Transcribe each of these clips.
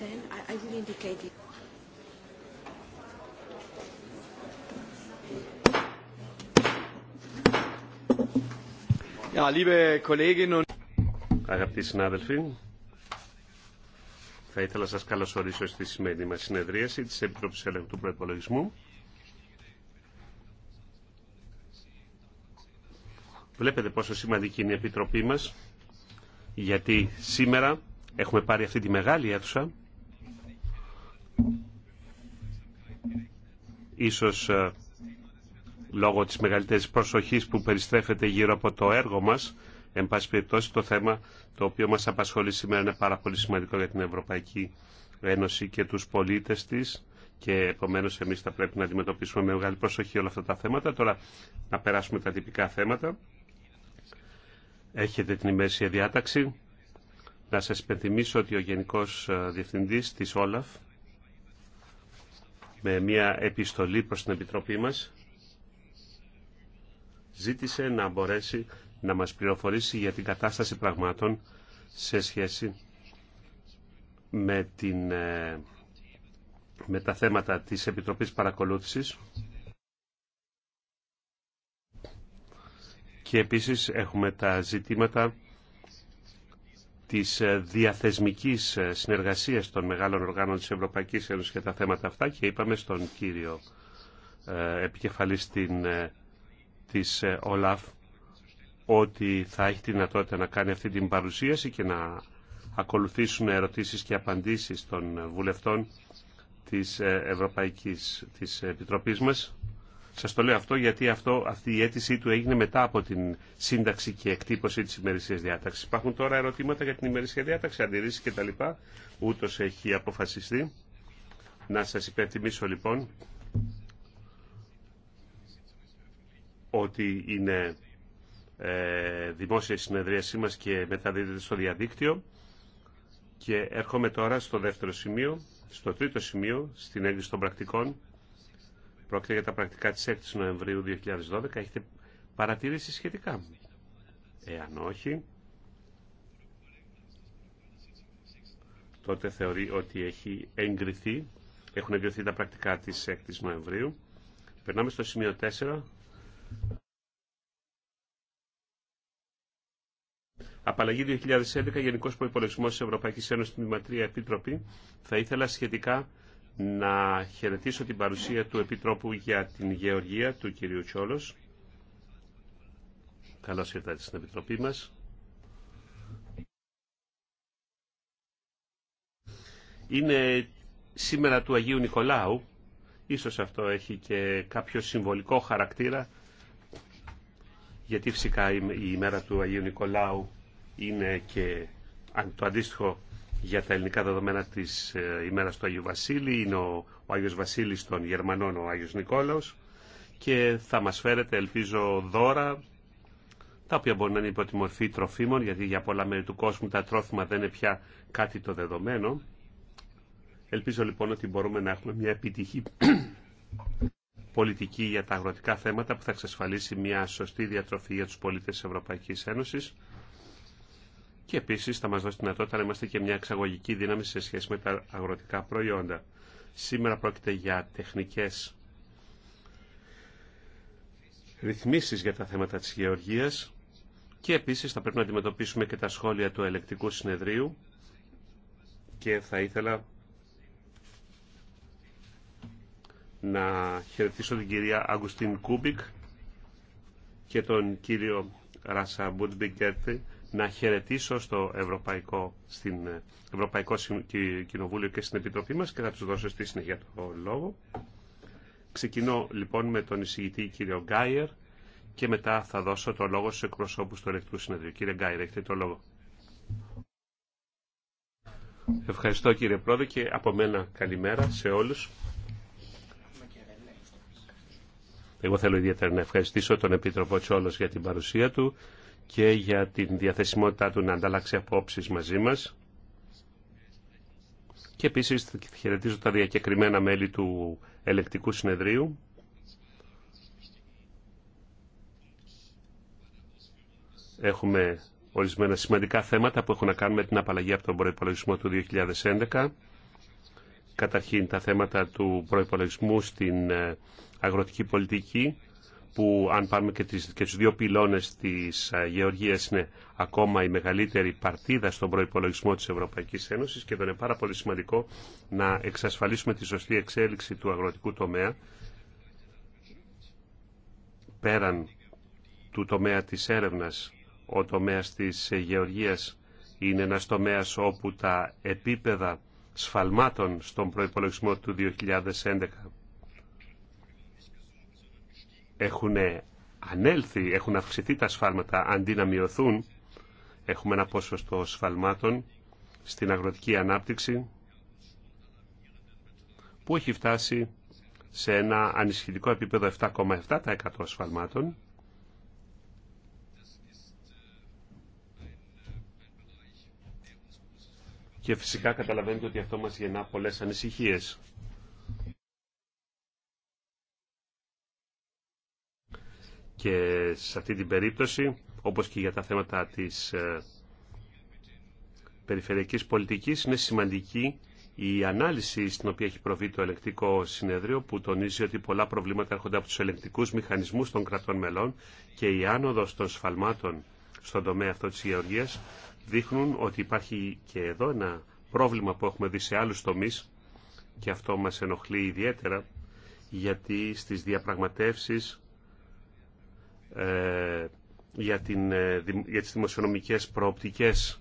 then I, will indicate it. Αγαπητοί συνάδελφοι, θα ήθελα να σα καλωσορίσω στη σημερινή μας συνεδρίαση της επιτροπή Έλεγχου του Βλέπετε πόσο σημαντική είναι η Επιτροπή μας, γιατί σήμερα έχουμε πάρει αυτή τη μεγάλη αίθουσα ίσως ε, λόγω της μεγαλύτερης προσοχής που περιστρέφεται γύρω από το έργο μας, εν πάση περιπτώσει το θέμα το οποίο μας απασχολεί σήμερα είναι πάρα πολύ σημαντικό για την Ευρωπαϊκή Ένωση και τους πολίτες της και επομένως εμείς θα πρέπει να αντιμετωπίσουμε με μεγάλη προσοχή όλα αυτά τα θέματα. Τώρα να περάσουμε τα τυπικά θέματα. Έχετε την ημέρησια διάταξη. Να σας υπενθυμίσω ότι ο Γενικός ε, Διευθυντής της Όλαφ με μια επιστολή προς την Επιτροπή μας ζήτησε να μπορέσει να μας πληροφορήσει για την κατάσταση πραγμάτων σε σχέση με, την, ε, με τα θέματα της Επιτροπής Παρακολούθησης και επίσης έχουμε τα ζητήματα της ε, διαθεσμικής ε, συνεργασίας των μεγάλων οργάνων της Ευρωπαϊκής Ένωσης για τα θέματα αυτά και είπαμε στον κύριο ε, επικεφαλής της ΟΛΑΦ ότι θα έχει τη δυνατότητα να κάνει αυτή την παρουσίαση και να ακολουθήσουν ερωτήσεις και απαντήσεις των βουλευτών της Ευρωπαϊκής της Επιτροπής μας. Σα το λέω αυτό γιατί αυτό, αυτή η αίτησή του έγινε μετά από την σύνταξη και εκτύπωση της ημερησίας διάταξης. Υπάρχουν τώρα ερωτήματα για την ημερησία διάταξη, αντιρρήσει κτλ. Ούτως έχει αποφασιστεί. Να σας υπενθυμίσω λοιπόν ότι είναι ε, δημόσια συνεδρίασή μας και μεταδίδεται στο διαδίκτυο. Και έρχομαι τώρα στο δεύτερο σημείο, στο τρίτο σημείο, στην έγκριση των πρακτικών. Πρόκειται για τα πρακτικά της 6ης Νοεμβρίου 2012. Έχετε παρατηρήσει σχετικά. Εάν όχι, τότε θεωρεί ότι έχει εγκριθεί. Έχουν εγκριθεί τα πρακτικά της 6ης Νοεμβρίου. Περνάμε στο σημείο 4. Απαλλαγή 2011, Γενικός Προϋπολογισμός της Ευρωπαϊκής Ένωσης, Τμήμα 3, Επίτροπη. Θα ήθελα σχετικά να χαιρετήσω την παρουσία του Επιτρόπου για την Γεωργία, του κυρίου Τσόλος. Καλώς ήρθατε στην Επιτροπή μας. Είναι σήμερα του Αγίου Νικολάου. Ίσως αυτό έχει και κάποιο συμβολικό χαρακτήρα, γιατί φυσικά η ημέρα του Αγίου Νικολάου είναι και το αντίστοιχο για τα ελληνικά δεδομένα της ε, ημέρας του Αγίου Βασίλη. Είναι ο, ο Άγιος Βασίλης των Γερμανών, ο Άγιος Νικόλαος και θα μας φέρετε, ελπίζω, δώρα τα οποία μπορεί να είναι υπό τη μορφή τροφίμων, γιατί για πολλά μέρη του κόσμου τα τρόφιμα δεν είναι πια κάτι το δεδομένο. Ελπίζω λοιπόν ότι μπορούμε να έχουμε μια επιτυχή πολιτική για τα αγροτικά θέματα που θα εξασφαλίσει μια σωστή διατροφή για τους πολίτες της Ευρωπαϊκής Ένωσης και επίσης θα μας δώσει τη δυνατότητα να είμαστε και μια εξαγωγική δύναμη σε σχέση με τα αγροτικά προϊόντα. Σήμερα πρόκειται για τεχνικές ρυθμίσεις για τα θέματα της γεωργίας και επίσης θα πρέπει να αντιμετωπίσουμε και τα σχόλια του ελεκτικού συνεδρίου και θα ήθελα να χαιρετήσω την κυρία Αγκουστίν Κούμπικ και τον κύριο Ράσα Μπουτμπιγκέρτη να χαιρετήσω στο Ευρωπαϊκό, στην ε, Ευρωπαϊκό Κοινοβούλιο και στην Επιτροπή μας και θα τους δώσω στη συνέχεια το λόγο. Ξεκινώ λοιπόν με τον εισηγητή κύριο Γκάιερ και μετά θα δώσω το λόγο σε εκπροσώπους του Ελεκτρού Συνεδρίου. Κύριε Γκάιερ, έχετε το λόγο. Ευχαριστώ κύριε Πρόεδρε και από μένα καλημέρα σε όλους. Εγώ θέλω ιδιαίτερα να ευχαριστήσω τον Επίτροπο Τσόλος για την παρουσία του και για την διαθεσιμότητά του να ανταλλάξει απόψεις μαζί μα. Και επίση χαιρετίζω τα διακεκριμένα μέλη του ελεκτικού συνεδρίου. Έχουμε ορισμένα σημαντικά θέματα που έχουν να κάνουν με την απαλλαγή από τον προϋπολογισμό του 2011. Καταρχήν τα θέματα του προϋπολογισμού στην ε, αγροτική πολιτική που αν πάρουμε και, τις, και τους δύο πυλώνες της ε, Γεωργίας είναι ακόμα η μεγαλύτερη παρτίδα στον προϋπολογισμό της Ευρωπαϊκής Ένωσης και εδώ είναι πάρα πολύ σημαντικό να εξασφαλίσουμε τη σωστή εξέλιξη του αγροτικού τομέα πέραν του τομέα της έρευνας ο τομέας της ε, γεωργίας είναι ένας τομέας όπου τα επίπεδα σφαλμάτων στον προϋπολογισμό του 2011 έχουν ανέλθει, έχουν αυξηθεί τα σφάλματα αντί να μειωθούν. Έχουμε ένα ποσοστό σφαλμάτων στην αγροτική ανάπτυξη που έχει φτάσει σε ένα ανισχυτικό επίπεδο 7,7% σφαλμάτων. Και φυσικά καταλαβαίνετε ότι αυτό μας γεννά πολλές ανησυχίες. Και σε αυτή την περίπτωση, όπως και για τα θέματα της ε, περιφερειακής πολιτικής, είναι σημαντική η ανάλυση στην οποία έχει προβεί το ελεκτικό συνέδριο που τονίζει ότι πολλά προβλήματα έρχονται από τους ελεκτικούς μηχανισμούς των κρατών μελών και η άνοδος των σφαλμάτων στον τομέα αυτό της γεωργίας δείχνουν ότι υπάρχει και εδώ ένα πρόβλημα που έχουμε δει σε άλλους τομείς και αυτό μας ενοχλεί ιδιαίτερα γιατί στις διαπραγματεύσεις ε, για, την, ε, για τις δημοσιονομικές προοπτικές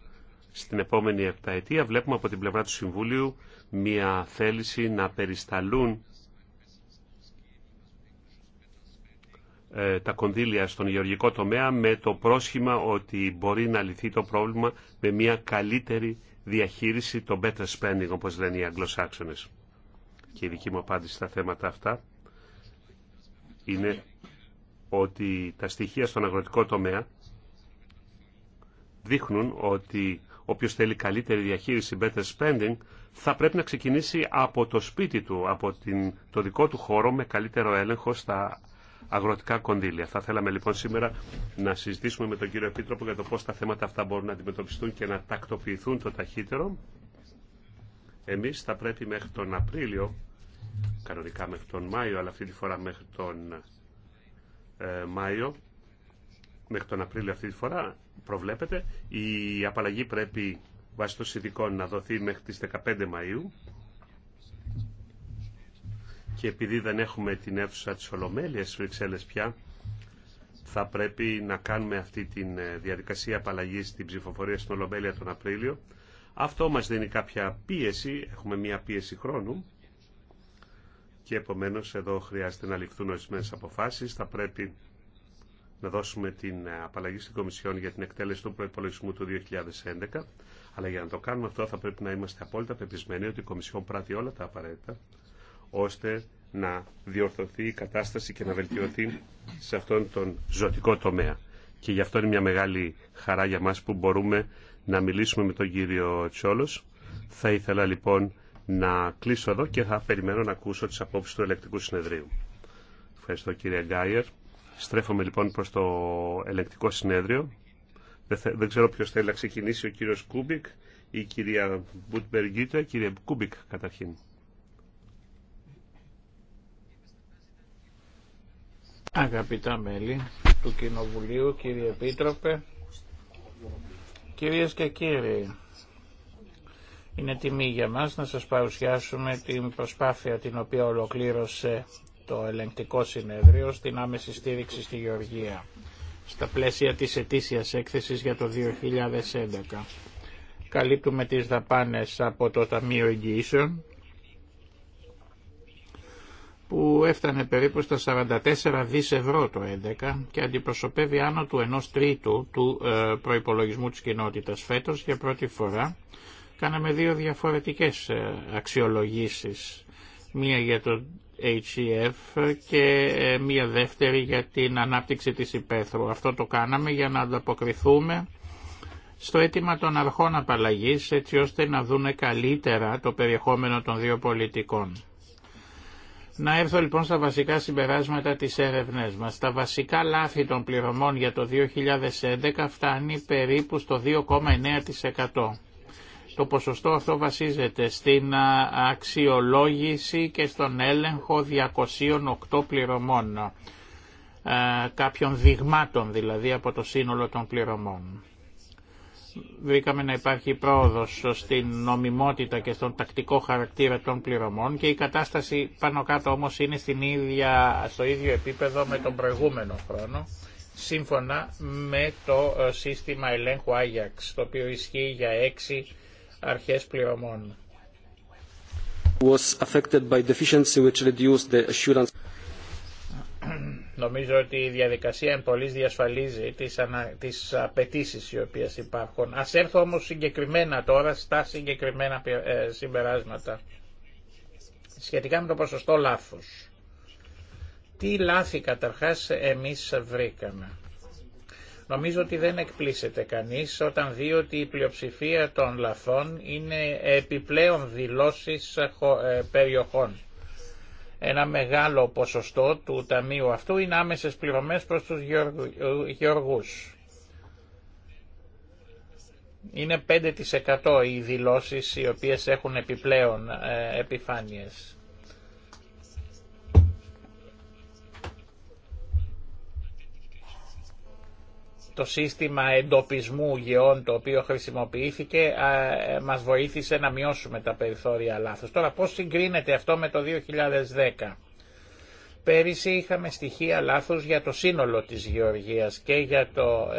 στην επόμενη επταετία βλέπουμε από την πλευρά του Συμβούλιου μια θέληση να περισταλούν ε, τα κονδύλια στον γεωργικό τομέα με το πρόσχημα ότι μπορεί να λυθεί το πρόβλημα με μια καλύτερη διαχείριση των better spending όπως λένε οι Αγγλοσάξονες. Και η δική μου απάντηση στα θέματα αυτά είναι ότι τα στοιχεία στον αγροτικό τομέα δείχνουν ότι όποιος θέλει καλύτερη διαχείριση, better spending, θα πρέπει να ξεκινήσει από το σπίτι του, από την, το δικό του χώρο με καλύτερο έλεγχο στα αγροτικά κονδύλια. Θα θέλαμε λοιπόν σήμερα να συζητήσουμε με τον κύριο Επίτροπο για το πώς τα θέματα αυτά μπορούν να αντιμετωπιστούν και να τακτοποιηθούν το ταχύτερο. Εμείς θα πρέπει μέχρι τον Απρίλιο, κανονικά μέχρι τον Μάιο, αλλά αυτή τη φορά μέχρι τον ε, Μάιο, μέχρι τον Απρίλιο αυτή τη φορά προβλέπεται. Η απαλλαγή πρέπει βάσει των συνδικών να δοθεί μέχρι τις 15 Μαΐου και επειδή δεν έχουμε την αίθουσα της Ολομέλειας Βρυξέλλες πια θα πρέπει να κάνουμε αυτή τη ε, διαδικασία απαλλαγή στην ψηφοφορία στην Ολομέλεια τον Απρίλιο. Αυτό μας δίνει κάποια πίεση, έχουμε μια πίεση χρόνου και επομένως εδώ χρειάζεται να ληφθούν ορισμένε αποφάσεις. Θα πρέπει να δώσουμε την απαλλαγή στην Κομισιόν για την εκτέλεση του προπολογισμού του 2011. Αλλά για να το κάνουμε αυτό θα πρέπει να είμαστε απόλυτα πεπισμένοι ότι η Κομισιόν πράττει όλα τα απαραίτητα ώστε να διορθωθεί η κατάσταση και να βελτιωθεί σε αυτόν τον ζωτικό τομέα. Και γι' αυτό είναι μια μεγάλη χαρά για μας που μπορούμε να μιλήσουμε με τον κύριο Τσόλος. Θα ήθελα λοιπόν να κλείσω εδώ και θα περιμένω να ακούσω τις απόψεις του ελεκτικού συνεδρίου. Ευχαριστώ κύριε Γκάιερ. Στρέφομαι λοιπόν προς το ελεκτικό συνέδριο. Δεν, δεν ξέρω ποιος θέλει να ξεκινήσει, ο κύριος Κούμπικ ή η κυρία Μπουτμπεργίτα. Κύριε Κούμπικ καταρχήν. Αγαπητά μέλη του Κοινοβουλίου, κύριε Επίτροπε, κυρίες και κύριοι, είναι τιμή για μας να σας παρουσιάσουμε την προσπάθεια την οποία ολοκλήρωσε το ελεγκτικό συνέδριο στην άμεση στήριξη στη Γεωργία στα πλαίσια της ετήσιας έκθεσης για το 2011. Καλύπτουμε τις δαπάνες από το Ταμείο Εγγυήσεων που έφτανε περίπου στα 44 δις ευρώ το 2011 και αντιπροσωπεύει άνω του 1 τρίτου του ε, προϋπολογισμού της κοινότητας φέτος για πρώτη φορά Κάναμε δύο διαφορετικές ε, αξιολογήσεις, μία για το HEF και ε, μία δεύτερη για την ανάπτυξη της υπαίθρου. Αυτό το κάναμε για να ανταποκριθούμε στο αίτημα των αρχών απαλλαγής έτσι ώστε να δούνε καλύτερα το περιεχόμενο των δύο πολιτικών. Να έρθω λοιπόν στα βασικά συμπεράσματα της έρευνές μας. Τα βασικά λάθη των πληρωμών για το 2011 φτάνει περίπου στο 2,9%. Το ποσοστό αυτό βασίζεται στην αξιολόγηση και στον έλεγχο 208 πληρωμών, κάποιων δειγμάτων δηλαδή από το σύνολο των πληρωμών. Βρήκαμε να υπάρχει πρόοδος στην νομιμότητα και στον τακτικό χαρακτήρα των πληρωμών και η κατάσταση πάνω κάτω όμως είναι στην ίδια, στο ίδιο επίπεδο με τον προηγούμενο χρόνο σύμφωνα με το ε, σύστημα ελέγχου Άγιαξ το οποίο ισχύει για έξι αρχές πληρωμών. Νομίζω ότι η διαδικασία εμπολής διασφαλίζει τις, ανα... απαιτήσει οι οποίες υπάρχουν. Ας έρθω όμως συγκεκριμένα τώρα στα συγκεκριμένα ε, συμπεράσματα. Σχετικά με το ποσοστό λάθος. Τι λάθη καταρχάς εμείς βρήκαμε. Νομίζω ότι δεν εκπλήσεται κανείς όταν δει ότι η πλειοψηφία των λαθών είναι επιπλέον δηλώσεις ε, ε, περιοχών. Ένα μεγάλο ποσοστό του ταμείου αυτού είναι άμεσες πληρωμές προς τους ε, γεωργούς. Είναι 5% οι δηλώσεις οι οποίες έχουν επιπλέον επιφάνειες. το σύστημα εντοπισμού γεών το οποίο χρησιμοποιήθηκε μας βοήθησε να μειώσουμε τα περιθώρια λάθος. Τώρα πώς συγκρίνεται αυτό με το 2010. Πέρυσι είχαμε στοιχεία λάθος για το σύνολο της γεωργίας και για το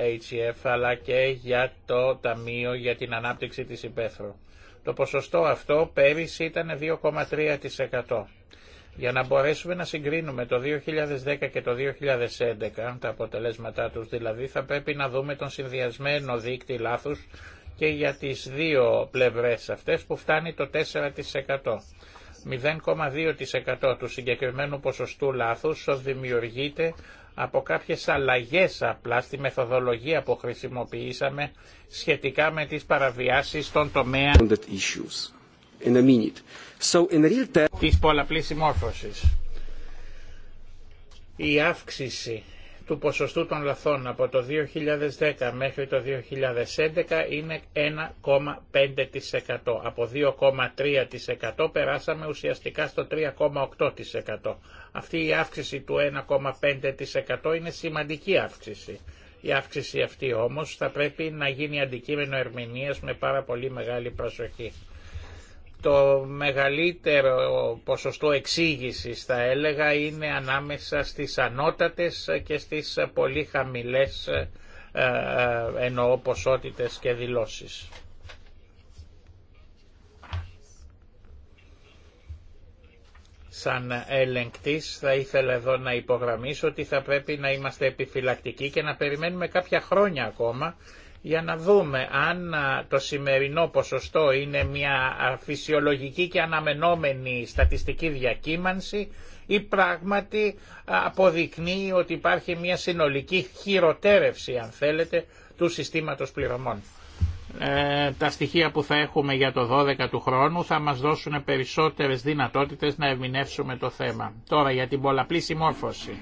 ε, HF αλλά και για το Ταμείο για την Ανάπτυξη της Υπέθρου. Το ποσοστό αυτό πέρυσι ήταν 2,3%. Για να μπορέσουμε να συγκρίνουμε το 2010 και το 2011, τα αποτελέσματά τους δηλαδή, θα πρέπει να δούμε τον συνδυασμένο δείκτη λάθους και για τις δύο πλευρές αυτές που φτάνει το 4%. 0,2% του συγκεκριμένου ποσοστού λάθους δημιουργείται από κάποιες αλλαγές απλά στη μεθοδολογία που χρησιμοποιήσαμε σχετικά με τις παραβιάσεις των τομέα in a minute. So in real terms... Της πολλαπλής συμμόρφωσης. Η αύξηση του ποσοστού των λαθών από το 2010 μέχρι το 2011 είναι 1,5%. Από 2,3% περάσαμε ουσιαστικά στο 3,8%. Αυτή η αύξηση του 1,5% είναι σημαντική αύξηση. Η αύξηση αυτή όμως θα πρέπει να γίνει αντικείμενο ερμηνείας με πάρα πολύ μεγάλη προσοχή το μεγαλύτερο ποσοστό εξήγησης θα έλεγα είναι ανάμεσα στις ανώτατες και στις πολύ χαμηλές ε, ε, εννοώ ποσότητες και δηλώσεις. Σαν ελεγκτής θα ήθελα εδώ να υπογραμμίσω ότι θα πρέπει να είμαστε επιφυλακτικοί και να περιμένουμε κάποια χρόνια ακόμα για να δούμε αν το σημερινό ποσοστό είναι μια φυσιολογική και αναμενόμενη στατιστική διακύμανση ή πράγματι αποδεικνύει ότι υπάρχει μια συνολική χειροτέρευση αν θέλετε του συστήματος πληρωμών. Ε, τα στοιχεία που θα έχουμε για το 12 του χρόνου θα μας δώσουν περισσότερες δυνατότητες να ερμηνεύσουμε το θέμα. Τώρα για την πολλαπλή συμμόρφωση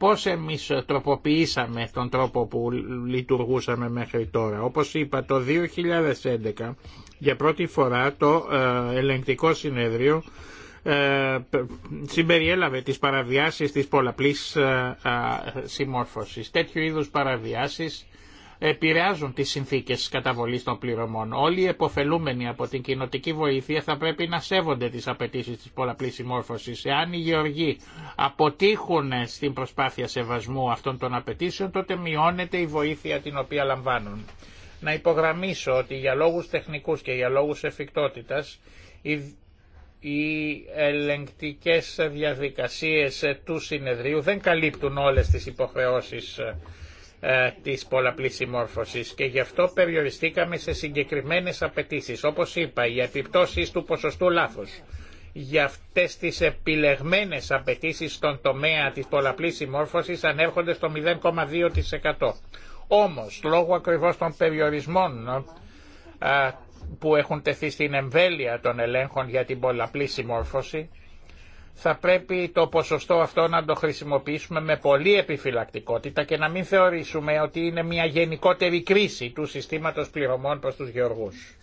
πώς εμείς τροποποιήσαμε τον τρόπο που λειτουργούσαμε μέχρι τώρα. Όπως είπα το 2011 για πρώτη φορά το ε, ελεγκτικό συνέδριο ε, συμπεριέλαβε τις παραβιάσεις της πολλαπλής ε, συμμόρφωσης. Τέτοιου είδους παραβιάσεις επηρεάζουν τις συνθήκες καταβολής των πληρωμών. Όλοι οι εποφελούμενοι από την κοινοτική βοήθεια θα πρέπει να σέβονται τις απαιτήσεις της πολλαπλής συμμόρφωσης. Εάν οι γεωργοί αποτύχουν στην προσπάθεια σεβασμού αυτών των απαιτήσεων, τότε μειώνεται η βοήθεια την οποία λαμβάνουν. Να υπογραμμίσω ότι για λόγους τεχνικούς και για λόγους εφικτότητας, οι ελεγκτικές διαδικασίες του συνεδρίου δεν καλύπτουν όλες τις υποχρεώσεις ε, της πολλαπλής συμμόρφωσης και γι' αυτό περιοριστήκαμε σε συγκεκριμένες απαιτήσεις. Όπως είπα, οι επιπτώσει του ποσοστού λάθους για αυτές τις επιλεγμένες απαιτήσει στον τομέα της πολλαπλής συμμόρφωσης ανέρχονται στο 0,2%. Όμως, λόγω ακριβώς των περιορισμών ε, που έχουν τεθεί στην εμβέλεια των ελέγχων για την πολλαπλή συμμόρφωση, θα πρέπει το ποσοστό αυτό να το χρησιμοποιήσουμε με πολύ επιφυλακτικότητα και να μην θεωρήσουμε ότι είναι μια γενικότερη κρίση του συστήματος πληρωμών προς τους γεωργούς.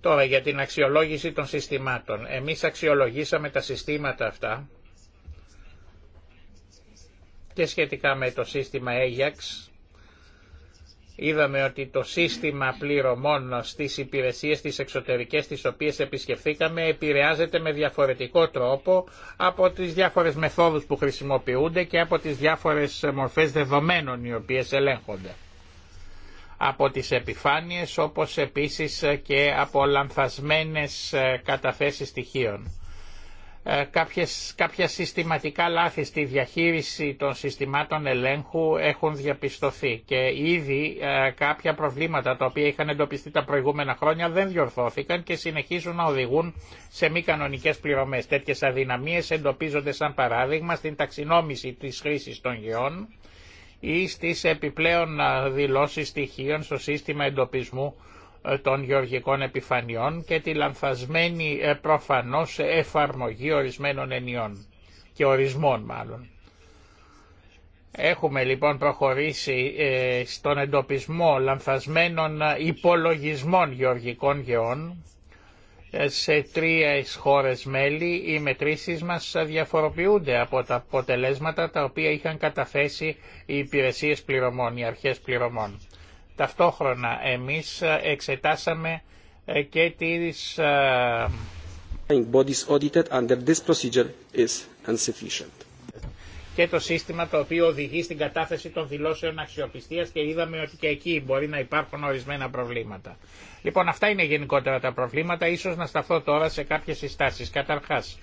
Τώρα για την αξιολόγηση των συστημάτων. Εμείς αξιολογήσαμε τα συστήματα αυτά και σχετικά με το σύστημα Ajax Είδαμε ότι το σύστημα πληρωμών στις υπηρεσίες τις εξωτερικές τις οποίες επισκεφθήκαμε επηρεάζεται με διαφορετικό τρόπο από τις διάφορες μεθόδους που χρησιμοποιούνται και από τις διάφορες μορφές δεδομένων οι οποίες ελέγχονται. Από τις επιφάνειες όπως επίσης και από λανθασμένες καταθέσεις στοιχείων. Ε, κάποιες, κάποια συστηματικά λάθη στη διαχείριση των συστημάτων ελέγχου έχουν διαπιστωθεί και ήδη ε, κάποια προβλήματα τα οποία είχαν εντοπιστεί τα προηγούμενα χρόνια δεν διορθώθηκαν και συνεχίζουν να οδηγούν σε μη κανονικές πληρωμές. Τέτοιες αδυναμίες εντοπίζονται σαν παράδειγμα στην ταξινόμηση της χρήσης των γεών ή στις επιπλέον ε, δηλώσεις στοιχείων στο σύστημα εντοπισμού ε, των γεωργικών επιφανειών και τη λανθασμένη ε, προφανώς εφαρμογή ορισμένων ενιών και ορισμών μάλλον. Έχουμε λοιπόν προχωρήσει ε, στον εντοπισμό λανθασμένων υπολογισμών γεωργικών γεών σε τρία χώρες μέλη οι μετρήσεις μας διαφοροποιούνται από τα αποτελέσματα τα οποία είχαν καταθέσει οι υπηρεσίες πληρωμών, οι αρχές πληρωμών. Ταυτόχρονα εμείς εξετάσαμε ε, και τις... Ε, και το σύστημα το οποίο οδηγεί στην κατάθεση των δηλώσεων αξιοπιστίας και είδαμε ότι και εκεί μπορεί να υπάρχουν ορισμένα προβλήματα. Λοιπόν αυτά είναι γενικότερα τα προβλήματα, ίσως να σταθώ τώρα σε κάποιες συστάσεις. Καταρχάς,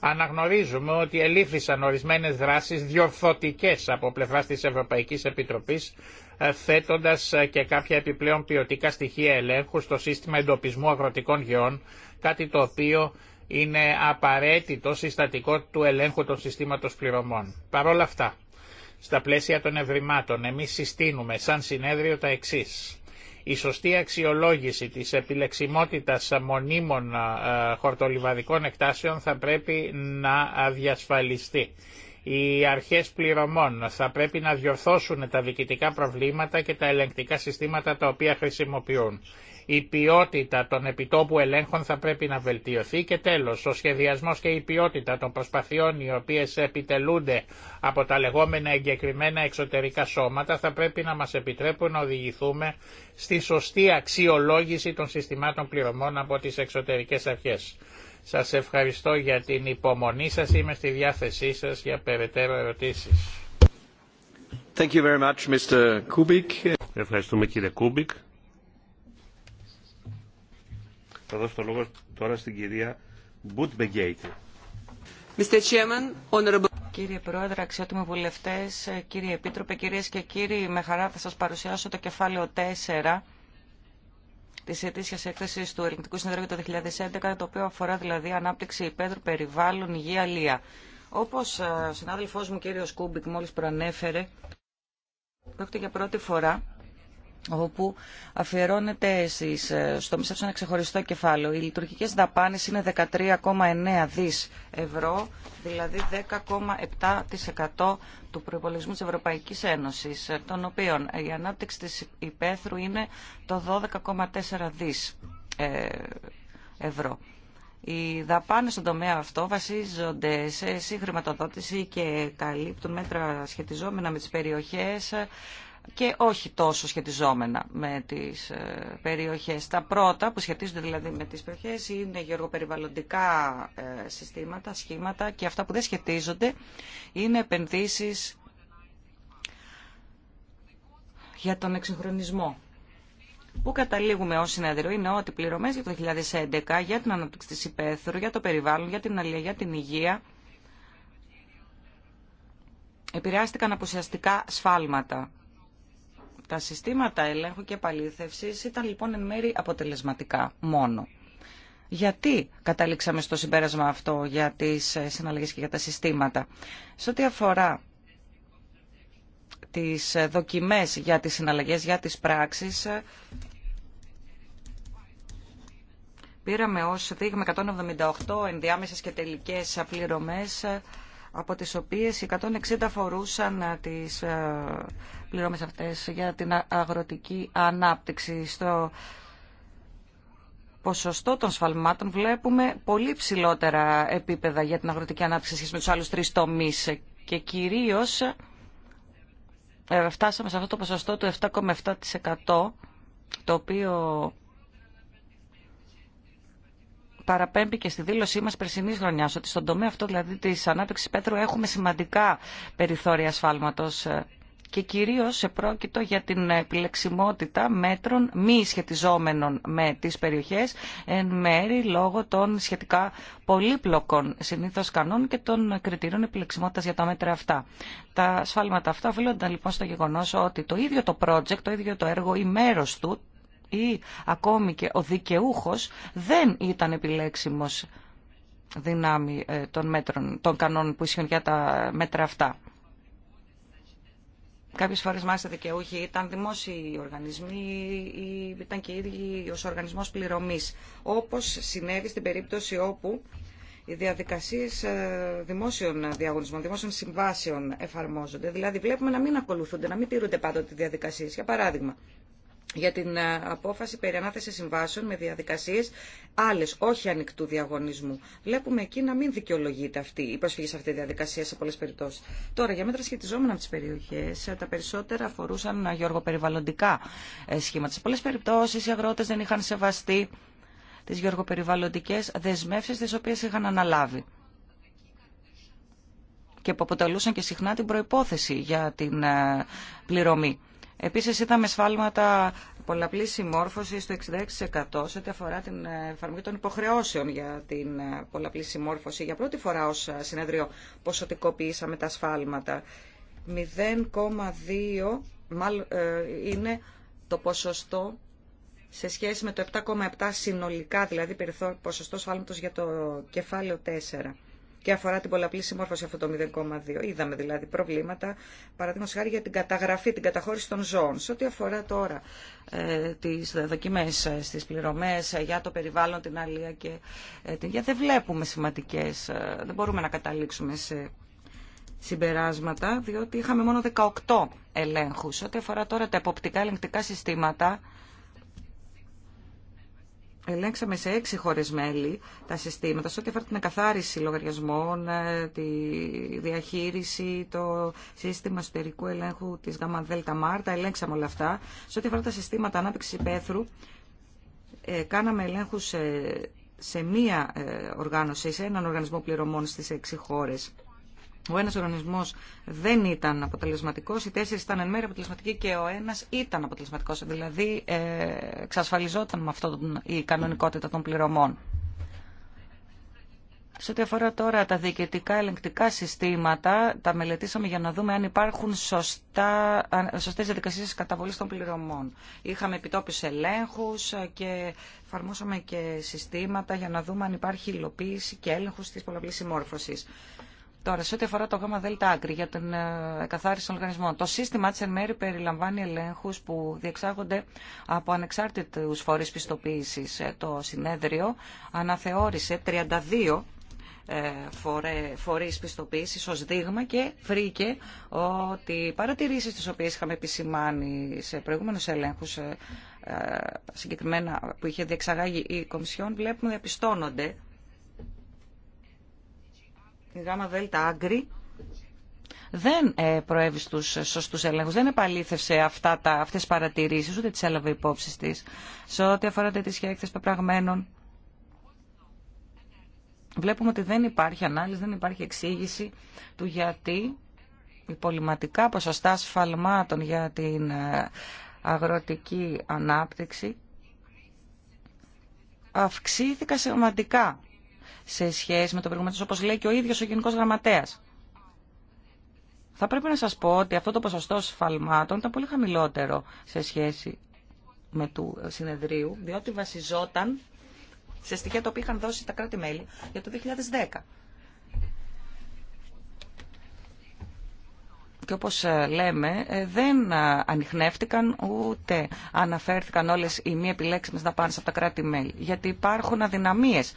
αναγνωρίζουμε ότι ελήφθησαν ορισμένες δράσεις διορθωτικές από πλευράς της Ευρωπαϊκής Επιτροπής ε, θέτοντας ε, και κάποια επιπλέον ποιοτικά στοιχεία ελέγχου στο σύστημα εντοπισμού αγροτικών γεών, κάτι το οποίο είναι απαραίτητο συστατικό του ελέγχου των συστήματος πληρωμών. Παρ' όλα αυτά, στα πλαίσια των ευρημάτων, εμείς συστήνουμε σαν συνέδριο τα εξής. Η σωστή αξιολόγηση της επιλεξιμότητας μονίμων ε, χορτολιβαδικών εκτάσεων θα πρέπει να διασφαλιστεί οι αρχές πληρωμών θα πρέπει να διορθώσουν τα διοικητικά προβλήματα και τα ελεγκτικά συστήματα τα οποία χρησιμοποιούν. Η ποιότητα των επιτόπου ελέγχων θα πρέπει να βελτιωθεί και τέλος, ο σχεδιασμός και η ποιότητα των προσπαθειών οι οποίες επιτελούνται από τα λεγόμενα εγκεκριμένα εξωτερικά σώματα θα πρέπει να μας επιτρέπουν να οδηγηθούμε στη σωστή αξιολόγηση των συστημάτων πληρωμών από τις εξωτερικές αρχές. Σας ευχαριστώ για την υπομονή σας. Είμαι στη διάθεσή σας για περαιτέρω ερωτήσεις. Thank you very much, Mr. Kubik. Ευχαριστούμε κύριε Κούμπικ. Θα δώσω το λόγο τώρα στην κυρία Μπουτμπεγκέιτη. Κύριε Πρόεδρε, αξιότιμοι βουλευτέ, κύριε Επίτροπε, κυρίε και κύριοι, με χαρά θα σα παρουσιάσω το κεφάλαιο 4 τη ετήσια έκθεση του Ελληνικού Συνεδρίου το 2011, το οποίο αφορά δηλαδή ανάπτυξη υπέδρου περιβάλλον, υγεία, λία. Όπω ε, ο συνάδελφό μου κύριο Κούμπικ μόλι προανέφερε, πρόκειται για πρώτη φορά όπου αφιερώνεται εσείς ε, στο μισό ένα ξεχωριστό κεφάλαιο. Οι λειτουργικές δαπάνες είναι 13,9 δις ευρώ, δηλαδή 10,7% του προϋπολογισμού της Ευρωπαϊκής Ένωσης, ε, των οποίων ε, η ανάπτυξη της υπαίθρου είναι το 12,4 δις ευρώ. Οι δαπάνε στον τομέα αυτό βασίζονται σε συγχρηματοδότηση και καλύπτουν μέτρα σχετιζόμενα με τις περιοχές και όχι τόσο σχετιζόμενα με τις ε, περιοχές. Τα πρώτα που σχετίζονται δηλαδή με τις περιοχές είναι γεωργοπεριβαλλοντικά ε, συστήματα, σχήματα και αυτά που δεν σχετίζονται είναι επενδύσεις για τον εξυγχρονισμό. Πού καταλήγουμε ως συνέδριο είναι ότι πληρωμές για το 2011 για την ανάπτυξη της υπαίθρου, για το περιβάλλον, για την αλληλεία, για την υγεία επηρεάστηκαν αποσιαστικά σφάλματα τα συστήματα ελέγχου και επαλήθευσης ήταν λοιπόν εν μέρη αποτελεσματικά μόνο. Γιατί καταλήξαμε στο συμπέρασμα αυτό για τις ε, συναλλαγές και για τα συστήματα. Σε ό,τι αφορά τις ε, δοκιμές για τις συναλλαγές, για τις πράξεις, ε, πήραμε ως δείγμα 178 ενδιάμεσες και τελικές απληρωμές, από τις οποίες 160 φορούσαν τις πληρώμες αυτές για την αγροτική ανάπτυξη. Στο ποσοστό των σφαλμάτων βλέπουμε πολύ ψηλότερα επίπεδα για την αγροτική ανάπτυξη σχέση με τους άλλους τρεις τομείς και κυρίως ε, φτάσαμε σε αυτό το ποσοστό του 7,7% το οποίο παραπέμπει και στη δήλωσή μας περσινής χρονιά ότι στον τομέα αυτό δηλαδή της ανάπτυξης πέτρου έχουμε σημαντικά περιθώρια ασφάλματος και κυρίως πρόκειτο για την επιλεξιμότητα μέτρων μη σχετιζόμενων με τις περιοχές εν μέρη λόγω των σχετικά πολύπλοκων συνήθως κανόνων και των κριτήριων επιλεξιμότητας για τα μέτρα αυτά. Τα σφάλματα αυτά οφείλονται λοιπόν στο γεγονός ότι το ίδιο το project, το ίδιο το έργο ή μέρος του ή ακόμη και ο δικαιούχος δεν ήταν επιλέξιμος δυνάμει ε, των, των κανόνων που ισχύουν για τα μέτρα αυτά. Κάποιε φορέ μάλιστα δικαιούχοι ήταν δημόσιοι οργανισμοί ή ήταν και οι ίδιοι ω οργανισμό πληρωμή. Όπω συνέβη στην περίπτωση όπου οι διαδικασίε ε, δημόσιων διαγωνισμών, δημόσιων συμβάσεων εφαρμόζονται. Δηλαδή βλέπουμε να μην ακολουθούνται, να μην τηρούνται πάντοτε οι διαδικασίε. Για παράδειγμα, για την ε, απόφαση περί ανάθεση συμβάσεων με διαδικασίε άλλε, όχι ανοιχτού διαγωνισμού. Βλέπουμε εκεί να μην δικαιολογείται αυτή η προσφυγή σε αυτή τη διαδικασία σε πολλέ περιπτώσει. Τώρα, για μέτρα σχετιζόμενα με τις περιοχές, ε, τα περισσότερα αφορούσαν ε, γεωργοπεριβαλλοντικά σχήματα. Σε πολλές περιπτώσεις οι αγρότε δεν είχαν σεβαστεί τις γεωργοπεριβαλλοντικές δεσμεύσει, τι οποίε είχαν αναλάβει και που αποτελούσαν και συχνά την προϋπόθεση για την πληρωμή Επίσης είδαμε σφάλματα πολλαπλής συμμόρφωση στο 66% σε ό,τι αφορά την ε, εφαρμογή των υποχρεώσεων για την ε, πολλαπλή συμμόρφωση. Για πρώτη φορά ως ε, συνέδριο ποσοτικοποιήσαμε τα σφάλματα. 0,2 είναι το ποσοστό σε σχέση με το 7,7 συνολικά, δηλαδή ποσοστό σφάλματος για το κεφάλαιο 4 και αφορά την πολλαπλή συμμόρφωση αυτό το 0,2. Είδαμε δηλαδή προβλήματα, παραδείγματο χάρη για την καταγραφή, την καταχώρηση των ζώων. Σε ό,τι αφορά τώρα ε, τι δοκιμέ ε, στι πληρωμέ ε, για το περιβάλλον, την αλία και ε, την δεν βλέπουμε σημαντικέ, ε, δεν μπορούμε να καταλήξουμε σε συμπεράσματα, διότι είχαμε μόνο 18 ελέγχους. Ό,τι αφορά τώρα τα εποπτικά ελεγκτικά συστήματα, Ελέγξαμε σε έξι χώρες μέλη τα συστήματα σε ό,τι αφορά την εκαθάριση λογαριασμών, ε, τη διαχείριση, το σύστημα εσωτερικού ελέγχου της ΔΕΛΤΑ ΜΑΡΤΑ. ελέγξαμε όλα αυτά. Σε ό,τι αφορά τα συστήματα ανάπτυξης υπαίθρου, ε, κάναμε ελέγχους σε, μία ε, οργάνωση, σε έναν οργανισμό πληρωμών στις έξι χώρες ο ένας οργανισμός δεν ήταν αποτελεσματικός, οι τέσσερις ήταν εν μέρει αποτελεσματικοί και ο ένας ήταν αποτελεσματικός. Δηλαδή ε, εξασφαλιζόταν με αυτό η κανονικότητα των πληρωμών. Σε ό,τι αφορά τώρα τα διοικητικά ελεγκτικά συστήματα, τα μελετήσαμε για να δούμε αν υπάρχουν σωστέ σωστές διαδικασίες καταβολής των πληρωμών. Είχαμε επιτόπιους ελέγχου και εφαρμόσαμε και συστήματα για να δούμε αν υπάρχει υλοποίηση και έλεγχος της πολλαπλής συμμόρφωση Τώρα, σε ό,τι αφορά το γάμα δέλτα άκρη για την ε, καθάριση των οργανισμών, το σύστημα τη εν περιλαμβάνει ελέγχου που διεξάγονται από ανεξάρτητου φορεί πιστοποίηση. Ε, το συνέδριο αναθεώρησε 32 ε, φορείς πιστοποίησης ως δείγμα και βρήκε ότι οι παρατηρήσεις τις οποίες είχαμε επισημάνει σε προηγούμενους ελέγχους συγκεκριμένα που είχε διεξαγάγει η Κομισιόν βλέπουμε διαπιστώνονται η ΓΑΜΑ ΔΕΛΤΑ Άγκρη δεν ε, προέβη στους σωστούς έλεγχους, δεν επαλήθευσε αυτά τα, αυτές τις παρατηρήσεις, ούτε τις έλαβε υπόψη τη σε ό,τι αφορά τη σχέσεις πεπραγμένων. Βλέπουμε ότι δεν υπάρχει ανάλυση, δεν υπάρχει εξήγηση του γιατί οι πολυματικά ποσοστά σφαλμάτων για την ε, αγροτική ανάπτυξη αυξήθηκαν σημαντικά σε σχέση με το προηγούμενο, όπως λέει και ο ίδιος ο Γενικός Γραμματέας. Θα πρέπει να σας πω ότι αυτό το ποσοστό σφαλμάτων ήταν πολύ χαμηλότερο σε σχέση με του ε, συνεδρίου, διότι βασιζόταν σε στοιχεία τα οποία είχαν δώσει τα κράτη-μέλη για το 2010. και όπως ε, λέμε ε, δεν ε, ανοιχνεύτηκαν ούτε αναφέρθηκαν όλες οι μη επιλέξιμες δαπάνες από τα κράτη-μέλη. Γιατί υπάρχουν αδυναμίες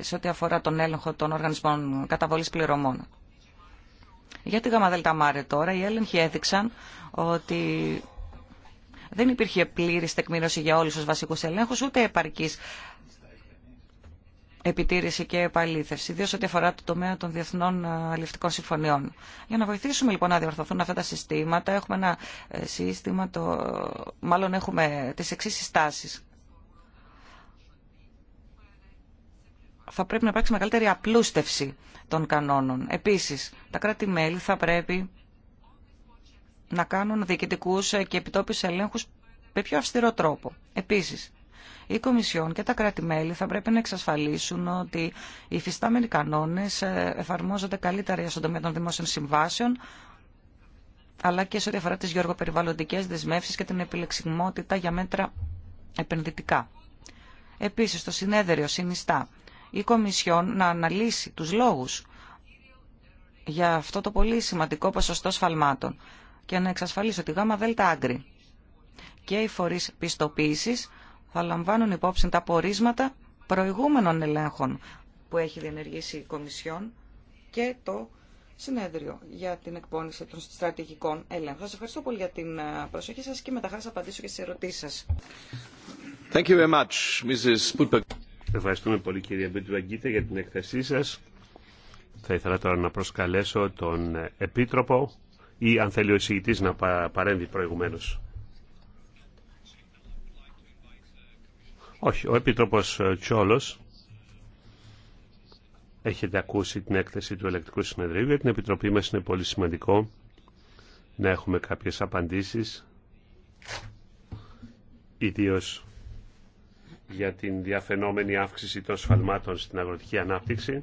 σε ό,τι αφορά τον έλεγχο των οργανισμών καταβολής πληρωμών. Για τη ΓΑΜΑΔΕΛΤΑ τώρα οι έλεγχοι έδειξαν ότι δεν υπήρχε πλήρης τεκμήρωση για όλους τους βασικούς ελέγχους, ούτε επαρκής επιτήρηση και επαλήθευση, ιδίω ό,τι αφορά το τομέα των διεθνών ε, αλληλευτικών συμφωνιών. Για να βοηθήσουμε λοιπόν να διορθωθούν αυτά τα συστήματα, έχουμε ένα ε, σύστημα, το... μάλλον έχουμε τις εξή συστάσεις. Θα πρέπει να υπάρξει μεγαλύτερη απλούστευση των κανόνων. Επίσης, τα κράτη-μέλη θα πρέπει να κάνουν διοικητικού και επιτόπιου ελέγχου με πιο αυστηρό τρόπο. Επίσης, η Κομισιόν και τα κράτη-μέλη θα πρέπει να εξασφαλίσουν ότι οι φυστάμενοι κανόνε ε, εφαρμόζονται καλύτερα στον τομέα των δημόσιων συμβάσεων, αλλά και σε ό,τι αφορά τι γεωργοπεριβαλλοντικέ δεσμεύσεις και την επιλεξιμότητα για μέτρα επενδυτικά. Επίση, το συνέδριο συνιστά η Κομισιόν να αναλύσει του λόγου για αυτό το πολύ σημαντικό ποσοστό σφαλμάτων και να εξασφαλίσει ότι η δέλτα άγκρη και οι φορείς πιστοποίησης θα λαμβάνουν υπόψη τα πορίσματα προηγούμενων ελέγχων που έχει διενεργήσει η Κομισιόν και το συνέδριο για την εκπόνηση των στρατηγικών ελέγχων. Σας ευχαριστώ πολύ για την ε, προσοχή σας και με τα θα απαντήσω και στις ερωτήσεις σας. Thank you very much, Mrs. Ευχαριστούμε πολύ κυρία Μπεντουαγκίτα για την εκθεσή σας. Θα ήθελα τώρα να προσκαλέσω τον ε, Επίτροπο ή αν θέλει ο εισηγητής να παρέμβει προηγουμένως. Όχι, ο Επίτροπος ε, Τσόλος έχετε ακούσει την έκθεση του Ελεκτικού Συνεδρίου για την Επιτροπή μας είναι πολύ σημαντικό να έχουμε κάποιες απαντήσεις ιδίως για την διαφαινόμενη αύξηση των σφαλμάτων στην αγροτική ανάπτυξη.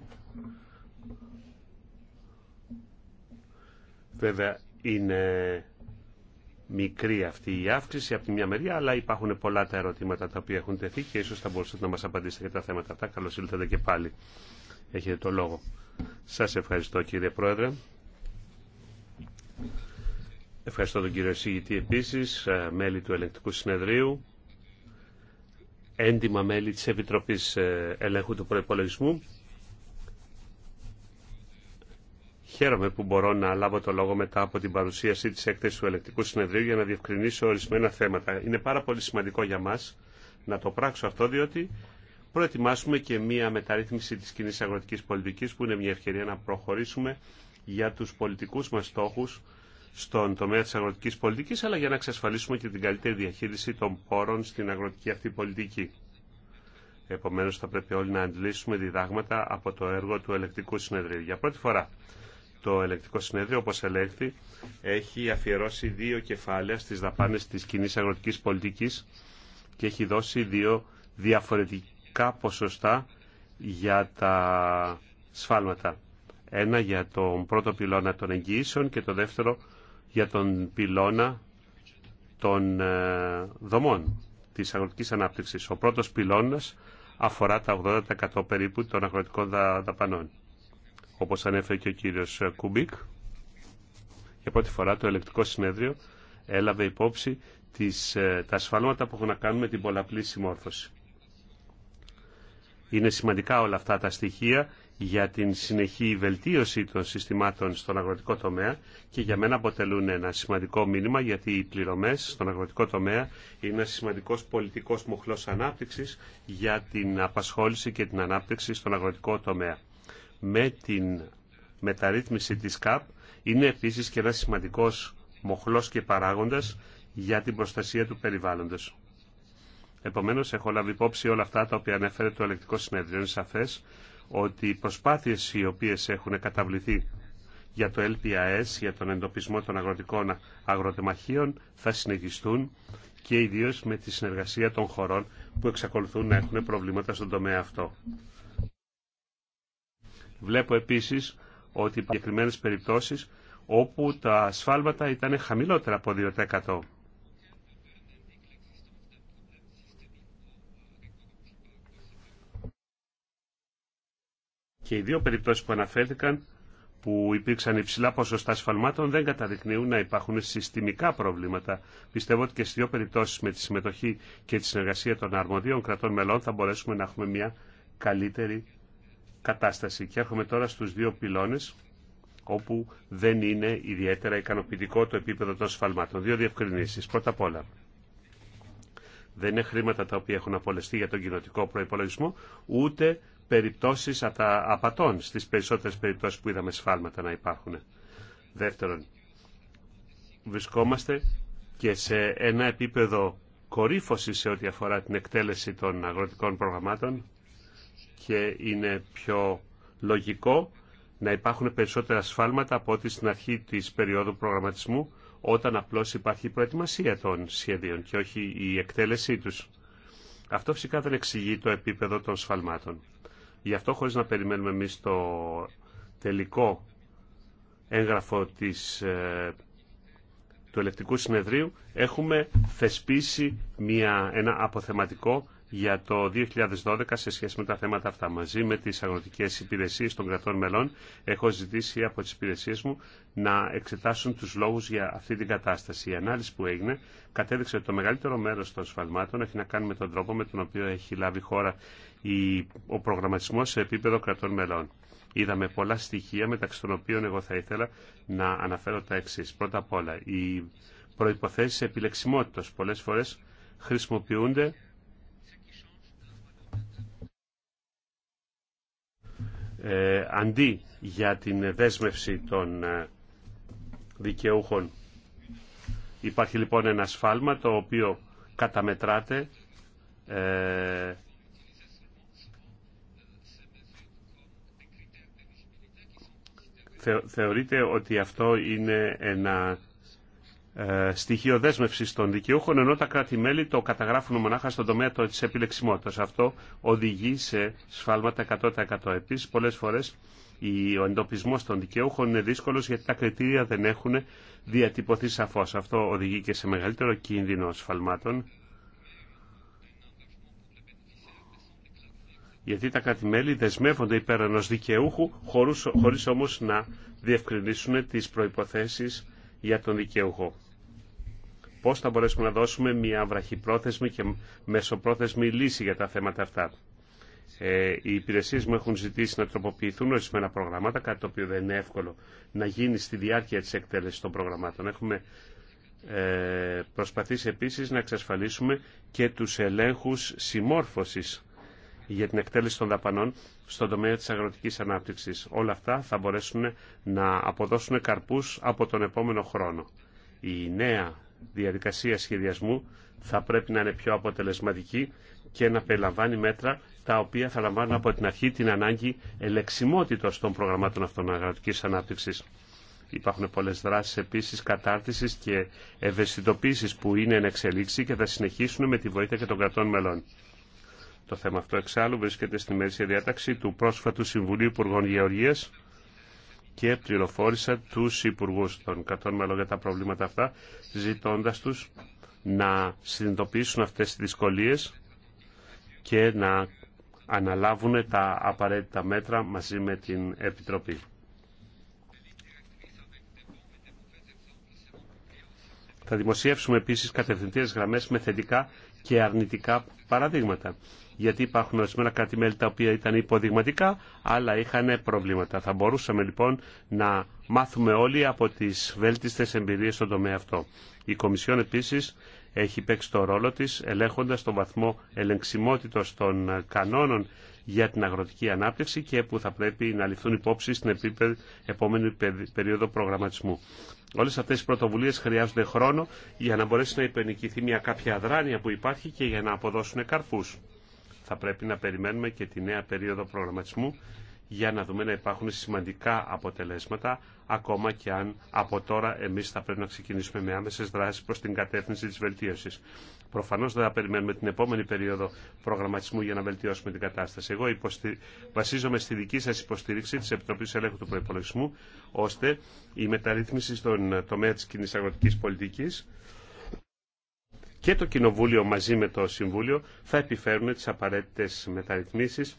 Βέβαια είναι μικρή αυτή η αύξηση από τη μια μεριά, αλλά υπάρχουν πολλά τα ερωτήματα τα οποία έχουν τεθεί και ίσως θα μπορούσατε να μας απαντήσετε για τα θέματα αυτά. Καλώς ήλθατε και πάλι. Έχετε το λόγο. Σας ευχαριστώ κύριε Πρόεδρε. Ευχαριστώ τον κύριο Συγητή επίσης, ε, μέλη του Ελεκτικού Συνεδρίου, έντιμα μέλη της Επιτροπής ε, Ελέγχου του Προϋπολογισμού Χαίρομαι που μπορώ να λάβω το λόγο μετά από την παρουσίαση της έκθεσης του Ελεκτικού Συνεδρίου για να διευκρινίσω ορισμένα θέματα. Είναι πάρα πολύ σημαντικό για μας να το πράξω αυτό διότι προετοιμάσουμε και μία μεταρρύθμιση της κοινή αγροτικής πολιτικής που είναι μια ευκαιρία να προχωρήσουμε για τους πολιτικούς μας στόχους στον τομέα της αγροτικής πολιτικής αλλά για να εξασφαλίσουμε και την καλύτερη διαχείριση των πόρων στην αγροτική αυτή πολιτική. Επομένως θα πρέπει όλοι να αντλήσουμε διδάγματα από το έργο του Ελεκτικού Συνεδρίου. Για πρώτη φορά το ελεκτικό συνέδριο, όπως ελέγχθη, έχει αφιερώσει δύο κεφάλαια στις δαπάνες της κοινή αγροτικής πολιτικής και έχει δώσει δύο διαφορετικά ποσοστά για τα σφάλματα. Ένα για τον πρώτο πυλώνα των εγγυήσεων και το δεύτερο για τον πυλώνα των ε, δομών της αγροτικής ανάπτυξης. Ο πρώτος πυλώνας αφορά τα 80% περίπου των αγροτικών δαπανών όπως ανέφερε και ο κύριος Κουμπίκ. Για πρώτη φορά το ελεκτικό συνέδριο έλαβε υπόψη τις, ε, τα ασφάλματα που έχουν να κάνουν με την πολλαπλή συμμόρφωση. Είναι σημαντικά όλα αυτά τα στοιχεία για την συνεχή βελτίωση των συστημάτων στον αγροτικό τομέα και για μένα αποτελούν ένα σημαντικό μήνυμα γιατί οι πληρωμές στον αγροτικό τομέα είναι ένα σημαντικός πολιτικός μοχλός ανάπτυξης για την απασχόληση και την ανάπτυξη στον αγροτικό τομέα με την μεταρρύθμιση της ΚΑΠ είναι επίσης και ένα σημαντικός μοχλός και παράγοντας για την προστασία του περιβάλλοντος. Επομένως, έχω λάβει υπόψη όλα αυτά τα οποία ανέφερε το ελεκτικό συνέδριο. Είναι σαφές ότι οι προσπάθειες οι οποίες έχουν καταβληθεί για το LPAS, για τον εντοπισμό των αγροτικών αγροτεμαχίων, θα συνεχιστούν και ιδίως με τη συνεργασία των χωρών που εξακολουθούν να έχουν προβλήματα στον τομέα αυτό. Βλέπω επίσης ότι υπάρχουν συγκεκριμένε περιπτώσεις όπου τα ασφάλματα ήταν χαμηλότερα από 2%. Και οι δύο περιπτώσεις που αναφέρθηκαν που υπήρξαν υψηλά ποσοστά ασφαλμάτων δεν καταδεικνύουν να υπάρχουν συστημικά προβλήματα. Πιστεύω ότι και στι δύο περιπτώσει με τη συμμετοχή και τη συνεργασία των αρμοδίων κρατών μελών θα μπορέσουμε να έχουμε μια καλύτερη κατάσταση. Και έρχομαι τώρα στους δύο πυλώνες όπου δεν είναι ιδιαίτερα ικανοποιητικό το επίπεδο των σφαλμάτων. Δύο διευκρινήσεις. Πρώτα απ' όλα, δεν είναι χρήματα τα οποία έχουν απολεστεί για τον κοινοτικό προϋπολογισμό, ούτε περιπτώσεις απατών στις περισσότερες περιπτώσεις που είδαμε σφάλματα να υπάρχουν. Δεύτερον, βρισκόμαστε και σε ένα επίπεδο κορύφωση σε ό,τι αφορά την εκτέλεση των αγροτικών προγραμμάτων και είναι πιο λογικό να υπάρχουν περισσότερα σφάλματα από ό,τι στην αρχή της περίοδου προγραμματισμού όταν απλώς υπάρχει η προετοιμασία των σχεδίων και όχι η εκτέλεσή τους. Αυτό φυσικά δεν εξηγεί το επίπεδο των σφαλμάτων. Γι' αυτό χωρίς να περιμένουμε εμείς το τελικό έγγραφο της, ε, του ελεκτικού συνεδρίου έχουμε θεσπίσει μια, ένα αποθεματικό για το 2012 σε σχέση με τα θέματα αυτά. Μαζί με τις αγροτικές υπηρεσίες των κρατών μελών έχω ζητήσει από τις υπηρεσίες μου να εξετάσουν τους λόγους για αυτή την κατάσταση. Η ανάλυση που έγινε κατέδειξε ότι το μεγαλύτερο μέρος των σφαλμάτων έχει να κάνει με τον τρόπο με τον οποίο έχει λάβει χώρα η, ο προγραμματισμός σε επίπεδο κρατών μελών. Είδαμε πολλά στοιχεία μεταξύ των οποίων εγώ θα ήθελα να αναφέρω τα εξή. Πρώτα απ' όλα, οι προποθέσει επιλεξιμότητας πολλές φορές χρησιμοποιούνται Ε, αντί για την δέσμευση των ε, δικαιούχων. Υπάρχει λοιπόν ένα σφάλμα το οποίο καταμετράται ε, Θεωρείται ότι αυτό είναι ένα ε, στοιχείο δέσμευση των δικαιούχων, ενώ τα κράτη-μέλη το καταγράφουν μονάχα στον τομέα τη επιλεξιμότητα. Αυτό οδηγεί σε σφάλματα 100%. Επίση, πολλέ φορέ ο εντοπισμό των δικαιούχων είναι δύσκολο γιατί τα κριτήρια δεν έχουν διατυπωθεί σαφώ. Αυτό οδηγεί και σε μεγαλύτερο κίνδυνο σφαλμάτων. Γιατί τα κράτη-μέλη δεσμεύονται υπέρ ενό δικαιούχου, χωρί όμω να διευκρινίσουν τι προποθέσει για τον δικαιούχο πώς θα μπορέσουμε να δώσουμε μια βραχυπρόθεσμη και μεσοπρόθεσμη λύση για τα θέματα αυτά. Ε, οι υπηρεσίε μου έχουν ζητήσει να τροποποιηθούν ορισμένα προγράμματα, κάτι το οποίο δεν είναι εύκολο να γίνει στη διάρκεια τη εκτέλεση των προγραμμάτων. Έχουμε ε, προσπαθήσει επίση να εξασφαλίσουμε και του ελέγχου συμμόρφωση για την εκτέλεση των δαπανών στον τομέα της αγροτικής ανάπτυξης. Όλα αυτά θα μπορέσουν να αποδώσουν καρπούς από τον επόμενο χρόνο. Η νέα διαδικασία σχεδιασμού θα πρέπει να είναι πιο αποτελεσματική και να περιλαμβάνει μέτρα τα οποία θα λαμβάνουν από την αρχή την ανάγκη ελεξιμότητα των προγραμμάτων αυτών ανάπτυξη. ανάπτυξης. Υπάρχουν πολλέ δράσει επίση, κατάρτιση και ευαισθητοποίηση που είναι εν εξελίξη και θα συνεχίσουν με τη βοήθεια και των κρατών μελών. Το θέμα αυτό εξάλλου βρίσκεται στη μέση διάταξη του πρόσφατου Συμβουλίου Υπουργών Γεωργίας και πληροφόρησα τους υπουργούς των κατών μελών για τα προβλήματα αυτά, ζητώντας τους να συνειδητοποιήσουν αυτές τις δυσκολίες και να αναλάβουν τα απαραίτητα μέτρα μαζί με την Επιτροπή. Θα δημοσιεύσουμε επίσης κατευθυντήρες γραμμές με θετικά και αρνητικά παραδείγματα γιατί υπάρχουν κάτι κράτη-μέλη τα οποία ήταν υποδειγματικά, αλλά είχαν προβλήματα. Θα μπορούσαμε λοιπόν να μάθουμε όλοι από τις βέλτιστες εμπειρίες στον τομέα αυτό. Η Κομισιόν επίσης έχει παίξει το ρόλο της ελέγχοντας τον βαθμό ελεγξιμότητος των κανόνων για την αγροτική ανάπτυξη και που θα πρέπει να ληφθούν υπόψη στην επόμενη περίοδο προγραμματισμού. Όλε αυτέ οι πρωτοβουλίε χρειάζονται χρόνο για να μπορέσει να υπενικηθεί μια κάποια αδράνεια που υπάρχει και για να αποδώσουν καρπούς θα πρέπει να περιμένουμε και τη νέα περίοδο προγραμματισμού για να δούμε να υπάρχουν σημαντικά αποτελέσματα, ακόμα και αν από τώρα εμείς θα πρέπει να ξεκινήσουμε με άμεσες δράσεις προς την κατεύθυνση της βελτίωσης. Προφανώς δεν θα περιμένουμε την επόμενη περίοδο προγραμματισμού για να βελτιώσουμε την κατάσταση. Εγώ υποστη... βασίζομαι στη δική σας υποστήριξη της Επιτροπής Ελέγχου του Προϋπολογισμού, ώστε η μεταρρύθμιση στον τομέα της κοινή αγροτικής πολιτικής και το Κοινοβούλιο μαζί με το Συμβούλιο θα επιφέρουν τις απαραίτητες μεταρρυθμίσεις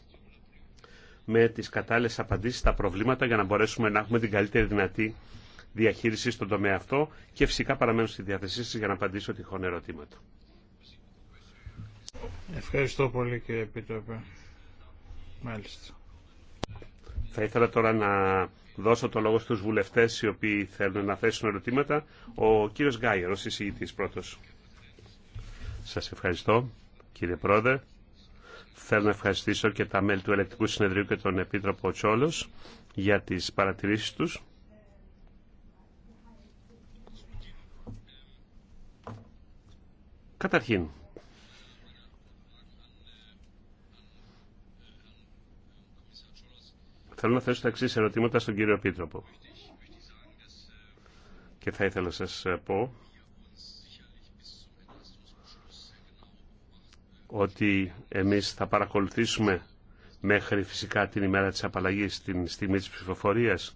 με τις κατάλληλες απαντήσεις στα προβλήματα για να μπορέσουμε να έχουμε την καλύτερη δυνατή διαχείριση στον τομέα αυτό και φυσικά παραμένω στη διάθεσή σας για να απαντήσω τυχόν ερωτήματα. Ευχαριστώ πολύ κύριε Επίτροπε. Μάλιστα. Θα ήθελα τώρα να δώσω το λόγο στους βουλευτές οι οποίοι θέλουν να θέσουν ερωτήματα. Ο κύριος Γκάιερος, εισηγητής πρώτος. Σας ευχαριστώ κύριε Πρόεδρε. Θέλω να ευχαριστήσω και τα μέλη του Ελεκτικού Συνεδρίου και τον Επίτροπο Τσόλος για τις παρατηρήσεις τους. Καταρχήν, θέλω να θέσω τα εξή ερωτήματα στον κύριο Επίτροπο. Και θα ήθελα να σας πω ότι εμείς θα παρακολουθήσουμε μέχρι φυσικά την ημέρα της απαλλαγής, την στιγμή της ψηφοφορίας,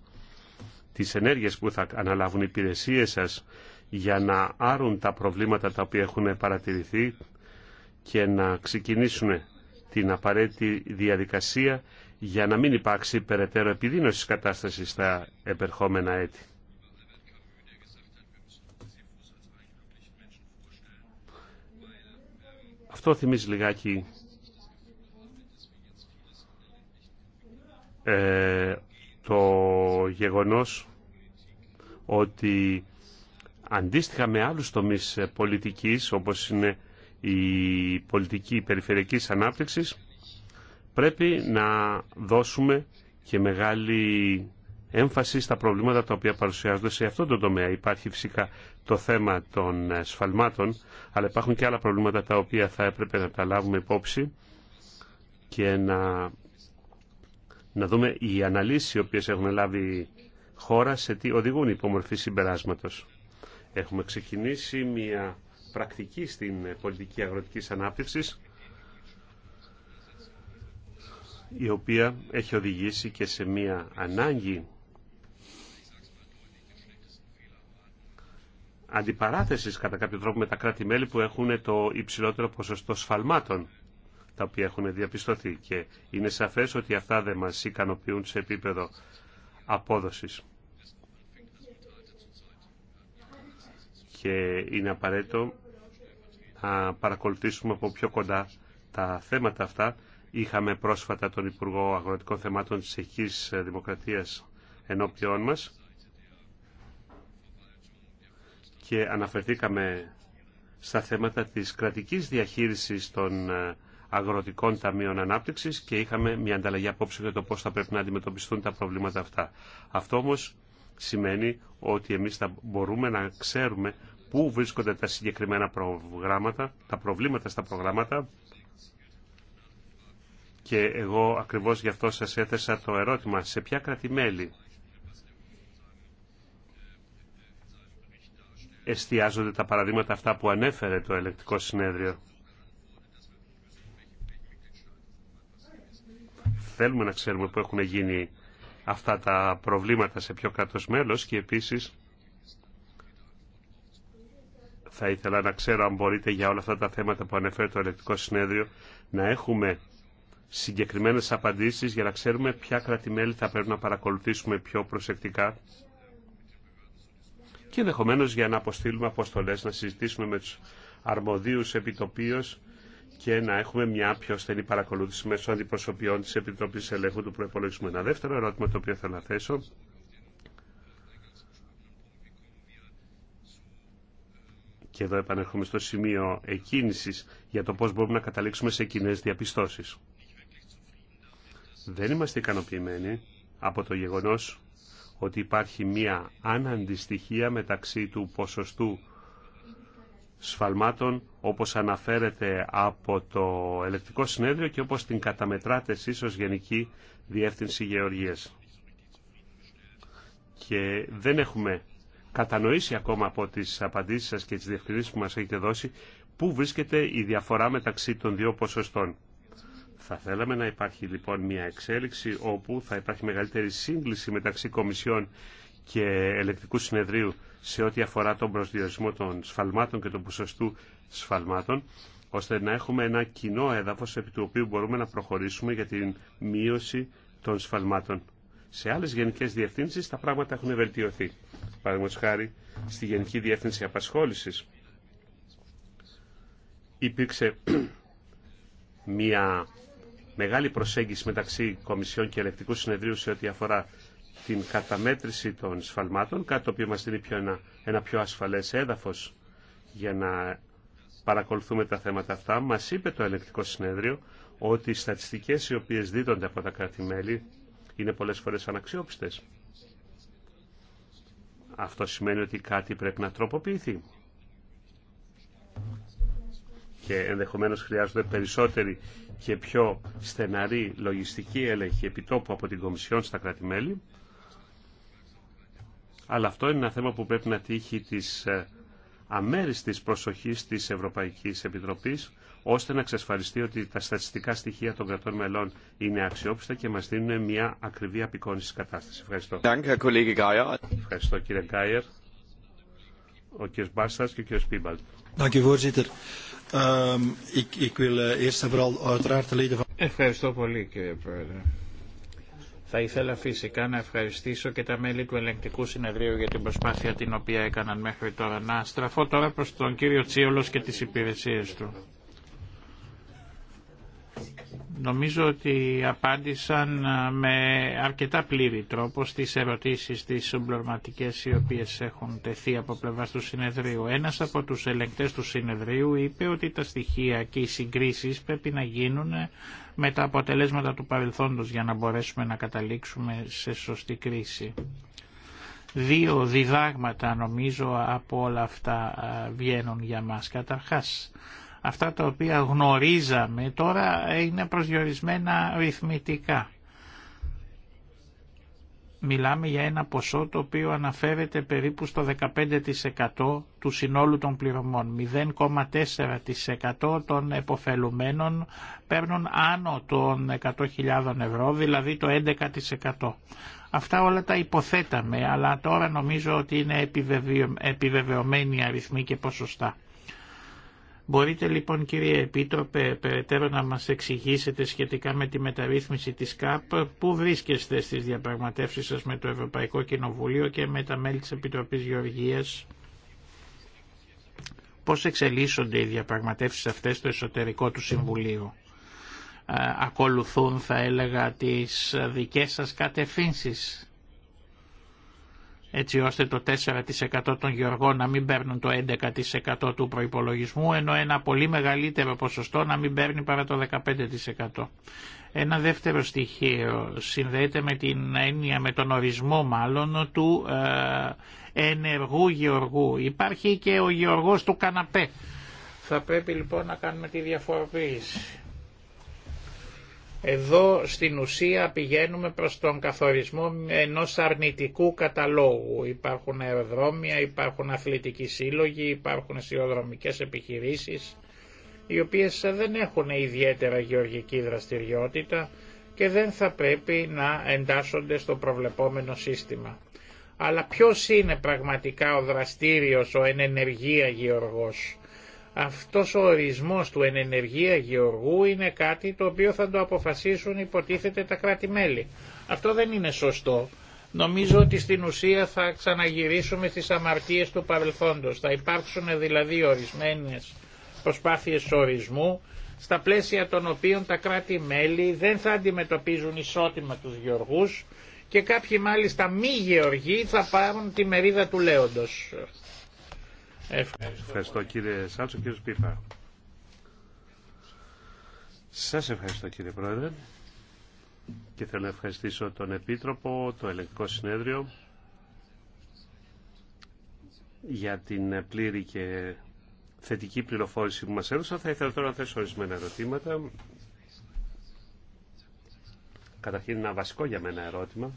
τις ενέργειες που θα αναλάβουν οι υπηρεσίες σας για να άρουν τα προβλήματα τα οποία έχουν παρατηρηθεί και να ξεκινήσουν την απαραίτητη διαδικασία για να μην υπάρξει περαιτέρω επιδείνωση της κατάστασης στα επερχόμενα έτη. Αυτό θυμίζει λιγάκι ε, το γεγονός ότι αντίστοιχα με άλλους τομείς πολιτικής όπως είναι η πολιτική περιφερειακής ανάπτυξης πρέπει να δώσουμε και μεγάλη έμφαση στα προβλήματα τα οποία παρουσιάζονται σε αυτό το τομέα. Υπάρχει φυσικά το θέμα των ε, σφαλμάτων, αλλά υπάρχουν και άλλα προβλήματα τα οποία θα έπρεπε να τα λάβουμε υπόψη και να, να δούμε οι αναλύσεις οι οποίες έχουν λάβει χώρα σε τι οδηγούν υπομορφή συμπεράσματος. Έχουμε ξεκινήσει μια πρακτική στην πολιτική αγροτικής ανάπτυξης η οποία έχει οδηγήσει και σε μια ανάγκη αντιπαράθεσης κατά κάποιο τρόπο με τα κράτη-μέλη που έχουν το υψηλότερο ποσοστό σφαλμάτων τα οποία έχουν διαπιστωθεί και είναι σαφές ότι αυτά δεν μας ικανοποιούν σε επίπεδο απόδοσης. Και είναι απαραίτητο να παρακολουθήσουμε από πιο κοντά τα θέματα αυτά. Είχαμε πρόσφατα τον Υπουργό Αγροτικών Θεμάτων της Εχικής Δημοκρατίας ενώπιόν μας και αναφερθήκαμε στα θέματα της κρατικής διαχείρισης των ε, αγροτικών ταμείων ανάπτυξης και είχαμε μια ανταλλαγή απόψε για το πώς θα πρέπει να αντιμετωπιστούν τα προβλήματα αυτά. Αυτό όμως σημαίνει ότι εμείς θα μπορούμε να ξέρουμε πού βρίσκονται τα συγκεκριμένα προγράμματα, τα προβλήματα στα προγράμματα και εγώ ακριβώς γι' αυτό σας έθεσα το ερώτημα σε ποια κρατημέλη εστιάζονται τα παραδείγματα αυτά που ανέφερε το ελεκτικό συνέδριο. Θέλουμε να ξέρουμε που έχουν γίνει αυτά τα προβλήματα σε πιο κράτος μέλος και επίσης θα ήθελα να ξέρω αν μπορείτε για όλα αυτά τα θέματα που ανέφερε το ελεκτικό συνέδριο να έχουμε συγκεκριμένες απαντήσεις για να ξέρουμε ποια κρατημέλη θα πρέπει να παρακολουθήσουμε πιο προσεκτικά και ενδεχομένω για να αποστείλουμε αποστολέ, να συζητήσουμε με του αρμοδίου επιτοπίω και να έχουμε μια πιο στενή παρακολούθηση μέσω αντιπροσωπιών τη Επιτροπή Ελέγχου του Προπολογισμού. Ένα δεύτερο ερώτημα το οποίο θέλω να θέσω. Και εδώ επανέρχομαι στο σημείο εκκίνησης για το πώς μπορούμε να καταλήξουμε σε κοινέ διαπιστώσει. Δεν είμαστε ικανοποιημένοι από το γεγονός ότι υπάρχει μία αναντιστοιχία μεταξύ του ποσοστού σφαλμάτων όπως αναφέρεται από το ελεκτικό συνέδριο και όπως την καταμετράτε εσείς ως Γενική Διεύθυνση Γεωργίας. Και δεν έχουμε κατανοήσει ακόμα από τις απαντήσεις σας και τις διευκρινήσεις που μας έχετε δώσει πού βρίσκεται η διαφορά μεταξύ των δύο ποσοστών. Θα θέλαμε να υπάρχει λοιπόν μια εξέλιξη όπου θα υπάρχει μεγαλύτερη σύγκληση μεταξύ Κομισιών και Ελεκτικού Συνεδρίου σε ό,τι αφορά τον προσδιορισμό των σφαλμάτων και των ποσοστού σφαλμάτων, ώστε να έχουμε ένα κοινό έδαφος επί του οποίου μπορούμε να προχωρήσουμε για την μείωση των σφαλμάτων. Σε άλλες γενικές διευθύνσεις τα πράγματα έχουν βελτιωθεί. Παραδείγματος χάρη στη Γενική Διεύθυνση Απασχόλησης υπήρξε μία μεγάλη προσέγγιση μεταξύ Κομισιών και Ελεκτικού Συνεδρίου σε ό,τι αφορά την καταμέτρηση των σφαλμάτων, κάτι το οποίο μας δίνει πιο ένα, ένα πιο ασφαλές έδαφος για να παρακολουθούμε τα θέματα αυτά. Μας είπε το Ελεκτικό Συνέδριο ότι οι στατιστικές οι οποίες δίδονται από τα κράτη-μέλη είναι πολλές φορές αναξιόπιστες. Αυτό σημαίνει ότι κάτι πρέπει να τροποποιηθεί. Και ενδεχομένως χρειάζονται περισσότεροι και πιο στεναρή λογιστική έλεγχη επιτόπου από την Κομισιόν στα κράτη-μέλη. Αλλά αυτό είναι ένα θέμα που πρέπει να τύχει της ε, αμέριστης προσοχής της Ευρωπαϊκής Επιτροπής, ώστε να εξασφαλιστεί ότι τα στατιστικά στοιχεία των κρατών μελών είναι αξιόπιστα και μας δίνουν μια ακριβή απεικόνηση της κατάστασης. Ευχαριστώ. Ευχαριστώ κύριε Γκάιερ, ο κύριος Μπάρστας και ο κύριος Πίμπαλτ. Ευχαριστώ πολύ κύριε Πρόεδρε. Θα ήθελα φυσικά να ευχαριστήσω και τα μέλη του Ελεγκτικού Συνεδρίου για την προσπάθεια την οποία έκαναν μέχρι τώρα. Να στραφώ τώρα προς τον κύριο Τσίολος και τις υπηρεσίες του. Νομίζω ότι απάντησαν ε, με αρκετά πλήρη τρόπο στις ερωτήσεις τις συμπληρωματικές οι οποίες έχουν τεθεί από πλευρά του συνεδρίου. Ένας από τους ελεγκτές του συνεδρίου είπε ότι τα στοιχεία και οι συγκρίσεις πρέπει να γίνουν με τα αποτελέσματα του παρελθόντος για να μπορέσουμε να καταλήξουμε σε σωστή κρίση. Δύο διδάγματα νομίζω από όλα αυτά ε, βγαίνουν για μας. Καταρχάς, Αυτά τα οποία γνωρίζαμε τώρα είναι προσδιορισμένα ρυθμητικά. Μιλάμε για ένα ποσό το οποίο αναφέρεται περίπου στο 15% του συνόλου των πληρωμών. 0,4% των εποφελουμένων παίρνουν άνω των 100.000 ευρώ, δηλαδή το 11%. Αυτά όλα τα υποθέταμε, αλλά τώρα νομίζω ότι είναι επιβεβαιωμένοι αριθμοί και ποσοστά. Μπορείτε λοιπόν κύριε Επίτροπε περαιτέρω να μας εξηγήσετε σχετικά με τη μεταρρύθμιση της ΚΑΠ πού βρίσκεστε στις διαπραγματεύσεις σας με το Ευρωπαϊκό Κοινοβουλίο και με τα μέλη της Επιτροπής Γεωργίας πώς εξελίσσονται οι διαπραγματεύσεις αυτές στο εσωτερικό του Συμβουλίου. Ε, ακολουθούν θα έλεγα τις δικές σας κατευθύνσεις έτσι ώστε το 4% των γεωργών να μην παίρνουν το 11% του προϋπολογισμού, ενώ ένα πολύ μεγαλύτερο ποσοστό να μην παίρνει παρά το 15%. Ένα δεύτερο στοιχείο συνδέεται με την έννοια, με τον ορισμό μάλλον, του ε, ενεργού γεωργού. Υπάρχει και ο γεωργός του καναπέ. Θα πρέπει λοιπόν να κάνουμε τη διαφοροποίηση. Εδώ στην ουσία πηγαίνουμε προς τον καθορισμό ενός αρνητικού καταλόγου. Υπάρχουν αεροδρόμια, υπάρχουν αθλητικοί σύλλογοι, υπάρχουν αισιοδρομικές επιχειρήσεις, οι οποίες δεν έχουν ιδιαίτερα γεωργική δραστηριότητα και δεν θα πρέπει να εντάσσονται στο προβλεπόμενο σύστημα. Αλλά ποιος είναι πραγματικά ο δραστήριος, ο ενεργεία γεωργός αυτός ο ορισμός του ενεργεία γεωργού είναι κάτι το οποίο θα το αποφασίσουν υποτίθεται τα κράτη-μέλη. Αυτό δεν είναι σωστό. Νομίζω ότι στην ουσία θα ξαναγυρίσουμε στις αμαρτίες του παρελθόντος. Θα υπάρξουν δηλαδή ορισμένες προσπάθειες ορισμού στα πλαίσια των οποίων τα κράτη-μέλη δεν θα αντιμετωπίζουν ισότιμα τους γεωργούς και κάποιοι μάλιστα μη γεωργοί θα πάρουν τη μερίδα του λέοντος. Ευχαριστώ, ευχαριστώ κύριε Σάλτσο, κύριε Σπίφα. Σας ευχαριστώ κύριε Πρόεδρε και θέλω να ευχαριστήσω τον Επίτροπο, το Ελεκτικό Συνέδριο για την πλήρη και θετική πληροφόρηση που μας έδωσαν. Θα ήθελα τώρα να θέσω ορισμένα ερωτήματα. Καταρχήν ένα βασικό για μένα ερώτημα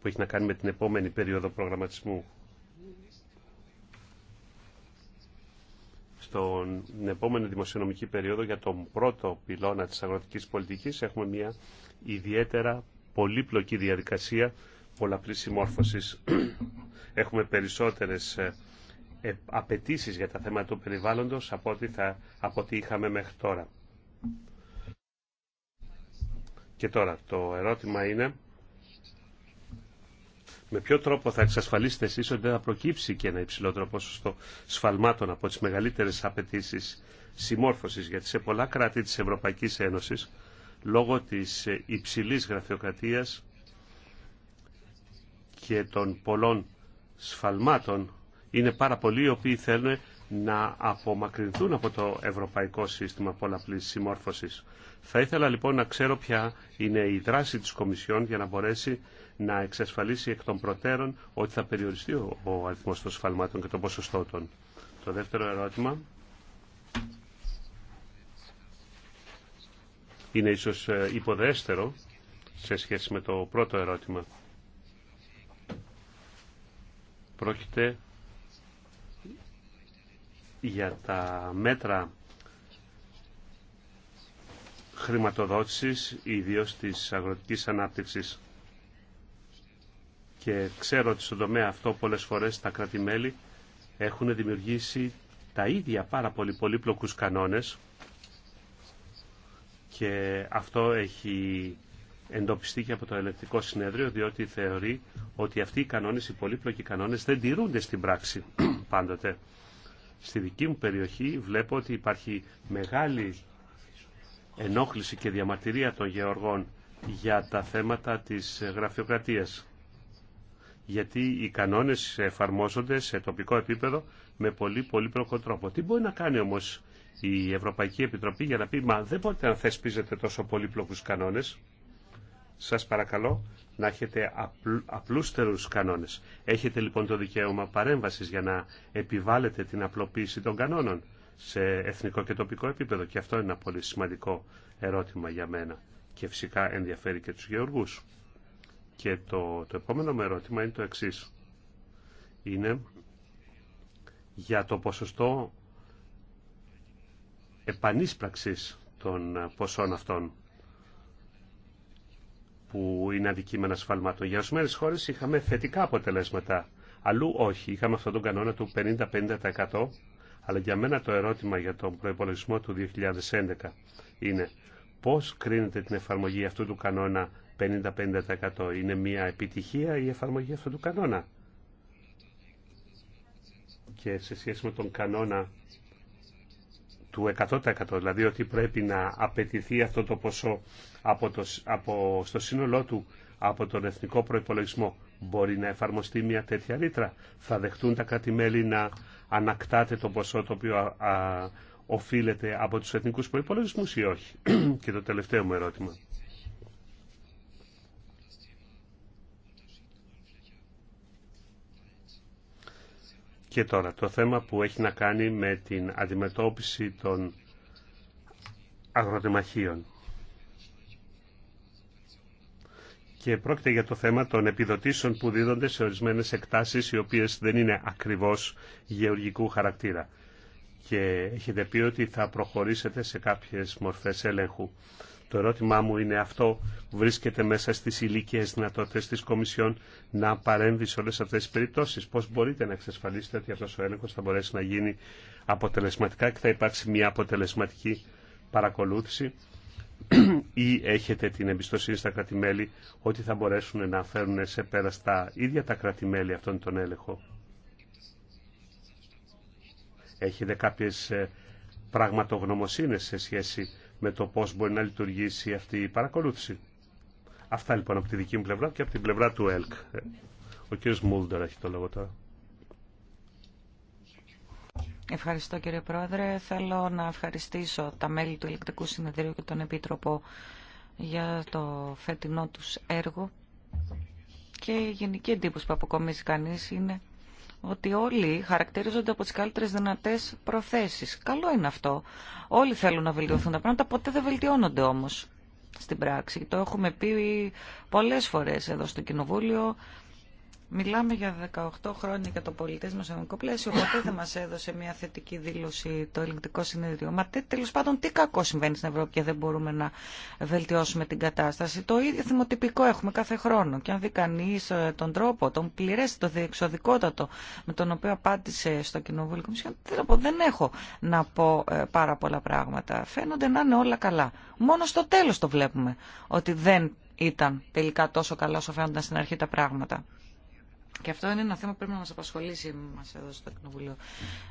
που έχει να κάνει με την επόμενη περίοδο προγραμματισμού στον επόμενο δημοσιονομική περίοδο για τον πρώτο πυλώνα της αγροτικής πολιτικής έχουμε μια ιδιαίτερα πολύπλοκη διαδικασία πολλαπλή συμμόρφωσης. έχουμε περισσότερες ε, ε, απαιτήσει για τα θέματα του περιβάλλοντος από ό,τι, θα, από ό,τι είχαμε μέχρι τώρα. Και τώρα το ερώτημα είναι με ποιο τρόπο θα εξασφαλίσετε εσεί ότι δεν θα προκύψει και ένα υψηλότερο ποσοστό σφαλμάτων από τις μεγαλύτερε απαιτήσει συμμόρφωσης, γιατί σε πολλά κράτη τη Ευρωπαϊκής Ένωσης, λόγω της υψηλή γραφειοκρατίας και των πολλών σφαλμάτων, είναι πάρα πολλοί οι οποίοι θέλουν να απομακρυνθούν από το ευρωπαϊκό σύστημα πολλαπλή συμμόρφωση. Θα ήθελα λοιπόν να ξέρω ποια είναι η δράση τη Κομισιόν για να μπορέσει να εξασφαλίσει εκ των προτέρων ότι θα περιοριστεί ο αριθμός των σφαλμάτων και των ποσοστώτων. Το δεύτερο ερώτημα είναι ίσως ε, υποδέστερο σε σχέση με το πρώτο ερώτημα. Πρόκειται για τα μέτρα χρηματοδότησης, ιδίως της αγροτικής ανάπτυξης και ξέρω ότι στον τομέα αυτό πολλές φορές τα κρατη έχουν δημιουργήσει τα ίδια πάρα πολύ πολύπλοκους κανόνες και αυτό έχει εντοπιστεί και από το ελεκτικό συνέδριο διότι θεωρεί ότι αυτοί οι κανόνες, οι πολύπλοκοι κανόνες δεν τηρούνται στην πράξη πάντοτε. Στη δική μου περιοχή βλέπω ότι υπάρχει μεγάλη ενόχληση και διαμαρτυρία των γεωργών για τα θέματα της γραφειοκρατίας γιατί οι κανόνες εφαρμόζονται σε τοπικό επίπεδο με πολύ πολύπλοκο τρόπο. Τι μπορεί να κάνει όμως η Ευρωπαϊκή Επιτροπή για να πει «Μα δεν μπορείτε να θεσπίζετε τόσο πολύπλοκους κανόνες». Σας παρακαλώ να έχετε απλούστερους κανόνες. Έχετε λοιπόν το δικαίωμα παρέμβασης για να επιβάλλετε την απλοποίηση των κανόνων σε εθνικό και τοπικό επίπεδο. Και αυτό είναι ένα πολύ σημαντικό ερώτημα για μένα. Και φυσικά ενδιαφέρει και τους γεωργούς. Και το, το επόμενο με ερώτημα είναι το εξής. Είναι για το ποσοστό επανίσπραξης των ποσών αυτών που είναι αντικείμενα σφαλμάτων. Για ορισμένε χώρε είχαμε θετικά αποτελέσματα. Αλλού όχι. Είχαμε αυτόν τον κανόνα του 50-50%. Αλλά για μένα το ερώτημα για τον προπολογισμό του 2011 είναι πώς κρίνεται την εφαρμογή αυτού του κανόνα 50-50% είναι μια επιτυχία η εφαρμογή αυτού του κανόνα. Και σε σχέση με τον κανόνα του 100% δηλαδή ότι πρέπει να απαιτηθεί αυτό το ποσό από το, από, στο σύνολό του από τον εθνικό προϋπολογισμό μπορεί να εφαρμοστεί μια τέτοια ρήτρα. Θα δεχτούν τα κράτη-μέλη να ανακτάτε το ποσό το οποίο α, α, οφείλεται από τους εθνικούς προϋπολογισμούς ή όχι. Και το τελευταίο μου ερώτημα. Και τώρα το θέμα που έχει να κάνει με την αντιμετώπιση των αγροτεμαχίων. Και πρόκειται για το θέμα των επιδοτήσεων που δίδονται σε ορισμένες εκτάσεις οι οποίες δεν είναι ακριβώς γεωργικού χαρακτήρα. Και έχετε πει ότι θα προχωρήσετε σε κάποιες μορφές έλεγχου. Το ερώτημά μου είναι αυτό βρίσκεται μέσα στις ηλικίε δυνατότητες της Κομισιόν να παρέμβει σε όλες αυτές τις περιπτώσεις. Πώς μπορείτε να εξασφαλίσετε ότι αυτό ο έλεγχος θα μπορέσει να γίνει αποτελεσματικά και θα υπάρξει μια αποτελεσματική παρακολούθηση ή έχετε την εμπιστοσύνη στα κρατημέλη ότι θα μπορέσουν να φέρουν σε πέρα στα ίδια τα κρατημέλη αυτόν τον έλεγχο. Έχετε κάποιες ε, πραγματογνωμοσύνες σε σχέση με το πώς μπορεί να λειτουργήσει αυτή η παρακολούθηση. Αυτά λοιπόν από τη δική μου πλευρά και από την πλευρά του ΕΛΚ. Ο κύριος Μούλντερ έχει το λόγο τώρα. Ευχαριστώ κύριε Πρόεδρε. Θέλω να ευχαριστήσω τα μέλη του Ελεκτρικού Συνεδρίου και τον Επίτροπο για το φετινό τους έργο και η γενική εντύπωση που αποκομίζει κανείς είναι ότι όλοι χαρακτηρίζονται από τι καλύτερε δυνατές προθέσεις. Καλό είναι αυτό. Όλοι θέλουν να βελτιωθούν τα πράγματα, ποτέ δεν βελτιώνονται όμως στην πράξη. Το έχουμε πει πολλές φορές εδώ στο Κοινοβούλιο Μιλάμε για 18 χρόνια για το πολιτισμό σε νομικό πλαίσιο. Ποτέ δεν μα έδωσε μια θετική δήλωση το ελληνικό συνέδριο. Μα τέλο πάντων τι κακό συμβαίνει στην Ευρώπη και δεν μπορούμε να βελτιώσουμε την κατάσταση. Το ίδιο θυμοτυπικό έχουμε κάθε χρόνο. Και αν δει κανεί ε, τον τρόπο, τον πληρέστη, το διεξοδικότατο με τον οποίο απάντησε στο Κοινοβούλιο Κομισιόν, δεν έχω να πω ε, πάρα πολλά πράγματα. Φαίνονται να είναι όλα καλά. Μόνο στο τέλο το βλέπουμε ότι δεν ήταν τελικά τόσο καλά όσο φαίνονταν στην αρχή τα πράγματα. Και αυτό είναι ένα θέμα που πρέπει να μας απασχολήσει μας εδώ στο Εκνοβούλιο.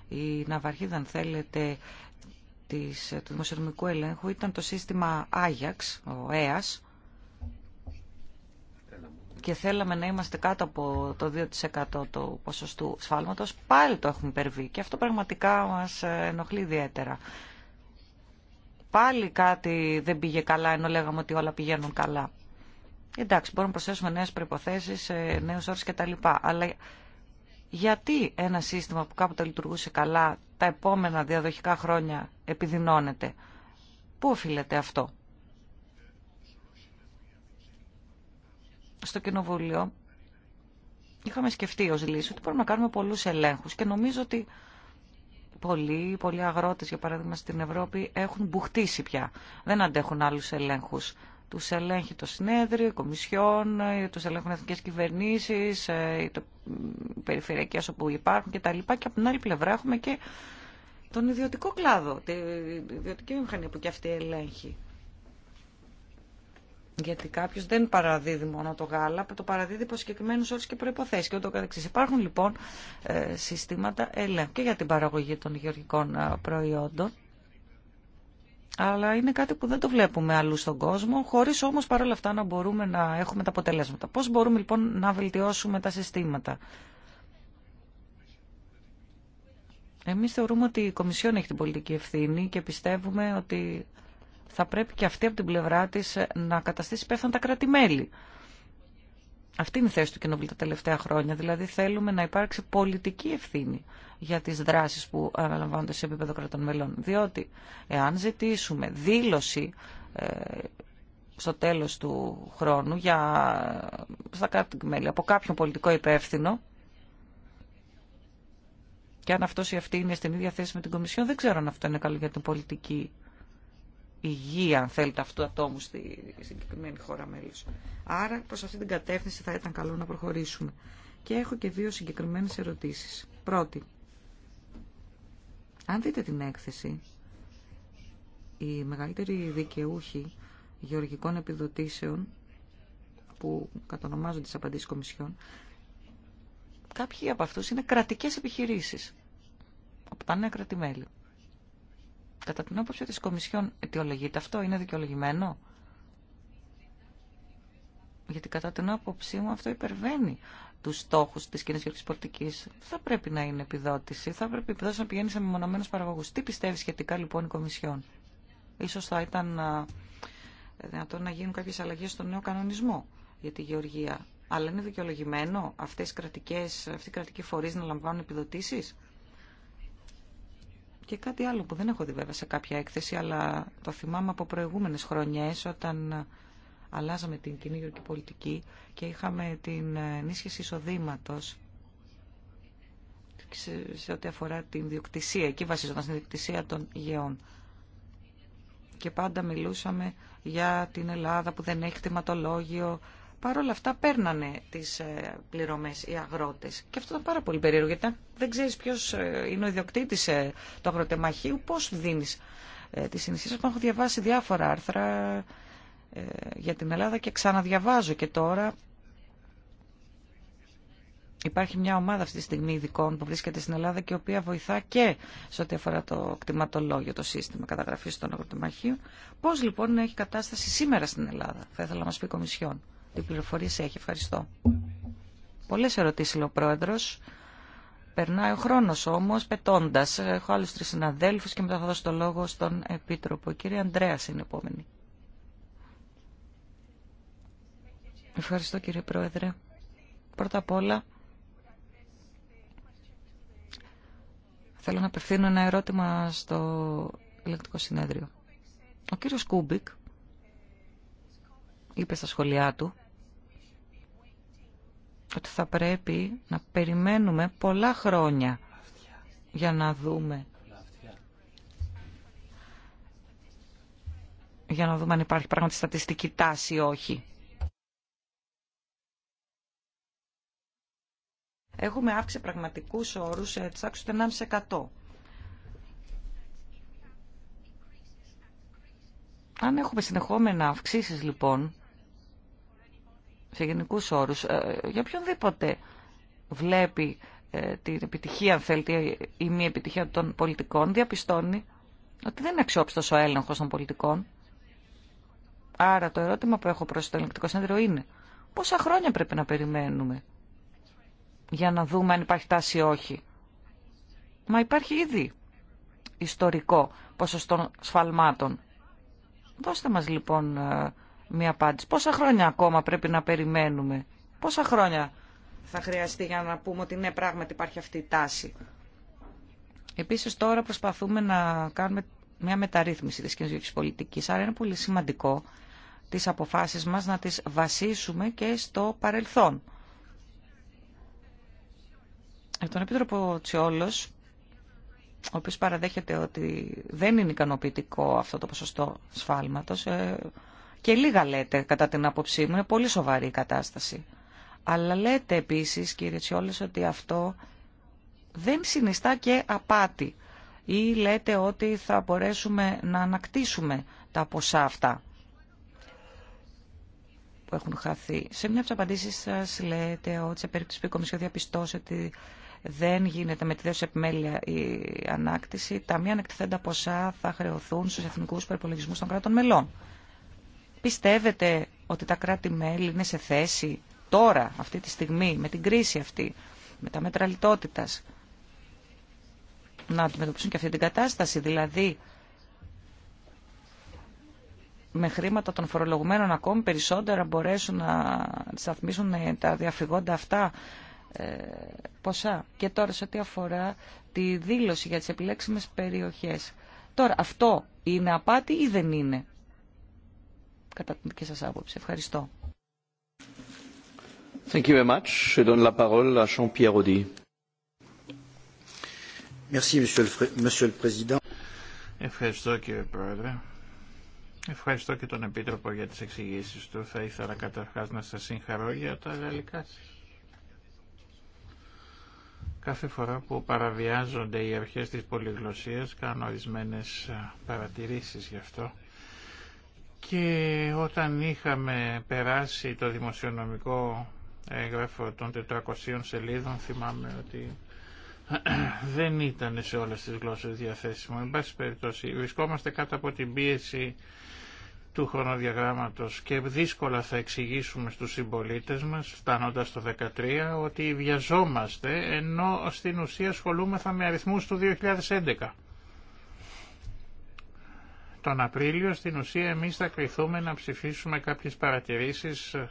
Η Ναυαρχίδα, αν θέλετε, της, του δημοσιονομικού ελέγχου ήταν το σύστημα Άγιαξ, ο ΕΑΣ, και θέλαμε να είμαστε κάτω από το 2% του ποσοστού σφάλματος, πάλι το έχουμε υπερβεί και αυτό πραγματικά μας ε, ενοχλεί ιδιαίτερα. Πάλι κάτι δεν πήγε καλά, ενώ λέγαμε ότι όλα πηγαίνουν καλά. Εντάξει, μπορούμε να προσθέσουμε νέες προποθέσει, ε, νέους όρου κτλ. Αλλά γιατί ένα σύστημα που κάποτε λειτουργούσε καλά τα επόμενα διαδοχικά χρόνια επιδεινώνεται. Πού οφείλεται αυτό. Στο Κοινοβούλιο είχαμε σκεφτεί ως λύση ότι μπορούμε να κάνουμε πολλούς ελέγχους και νομίζω ότι πολλοί, πολλοί αγρότες για παράδειγμα στην Ευρώπη έχουν μπουχτίσει πια. Δεν αντέχουν άλλους ελέγχους. Του ελέγχει το συνέδριο, οι κομισιόν, ε, του ελέγχουν εθνικέ κυβερνήσεις, ε, οι περιφερειακέ όπου υπάρχουν κτλ. Και από την άλλη πλευρά έχουμε και τον ιδιωτικό κλάδο, την ιδιωτική μηχανή που και αυτή ελέγχει. Γιατί κάποιο δεν παραδίδει μόνο το γάλα, το παραδίδει υπό συγκεκριμένου όρου και προποθέσει. Και ούτω Υπάρχουν λοιπόν ε, συστήματα ελέγχου και για την παραγωγή των γεωργικών προϊόντων αλλά είναι κάτι που δεν το βλέπουμε αλλού στον κόσμο, χωρίς όμως παρόλα αυτά να μπορούμε να έχουμε τα αποτελέσματα. Πώς μπορούμε λοιπόν να βελτιώσουμε τα συστήματα. Εμείς θεωρούμε ότι η Κομισιόν έχει την πολιτική ευθύνη και πιστεύουμε ότι θα πρέπει και αυτή από την πλευρά της να καταστήσει υπεύθυνα τα κρατη Αυτή είναι η θέση του Κοινοβουλίου τα τελευταία χρόνια. Δηλαδή θέλουμε να υπάρξει πολιτική ευθύνη για τις δράσεις που αναλαμβάνονται σε επίπεδο κρατών μελών. Διότι εάν ζητήσουμε δήλωση ε, στο τέλος του χρόνου για, στα μέλη, από κάποιον πολιτικό υπεύθυνο και αν αυτός ή αυτή είναι στην ίδια θέση με την Κομισιόν, δεν ξέρω αν αυτό είναι καλό για την πολιτική υγεία, αν θέλετε, αυτού του ατόμου στη συγκεκριμένη χώρα μέλος. Άρα προς αυτή την κατεύθυνση θα ήταν καλό να προχωρήσουμε. Και έχω και δύο συγκεκριμένες ερωτήσεις. Πρώτη, αν δείτε την έκθεση, οι μεγαλύτεροι δικαιούχοι γεωργικών επιδοτήσεων που κατονομάζονται τις απαντήσεις κομισιών, κάποιοι από αυτούς είναι κρατικές επιχειρήσεις από τα νέα κρατημέλη. Κατά την άποψη της Κομισιών, αιτιολογείται αυτό, είναι δικαιολογημένο. Γιατί κατά την άποψή μου αυτό υπερβαίνει του στόχου τη κοινή γεωργικής πολιτική. Θα πρέπει να είναι επιδότηση, θα πρέπει η επιδότηση να πηγαίνει σε μεμονωμένου παραγωγού. Τι πιστεύει σχετικά λοιπόν η Κομισιόν. Σω θα ήταν δυνατόν να γίνουν κάποιε αλλαγέ στον νέο κανονισμό για τη γεωργία. Αλλά είναι δικαιολογημένο αυτέ οι κρατικέ, αυτοί οι κρατικοί φορείς να λαμβάνουν επιδοτήσει. Και κάτι άλλο που δεν έχω δει βέβαια σε κάποια έκθεση, αλλά το θυμάμαι από προηγούμενε χρονιέ όταν αλλάζαμε την κοινή γεωργική πολιτική και είχαμε την ε, ενίσχυση εισοδήματο σε ό,τι αφορά την διοκτησία. Εκεί βασίζονταν στην διοκτησία των γεών. Και πάντα μιλούσαμε για την Ελλάδα που δεν έχει χρηματολόγιο. Παρ' όλα αυτά παίρνανε τις ε, πληρωμές οι αγρότες. Και αυτό ήταν πάρα πολύ περίεργο, γιατί δεν ξέρεις ποιος ε, είναι ο ιδιοκτήτης του αγροτεμαχίου, πώς δίνεις τις συνεισίες. Έχω διαβάσει διάφορα άρθρα ε, για την Ελλάδα και ξαναδιαβάζω και τώρα. Υπάρχει μια ομάδα αυτή τη στιγμή ειδικών που βρίσκεται στην Ελλάδα και η οποία βοηθά και σε ό,τι αφορά το κτηματολόγιο, το σύστημα καταγραφή των αγροτεμαχίων. Πώ λοιπόν έχει κατάσταση σήμερα στην Ελλάδα, θα ήθελα να μα πει η Κομισιόν. Τι πληροφορίε έχει, ευχαριστώ. Πολλέ ερωτήσει, λέει ο Πρόεδρο. Περνάει ο χρόνο όμω, πετώντα. Έχω άλλου τρει συναδέλφου και μετά θα δώσω το λόγο στον Επίτροπο. Κύριε κυρία Ανδρέα είναι επόμενη. Ευχαριστώ κύριε Πρόεδρε. Πρώτα απ' όλα θέλω να απευθύνω ένα ερώτημα στο ελεκτικό συνέδριο. Ο κύριος Κούμπικ είπε στα σχολιά του ότι θα πρέπει να περιμένουμε πολλά χρόνια για να δούμε για να δούμε αν υπάρχει πράγματι στατιστική τάση ή όχι. έχουμε αύξηση πραγματικούς όρους ε, τη τάξη του 1,5%. Αν έχουμε συνεχόμενα αυξήσεις λοιπόν σε γενικού όρους, ε, για οποιονδήποτε βλέπει ε, την επιτυχία, αν θέλετε, ή μη επιτυχία των πολιτικών, διαπιστώνει ότι δεν είναι αξιόπιστος ο έλεγχος των πολιτικών. Άρα το ερώτημα που έχω προς το ελληνικό συνέδριο είναι πόσα χρόνια πρέπει να περιμένουμε για να δούμε αν υπάρχει τάση ή όχι. Μα υπάρχει ήδη ιστορικό ποσοστό σφαλμάτων. Δώστε μας λοιπόν ε, μία απάντηση. Πόσα χρόνια ακόμα πρέπει να περιμένουμε. Πόσα χρόνια θα χρειαστεί για να πούμε ότι ναι πράγματι υπάρχει αυτή η τάση. Επίσης τώρα προσπαθούμε να κάνουμε μια μεταρρύθμιση της κοινωνικής πολιτικής. Άρα είναι πολύ σημαντικό τις αποφάσεις μας να τις βασίσουμε και στο παρελθόν. Από τον Επίτροπο Τσιόλος, ο οποίος παραδέχεται ότι δεν είναι ικανοποιητικό αυτό το ποσοστό σφάλματος, ε, και λίγα λέτε κατά την άποψή μου, είναι πολύ σοβαρή η κατάσταση. Αλλά λέτε επίσης, κύριε Τσιόλος, ότι αυτό δεν συνιστά και απάτη ή λέτε ότι θα μπορέσουμε να ανακτήσουμε τα ποσά αυτά που έχουν χαθεί. Σε μια από τι απαντήσει σα λέτε ότι σε περίπτωση που η ότι δεν γίνεται με τη δεύτερη επιμέλεια η ανάκτηση, τα μία ποσά θα χρεωθούν στους εθνικούς περιπολογισμούς των κρατών μελών. Πιστεύετε ότι τα κράτη-μέλη είναι σε θέση τώρα, αυτή τη στιγμή, με την κρίση αυτή, με τα μέτρα λιτότητας, να αντιμετωπίσουν και αυτή την κατάσταση, δηλαδή με χρήματα των φορολογουμένων ακόμη περισσότερα μπορέσουν να σταθμίσουν τα διαφυγόντα αυτά ε, ποσά. Και τώρα σε ό,τι αφορά τη δήλωση για τις επιλέξιμες περιοχές. Τώρα, αυτό είναι απάτη ή δεν είναι, κατά την δική σας άποψη. Ευχαριστώ. Thank you very much. Je donne la parole à Jean-Pierre Audi. Merci, Monsieur le, Président. Ευχαριστώ κύριε Πρόεδρε. Ευχαριστώ και τον Επίτροπο για τις εξηγήσεις του. Θα ήθελα καταρχάς να σας συγχαρώ για τα γαλλικά σας. Κάθε φορά που παραβιάζονται οι αρχές της πολυγλωσσίας κάνω ορισμένε παρατηρήσεις γι' αυτό. Και όταν είχαμε περάσει το δημοσιονομικό έγγραφο των 400 σελίδων θυμάμαι ότι δεν ήταν σε όλες τις γλώσσες διαθέσιμο. Εν πάση περιπτώσει βρισκόμαστε κάτω από την πίεση του χρονοδιαγράμματος και δύσκολα θα εξηγήσουμε στους συμπολίτες μας, φτάνοντας το 13, ότι βιαζόμαστε, ενώ στην ουσία ασχολούμεθα με αριθμούς του 2011. Τον Απρίλιο στην ουσία εμείς θα κληθούμε να ψηφίσουμε κάποιες παρατηρήσεις ε,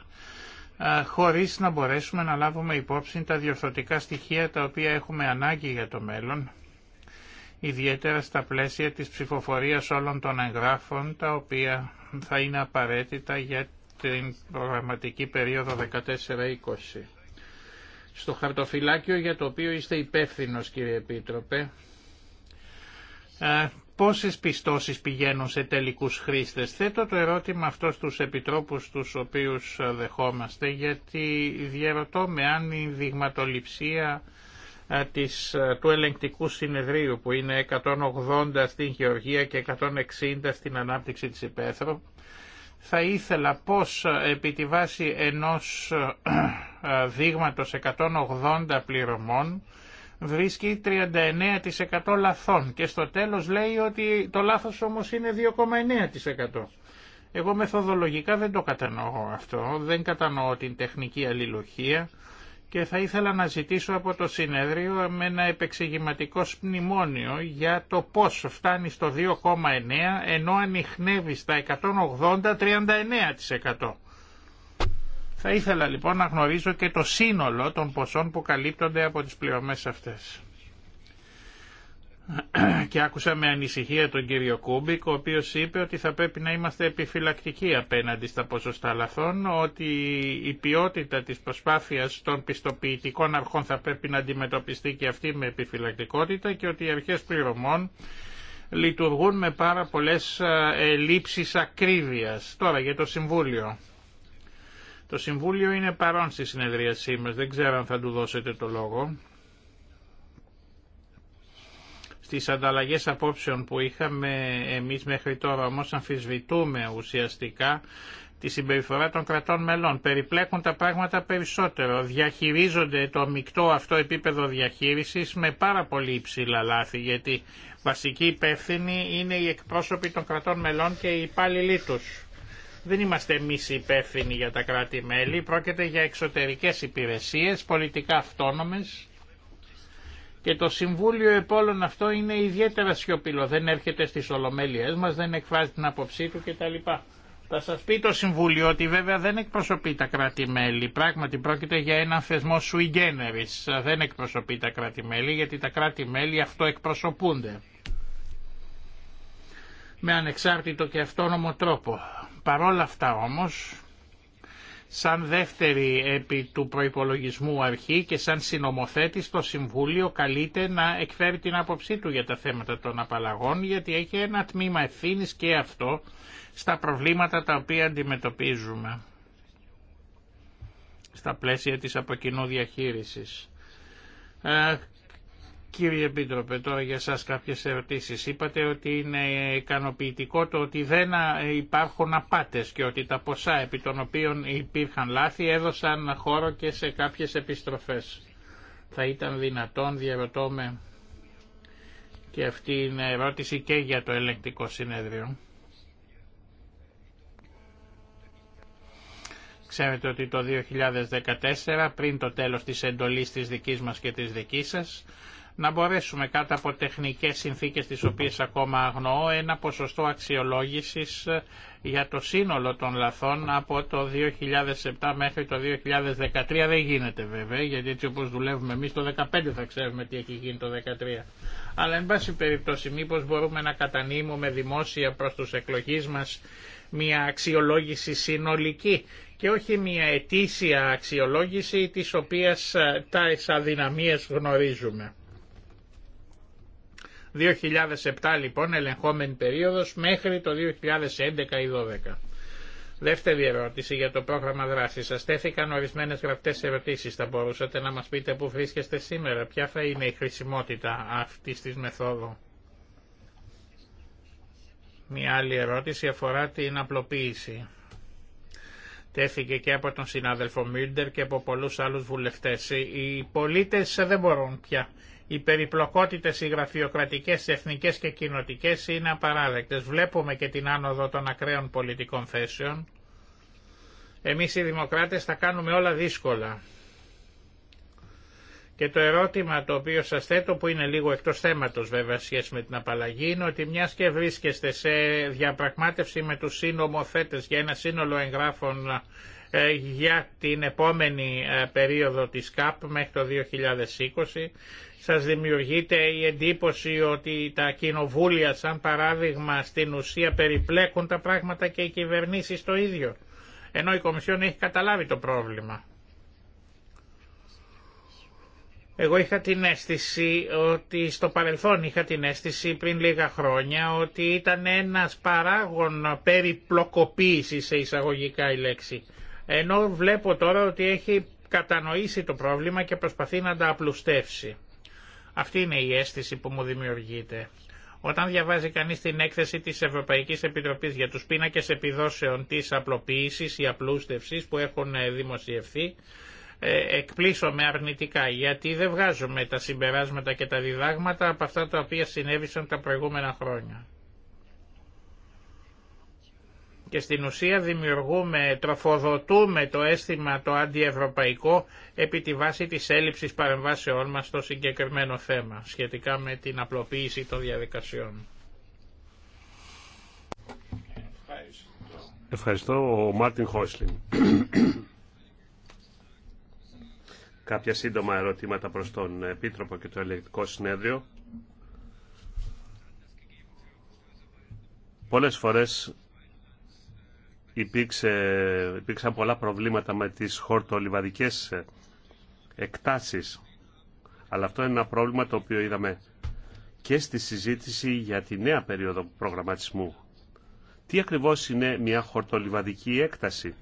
ε, χωρίς να μπορέσουμε να λάβουμε υπόψη τα διορθωτικά στοιχεία τα οποία έχουμε ανάγκη για το μέλλον ιδιαίτερα στα πλαίσια της ψηφοφορίας όλων των εγγράφων, τα οποία θα είναι απαραίτητα για την προγραμματική περίοδο 14-20. Στο χαρτοφυλάκιο για το οποίο είστε υπεύθυνο, κύριε Επίτροπε, ε, πόσες πιστώσεις πηγαίνουν σε τελικούς χρήστες. Θέτω το ερώτημα αυτό στους επιτρόπους τους οποίους ε, δεχόμαστε, γιατί διαρωτώ με αν η δειγματοληψία ε, της, ε, του ελεγκτικού συνεδρίου που είναι 180 στην γεωργία και 160 στην ανάπτυξη της υπαίθρου θα ήθελα πως ε, επί τη βάση ενός δείγματος 180 πληρωμών βρίσκει 39% λαθών και στο τέλος λέει ότι το λάθος όμως είναι 2,9%. Εγώ μεθοδολογικά δεν το κατανοώ αυτό, δεν κατανοώ την τεχνική αλληλουχία, και θα ήθελα να ζητήσω από το συνέδριο με ένα επεξηγηματικό σπνημόνιο για το πώς φτάνει στο 2,9 ενώ ανοιχνεύει στα 180-39%. Θα ήθελα λοιπόν να γνωρίζω και το σύνολο των ποσών που καλύπτονται από τις πληρωμές αυτές και άκουσα με ανησυχία τον κύριο Κούμπικ, ο οποίος είπε ότι θα πρέπει να είμαστε επιφυλακτικοί απέναντι στα ποσοστά λαθών, ότι η ποιότητα της προσπάθειας των πιστοποιητικών αρχών θα πρέπει να αντιμετωπιστεί και αυτή με επιφυλακτικότητα και ότι οι αρχές πληρωμών λειτουργούν με πάρα πολλές ελλείψεις ακρίβειας. Τώρα για το Συμβούλιο. Το Συμβούλιο είναι παρόν στη συνεδρίασή μας, δεν ξέρω αν θα του δώσετε το λόγο. Στις ανταλλαγές απόψεων που είχαμε εμείς μέχρι τώρα όμως αμφισβητούμε ουσιαστικά τη συμπεριφορά των κρατών μελών. Περιπλέκουν τα πράγματα περισσότερο. Διαχειρίζονται το μεικτό αυτό επίπεδο διαχείρισης με πάρα πολύ υψηλά λάθη, γιατί βασική υπεύθυνη είναι οι εκπρόσωποι των κρατών μελών και οι υπάλληλοι του. Δεν είμαστε εμεί υπεύθυνοι για τα κράτη-μέλη, πρόκειται για εξωτερικές υπηρεσίες, πολιτικά αυτόνομες, και το Συμβούλιο όλων αυτό είναι ιδιαίτερα σιωπηλό. Δεν έρχεται στις ολομέλειές μας, δεν εκφράζει την άποψή του κτλ. Θα σας πει το Συμβούλιο ότι βέβαια δεν εκπροσωπεί τα κράτη-μέλη. Πράγματι πρόκειται για έναν θεσμό sui generis. Δεν εκπροσωπεί τα κράτη-μέλη γιατί τα κράτη-μέλη αυτό εκπροσωπούνται. Με ανεξάρτητο και αυτόνομο τρόπο. Παρόλα αυτά όμως σαν δεύτερη επί του προϋπολογισμού αρχή και σαν συνομοθέτη το Συμβούλιο καλείται να εκφέρει την άποψή του για τα θέματα των απαλλαγών γιατί έχει ένα τμήμα ευθύνη και αυτό στα προβλήματα τα οποία αντιμετωπίζουμε στα πλαίσια της αποκοινού διαχείρισης. Ε, Κύριε Επίτροπε, τώρα για σας κάποιες ερωτήσεις. Είπατε ότι είναι ικανοποιητικό το ότι δεν υπάρχουν απάτες και ότι τα ποσά επί των οποίων υπήρχαν λάθη έδωσαν χώρο και σε κάποιες επιστροφές. Θα ήταν δυνατόν, διαρωτώ με, και αυτή είναι ερώτηση και για το ελεγκτικό συνέδριο. Ξέρετε ότι το 2014, πριν το τέλος της εντολής της δικής μας και της δικής σας, να μπορέσουμε κάτω από τεχνικές συνθήκες τις οποίες ακόμα αγνοώ ένα ποσοστό αξιολόγησης ε, για το σύνολο των λαθών από το 2007 μέχρι το 2013 δεν γίνεται βέβαια γιατί έτσι όπως δουλεύουμε εμείς το 2015 θα ξέρουμε τι έχει γίνει το 2013 αλλά εν πάση περιπτώσει μήπως μπορούμε να κατανείμουμε δημόσια προς τους εκλογείς μας μια αξιολόγηση συνολική και όχι μια ετήσια αξιολόγηση της οποίας ε, τα αδυναμίες γνωρίζουμε. 2007 λοιπόν ελεγχόμενη περίοδος μέχρι το 2011 ή 2012. Δεύτερη ερώτηση για το πρόγραμμα δράσης. Σας τέθηκαν ορισμένες γραπτές ερωτήσεις. Θα μπορούσατε να μας πείτε πού βρίσκεστε σήμερα. Ποια θα είναι η χρησιμότητα αυτής της μεθόδου. Μια άλλη ερώτηση αφορά την απλοποίηση. Τέθηκε και από τον συνάδελφο Μίλντερ και από πολλούς άλλους βουλευτές. Οι πολίτες δεν μπορούν πια οι περιπλοκότητε, οι γραφειοκρατικές, εθνικές και κοινοτικέ είναι απαράδεκτες. Βλέπουμε και την άνοδο των ακραίων πολιτικών θέσεων. Εμείς οι δημοκράτες θα κάνουμε όλα δύσκολα. Και το ερώτημα το οποίο σας θέτω, που είναι λίγο εκτός θέματος βέβαια σχέση με την απαλλαγή, είναι ότι μιας και βρίσκεστε σε διαπραγμάτευση με τους συνομοθέτες για ένα σύνολο εγγράφων ε, για την επόμενη ε, περίοδο της ΚΑΠ μέχρι το 2020 σας δημιουργείται η εντύπωση ότι τα κοινοβούλια σαν παράδειγμα στην ουσία περιπλέκουν τα πράγματα και οι κυβερνήσεις το ίδιο ενώ η Κομισιόν έχει καταλάβει το πρόβλημα. Εγώ είχα την αίσθηση ότι στο παρελθόν είχα την αίσθηση πριν λίγα χρόνια ότι ήταν ένας παράγων περιπλοκοποίησης σε εισαγωγικά η λέξη. Ενώ βλέπω τώρα ότι έχει κατανοήσει το πρόβλημα και προσπαθεί να τα απλουστεύσει. Αυτή είναι η αίσθηση που μου δημιουργείται. Όταν διαβάζει κανείς την έκθεση της Ευρωπαϊκής Επιτροπής για τους πίνακες επιδόσεων της απλοποίησης ή απλούστευσης που έχουν ε, δημοσιευθεί, ε, εκπλήσωμε αρνητικά γιατί δεν βγάζουμε τα συμπεράσματα και τα διδάγματα από αυτά τα οποία συνέβησαν τα προηγούμενα χρόνια και στην ουσία δημιουργούμε, τροφοδοτούμε το αίσθημα το αντιευρωπαϊκό επί τη βάση της έλλειψης παρεμβάσεών μας στο συγκεκριμένο θέμα σχετικά με την απλοποίηση των διαδικασιών. Ευχαριστώ, ο Μάρτιν Χόισλιν. Κάποια σύντομα ερωτήματα προς τον Επίτροπο και το Ελεκτικό Συνέδριο. Πολλές φορές υπήρξε, υπήρξαν πολλά προβλήματα με τις χορτολιβαδικές ε, εκτάσεις. Αλλά αυτό είναι ένα πρόβλημα το οποίο είδαμε και στη συζήτηση για τη νέα περίοδο προγραμματισμού. Τι ακριβώς είναι μια χορτολιβαδική έκταση.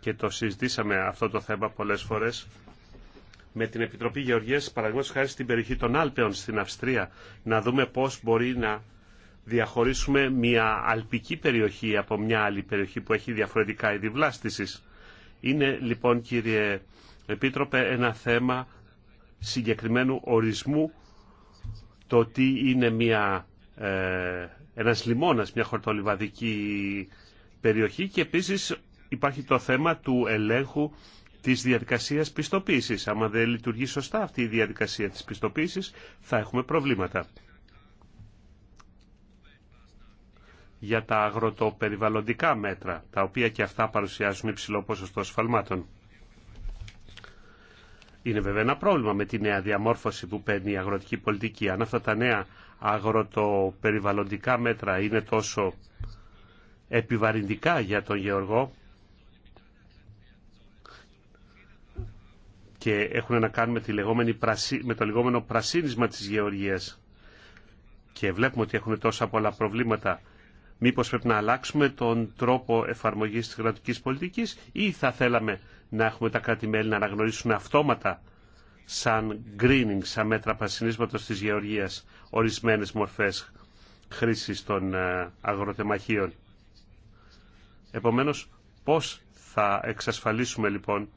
Και το συζητήσαμε αυτό το θέμα πολλές φορές με την Επιτροπή Γεωργίας, παραδείγματος χάρη στην περιοχή των Άλπαιων στην Αυστρία, να δούμε πώς μπορεί να διαχωρίσουμε μια αλπική περιοχή από μια άλλη περιοχή που έχει διαφορετικά είδη Είναι λοιπόν κύριε Επίτροπε ένα θέμα συγκεκριμένου ορισμού το τι είναι μια, ε, ένας λιμόνας, μια χορτολιβαδική περιοχή και επίσης υπάρχει το θέμα του ελέγχου της διαδικασίας πιστοποίησης. Άμα δεν λειτουργεί σωστά αυτή η διαδικασία της πιστοποίησης θα έχουμε προβλήματα. για τα αγροτοπεριβαλλοντικά μέτρα, τα οποία και αυτά παρουσιάζουν υψηλό ποσοστό σφαλμάτων. Είναι βέβαια ένα πρόβλημα με τη νέα διαμόρφωση που παίρνει η αγροτική πολιτική. Αν αυτά τα νέα αγροτοπεριβαλλοντικά μέτρα είναι τόσο επιβαρυντικά για τον Γεωργό και έχουν να κάνουν με, το λεγόμενο πρασίνισμα της Γεωργίας και βλέπουμε ότι έχουν τόσα πολλά προβλήματα μήπως πρέπει να αλλάξουμε τον τρόπο εφαρμογής της κρατικής πολιτικής ή θα θέλαμε να έχουμε τα κράτη-μέλη να αναγνωρίσουν αυτόματα σαν greening, σαν μέτρα πασινίσματος της γεωργίας, ορισμένες μορφές χρήσης των ε, αγροτεμαχίων. Επομένως, πώς θα εξασφαλίσουμε λοιπόν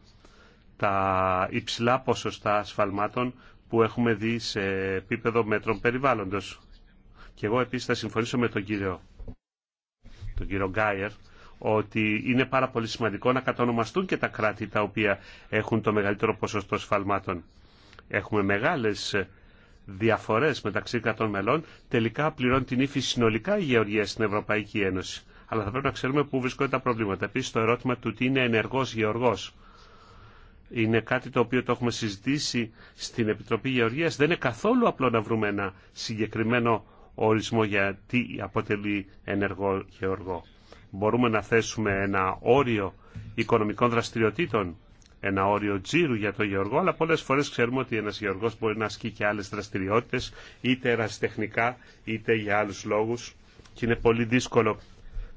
τα υψηλά ποσοστά ασφαλμάτων που έχουμε δει σε επίπεδο μέτρων περιβάλλοντος. Και εγώ επίσης θα συμφωνήσω με τον κύριο τον κύριο Γκάιερ, ότι είναι πάρα πολύ σημαντικό να κατονομαστούν και τα κράτη τα οποία έχουν το μεγαλύτερο ποσοστό σφαλμάτων. Έχουμε μεγάλες διαφορές μεταξύ κρατών μελών, τελικά πληρώνει την ύφη συνολικά η γεωργία στην Ευρωπαϊκή Ένωση. Αλλά θα πρέπει να ξέρουμε πού βρισκόνται τα προβλήματα. Επίση το ερώτημα του τι είναι ενεργός γεωργός. Είναι κάτι το οποίο το έχουμε συζητήσει στην Επιτροπή Γεωργίας. Δεν είναι καθόλου απλό να βρούμε ένα συγκεκριμένο ορισμό για τι αποτελεί ενεργό γεωργό. Μπορούμε να θέσουμε ένα όριο οικονομικών δραστηριοτήτων, ένα όριο τζίρου για το γεωργό, αλλά πολλές φορές ξέρουμε ότι ένας γεωργός μπορεί να ασκεί και άλλες δραστηριότητες, είτε ερασιτεχνικά, είτε για άλλους λόγους και είναι πολύ δύσκολο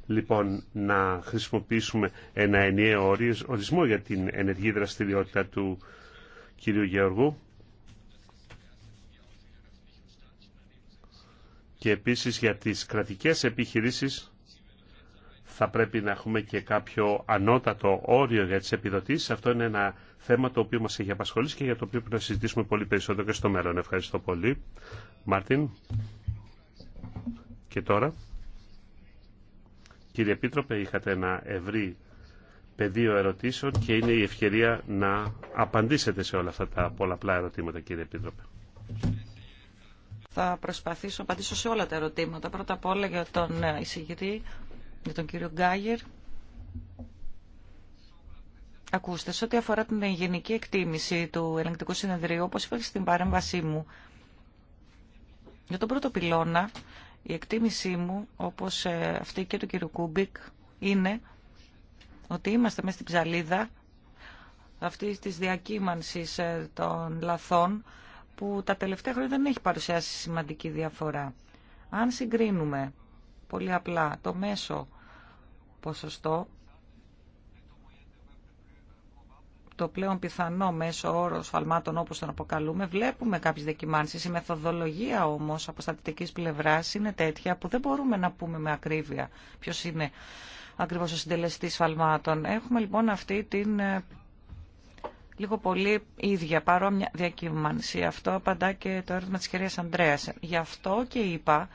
λοιπόν να χρησιμοποιήσουμε ένα ενιαίο ορισμό για την ενεργή δραστηριότητα του κυρίου Γεωργού. και επίσης για τις κρατικές επιχειρήσεις θα πρέπει να έχουμε και κάποιο ανώτατο όριο για τις επιδοτήσεις. Αυτό είναι ένα θέμα το οποίο μας έχει απασχολήσει και για το οποίο πρέπει να συζητήσουμε πολύ περισσότερο και στο μέλλον. Ευχαριστώ πολύ. Μάρτιν. Και τώρα. Κύριε Επίτροπε, είχατε ένα ευρύ πεδίο ερωτήσεων και είναι η ευκαιρία να απαντήσετε σε όλα αυτά τα πολλαπλά ερωτήματα, κύριε Επίτροπε. Θα προσπαθήσω να απαντήσω σε όλα τα ερωτήματα. Πρώτα απ' όλα για τον ε, εισηγητή, για τον κύριο Γκάγερ. Ακούστε, σε ό,τι αφορά την γενική εκτίμηση του ελεγκτικού συνεδρίου, όπως είπα στην παρέμβασή μου, για τον πρώτο πυλώνα, η εκτίμησή μου, όπως ε, αυτή και του κύριου Κούμπικ, είναι ότι είμαστε μέσα στην ψαλίδα αυτή της διακύμανσης ε, των λαθών που τα τελευταία χρόνια δεν έχει παρουσιάσει σημαντική διαφορά. Αν συγκρίνουμε πολύ απλά το μέσο ποσοστό, το πλέον πιθανό μέσο όρο σφαλμάτων όπως τον αποκαλούμε, βλέπουμε κάποιες δεκιμάνσεις. Η μεθοδολογία όμως από στατιστικής πλευράς είναι τέτοια που δεν μπορούμε να πούμε με ακρίβεια ποιος είναι ακριβώς ο συντελεστής σφαλμάτων. Έχουμε λοιπόν αυτή την ε, λίγο πολύ ίδια, παρόμοια διακύμανση. Αυτό απαντά και το ερώτημα της κυρίας Ανδρέας. Γι' αυτό και είπα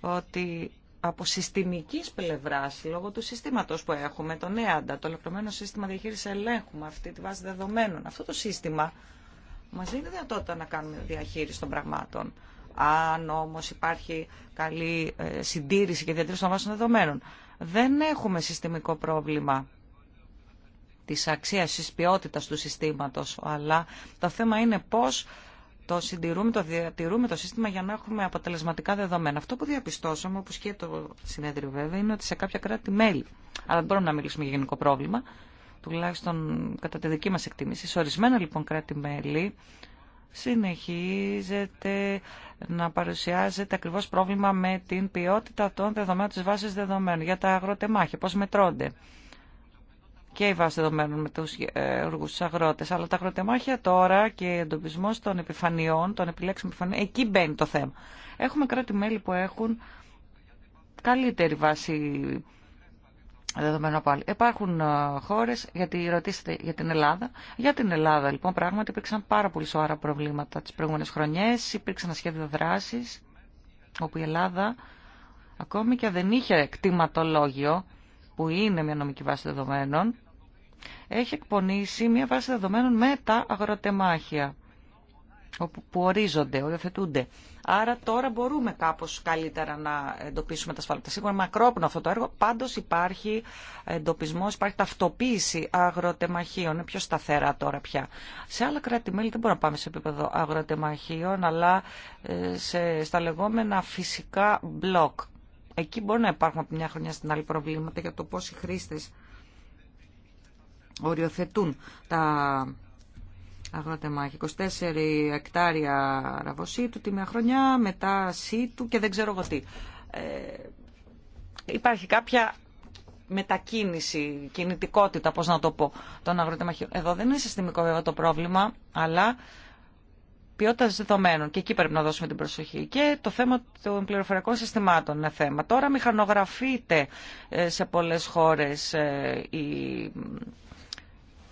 ότι από συστημική πλευρά, λόγω του συστήματο που έχουμε, το ΝΕΑΝΤΑ, το ολοκληρωμένο σύστημα διαχείριση ελέγχου, αυτή τη βάση δεδομένων, αυτό το σύστημα μα δίνει δυνατότητα να κάνουμε διαχείριση των πραγμάτων. Αν όμω υπάρχει καλή ε, συντήρηση και διατήρηση των βάσεων δεδομένων. Δεν έχουμε συστημικό πρόβλημα της αξίας, της ποιότητας του συστήματος, αλλά το θέμα είναι πώς το συντηρούμε, το διατηρούμε το σύστημα για να έχουμε αποτελεσματικά δεδομένα. Αυτό που διαπιστώσαμε, όπως και το συνέδριο βέβαια, είναι ότι σε κάποια κράτη-μέλη, αλλά δεν μπορούμε να μιλήσουμε για γενικό πρόβλημα, τουλάχιστον κατά τη δική μας εκτίμηση, σε ορισμένα λοιπόν κράτη-μέλη, συνεχίζεται να παρουσιάζεται ακριβώς πρόβλημα με την ποιότητα των δεδομένων της βάσης δεδομένων για τα αγροτεμάχια, πώς μετρώνται και η βάση δεδομένων με τους εργούς τους αγρότες. Αλλά τα αγροτεμάχια τώρα και εντοπισμό των επιφανειών, των επιλέξεων επιφανειών, εκεί μπαίνει το θέμα. Έχουμε κράτη-μέλη που έχουν καλύτερη βάση δεδομένων πάλι. Υπάρχουν ε, χώρες, γιατί ρωτήσατε για την Ελλάδα. Για την Ελλάδα λοιπόν πράγματι υπήρξαν πάρα πολύ σοβαρά προβλήματα τις προηγούμενες χρονιές. Υπήρξαν σχέδια δράσης όπου η Ελλάδα ακόμη και δεν είχε κτηματολόγιο που είναι μια νομική βάση δεδομένων, έχει εκπονήσει μια βάση δεδομένων με τα αγροτεμάχια που ορίζονται, οριοθετούνται. Άρα τώρα μπορούμε κάπως καλύτερα να εντοπίσουμε τα ασφαλότητα. Σίγουρα μακρόπνο αυτό το έργο, πάντως υπάρχει εντοπισμός, υπάρχει ταυτοποίηση αγροτεμαχίων, είναι πιο σταθερά τώρα πια. Σε άλλα κράτη-μέλη δεν μπορούμε να πάμε σε επίπεδο αγροτεμαχίων, αλλά ε, σε, στα λεγόμενα φυσικά μπλοκ. Εκεί μπορεί να υπάρχουν από μια χρονιά στην άλλη προβλήματα για το πώς οι οριοθετούν τα αγροτεμάχια. 24 εκτάρια ραβοσίτου τη μια χρονιά, μετά σίτου και δεν ξέρω εγώ τι. Ε, υπάρχει κάποια μετακίνηση, κινητικότητα, πώς να το πω, των αγροτεμαχίων. Εδώ δεν είναι συστημικό βέβαια το πρόβλημα, αλλά ποιότητα δεδομένων. Και εκεί πρέπει να δώσουμε την προσοχή. Και το θέμα των πληροφοριακών συστημάτων είναι θέμα. Τώρα μηχανογραφείται ε, σε πολλές χώρες ε, η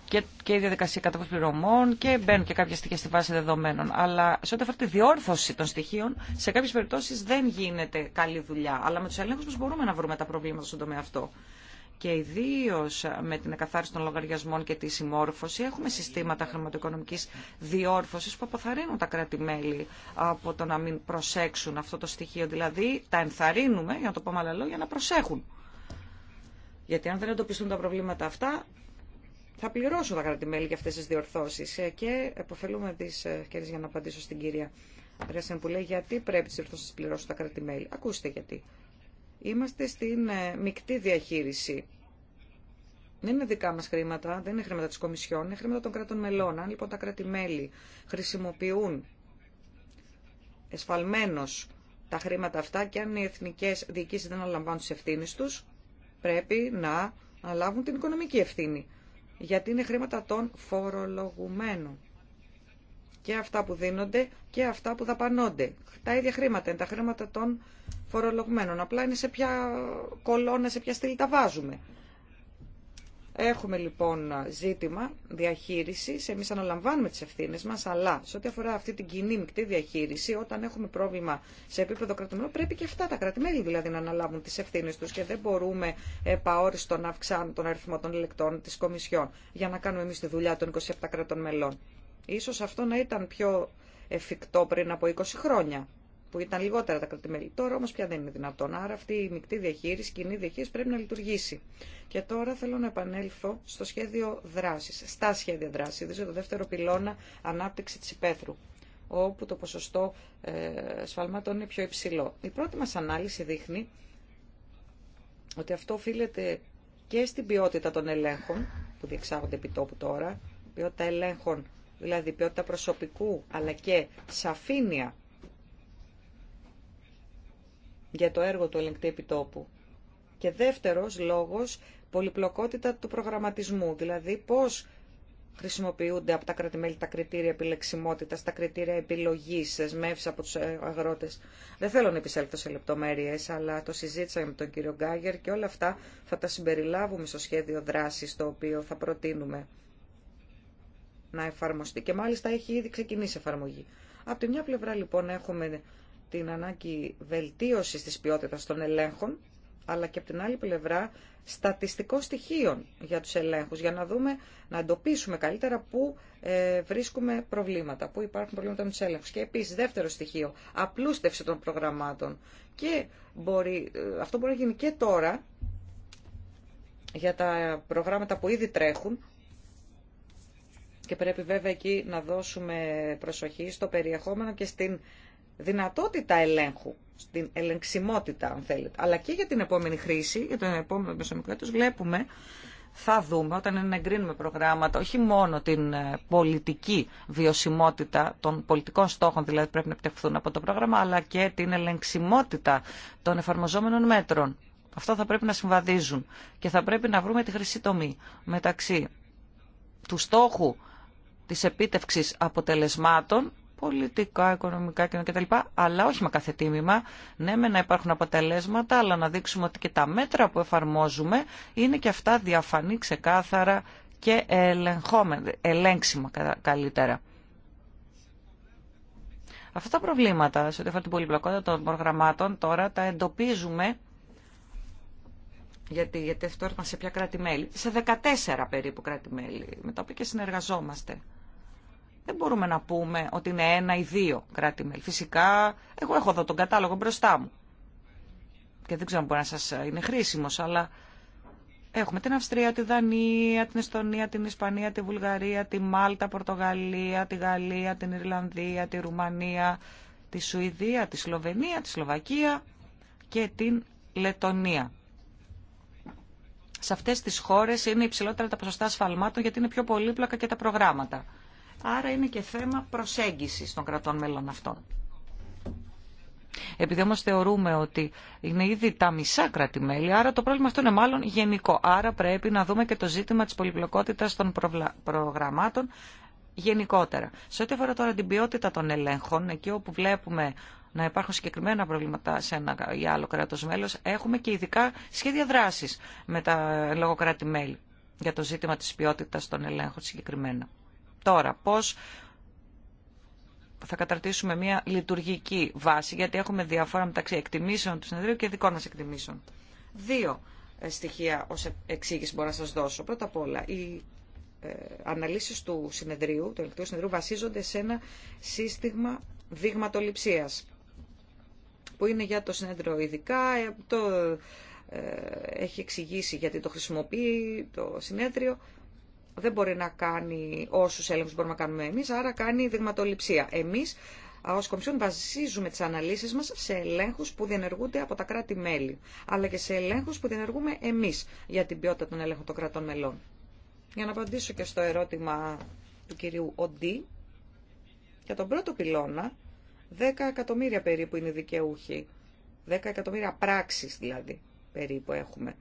και, και η διαδικασία καταβολή πληρωμών και μπαίνουν και κάποια στοιχεία στη βάση δεδομένων. Αλλά σε ό,τι αφορά τη διόρθωση των στοιχείων, σε κάποιε περιπτώσει δεν γίνεται καλή δουλειά. Αλλά με του ελέγχου μα μπορούμε να βρούμε τα προβλήματα στον τομέα αυτό. Και ιδίω με την εκαθάριση των λογαριασμών και τη συμμόρφωση, έχουμε συστήματα χρηματοοικονομική διόρθωση που αποθαρρύνουν τα κράτη-μέλη από το να μην προσέξουν αυτό το στοιχείο. Δηλαδή, τα ενθαρρύνουμε, για να το πω με να προσέχουν. Γιατί αν δεν εντοπιστούν τα προβλήματα αυτά, θα πληρώσουν τα κρατη για αυτές τις διορθώσεις ε, και εποφελούμε τις ε, ευκαιρίες για να απαντήσω στην κυρία Ρέσεν που λέει γιατί πρέπει τις διορθώσεις να πληρώσουν τα κρατη Ακούστε γιατί. Είμαστε στην ε, μεικτή διαχείριση. Δεν είναι δικά μας χρήματα, δεν είναι χρήματα της Κομισιόν, είναι χρήματα των κρατών μελών. Αν λοιπόν τα κράτη-μέλη χρησιμοποιούν εσφαλμένως τα χρήματα αυτά και αν οι εθνικές διοικήσεις δεν αναλαμβάνουν τις ευθύνες τους, πρέπει να αναλάβουν την οικονομική ευθύνη γιατί είναι χρήματα των φορολογουμένων. Και αυτά που δίνονται και αυτά που δαπανώνται. Τα ίδια χρήματα είναι τα χρήματα των φορολογουμένων. Απλά είναι σε ποια κολόνα, σε ποια στήλη τα βάζουμε. Έχουμε λοιπόν ζήτημα διαχείριση. Εμεί αναλαμβάνουμε τι ευθύνε μα, αλλά σε ό,τι αφορά αυτή την κοινή μεικτή διαχείριση, όταν έχουμε πρόβλημα σε επίπεδο κρατομέλων, πρέπει και αυτά τα κρατημέλη δηλαδή να αναλάβουν τι ευθύνε του και δεν μπορούμε επαόριστο να αυξάνουν τον αριθμό των ηλεκτών τη Κομισιόν για να κάνουμε εμεί τη δουλειά των 27 κρατών μελών. σω αυτό να ήταν πιο εφικτό πριν από 20 χρόνια που ήταν λιγότερα τα κρατημέλη. Τώρα όμω πια δεν είναι δυνατόν. Άρα αυτή η μεικτή διαχείριση, κοινή διαχείριση πρέπει να λειτουργήσει. Και τώρα θέλω να επανέλθω στο σχέδιο δράση. στα σχέδια δράσης, δηλαδή το δεύτερο πυλώνα ανάπτυξη τη υπαίθρου όπου το ποσοστό ε, σφαλμάτων είναι πιο υψηλό. Η πρώτη μας ανάλυση δείχνει ότι αυτό οφείλεται και στην ποιότητα των ελέγχων που διεξάγονται επί τόπου τώρα, ποιότητα ελέγχων, δηλαδή ποιότητα προσωπικού, αλλά και σαφήνεια για το έργο του ελεγκτή επιτόπου. Και δεύτερος λόγος, πολυπλοκότητα του προγραμματισμού, δηλαδή πώς χρησιμοποιούνται από τα κρατημέλη τα κριτήρια επιλεξιμότητας, τα κριτήρια επιλογής, εσμεύσεις από τους αγρότες. Δεν θέλω να επισέλθω σε λεπτομέρειες, αλλά το συζήτησα με τον κύριο Γκάγερ και όλα αυτά θα τα συμπεριλάβουμε στο σχέδιο δράσης το οποίο θα προτείνουμε να εφαρμοστεί και μάλιστα έχει ήδη ξεκινήσει εφαρμογή. Από τη μια πλευρά λοιπόν έχουμε την ανάγκη βελτίωσης της ποιότητας των ελέγχων, αλλά και από την άλλη πλευρά στατιστικών στοιχείων για τους ελέγχους, για να δούμε, να εντοπίσουμε καλύτερα πού ε, βρίσκουμε προβλήματα, πού υπάρχουν προβλήματα με τους έλεγχους. Και επίσης, δεύτερο στοιχείο, απλούστευση των προγραμμάτων. Και μπορεί, ε, αυτό μπορεί να γίνει και τώρα για τα προγράμματα που ήδη τρέχουν, και πρέπει βέβαια εκεί να δώσουμε προσοχή στο περιεχόμενο και στην δυνατότητα ελέγχου, στην ελεγξιμότητα αν θέλετε, αλλά και για την επόμενη χρήση, για τον επόμενο μεσονικό έτος βλέπουμε θα δούμε όταν εγκρίνουμε προγράμματα όχι μόνο την ε, πολιτική βιωσιμότητα των πολιτικών στόχων δηλαδή πρέπει να επιτευχθούν από το πρόγραμμα αλλά και την ελεγξιμότητα των εφαρμοζόμενων μέτρων. Αυτό θα πρέπει να συμβαδίζουν και θα πρέπει να βρούμε τη χρυσή τομή μεταξύ του στόχου της επίτευξης αποτελεσμάτων πολιτικά, οικονομικά κτλ. Αλλά όχι με κάθε τίμημα. Ναι, με να υπάρχουν αποτελέσματα, αλλά να δείξουμε ότι και τα μέτρα που εφαρμόζουμε είναι και αυτά διαφανή, ξεκάθαρα και ελέγξιμα καλύτερα. Αυτά τα προβλήματα σε ό,τι αφορά την πολυπλοκότητα των προγραμμάτων τώρα τα εντοπίζουμε γιατί, γιατί αυτό έρχεται σε ποια κράτη-μέλη. Σε 14 περίπου κράτη-μέλη με τα οποία και συνεργαζόμαστε δεν μπορούμε να πούμε ότι είναι ένα ή δύο κράτη-μέλη. Φυσικά, εγώ έχω εδώ τον κατάλογο μπροστά μου. Και δεν ξέρω αν μπορεί να σα ε, είναι χρήσιμο, αλλά έχουμε την Αυστρία, τη Δανία, την Εστονία, την Ισπανία, τη Βουλγαρία, τη Μάλτα, Πορτογαλία, τη Γαλλία, την Ιρλανδία, τη Ρουμανία, τη Σουηδία, τη Σλοβενία, τη Σλοβακία και την Λετωνία. Σε αυτές τις χώρες είναι υψηλότερα τα ποσοστά ασφαλμάτων γιατί είναι πιο πολύπλοκα και τα προγράμματα. Άρα είναι και θέμα προσέγγισης των κρατών μέλων αυτών. Επειδή όμως θεωρούμε ότι είναι ήδη τα μισα κρατημέλη, άρα το πρόβλημα αυτό είναι μάλλον γενικό. Άρα πρέπει να δούμε και το ζήτημα της πολυπλοκότητας των προγραμμάτων γενικότερα. Σε ό,τι αφορά τώρα την ποιότητα των ελέγχων, εκεί όπου βλέπουμε να υπάρχουν συγκεκριμένα προβλήματα σε ένα ή άλλο κράτος μέλος, έχουμε και ειδικά σχέδια δράσης με τα λογω κράτη-μέλη για το ζήτημα της ποιότητας των ελέγχων συγκεκριμένα. Τώρα, πώς θα καταρτήσουμε μια λειτουργική βάση, γιατί έχουμε διαφορά μεταξύ εκτιμήσεων του συνεδρίου και δικών μας εκτιμήσεων. Δύο ε, στοιχεία ως εξήγηση μπορώ να σας δώσω. Πρώτα απ' όλα, οι ε, αναλύσεις του συνεδρίου, του ελεκτρικού συνεδρίου, βασίζονται σε ένα σύστημα δειγματοληψίας, που είναι για το συνέδριο ειδικά, ε, το έχει εξηγήσει γιατί το χρησιμοποιεί το συνέδριο δεν μπορεί να κάνει όσου ελέγχου μπορούμε να κάνουμε εμεί, άρα κάνει δειγματοληψία. Εμεί, Ω Κομισιόν βασίζουμε τι αναλύσει μα σε ελέγχου που διενεργούνται από τα κράτη-μέλη, αλλά και σε ελέγχου που διενεργούμε εμεί για την ποιότητα των ελέγχων των κρατών μελών. Για να απαντήσω και στο ερώτημα του κυρίου Οντί, για τον πρώτο πυλώνα, 10 εκατομμύρια περίπου είναι δικαιούχοι. 10 εκατομμύρια πράξεις δηλαδή περίπου έχουμε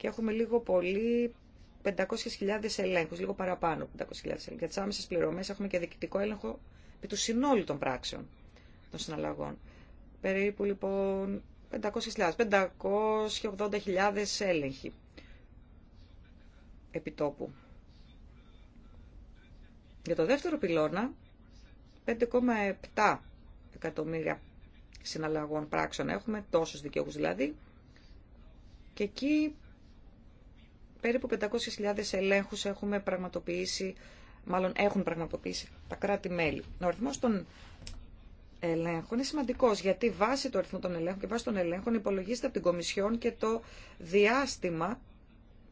και έχουμε λίγο πολύ 500.000 ελέγχους, λίγο παραπάνω 500.000 ελέγχους. Για τις άμεσες πληρωμές έχουμε και διοικητικό έλεγχο επί του συνόλου των πράξεων των συναλλαγών. Περίπου λοιπόν 500.000, 580.000 έλεγχοι επιτόπου. Για το δεύτερο πυλώνα, 5,7 εκατομμύρια συναλλαγών πράξεων έχουμε, τόσους δικαιούχους δηλαδή, και εκεί περίπου 500.000 ελέγχους έχουμε πραγματοποιήσει, μάλλον έχουν πραγματοποιήσει τα κράτη-μέλη. Ο αριθμό των ελέγχων είναι σημαντικός, γιατί βάσει του αριθμού των ελέγχων και βάσει των ελέγχων υπολογίζεται από την Κομισιόν και το διάστημα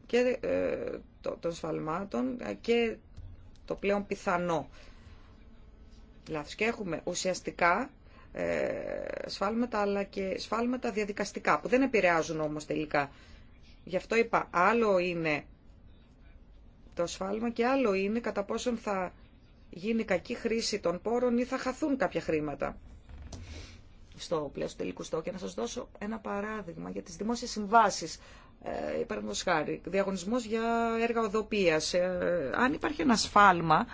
και ε, των σφαλμάτων και το πλέον πιθανό λάθος. Και έχουμε ουσιαστικά ε, σφάλματα αλλά και σφάλματα διαδικαστικά που δεν επηρεάζουν όμως τελικά Γι' αυτό είπα, άλλο είναι το σφάλμα και άλλο είναι κατά πόσον θα γίνει κακή χρήση των πόρων ή θα χαθούν κάποια χρήματα στο πλαίσιο του τελικού στόχου. Και να σας δώσω ένα παράδειγμα για τις δημόσιες συμβάσεις. Ε, Παραδείγματος διαγωνισμός για έργα οδοπίας. Ε, αν υπάρχει ένα σφάλμα,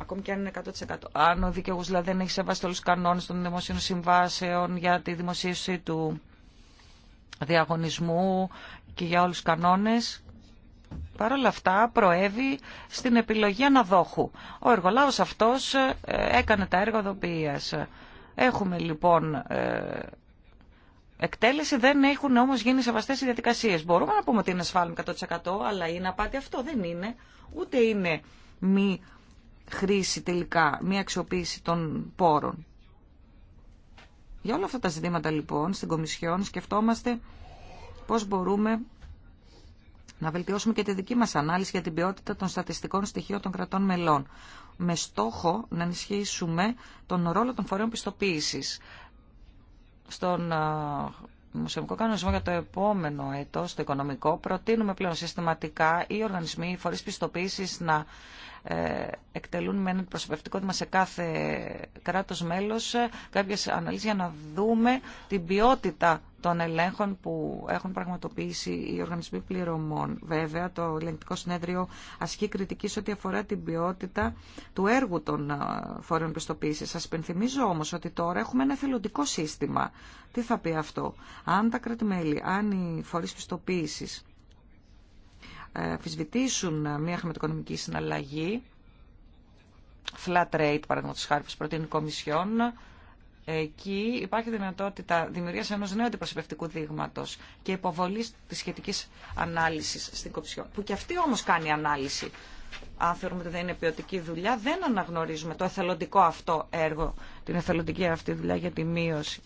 ακόμη και αν είναι 100%. Αν ο δικαιούς δηλαδή δεν έχει σεβαστεί όλους τους κανόνες των δημοσίων συμβάσεων για τη δημοσίευση του διαγωνισμού και για όλους τους κανόνες. Παρ' όλα αυτά προέβη στην επιλογή αναδόχου. Ο εργολάβος αυτός ε, έκανε τα έργα οδοποιίας. Έχουμε λοιπόν ε, εκτέλεση, δεν έχουν όμως γίνει σεβαστές οι διαδικασίες. Μπορούμε να πούμε ότι είναι 100% αλλά είναι απάτη αυτό, δεν είναι. Ούτε είναι μη χρήση τελικά, μη αξιοποίηση των πόρων. Για όλα αυτά τα ζητήματα λοιπόν στην Κομισιόν σκεφτόμαστε πώς μπορούμε να βελτιώσουμε και τη δική μας ανάλυση για την ποιότητα των στατιστικών στοιχείων των κρατών μελών με στόχο να ενισχύσουμε τον ρόλο των φορέων πιστοποίησης. Στον Μουσιακό Κανονισμό για το επόμενο έτος, το οικονομικό, προτείνουμε πλέον συστηματικά οι οργανισμοί, οι φορείς πιστοποίησης να ε, εκτελούν με έναν προσωπευτικό μα σε κάθε κράτος μέλος ε, κάποιες αναλύσεις για να δούμε την ποιότητα των ελέγχων που έχουν πραγματοποιήσει οι οργανισμοί πληρωμών. Βέβαια, το ελεγκτικό συνέδριο ασκεί κριτική σε ό,τι αφορά την ποιότητα του έργου των ε, φορέων πιστοποίηση. Σα υπενθυμίζω όμω ότι τώρα έχουμε ένα εθελοντικό σύστημα. Τι θα πει αυτό, αν τα κρατημέλη, αν οι φορεί πιστοποίηση αφισβητήσουν μια χρηματοοικονομική συναλλαγή, flat rate παραδείγματο χάρη που προτείνει η Κομισιόν, εκεί υπάρχει δυνατότητα δημιουργία ενό νέου αντιπροσωπευτικού δείγματο και υποβολή τη σχετική ανάλυση στην Κομισιόν, που και αυτή όμω κάνει ανάλυση. Αν θεωρούμε ότι δεν είναι ποιοτική δουλειά, δεν αναγνωρίζουμε το εθελοντικό αυτό έργο, την εθελοντική αυτή δουλειά για τη μείωση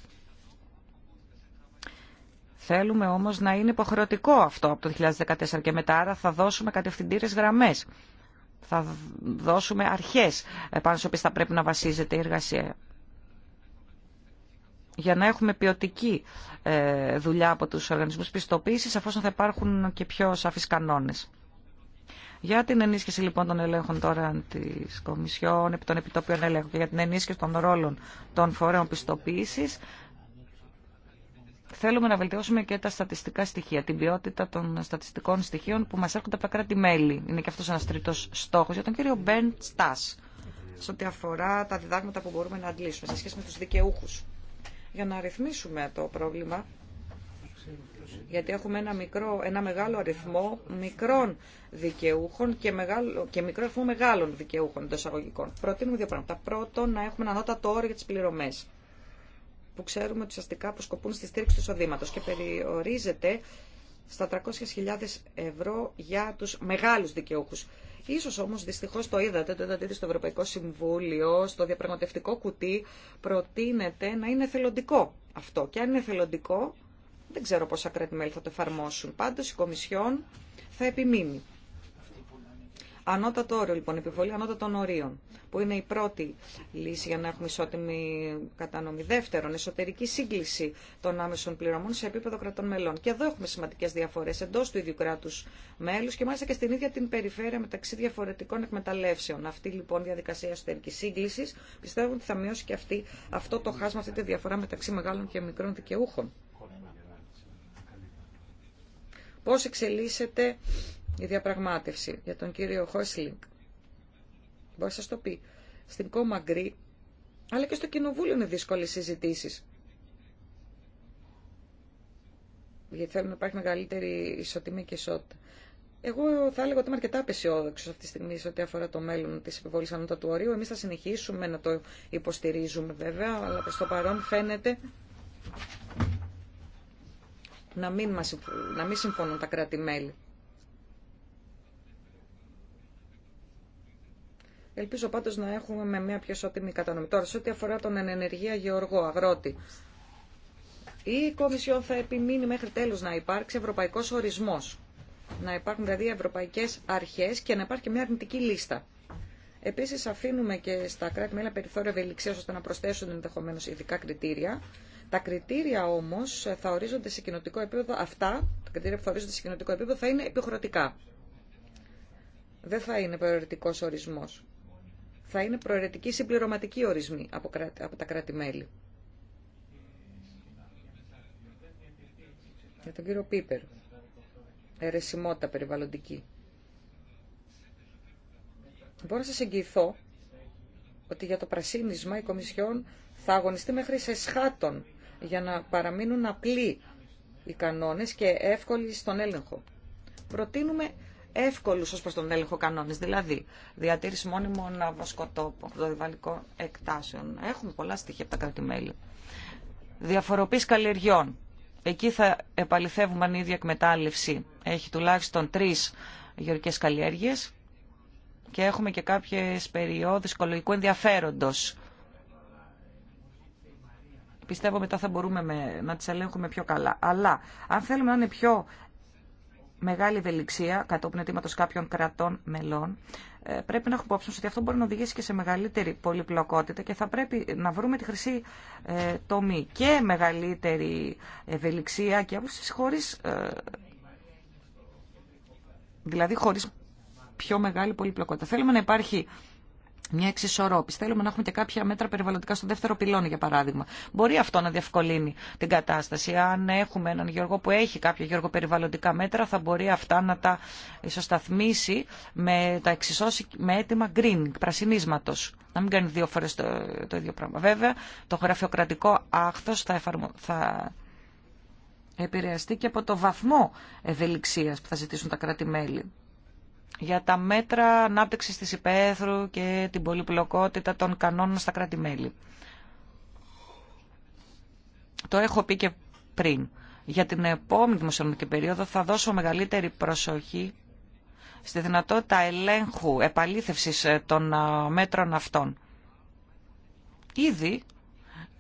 Θέλουμε όμως να είναι υποχρεωτικό αυτό από το 2014 και μετά, άρα θα δώσουμε κατευθυντήρες γραμμές. Θα δώσουμε αρχές πάνω στις οποίες θα πρέπει να βασίζεται η εργασία. Για να έχουμε ποιοτική ε, δουλειά από τους οργανισμούς πιστοποίησης, αφού θα υπάρχουν και πιο σαφείς κανόνες. Για την ενίσχυση λοιπόν των ελέγχων τώρα τη Κομισιόν των επιτόπιων ελέγχων και για την ενίσχυση των ρόλων των φορέων πιστοποίηση, θέλουμε να βελτιώσουμε και τα στατιστικά στοιχεία, την ποιότητα των στατιστικών στοιχείων που μας έρχονται από τα κράτη-μέλη. Είναι και αυτός ένας τρίτος στόχος για τον κύριο Μπεν Στάς, σε ό,τι αφορά τα διδάγματα που μπορούμε να αντλήσουμε σε σχέση με τους δικαιούχους. Για να αριθμίσουμε το πρόβλημα, γιατί έχουμε ένα, μικρό, ένα μεγάλο αριθμό μικρών δικαιούχων και, μεγάλο, και μικρό αριθμό μεγάλων δικαιούχων εντό αγωγικών. Προτείνουμε δύο πράγματα. Πρώτον, να έχουμε ένα ανώτατο όριο για τι πληρωμέ που ξέρουμε ότι ουσιαστικά αποσκοπούν στη στήριξη του εισοδήματο και περιορίζεται στα 300.000 ευρώ για τους μεγάλους δικαιούχους. Ίσως όμως δυστυχώς το είδατε, το είδατε στο Ευρωπαϊκό Συμβούλιο, στο διαπραγματευτικό κουτί προτείνεται να είναι θελοντικό αυτό. Και αν είναι θελοντικό, δεν ξέρω πόσα κράτη-μέλη θα το εφαρμόσουν. Πάντως η Κομισιόν θα επιμείνει Ανώτατο όριο λοιπόν, επιβολή ανώτατων ορίων, που είναι η πρώτη λύση για να έχουμε ισότιμη κατανομή. Δεύτερον, εσωτερική σύγκληση των άμεσων πληρωμών σε επίπεδο κρατών μελών. Και εδώ έχουμε σημαντικέ διαφορέ εντό του ίδιου κράτου μέλου και μάλιστα και στην ίδια την περιφέρεια μεταξύ διαφορετικών εκμεταλλεύσεων. Αυτή λοιπόν η διαδικασία εσωτερική σύγκληση πιστεύω ότι θα μειώσει και αυτή, αυτό το χάσμα, αυτή τη διαφορά μεταξύ μεγάλων και μικρών δικαιούχων. Πώς εξελίσσεται η διαπραγμάτευση για τον κύριο Χόσλινγκ, Μπορεί να σα το πει. Στην κόμμα γκρι, αλλά και στο κοινοβούλιο είναι δύσκολε συζητήσει. Γιατί θέλουμε να υπάρχει μεγαλύτερη ισοτιμία και ισότητα. Εγώ θα έλεγα ότι είμαι αρκετά απεσιόδοξο αυτή τη στιγμή σε ό,τι αφορά το μέλλον τη επιβολή ανώτατου ορίου. Εμεί θα συνεχίσουμε να το υποστηρίζουμε βέβαια, αλλά προ το παρόν φαίνεται να μην, μας, να μην συμφωνούν τα κράτη-μέλη. Ελπίζω πάντως να έχουμε με μια πιο σώτιμη κατανομή. Τώρα, σε ό,τι αφορά τον ενεργεία γεωργό, αγρότη, η Κομισιόν θα επιμείνει μέχρι τέλους να υπάρξει ευρωπαϊκός ορισμός. Να υπάρχουν δηλαδή ευρωπαϊκές αρχές και να υπάρχει μια αρνητική λίστα. Επίση, αφήνουμε και στα κράτη-μέλη ένα περιθώριο ευελιξία ώστε να προσθέσουν ενδεχομένω ειδικά κριτήρια. Τα κριτήρια όμω θα ορίζονται σε κοινοτικό επίπεδο. Αυτά, τα κριτήρια που θα ορίζονται σε κοινοτικό επίπεδο, θα είναι Δεν θα είναι περιοριστικό ορισμό θα είναι προαιρετική συμπληρωματική ορισμοί από, από τα κράτη-μέλη. Για τον κύριο Πίπερ, αιρεσιμότητα περιβαλλοντική. Μπορώ να σας εγγυηθώ ότι για το πρασίνισμα η Κομισιόν θα αγωνιστεί μέχρι σε σχάτων για να παραμείνουν απλοί οι κανόνες και εύκολοι στον έλεγχο. Προτείνουμε εύκολους ως προς τον έλεγχο κανόνες, δηλαδή διατήρηση μόνιμων βοσκοτόπων, χρωτοδιβαλικών εκτάσεων. Έχουμε πολλά στοιχεία από τα κρατημέλη. Διαφοροποίηση καλλιεργιών. Εκεί θα επαληθεύουμε αν η ίδια εκμετάλλευση έχει τουλάχιστον τρεις γεωρικές καλλιέργειες και έχουμε και κάποιες περιόδους οικολογικού ενδιαφέροντος. Πιστεύω μετά θα μπορούμε με, να τις ελέγχουμε πιο καλά. Αλλά αν θέλουμε να είναι πιο μεγάλη ευελιξία κατόπιν αιτήματο κάποιων κρατών μελών, ε, πρέπει να έχουμε υπόψη ότι αυτό μπορεί να οδηγήσει και σε μεγαλύτερη πολυπλοκότητα και θα πρέπει να βρούμε τη χρυσή ε, τομή και μεγαλύτερη ευελιξία και άποψη χωρί. Ε, δηλαδή χωρί πιο μεγάλη πολυπλοκότητα. Θέλουμε να υπάρχει μια εξισορρόπηση. Θέλουμε να έχουμε και κάποια μέτρα περιβαλλοντικά στον δεύτερο πυλώνα, για παράδειγμα. Μπορεί αυτό να διευκολύνει την κατάσταση. Αν έχουμε έναν γεωργό που έχει κάποια γεωργό περιβαλλοντικά μέτρα, θα μπορεί αυτά να τα ισοσταθμίσει με τα εξισώσει με έτοιμα green, πρασινίσματο. Να μην κάνει δύο φορέ το, ίδιο πράγμα. Βέβαια, το γραφειοκρατικό άχθο θα, θα επηρεαστεί και από το βαθμό ευελιξία που θα ζητήσουν τα κράτη-μέλη για τα μέτρα ανάπτυξης της υπαίθρου και την πολυπλοκότητα των κανόνων στα κρατη Το έχω πει και πριν. Για την επόμενη δημοσιονομική περίοδο θα δώσω μεγαλύτερη προσοχή στη δυνατότητα ελέγχου, επαλήθευσης ε, των ε, μέτρων αυτών. Ήδη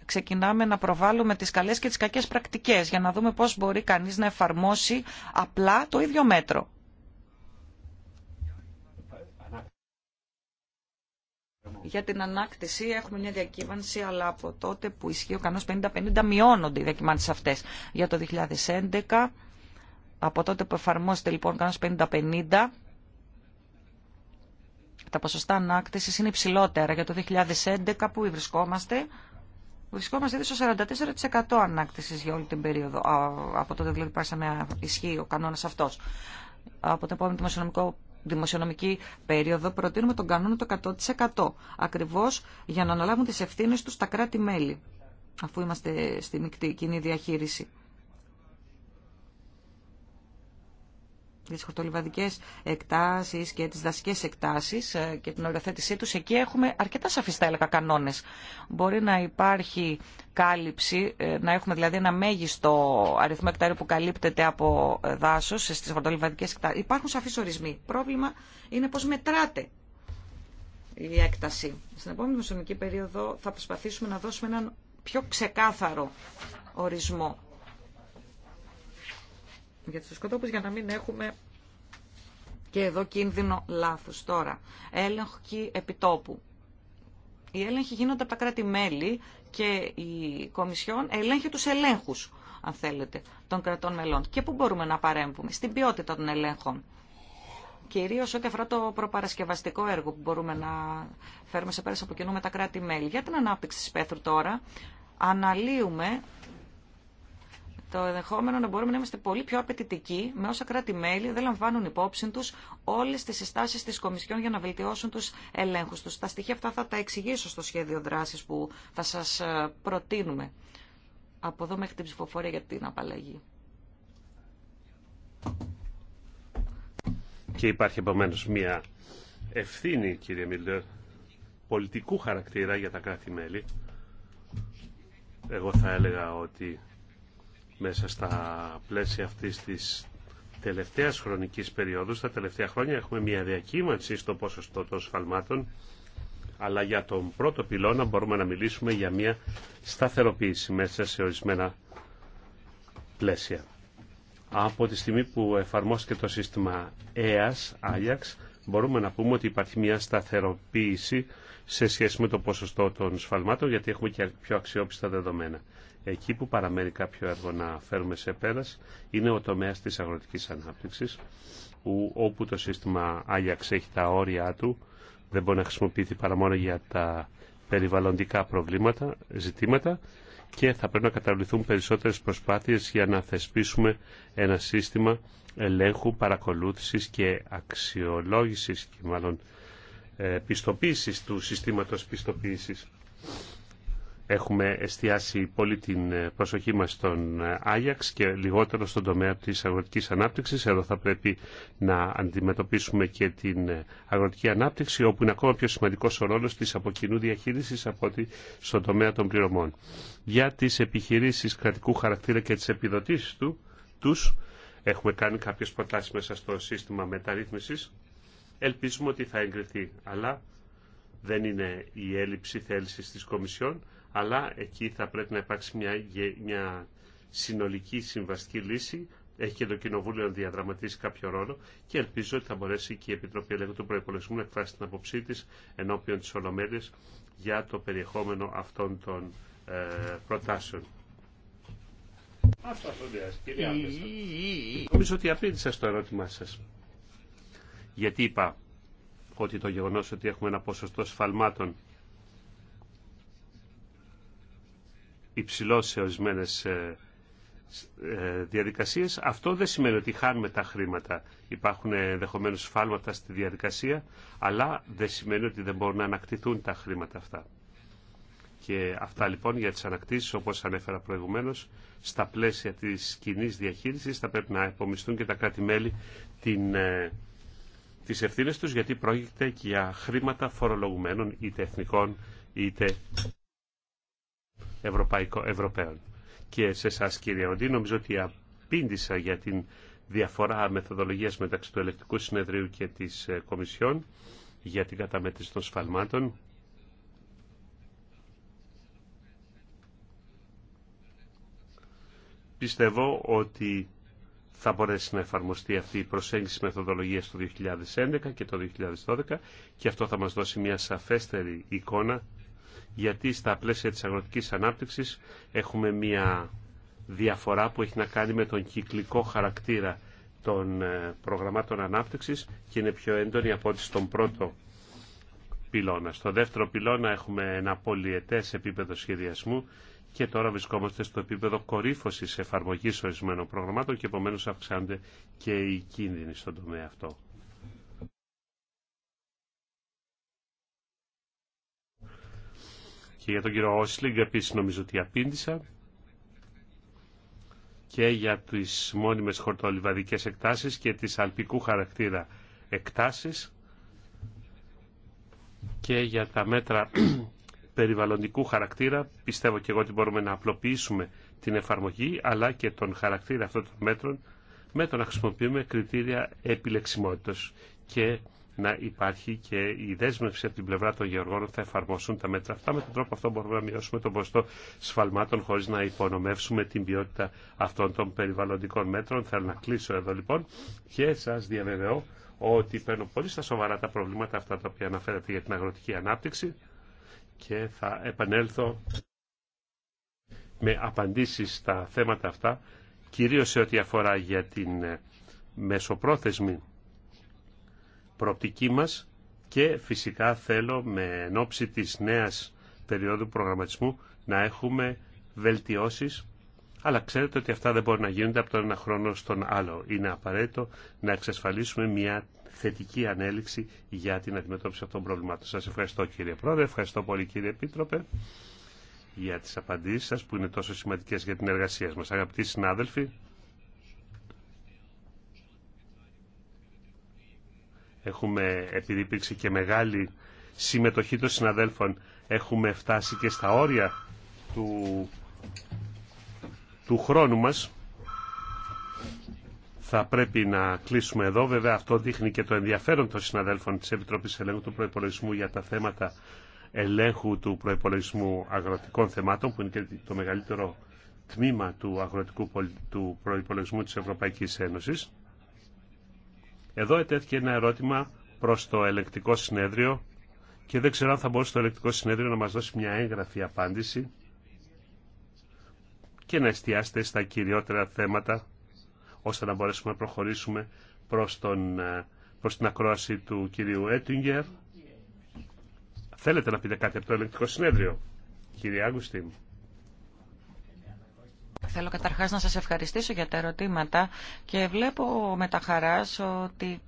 ξεκινάμε να προβάλλουμε τις καλές και τις κακές πρακτικές για να δούμε πώς μπορεί κανείς να εφαρμόσει απλά το ίδιο μέτρο. για την ανάκτηση έχουμε μια διακύβανση, αλλά από τότε που ισχύει ο κανόνας 50-50 μειώνονται οι διακυμάνσεις αυτές. Για το 2011, από τότε που εφαρμόζεται λοιπόν ο κανόνας 50-50, τα ποσοστά ανάκτησης είναι υψηλότερα. Για το 2011 που βρισκόμαστε, βρισκόμαστε ήδη στο 44% ανάκτησης για όλη την περίοδο. Από τότε δηλαδή που να ισχύει ο κανόνας αυτός. Από το επόμενο δημοσιονομικό δημοσιονομική περίοδο προτείνουμε τον κανόνα το 100% ακριβώς για να αναλάβουν τις ευθύνες τους τα κράτη-μέλη αφού είμαστε στη μεικτή κοινή διαχείριση. για τις χορτολιβαδικές εκτάσεις και τις δασικές εκτάσεις ε, και την οριοθέτησή τους, εκεί έχουμε αρκετά σαφείς θα έλεγα κανόνες. Μπορεί να υπάρχει κάλυψη, ε, να έχουμε δηλαδή ένα μέγιστο αριθμό εκτάριου που καλύπτεται από ε, δάσος στις χορτολιβαδικές εκτάσεις. Υπάρχουν σαφείς ορισμοί. Πρόβλημα είναι πώς μετράτε η έκταση. Στην επόμενη μεσονομική περίοδο θα προσπαθήσουμε να δώσουμε έναν πιο ξεκάθαρο ορισμό για τους σκοτόπους για να μην έχουμε και εδώ κίνδυνο λάθους. Τώρα, έλεγχοι επιτόπου. Οι έλεγχοι γίνονται από τα κράτη-μέλη και η Κομισιόν ελέγχει τους ελέγχους, αν θέλετε, των κρατών μελών. Και πού μπορούμε να παρέμβουμε, στην ποιότητα των ελέγχων. Κυρίω ό,τι αφορά το προπαρασκευαστικό έργο που μπορούμε να φέρουμε σε πέρα από κοινού με τα κράτη-μέλη. Για την ανάπτυξη τη Πέθρου τώρα, αναλύουμε το ενδεχόμενο να μπορούμε να είμαστε πολύ πιο απαιτητικοί με όσα κράτη-μέλη δεν λαμβάνουν υπόψη του όλε τι συστάσει τη Κομισιόν για να βελτιώσουν του ελέγχου του. Τα στοιχεία αυτά θα τα εξηγήσω στο σχέδιο δράση που θα σα ε, προτείνουμε από εδώ μέχρι την ψηφοφορία για την απαλλαγή. Και υπάρχει επομένω μια ευθύνη, κύριε Μιλντερ, πολιτικού χαρακτήρα για τα κράτη-μέλη. Εγώ θα έλεγα ότι μέσα στα πλαίσια αυτής της τελευταίας χρονικής περίοδου, τα τελευταία χρόνια έχουμε μια διακύμανση στο ποσοστό των σφαλμάτων, αλλά για τον πρώτο πυλώνα μπορούμε να μιλήσουμε για μια σταθεροποίηση μέσα σε ορισμένα πλαίσια. Από τη στιγμή που εφαρμόστηκε το σύστημα EAS, Ajax, μπορούμε να πούμε ότι υπάρχει μια σταθεροποίηση σε σχέση με το ποσοστό των σφαλμάτων, γιατί έχουμε και πιο αξιόπιστα δεδομένα. Εκεί που παραμένει κάποιο έργο να φέρουμε σε πέρας είναι ο τομέας της αγροτικής ανάπτυξης, όπου το σύστημα Άγιαξ έχει τα όρια του, δεν μπορεί να χρησιμοποιηθεί παρά μόνο για τα περιβαλλοντικά προβλήματα, ζητήματα και θα πρέπει να καταβληθούν περισσότερες προσπάθειες για να θεσπίσουμε ένα σύστημα ελέγχου, παρακολούθησης και αξιολόγησης και μάλλον ε, πιστοποίησης του συστήματος πιστοποίησης έχουμε εστιάσει πολύ την ε, προσοχή μας στον ε, Άγιαξ και λιγότερο στον τομέα της αγροτικής ανάπτυξης. Εδώ θα πρέπει να αντιμετωπίσουμε και την ε, αγροτική ανάπτυξη, όπου είναι ακόμα πιο σημαντικός ο ρόλος της αποκοινού διαχείρισης από ότι στον τομέα των πληρωμών. Για τις επιχειρήσεις κρατικού χαρακτήρα και τις επιδοτήσεις του, τους, έχουμε κάνει κάποιες προτάσεις μέσα στο σύστημα μεταρρύθμισης. Ελπίζουμε ότι θα εγκριθεί, αλλά δεν είναι η έλλειψη θέλησης της Κομισιόν αλλά εκεί θα πρέπει να υπάρξει μια, μια συνολική συμβαστική λύση. Έχει και το Κοινοβούλιο να διαδραματίσει κάποιο ρόλο και ελπίζω ότι θα μπορέσει και η Επιτροπή Ελέγχου του Προπολογισμού να εκφράσει την αποψή τη ενώπιον τη Ολομέλεια για το περιεχόμενο αυτών των ε, προτάσεων. Αυτό Νομίζω ότι απήντησα στο ερώτημά σα. Γιατί είπα ότι το γεγονό ότι έχουμε ένα ποσοστό σφαλμάτων υψηλό σε ορισμένε ε, ε, διαδικασίες. Αυτό δεν σημαίνει ότι χάνουμε τα χρήματα. Υπάρχουν ενδεχομένω φάλματα στη διαδικασία, αλλά δεν σημαίνει ότι δεν μπορούν να ανακτηθούν τα χρήματα αυτά. Και αυτά λοιπόν για τις ανακτήσεις, όπως ανέφερα προηγουμένως, στα πλαίσια της κοινή διαχείρισης θα πρέπει να επομιστούν και τα κράτη-μέλη την, ε, τις ευθύνες τους, γιατί πρόκειται και για χρήματα φορολογουμένων, είτε εθνικών, είτε Ευρωπαϊκο, Ευρωπαίων. Και σε εσά κύριε Οντή, νομίζω ότι απήντησα για την διαφορά μεθοδολογίας μεταξύ του Ελεκτικού Συνεδρίου και της ε, Κομισιόν για την καταμέτρηση των σφαλμάτων. Πιστεύω ότι θα μπορέσει να εφαρμοστεί αυτή η προσέγγιση μεθοδολογίας το 2011 και το 2012 και αυτό θα μας δώσει μια σαφέστερη εικόνα γιατί στα πλαίσια της αγροτικής ανάπτυξης έχουμε μια διαφορά που έχει να κάνει με τον κυκλικό χαρακτήρα των ε, προγραμμάτων ανάπτυξης και είναι πιο έντονη από ό,τι στον πρώτο πυλώνα. Στο δεύτερο πυλώνα έχουμε ένα πολυετές επίπεδο σχεδιασμού και τώρα βρισκόμαστε στο επίπεδο κορύφωσης εφαρμογής ορισμένων προγραμμάτων και επομένως αυξάνονται και οι κίνδυνοι στον τομέα αυτό. Και για τον κύριο Όσλιγκ επίσης νομίζω ότι απήντησα. Και για τις μόνιμες χορτολιβαδικές εκτάσεις και τις αλπικού χαρακτήρα εκτάσεις και για τα μέτρα περιβαλλοντικού χαρακτήρα πιστεύω και εγώ ότι μπορούμε να απλοποιήσουμε την εφαρμογή αλλά και τον χαρακτήρα αυτών των μέτρων με το να χρησιμοποιούμε κριτήρια επιλεξιμότητας και να υπάρχει και η δέσμευση από την πλευρά των γεωργών ότι θα εφαρμόσουν τα μέτρα αυτά. Με τον τρόπο αυτό μπορούμε να μειώσουμε τον ποσοστό σφαλμάτων χωρί να υπονομεύσουμε την ποιότητα αυτών των περιβαλλοντικών μέτρων. Θέλω να κλείσω εδώ λοιπόν και σα διαβεβαιώ ότι παίρνω πολύ στα σοβαρά τα προβλήματα αυτά τα οποία αναφέρατε για την αγροτική ανάπτυξη και θα επανέλθω με απαντήσεις στα θέματα αυτά, κυρίως σε ό,τι αφορά για την μεσοπρόθεσμη προοπτική μας και φυσικά θέλω με ενόψη της νέας περίοδου προγραμματισμού να έχουμε βελτιώσεις αλλά ξέρετε ότι αυτά δεν μπορούν να γίνονται από τον ένα χρόνο στον άλλο. Είναι απαραίτητο να εξασφαλίσουμε μια θετική ανέλυξη για την αντιμετώπιση αυτών των προβλημάτων. Σας ευχαριστώ κύριε Πρόεδρε, ευχαριστώ πολύ κύριε Επίτροπε για τις απαντήσεις σας που είναι τόσο σημαντικές για την εργασία μας. Αγαπητοί συνάδελφοι, Έχουμε, επειδή υπήρξε και μεγάλη συμμετοχή των συναδέλφων, έχουμε φτάσει και στα όρια του, του χρόνου μας. Θα πρέπει να κλείσουμε εδώ. Βέβαια αυτό δείχνει και το ενδιαφέρον των συναδέλφων της Επιτροπής Ελέγχου του Προϋπολογισμού για τα θέματα ελέγχου του προϋπολογισμού αγροτικών θεμάτων, που είναι και το μεγαλύτερο τμήμα του αγροτικού του προϋπολογισμού της Ευρωπαϊκής Ένωσης. Εδώ ετέθηκε ένα ερώτημα προς το ελεκτικό συνέδριο και δεν ξέρω αν θα μπορούσε το ελεκτικό συνέδριο να μας δώσει μια έγγραφη απάντηση και να εστιάσετε στα κυριότερα θέματα ώστε να μπορέσουμε να προχωρήσουμε προς, τον, ε, προς την ακρόαση του κυρίου Έτιγκερ. Θέλετε να πείτε κάτι από το ελεκτικό συνέδριο, κύριε Άγκουστιν. Θέλω καταρχάς να σας ευχαριστήσω για τα ερωτήματα και βλέπω με τα χαράς ότι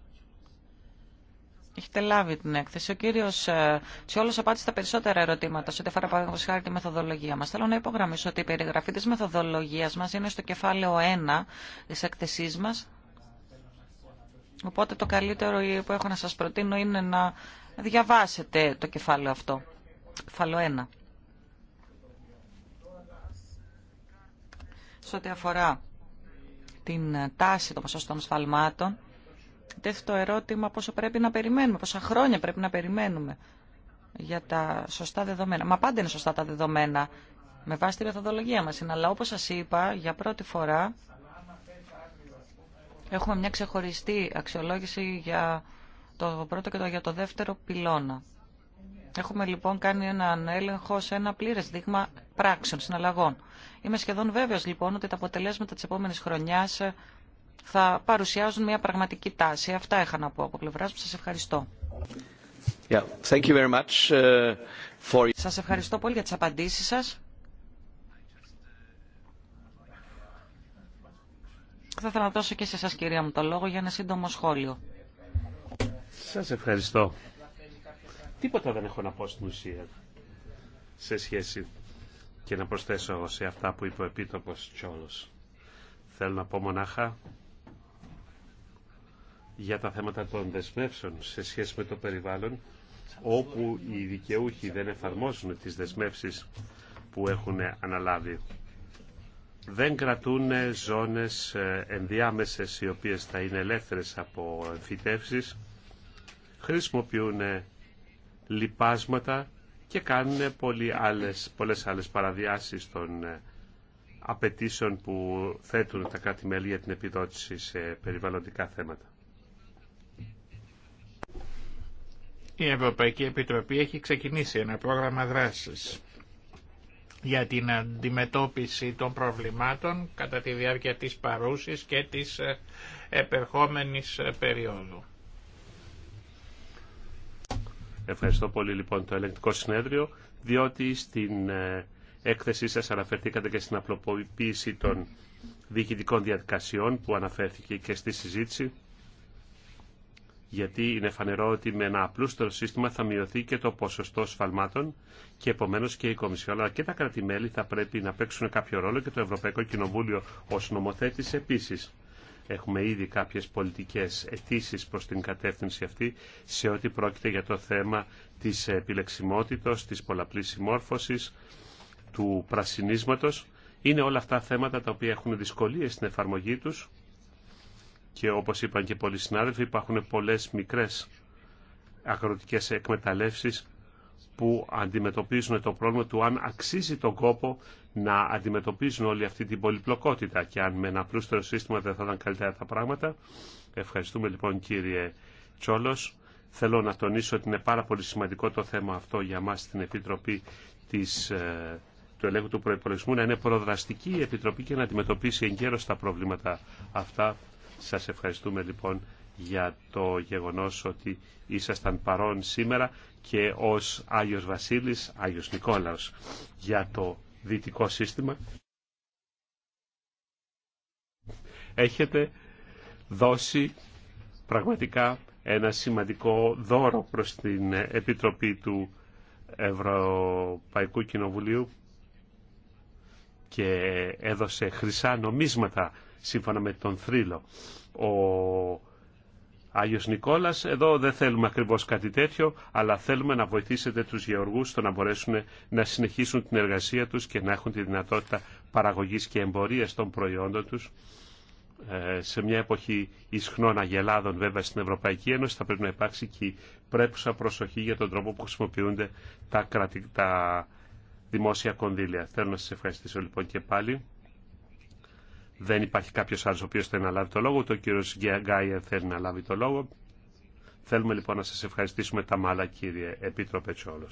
Έχετε λάβει την έκθεση. Ο κύριο ε, Τσιόλο απάντησε τα περισσότερα ερωτήματα σε ό,τι αφορά παραδείγματος χάρη τη μεθοδολογία μας. Θέλω να υπογραμμίσω ότι η περιγραφή της μεθοδολογίας μας είναι στο κεφάλαιο 1 τη έκθεσή μα. Οπότε το καλύτερο που έχω να σας προτείνω είναι να διαβάσετε το κεφάλαιο αυτό. Κεφάλαιο 1. σε ό,τι αφορά την ε, τάση των ποσοστών σφαλμάτων, το ερώτημα πόσο πρέπει να περιμένουμε, πόσα χρόνια πρέπει να περιμένουμε για τα σωστά δεδομένα. Μα πάντα είναι σωστά τα δεδομένα με βάση τη μεθοδολογία μας. Είναι, αλλά όπως σας είπα, για πρώτη φορά έχουμε μια ξεχωριστή αξιολόγηση για το πρώτο και το, για το δεύτερο πυλώνα. Έχουμε λοιπόν κάνει έναν έλεγχο σε ένα πλήρες δείγμα πράξεων, συναλλαγών. Είμαι σχεδόν βέβαιος λοιπόν ότι τα αποτελέσματα τη επόμενη χρονιά ε, θα παρουσιάζουν μια πραγματική τάση. Αυτά είχα να πω από πλευρά μου. Σας ευχαριστώ. Yeah, ε, for... Σας ευχαριστώ πολύ για τις απαντήσεις σας. Θα ήθελα να δώσω και σε εσάς κυρία μου το λόγο για ένα σύντομο σχόλιο. Σας ευχαριστώ. Τίποτα δεν έχω να πω στην ουσία σε σχέση και να προσθέσω σε αυτά που είπε ο Επίτροπος Τσόλος. Θέλω να πω μονάχα για τα θέματα των δεσμεύσεων σε σχέση με το περιβάλλον όπου οι δικαιούχοι δεν εφαρμόζουν τις δεσμεύσεις που έχουν αναλάβει. Δεν κρατούν ζώνες ε, ενδιάμεσες οι οποίες θα είναι ελεύθερες από εμφυτεύσεις. Χρησιμοποιούν λοιπάσματα και κάνουν πολλές άλλες, πολλές άλλες παραδιάσεις των ε, απαιτήσεων που θέτουν τα κράτη-μέλη για την επιδότηση σε περιβαλλοντικά θέματα. Η Ευρωπαϊκή Επιτροπή έχει ξεκινήσει ένα πρόγραμμα δράσης για την αντιμετώπιση των προβλημάτων κατά τη διάρκεια της παρούσης και της ε, επερχόμενης ε, περίοδου. Ευχαριστώ πολύ λοιπόν το ελεγκτικό συνέδριο, διότι στην ε, έκθεσή σας αναφερθήκατε και στην απλοποίηση των διοικητικών διαδικασιών που αναφέρθηκε και στη συζήτηση, γιατί είναι φανερό ότι με ένα απλούστερο σύστημα θα μειωθεί και το ποσοστό σφαλμάτων και επομένως και η Κομισιόν, αλλά και τα κρατημέλη θα πρέπει να παίξουν κάποιο ρόλο και το Ευρωπαϊκό Κοινοβούλιο ως νομοθέτης επίσης. Έχουμε ήδη κάποιες πολιτικές αιτήσει προς την κατεύθυνση αυτή σε ό,τι πρόκειται για το θέμα της επιλεξιμότητος, της πολλαπλής συμμόρφωσης, του πρασινίσματος. Είναι όλα αυτά θέματα τα οποία έχουν δυσκολίες στην εφαρμογή τους και όπως είπαν και πολλοί συνάδελφοι υπάρχουν πολλές μικρές αγροτικές εκμεταλλεύσεις που αντιμετωπίζουν το πρόβλημα του αν αξίζει τον κόπο να αντιμετωπίζουν όλη αυτή την πολυπλοκότητα και αν με ένα πλούστερο σύστημα δεν θα ήταν καλύτερα τα πράγματα. Ευχαριστούμε λοιπόν κύριε Τσόλος. Θέλω να τονίσω ότι είναι πάρα πολύ σημαντικό το θέμα αυτό για μας στην Επιτροπή της, ε, του Ελέγχου του Προϋπολογισμού να είναι προδραστική η Επιτροπή και να αντιμετωπίσει εγκαίρως τα προβλήματα αυτά. Σας ευχαριστούμε λοιπόν για το γεγονός ότι ήσασταν παρόν σήμερα και ως Άγιος Βασίλης, Άγιος Νικόλαος για το δυτικό σύστημα. Έχετε δώσει πραγματικά ένα σημαντικό δώρο προς την Επιτροπή του Ευρωπαϊκού Κοινοβουλίου και έδωσε χρυσά νομίσματα σύμφωνα με τον θρύλο ο Άγιος Νικόλας, εδώ δεν θέλουμε ακριβώς κάτι τέτοιο, αλλά θέλουμε να βοηθήσετε τους γεωργούς στο να μπορέσουν να συνεχίσουν την εργασία τους και να έχουν τη δυνατότητα παραγωγής και εμπορίας των προϊόντων τους. Ε, σε μια εποχή ισχνών αγελάδων βέβαια στην Ευρωπαϊκή Ένωση θα πρέπει να υπάρξει και πρέπουσα προσοχή για τον τρόπο που χρησιμοποιούνται τα, τα δημόσια κονδύλια. Θέλω να σας ευχαριστήσω λοιπόν και πάλι. Δεν υπάρχει κάποιο άλλο ο οποίο θέλει να λάβει το λόγο. Το κύριο Γκάιερ θέλει να λάβει το λόγο. Θέλουμε λοιπόν να σα ευχαριστήσουμε τα μάλα, κύριε Επίτροπε Τσόλο.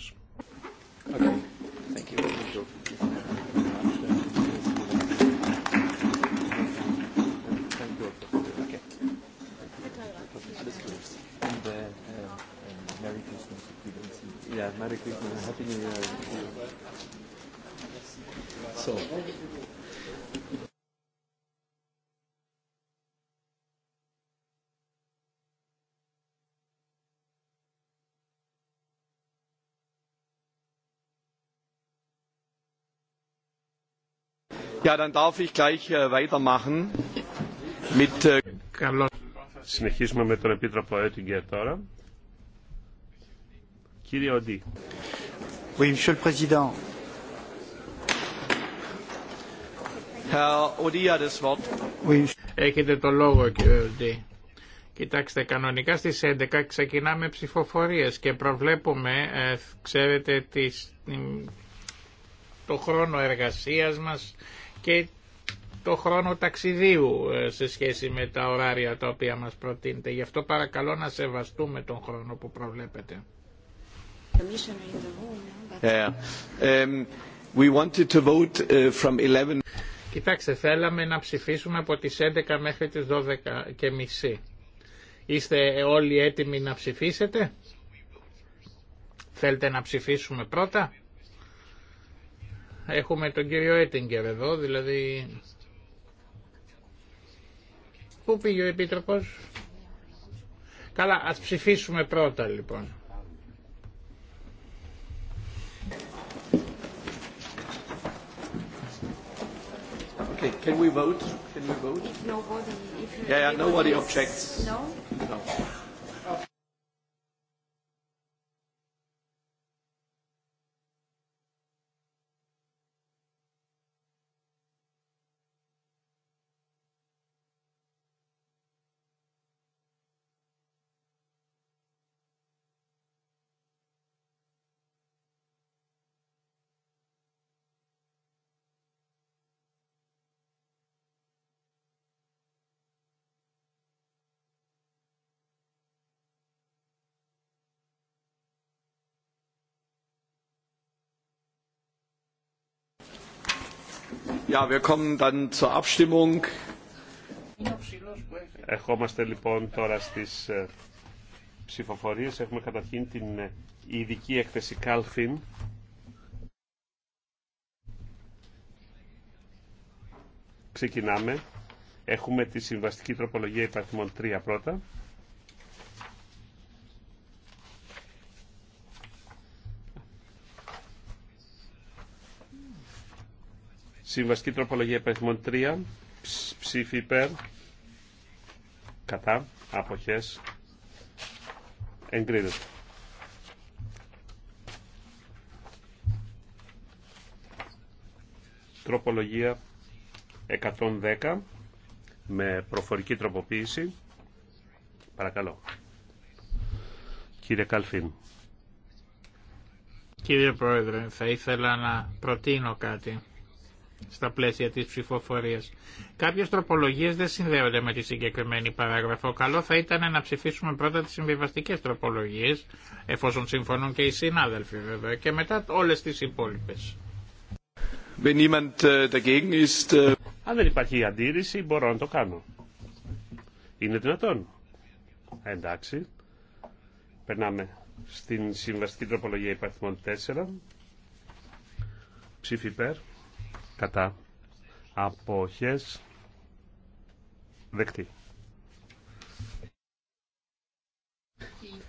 Ja, dann darf ich gleich äh, weitermachen mit... Äh, Καλώς. Συνεχίζουμε με τον Επίτροπο Oettinger τώρα. Κύριε Οντή. Oui, Monsieur le Président. Herr Odi hat das Wort. Oui. Έχετε το λόγο, κύριε Οντή. Κοιτάξτε, κανονικά στις 11 ξεκινάμε ψηφοφορίες και προβλέπουμε, ε, ξέρετε, τις, το χρόνο εργασίας μας και το χρόνο ταξιδίου ε, σε σχέση με τα ωράρια τα οποία μας προτείνετε. Γι' αυτό παρακαλώ να σεβαστούμε τον χρόνο που προβλέπετε. Um, vote uh, from 11... Κοιτάξτε, θέλαμε να ψηφίσουμε από τις 11 μέχρι τις 12 και μισή. Είστε όλοι έτοιμοι να ψηφίσετε? Θέλετε να ψηφίσουμε πρώτα? Έχουμε τον κύριο Έτιγκερ εδώ, δηλαδή... Πού πήγε ο Επίτροπος? Καλά, ας ψηφίσουμε πρώτα λοιπόν. Okay, can we vote? Can we vote? If nobody, if yeah, yeah, nobody objects. No? No. Ja, Ερχόμαστε λοιπόν τώρα στις ε, ψηφοφορίες. Έχουμε καταρχήν την ε, ειδική έκθεση Calfin. Ξεκινάμε. Έχουμε τη συμβαστική τροπολογία υπαριθμών 3 πρώτα. Συμβαστική τροπολογία επαριθμών 3. Ψήφι υπέρ. Κατά. Αποχές. Εγκρίνεται. Τροπολογία 110 με προφορική τροποποίηση. Παρακαλώ. Κύριε Καλφίν. Κύριε Πρόεδρε, θα ήθελα να προτείνω κάτι στα πλαίσια της ψηφοφορίας. Κάποιες τροπολογίες δεν συνδέονται με τη συγκεκριμένη παράγραφο. Καλό θα ήταν να ψηφίσουμε πρώτα τις συμβιβαστικές τροπολογίες, εφόσον συμφωνούν και οι συνάδελφοι βέβαια, και μετά όλες τις υπόλοιπες. Äh, äh, Αν δεν υπάρχει αντίρρηση, μπορώ να το κάνω. Είναι δυνατόν. Ε, εντάξει. Περνάμε στην συμβαστική τροπολογία υπαρθμών 4. Ψήφι υπέρ κατά αποχές δεκτή.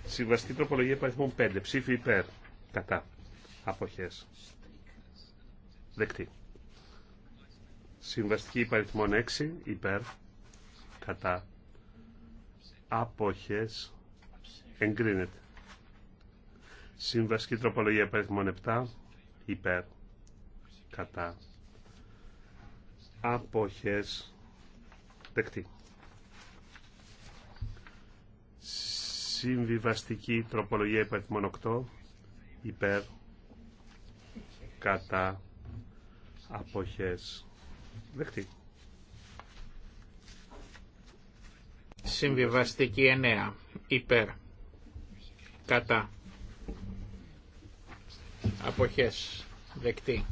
Συμβαστική τροπολογία υπαριθμών 5. Ψήφι υπέρ. Κατά. Αποχές. Δεκτή. Συμβαστική υπαριθμών 6. Υπέρ. Κατά. Αποχές. Εγκρίνεται. Συμβαστική τροπολογία υπαριθμών 7. Υπέρ. Κατά αποχές δεκτή. Συμβιβαστική τροπολογία υπαριθμών 8 υπέρ κατά αποχές δεκτή. Συμβιβαστική 9 υπέρ κατά αποχές δεκτή.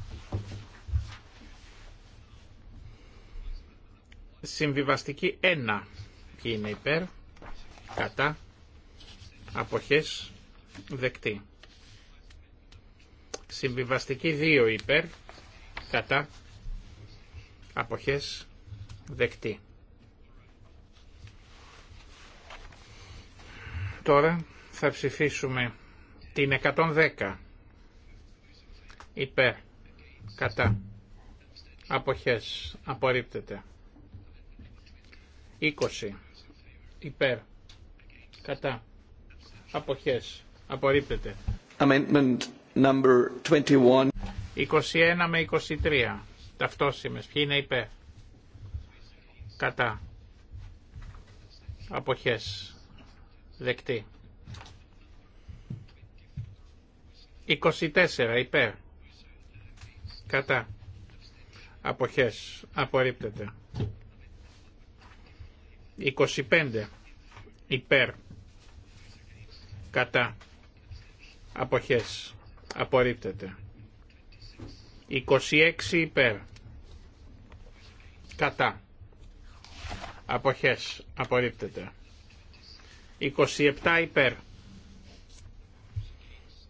Συμβιβαστική 1. Ποιοι είναι υπέρ, κατά, αποχές, δεκτή. Συμβιβαστική 2 υπέρ, κατά, αποχές, δεκτή. Τώρα θα ψηφίσουμε την 110 υπέρ, κατά, αποχές, απορρίπτεται. 20 υπέρ κατά αποχές απορρίπτεται. Amendment number 21. 21 με 23 Ταυτόσημες. Ποιοι είναι υπέρ κατά αποχές δεκτή. 24 υπέρ κατά αποχές απορρίπτεται. 25 υπέρ κατά αποχές απορρίπτεται 26 υπέρ κατά αποχές απορρίπτεται 27 υπέρ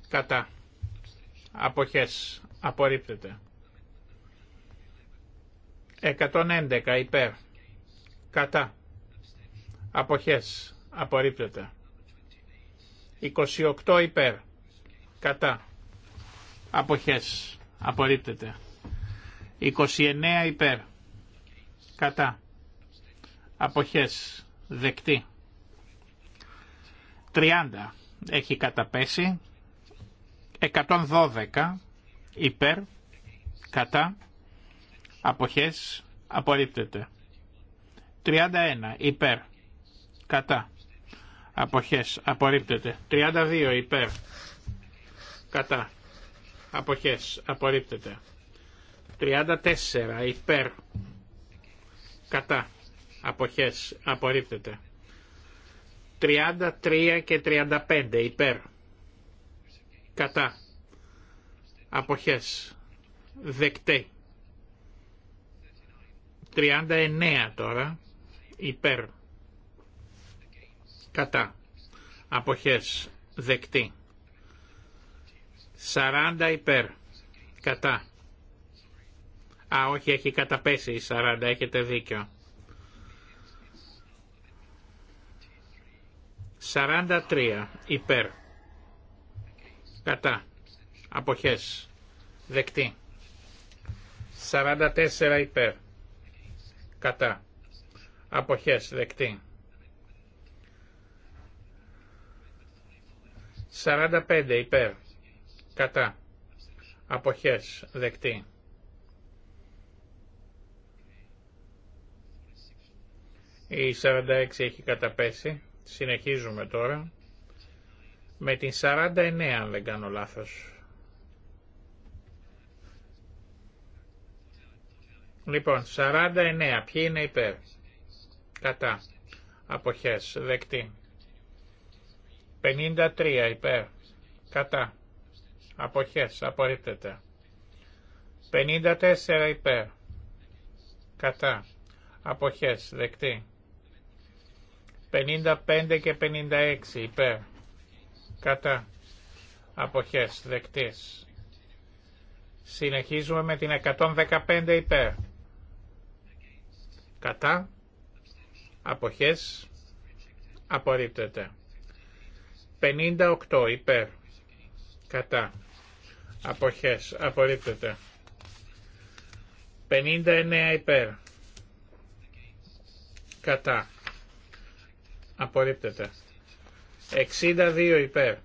κατά αποχές απορρίπτεται 111 υπέρ κατά Αποχές. Απορρίπτεται. 28 υπέρ. Κατά. Αποχές. Απορρίπτεται. 29 υπέρ. Κατά. Αποχές. Δεκτή. 30. Έχει καταπέσει. 112 υπέρ. Κατά. Αποχές. Απορρίπτεται. 31 υπέρ. Κατά. Αποχές. Απορρίπτεται. 32 υπέρ. Κατά. Αποχές. Απορρίπτεται. 34 υπέρ. Κατά. Αποχές. Απορρίπτεται. 33 και 35 υπέρ. Κατά. Αποχές. Δεκτέ. 39 τώρα υπέρ κατά αποχές δεκτή Σαράντα υπέρ κατά α όχι έχει καταπέσει η σαράντα... έχετε δίκιο Σαράντα τρία... υπέρ κατά αποχές δεκτή τέσσερα υπέρ κατά αποχές δεκτή 45 υπέρ. Κατά. Αποχές. Δεκτή. 46 έχει καταπέσει. Συνεχίζουμε τώρα. Με την 49 αν δεν κάνω λάθος. Λοιπόν, 49. Ποιοι είναι υπέρ. Κατά. Αποχές. Δεκτή. 53 υπέρ. Κατά. Αποχές. Απορρίπτεται. 54 υπέρ. Κατά. Αποχές. Δεκτή. 55 και 56 υπέρ. Κατά. Αποχές. Δεκτής. Συνεχίζουμε με την 115 υπέρ. Κατά. Αποχές. Απορρίπτεται. 58 υπέρ. Κατά. Αποχές. Απορρίπτεται. 59 υπέρ. Κατά. Απορρίπτεται. 62 υπέρ.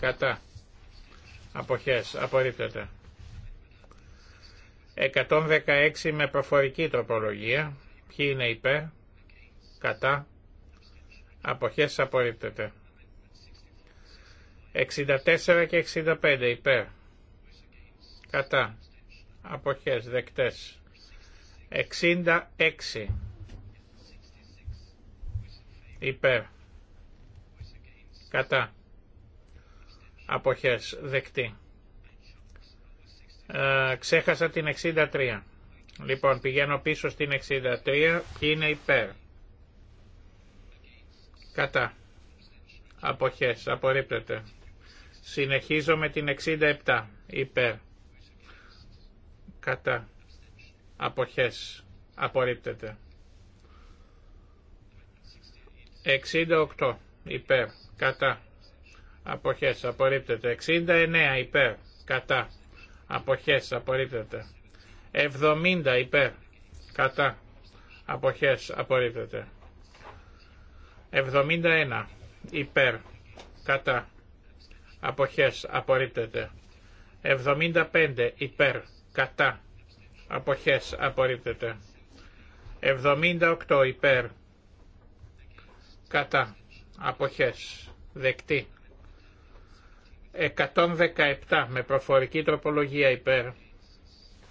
Κατά. Αποχές. Απορρίπτεται. 116 με προφορική τροπολογία. Ποιοι είναι υπέρ. Κατά. Αποχές απορρίπτεται. 64 και 65 υπέρ. Κατά. Αποχές δεκτές. 66 υπέρ. Κατά. Αποχές δεκτή. Ε, ξέχασα την 63. Λοιπόν, πηγαίνω πίσω στην 63 και είναι υπέρ. Κατά. Αποχές. Απορρίπτεται. Συνεχίζω με την 67 υπέρ κατά αποχές απορρίπτεται. 68 υπέρ κατά αποχές απορρίπτεται. 69 υπέρ κατά αποχές απορρίπτεται. 70 υπέρ κατά αποχές απορρίπτεται. 71 υπέρ κατά αποχές απορρίπτεται. 75 υπέρ κατά αποχές απορρίπτεται. 78 υπέρ κατά αποχές δεκτή. 117 με προφορική τροπολογία υπέρ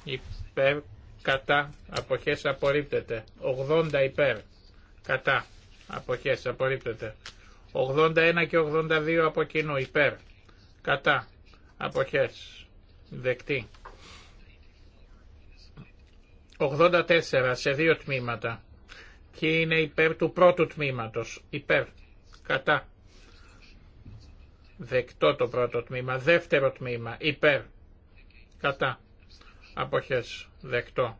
υπέρ κατά αποχές απορρίπτεται. 80 υπέρ κατά αποχές απορρίπτεται. 81 και 82 από κοινού υπέρ κατά αποχές δεκτή 84 σε δύο τμήματα και είναι υπέρ του πρώτου τμήματος υπέρ κατά δεκτό το πρώτο τμήμα δεύτερο τμήμα υπέρ κατά αποχές δεκτό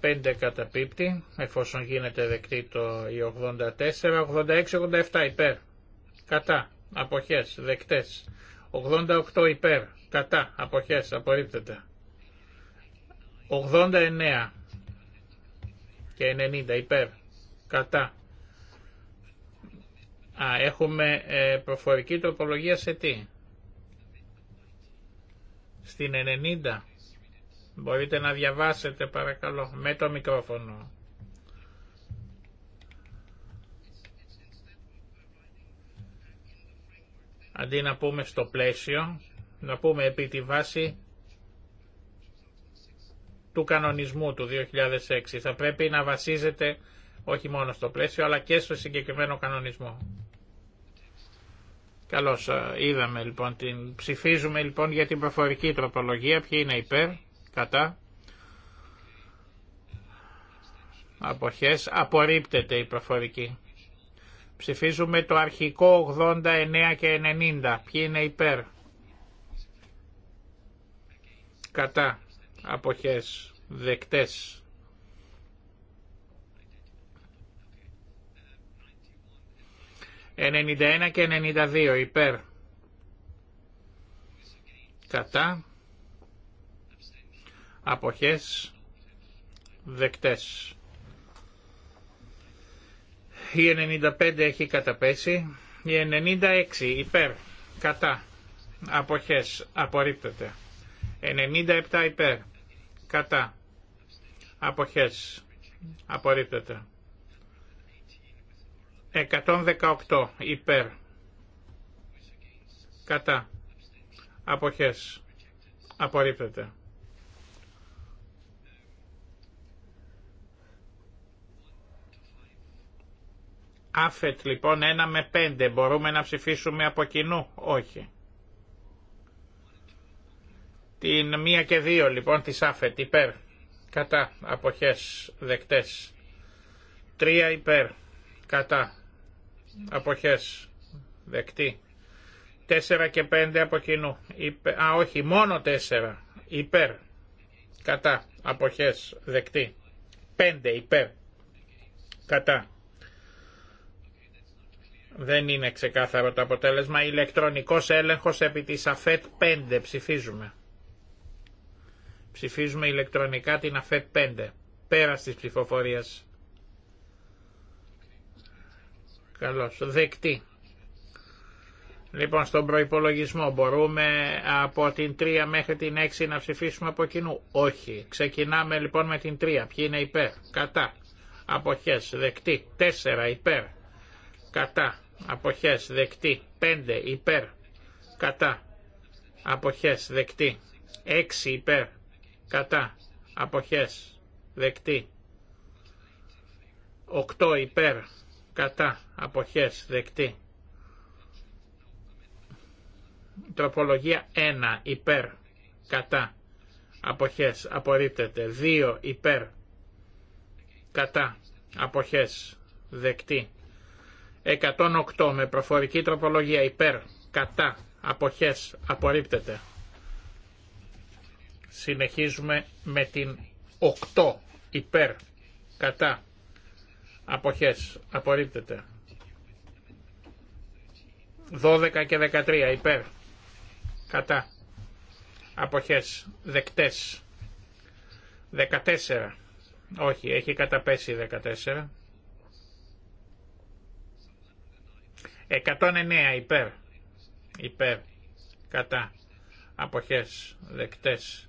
85 καταπίπτει εφόσον γίνεται δεκτή το 84 86-87 υπέρ κατά, αποχές, δεκτές. 88 υπέρ, κατά, αποχές, απορρίπτεται. 89 και 90 υπέρ, κατά. Α, έχουμε ε, προφορική τροπολογία σε τι. Στην 90. Μπορείτε να διαβάσετε παρακαλώ με το μικρόφωνο. Αντί να πούμε στο πλαίσιο, να πούμε επί τη βάση του κανονισμού του 2006. Θα πρέπει να βασίζεται όχι μόνο στο πλαίσιο αλλά και στο συγκεκριμένο κανονισμό. Καλώς ε, είδαμε λοιπόν την ψηφίζουμε λοιπόν για την προφορική τροπολογία. Ποιοι είναι υπέρ, κατά. Αποχές απορρίπτεται η προφορική. Ψηφίζουμε το αρχικό 89 και 90. Ποιοι είναι υπέρ. Κατά. Αποχές. Δεκτές. 91 και 92 υπέρ. Κατά. Αποχές. Δεκτές. Η 95 έχει καταπέσει. Η 96 υπέρ. Κατά. Αποχές. Απορρίπτεται. 97 υπέρ. Κατά. Αποχές. Απορρίπτεται. 118 υπέρ. Κατά. Αποχές. Απορρίπτεται. Άφετ λοιπόν 1 με 5 μπορούμε να ψηφίσουμε από κοινού. Όχι. Την 1 και 2 λοιπόν της Άφετ υπέρ. Κατά. Αποχές δεκτές. 3 υπέρ. Κατά. Αποχές δεκτή. 4 και 5 από κοινού. Α, όχι, μόνο 4. Υπέρ. Κατά. Αποχές. Δεκτή. 5 υπέρ. Κατά. Δεν είναι ξεκάθαρο το αποτέλεσμα. Ηλεκτρονικός έλεγχος επί της ΑΦΕΤ 5. Ψηφίζουμε. Ψηφίζουμε ηλεκτρονικά την ΑΦΕΤ 5. Πέρα της ψηφοφορίας. Καλώς. Δεκτή. Λοιπόν, στον προϋπολογισμό μπορούμε από την 3 μέχρι την 6 να ψηφίσουμε από κοινού. Όχι. Ξεκινάμε λοιπόν με την 3. Ποιοι είναι υπέρ. Κατά. Αποχές. Δεκτή. 4 υπέρ. Κατά αποχές δεκτή 5 υπέρ κατά αποχές δεκτή 6 υπέρ κατά αποχές δεκτή 8 υπέρ κατά αποχές δεκτή τροπολογία 1 υπέρ κατά αποχές απορρίπτεται 2 υπέρ κατά αποχές δεκτή 108 με προφορική τροπολογία υπέρ, κατά, αποχές, απορρίπτεται. Συνεχίζουμε με την 8 υπέρ, κατά, αποχές, απορρίπτεται. 12 και 13 υπέρ, κατά, αποχές, δεκτές. 14, όχι, έχει καταπέσει 14. 109 υπέρ. Υπέρ. Κατά. Αποχές. Δεκτές.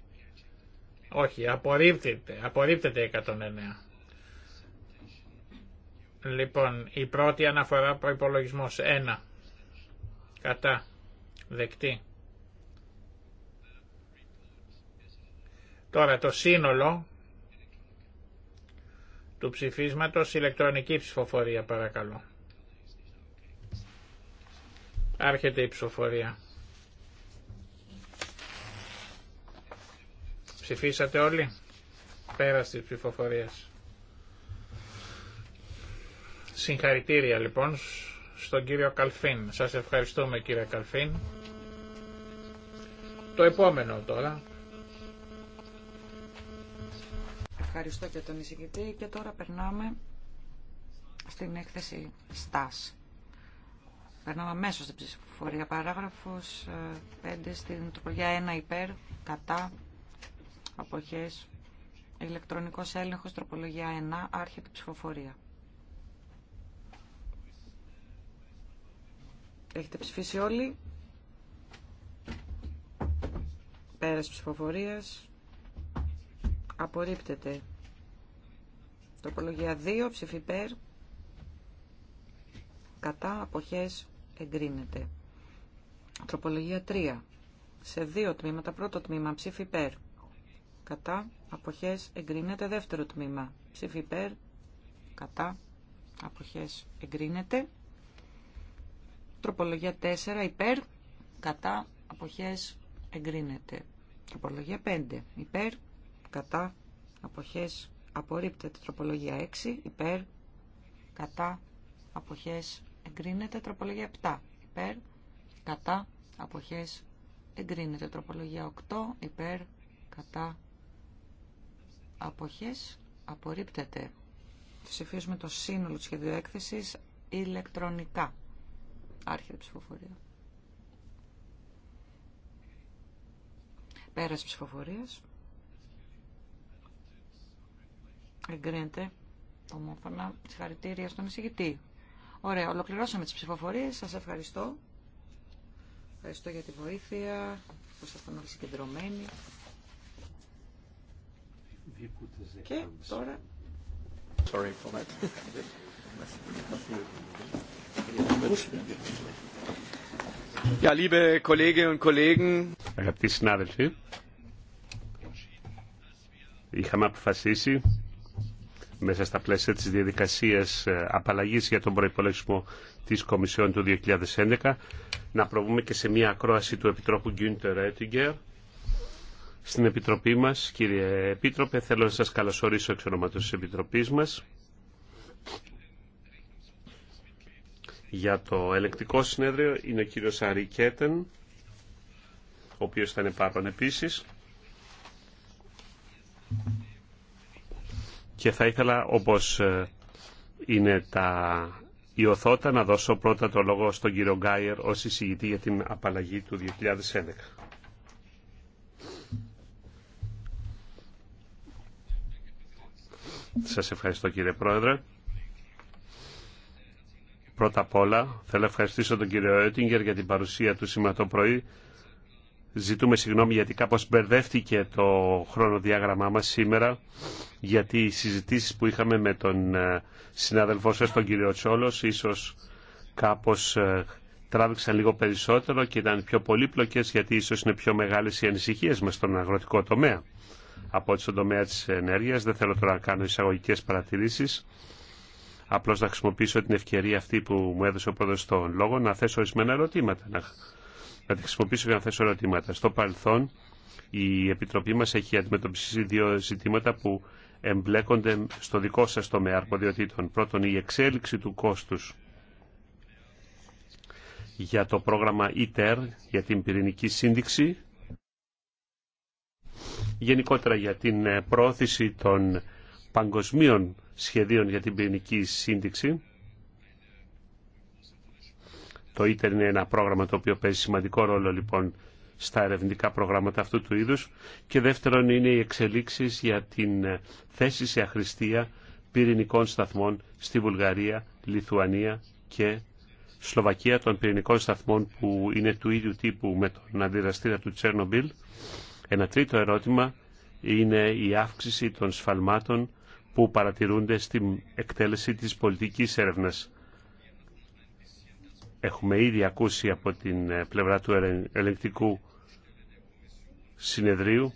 Όχι, απορρίπτεται. Απορρίπτεται 109. Λοιπόν, η πρώτη αναφορά προϋπολογισμός 1. Κατά. Δεκτή. Τώρα το σύνολο του ψηφίσματος ηλεκτρονική ψηφοφορία παρακαλώ. Άρχεται η ψηφοφορία. Ψηφίσατε όλοι. Πέρα τη ψηφοφορία. Συγχαρητήρια λοιπόν στον κύριο Καλφίν. Σας ευχαριστούμε κύριε Καλφίν. Το επόμενο τώρα. Ευχαριστώ και τον εισηγητή και τώρα περνάμε στην έκθεση ΣΤΑΣ. Περνάμε αμέσω στην ψηφοφορία. Παράγραφο 5 ε, στην τροπολογία 1 υπέρ, κατά, αποχέ. Ηλεκτρονικό έλεγχο, τροπολογία 1, άρχεται ψηφοφορία. Έχετε ψηφίσει όλοι. Πέρας ψηφοφορίας. Απορρίπτεται. Τροπολογία 2, ψηφι υπέρ. Κατά, αποχές, εγκρίνεται. Τροπολογία 3. Σε δύο τμήματα. Πρώτο τμήμα ψήφι υπέρ. Κατά αποχές εγκρίνεται. Δεύτερο τμήμα ψήφι υπέρ. Κατά αποχές εγκρίνεται. Τροπολογία 4 υπέρ. Κατά αποχές εγκρίνεται. Τροπολογία 5 υπέρ. Κατά αποχές απορρίπτεται. Τροπολογία 6 υπέρ. Κατά αποχές εγκρίνεται. Τροπολογία 7 υπέρ, κατά, αποχές, εγκρίνεται. Τροπολογία 8 υπέρ, κατά, αποχές, απορρίπτεται. Ψηφίζουμε το σύνολο του σχεδίου έκθεσης ηλεκτρονικά. Άρχεται ψηφοφορία. Πέρας ψηφοφορίας. Εγκρίνεται ομόφωνα συγχαρητήρια στον εισηγητή. Ωραία, ολοκληρώσαμε τις ψηφοφορίες. Σας ευχαριστώ. Ευχαριστώ για τη βοήθεια, που ήταν όλοι συγκεντρωμένοι. Και τώρα... Sorry for that. Ja, liebe Kolleginnen und Kollegen. Αγαπητοί συνάδελφοι, είχαμε αποφασίσει μέσα στα πλαίσια της διαδικασίας ε, απαλλαγής για τον προϋπολογισμό της Κομισιόν του 2011 να προβούμε και σε μια ακρόαση του Επιτρόπου Γκίντερ Έτιγκερ στην Επιτροπή μας. Κύριε Επίτροπε, θέλω να σας καλωσορίσω εξ ονόματος της Επιτροπής μας για το ελεκτικό συνέδριο είναι ο κύριος Αρικέτεν, ο οποίος θα είναι πάρον επίσης. και θα ήθελα όπως ε, είναι τα Ιωθώτα να δώσω πρώτα το λόγο στον κύριο Γκάιερ ως εισηγητή για την απαλλαγή του 2011. Σας ευχαριστώ κύριε Πρόεδρε. Πρώτα απ' όλα θέλω να ευχαριστήσω τον κύριο Έτιγκερ για την παρουσία του σήμερα το πρωί. Ζητούμε συγγνώμη γιατί κάπως μπερδεύτηκε το χρονοδιάγραμμά μας σήμερα γιατί οι συζητήσεις που είχαμε με τον ε, συνάδελφό σας, τον κύριο Τσόλος, ίσως κάπως ε, τράβηξαν λίγο περισσότερο και ήταν πιο πολύπλοκες γιατί ίσως είναι πιο μεγάλες οι ανησυχίες μας στον αγροτικό τομέα από ό,τι στον τομέα της ενέργειας. Δεν θέλω τώρα να κάνω εισαγωγικές παρατηρήσεις. Απλώς να χρησιμοποιήσω την ευκαιρία αυτή που μου έδωσε ο πρόεδρος στον λόγο να θέσω ορισμένα ερωτήματα. Να, να τη χρησιμοποιήσω για να θέσω ερωτήματα. Στο παρελθόν η Επιτροπή μας έχει αντιμετωπίσει δύο ζητήματα που εμπλέκονται στο δικό σας τομέα αρποδιοτήτων. Πρώτον, η εξέλιξη του κόστους για το πρόγραμμα ITER, e για την πυρηνική σύνδεξη, γενικότερα για την ε, πρόθεση των παγκοσμίων σχεδίων για την πυρηνική σύνδεξη. Το ITER e είναι ένα πρόγραμμα το οποίο παίζει σημαντικό ρόλο λοιπόν στα ερευνητικά προγράμματα αυτού του είδους και δεύτερον είναι οι εξελίξεις για την θέση σε αχρηστία πυρηνικών σταθμών στη Βουλγαρία, Λιθουανία και Σλοβακία των πυρηνικών σταθμών που είναι του ίδιου τύπου με τον αντιδραστήρα του Τσέρνομπιλ. Ένα τρίτο ερώτημα είναι η αύξηση των σφαλμάτων που παρατηρούνται στην εκτέλεση της πολιτικής έρευνας. Έχουμε ήδη ακούσει από την πλευρά του ελεγκτικού συνεδρίου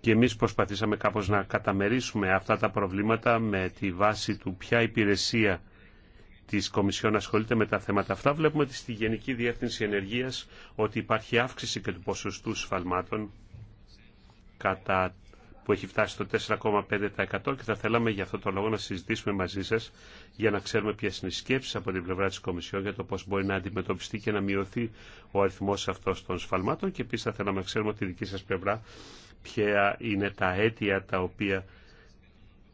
και εμείς προσπαθήσαμε κάπως να καταμερίσουμε αυτά τα προβλήματα με τη βάση του ποια υπηρεσία της Κομισιόν ασχολείται με τα θέματα αυτά. Βλέπουμε ότι στη Γενική Διεύθυνση Ενεργείας ότι υπάρχει αύξηση και του ποσοστού σφαλμάτων κατά που έχει φτάσει στο 4,5% και θα θέλαμε για αυτό το λόγο να συζητήσουμε μαζί σα για να ξέρουμε ποιε είναι οι σκέψει από την πλευρά τη Κομισιόν για το πώ μπορεί να αντιμετωπιστεί και να μειωθεί ο αριθμό αυτό των σφαλμάτων και επίση θα θέλαμε να ξέρουμε από τη δική σα πλευρά ποια είναι τα αίτια τα οποία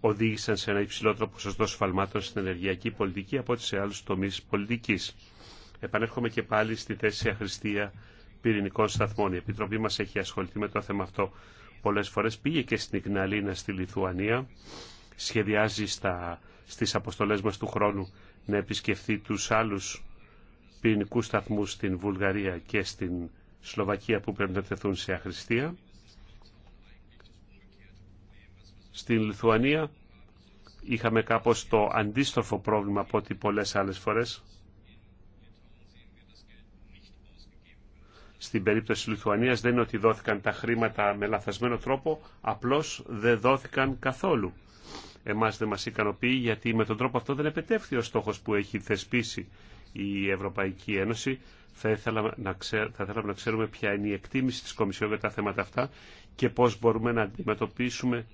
οδήγησαν σε ένα υψηλότερο ποσοστό σφαλμάτων στην ενεργειακή πολιτική από ό,τι σε άλλου τομεί πολιτική. Επανέρχομαι και πάλι στη θέση αχρηστία πυρηνικών σταθμών. Η Επιτροπή μα έχει ασχοληθεί με το θέμα αυτό πολλές φορές πήγε και στην Ιγναλίνα στη Λιθουανία, σχεδιάζει στα, στις αποστολές μας του χρόνου να επισκεφθεί τους άλλους πυρηνικούς σταθμού στην Βουλγαρία και στην Σλοβακία που πρέπει να τεθούν σε αχρηστία. Στην Λιθουανία είχαμε κάπως το αντίστροφο πρόβλημα από ό,τι πολλές άλλες φορές. στην περίπτωση της Λιθουανίας δεν είναι ότι δόθηκαν τα χρήματα με λαθασμένο τρόπο, απλώς δεν δόθηκαν καθόλου. Εμάς δεν μας ικανοποιεί γιατί με τον τρόπο αυτό δεν επετεύχθη ο στόχος που έχει θεσπίσει η Ευρωπαϊκή Ένωση. Θα, ήθελα να ξέρουμε, θα να ξέρουμε ποια είναι η εκτίμηση της Κομισιόν για τα θέματα αυτά και πώς μπορούμε να αντιμετωπίσουμε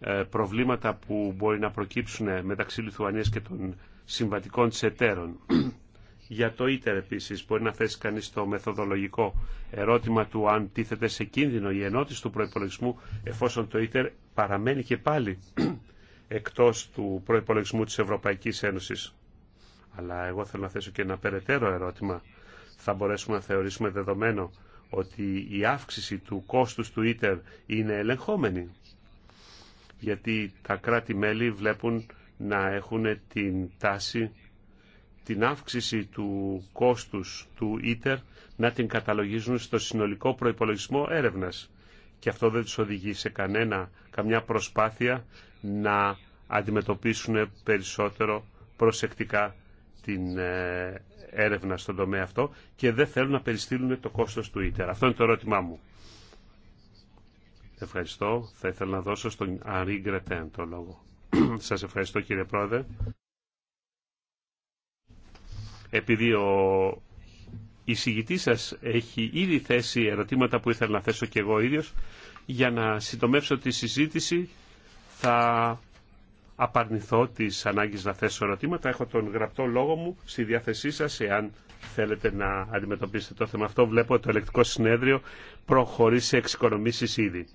ε, προβλήματα που μπορεί να προκύψουν μεταξύ Λιθουανίας και των συμβατικών της εταίρων. Για το ίτερ επίσης μπορεί να θέσει κανεί το μεθοδολογικό ερώτημα του αν τίθεται σε κίνδυνο η ενότηση του προπολογισμού εφόσον το ίτερ παραμένει και πάλι εκτός του προπολογισμού της Ευρωπαϊκής Ένωσης. Αλλά εγώ θέλω να θέσω και ένα περαιτέρω ερώτημα. Θα μπορέσουμε να θεωρήσουμε δεδομένο ότι η αύξηση του κόστους του ίτερ είναι ελεγχόμενη. Γιατί τα κράτη-μέλη βλέπουν να έχουν την τάση την αύξηση του κόστους του ΙΤΕΡ να την καταλογίζουν στο συνολικό προϋπολογισμό έρευνας. Και αυτό δεν τους οδηγεί σε κανένα, καμιά προσπάθεια να αντιμετωπίσουν περισσότερο προσεκτικά την ε, έρευνα στον τομέα αυτό και δεν θέλουν να περιστήλουν το κόστος του ΙΤΕΡ. Αυτό είναι το ερώτημά μου. Ευχαριστώ. Θα ήθελα να δώσω στον Αρή Γκρετέν το λόγο. Σας ευχαριστώ κύριε Πρόεδρε επειδή ο εισηγητή σα έχει ήδη θέσει ερωτήματα που ήθελα να θέσω και εγώ ίδιος, για να συντομεύσω τη συζήτηση θα απαρνηθώ της ανάγκης να θέσω ερωτήματα. Έχω τον γραπτό λόγο μου στη διάθεσή σας εάν θέλετε να αντιμετωπίσετε το θέμα αυτό. Βλέπω ότι το ελεκτικό συνέδριο προχωρεί σε εξοικονομήσεις ήδη.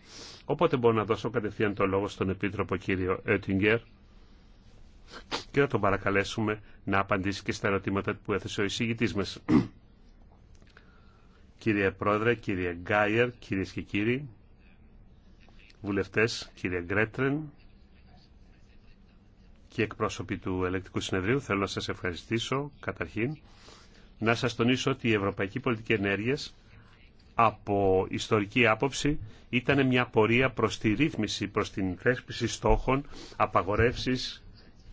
Οπότε μπορώ να δώσω κατευθείαν το λόγο στον Επίτροπο κύριο Έτιγκερ και να τον παρακαλέσουμε να απαντήσει και στα ερωτήματα που έθεσε ο εισηγητής μας. Κύριε Πρόεδρε, κύριε Γκάιερ, κυρίες και κύριοι, βουλευτές, κύριε Γκρέτρεν και εκπρόσωποι του Ελεκτικού Συνεδρίου, θέλω να σας ευχαριστήσω καταρχήν να σας τονίσω ότι η Ευρωπαϊκή Πολιτική Ενέργειας από ιστορική άποψη ήταν μια πορεία προς τη ρύθμιση, προς την θέσπιση στόχων, απαγορεύσεις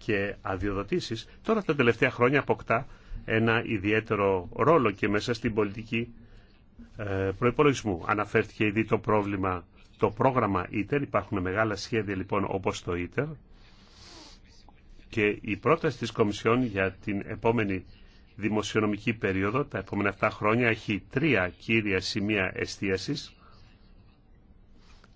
και αδειοδοτήσει. τώρα τα τελευταία χρόνια αποκτά ένα ιδιαίτερο ρόλο και μέσα στην πολιτική ε, προϋπολογισμού. Αναφέρθηκε ήδη το πρόβλημα, το πρόγραμμα Ίτερ, υπάρχουν μεγάλα σχέδια λοιπόν όπως το Ίτερ και η πρόταση τη Κομισιόν για την επόμενη δημοσιονομική περίοδο, τα επόμενα 7 χρόνια, έχει τρία κύρια σημεία εστίασης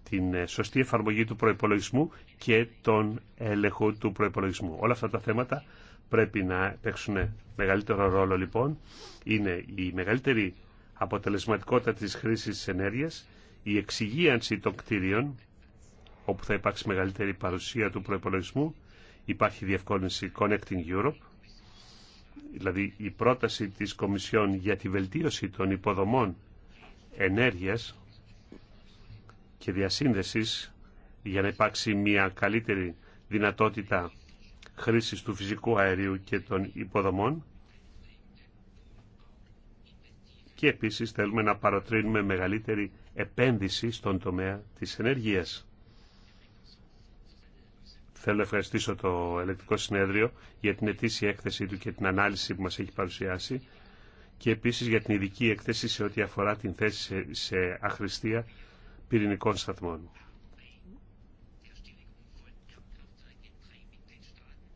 την ε, σωστή εφαρμογή του προϋπολογισμού και τον έλεγχο του προϋπολογισμού. Όλα αυτά τα θέματα πρέπει να παίξουν μεγαλύτερο ρόλο λοιπόν. Είναι η μεγαλύτερη αποτελεσματικότητα της χρήσης ενέργειας, η εξυγίανση των κτίριων, όπου θα υπάρξει μεγαλύτερη παρουσία του προϋπολογισμού, υπάρχει διευκόλυνση Connecting Europe, δηλαδή η πρόταση της Κομισιόν για τη βελτίωση των υποδομών ενέργειας και διασύνδεσης για να υπάρξει μια καλύτερη δυνατότητα χρήσης του φυσικού αερίου και των υποδομών και επίσης θέλουμε να παροτρύνουμε μεγαλύτερη επένδυση στον τομέα της ενέργειας. Θέλω να ευχαριστήσω το Ελεκτικό Συνέδριο για την ετήσια έκθεσή του και την ανάλυση που μας έχει παρουσιάσει και επίσης για την ειδική έκθεση σε ό,τι αφορά την θέση σε αχρηστία πυρηνικών σταθμών.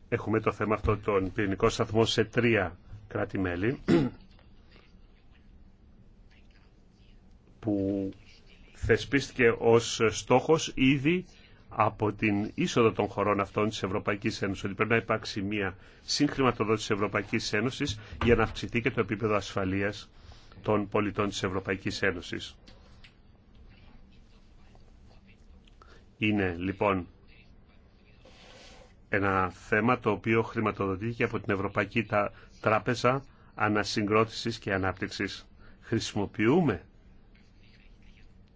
Έχουμε το θέμα αυτό των πυρηνικών σταθμών σε τρία κράτη-μέλη που θεσπίστηκε ως στόχος ήδη από την είσοδο των χωρών αυτών της Ευρωπαϊκής Ένωσης, ότι πρέπει να υπάρξει μια συγχρηματοδότηση της Ευρωπαϊκής Ένωσης για να αυξηθεί και το επίπεδο ασφαλείας των πολιτών της Ευρωπαϊκής Ένωσης. Είναι λοιπόν ένα θέμα το οποίο χρηματοδοτήθηκε από την Ευρωπαϊκή Τράπεζα Ανασυγκρότησης και Ανάπτυξης. Χρησιμοποιούμε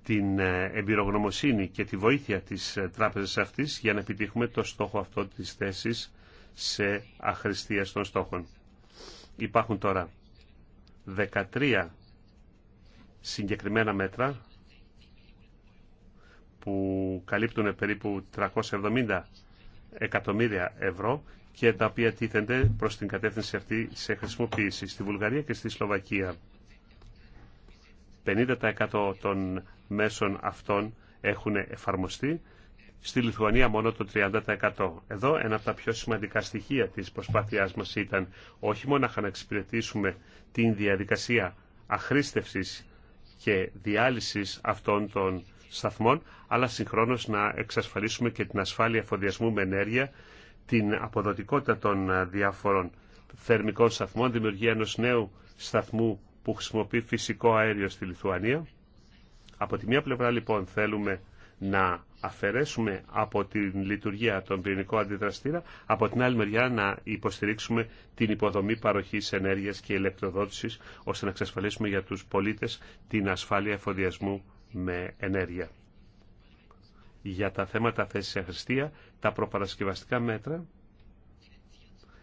την ε, εμπειρογνωμοσύνη και τη βοήθεια της ε, τράπεζας αυτής για να επιτύχουμε το στόχο αυτό της θέσης σε αχρηστία των στόχων. Υπάρχουν τώρα 13 συγκεκριμένα μέτρα που καλύπτουν περίπου 370 εκατομμύρια ευρώ και τα οποία τίθενται προς την κατεύθυνση αυτή σε χρησιμοποίηση στη Βουλγαρία και στη Σλοβακία. 50% των μέσων αυτών έχουν εφαρμοστεί, στη Λιθουανία μόνο το 30%. Εδώ ένα από τα πιο σημαντικά στοιχεία της προσπάθειάς μας ήταν όχι μόνο να εξυπηρετήσουμε την διαδικασία αχρήστευσης και διάλυσης αυτών των σταθμών, αλλά συγχρόνως να εξασφαλίσουμε και την ασφάλεια εφοδιασμού με ενέργεια, την αποδοτικότητα των ε, διάφορων θερμικών σταθμών, δημιουργία ενός νέου σταθμού που χρησιμοποιεί φυσικό αέριο στη Λιθουανία. Από τη μία πλευρά λοιπόν θέλουμε να αφαιρέσουμε από την λειτουργία τον πυρηνικό αντιδραστήρα, από την άλλη μεριά να υποστηρίξουμε την υποδομή παροχής ενέργειας και ηλεκτροδότησης, ώστε να εξασφαλίσουμε για τους πολίτες την ασφάλεια εφοδιασμού με ενέργεια. Για τα θέματα θέση σε αχρηστία, τα προπαρασκευαστικά μέτρα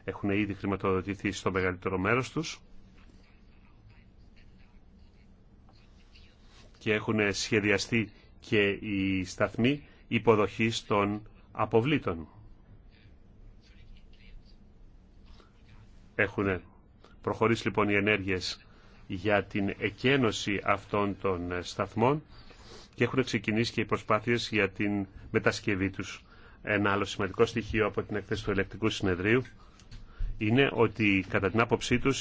έχουν ήδη χρηματοδοτηθεί στο μεγαλύτερο μέρος τους και έχουν σχεδιαστεί και οι σταθμοί υποδοχής των αποβλήτων. Έχουν προχωρήσει λοιπόν οι ενέργειες για την εκένωση αυτών των σταθμών και έχουν ξεκινήσει και οι προσπάθειε για την μετασκευή του. Ένα άλλο σημαντικό στοιχείο από την έκθεση του ελεκτικού συνεδρίου είναι ότι κατά την άποψή του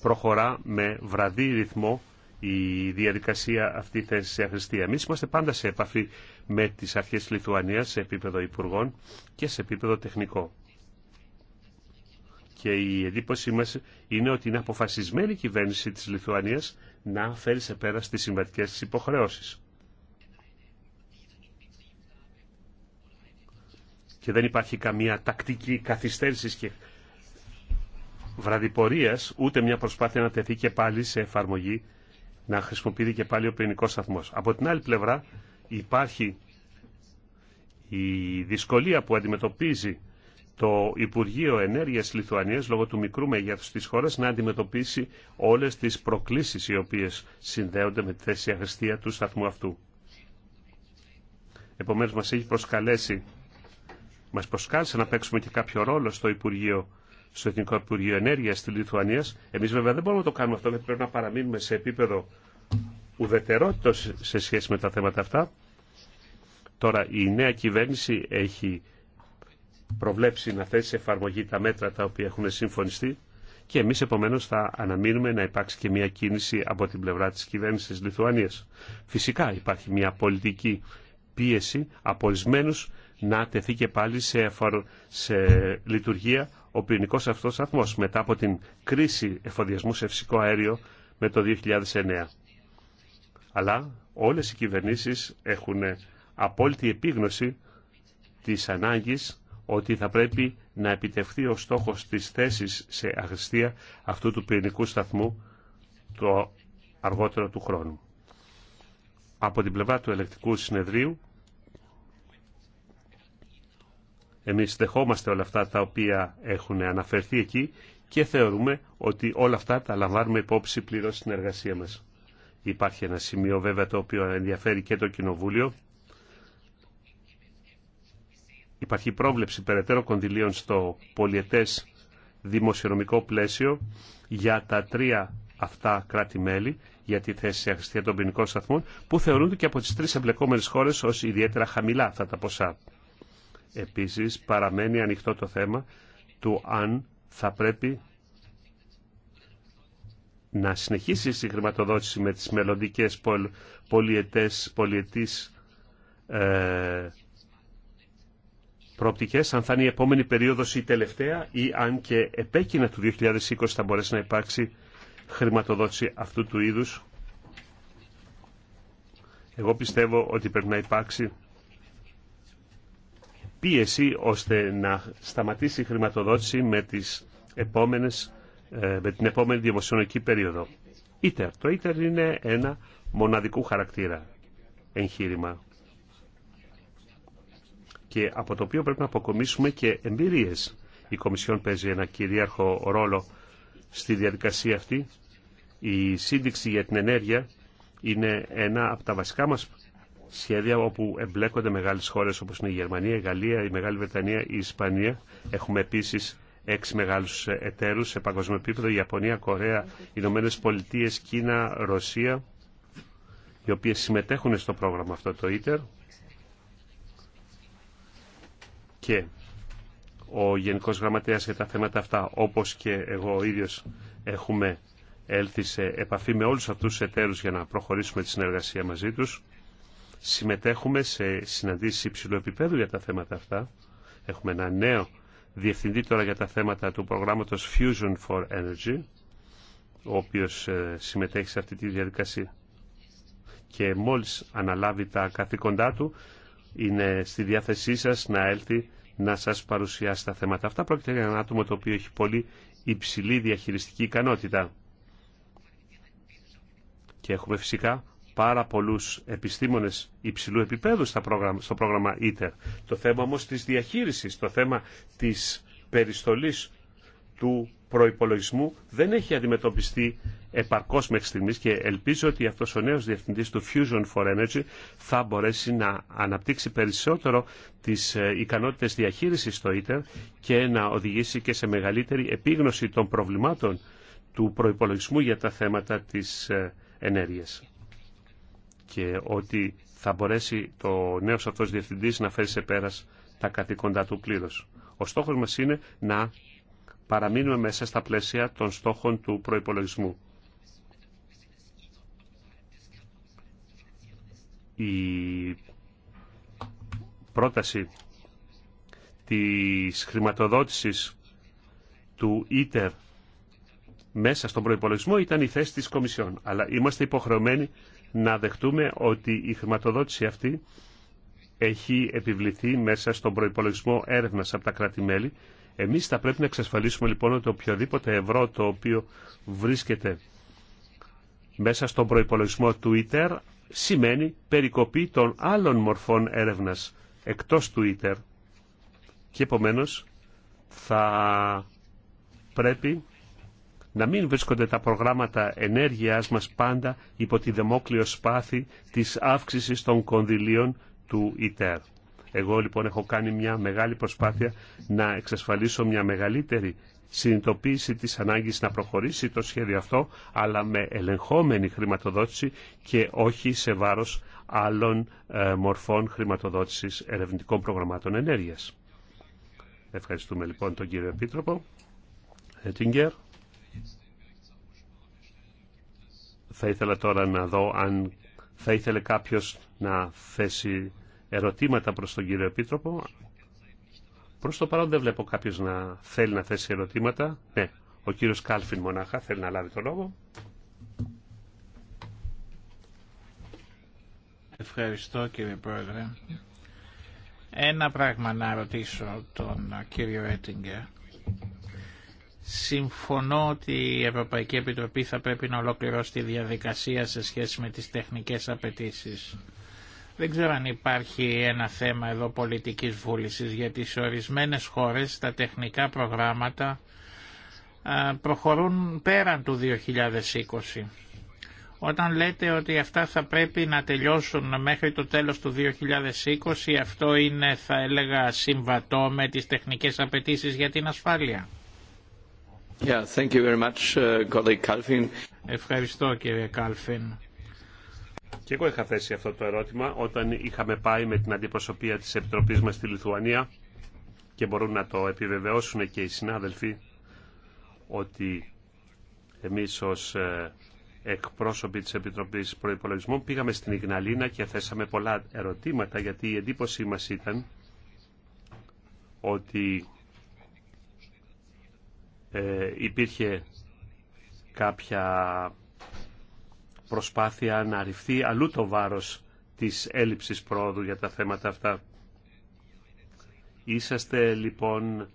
προχωρά με βραδύ ρυθμό η διαδικασία αυτή θέση σε αχρηστία. Εμεί είμαστε πάντα σε επαφή με τι αρχέ τη Λιθουανίας σε επίπεδο υπουργών και σε επίπεδο τεχνικό. Και η εντύπωσή μα είναι ότι είναι αποφασισμένη η κυβέρνηση τη Λιθούανία να φέρει σε πέρα στις συμβατικέ τη υποχρεώσεις. και δεν υπάρχει καμία τακτική καθυστέρησης και βραδιπορίας, ούτε μια προσπάθεια να τεθεί και πάλι σε εφαρμογή, να χρησιμοποιείται και πάλι ο πυρηνικός σταθμός. Από την άλλη πλευρά υπάρχει η δυσκολία που αντιμετωπίζει το Υπουργείο Ενέργειας Λιθουανίας λόγω του μικρού μεγέθους της χώρας να αντιμετωπίσει όλες τις προκλήσεις οι οποίες συνδέονται με τη θέση αγριστία του σταθμού αυτού. Επομένως μας έχει προσκαλέσει Μα προσκάλεσε να παίξουμε και κάποιο ρόλο στο Υπουργείο στο Εθνικό Υπουργείο Ενέργεια τη Λιθουανία. Εμεί βέβαια δεν μπορούμε να το κάνουμε αυτό, γιατί πρέπει να παραμείνουμε σε επίπεδο ουδετερότητα σε σχέση με τα θέματα αυτά. Τώρα η νέα κυβέρνηση έχει προβλέψει να θέσει σε εφαρμογή τα μέτρα τα οποία έχουν συμφωνιστεί και εμείς επομένως θα αναμείνουμε να υπάρξει και μια κίνηση από την πλευρά της κυβέρνησης της Λιθουανίας. Φυσικά υπάρχει μια πολιτική πίεση από ορισμένου να τεθεί και πάλι σε, σε λειτουργία ο πυρηνικός αυτός σταθμός μετά από την κρίση εφοδιασμού σε φυσικό αέριο με το 2009. Αλλά όλες οι κυβερνήσεις έχουν απόλυτη επίγνωση της ανάγκης ότι θα πρέπει να επιτευχθεί ο στόχος της θέσης σε αγριστία αυτού του πυρηνικού σταθμού το αργότερο του χρόνου. Από την πλευρά του ελεκτικού συνεδρίου Εμείς δεχόμαστε όλα αυτά τα οποία έχουν αναφερθεί εκεί και θεωρούμε ότι όλα αυτά τα λαμβάνουμε υπόψη πλήρως στην εργασία μας. Υπάρχει ένα σημείο βέβαια το οποίο ενδιαφέρει και το Κοινοβούλιο. Υπάρχει πρόβλεψη περαιτέρω κονδυλίων στο πολιετές δημοσιονομικό πλαίσιο για τα τρία αυτά κράτη-μέλη για τη θέση αριστεία των ποινικών σταθμών που θεωρούνται και από τις τρεις εμπλεκόμενες χώρες ως ιδιαίτερα χαμηλά αυτά τα ποσά. Επίσης παραμένει ανοιχτό το θέμα του αν θα πρέπει να συνεχίσει η χρηματοδότηση με τις μελλοντικέ πολιετές, πολιετής ε, προοπτικές, αν θα είναι η επόμενη περίοδος η τελευταία ή αν και επέκεινα του 2020 θα μπορέσει να υπάρξει χρηματοδότηση αυτού του είδους. Εγώ πιστεύω ότι πρέπει να υπάρξει πίεση ώστε να σταματήσει η χρηματοδότηση με, τις επόμενες, ε, με την επόμενη δημοσιονομική περίοδο. ΉΤερ. Το Ίτερ είναι ένα μοναδικού χαρακτήρα εγχείρημα και από το οποίο πρέπει να αποκομίσουμε και εμπειρίες. Η Κομισιόν παίζει ένα κυρίαρχο ρόλο στη διαδικασία αυτή. Η σύνδεξη για την ενέργεια είναι ένα από τα βασικά μας σχέδια όπου εμπλέκονται μεγάλες χώρες όπως είναι η Γερμανία, η Γαλλία, η Μεγάλη Βρετανία, η Ισπανία. Έχουμε επίσης έξι μεγάλους εταίρους σε παγκόσμιο επίπεδο, η Ιαπωνία, Κορέα, οι Ηνωμένε Πολιτείε, Κίνα, Ρωσία, οι οποίες συμμετέχουν στο πρόγραμμα αυτό το ITER. Και ο Γενικός Γραμματέας για τα θέματα αυτά, όπως και εγώ ο ίδιος έχουμε έλθει σε επαφή με όλους αυτούς τους εταίρους για να προχωρήσουμε τη συνεργασία μαζί του συμμετέχουμε σε συναντήσεις υψηλού επίπεδου για τα θέματα αυτά. Έχουμε ένα νέο διευθυντή τώρα για τα θέματα του προγράμματος Fusion for Energy, ο οποίος ε, συμμετέχει σε αυτή τη διαδικασία. Και μόλις αναλάβει τα καθήκοντά του, είναι στη διάθεσή σας να έλθει να σας παρουσιάσει τα θέματα αυτά. Πρόκειται για ένα άτομο το οποίο έχει πολύ υψηλή διαχειριστική ικανότητα. Και έχουμε φυσικά πάρα πολλούς επιστήμονες υψηλού επίπεδου στο πρόγραμμα ITER. Το θέμα όμως της διαχείρισης, το θέμα της περιστολής του προϋπολογισμού δεν έχει αντιμετωπιστεί επαρκώς μέχρι στιγμής και ελπίζω ότι αυτός ο νέος διευθυντής του Fusion for Energy θα μπορέσει να αναπτύξει περισσότερο τις ε, ικανότητες διαχείρισης στο ITER και να οδηγήσει και σε μεγαλύτερη επίγνωση των προβλημάτων του προϋπολογισμού για τα θέματα της ε, ενέργειας και ότι θα μπορέσει το νέος αυτός διευθυντής να φέρει σε πέρας τα καθήκοντά του πλήρως. Ο στόχος μας είναι να παραμείνουμε μέσα στα πλαίσια των στόχων του προϋπολογισμού. Η πρόταση της χρηματοδότησης του ΙΤΕΡ μέσα στον προϋπολογισμό ήταν η θέση της Κομισιόν. Αλλά είμαστε υποχρεωμένοι να δεχτούμε ότι η χρηματοδότηση αυτή έχει επιβληθεί μέσα στον προϋπολογισμό έρευνας από τα κράτη-μέλη. Εμείς θα πρέπει να εξασφαλίσουμε λοιπόν ότι οποιοδήποτε ευρώ το οποίο βρίσκεται μέσα στον προϋπολογισμό του ιτερ σημαίνει περικοπή των άλλων μορφών έρευνας εκτός του ιτερ και επομένως θα πρέπει να μην βρίσκονται τα προγράμματα ενέργειάς μας πάντα υπό τη δεμόκλειο σπάθη της αύξησης των κονδυλίων του ΙΤΕΡ. Εγώ λοιπόν έχω κάνει μια μεγάλη προσπάθεια να εξασφαλίσω μια μεγαλύτερη συνειδητοποίηση της ανάγκης να προχωρήσει το σχέδιο αυτό, αλλά με ελεγχόμενη χρηματοδότηση και όχι σε βάρος άλλων ε, μορφών χρηματοδότησης ερευνητικών προγραμμάτων ενέργειας. Ευχαριστούμε λοιπόν τον κύριο Επίτροπο. Θα ήθελα τώρα να δω αν θα ήθελε κάποιος να θέσει ερωτήματα προς τον κύριο Επίτροπο. Προς το παρόν δεν βλέπω κάποιος να θέλει να θέσει ερωτήματα. Ναι, ο κύριος Κάλφιν μονάχα θέλει να λάβει το λόγο. Ευχαριστώ κύριε Πρόεδρε. Ένα πράγμα να ρωτήσω τον κύριο Έτιγκερ. Συμφωνώ ότι η Ευρωπαϊκή Επιτροπή θα πρέπει να ολοκληρώσει τη διαδικασία σε σχέση με τις τεχνικές απαιτήσεις. Δεν ξέρω αν υπάρχει ένα θέμα εδώ πολιτικής βούλησης, γιατί σε ορισμένες χώρες τα τεχνικά προγράμματα προχωρούν πέραν του 2020. Όταν λέτε ότι αυτά θα πρέπει να τελειώσουν μέχρι το τέλος του 2020, αυτό είναι θα έλεγα συμβατό με τις τεχνικές απαιτήσεις για την ασφάλεια. Uh, Ευχαριστώ κύριε Κάλφιν. Και εγώ είχα θέσει αυτό το ερώτημα όταν είχαμε πάει με την αντιπροσωπεία της Επιτροπής μας στη Λιθουανία και μπορούν να το επιβεβαιώσουν και οι συνάδελφοι ότι εμείς ως ε, εκπρόσωποι της Επιτροπής Προϋπολογισμών πήγαμε στην Ιγναλίνα και θέσαμε πολλά ερωτήματα γιατί η εντύπωσή μας ήταν ότι ε, υπήρχε κάποια προσπάθεια να ρυφθεί αλλού το βάρος της έλλειψης πρόοδου για τα θέματα αυτά. Είσαστε λοιπόν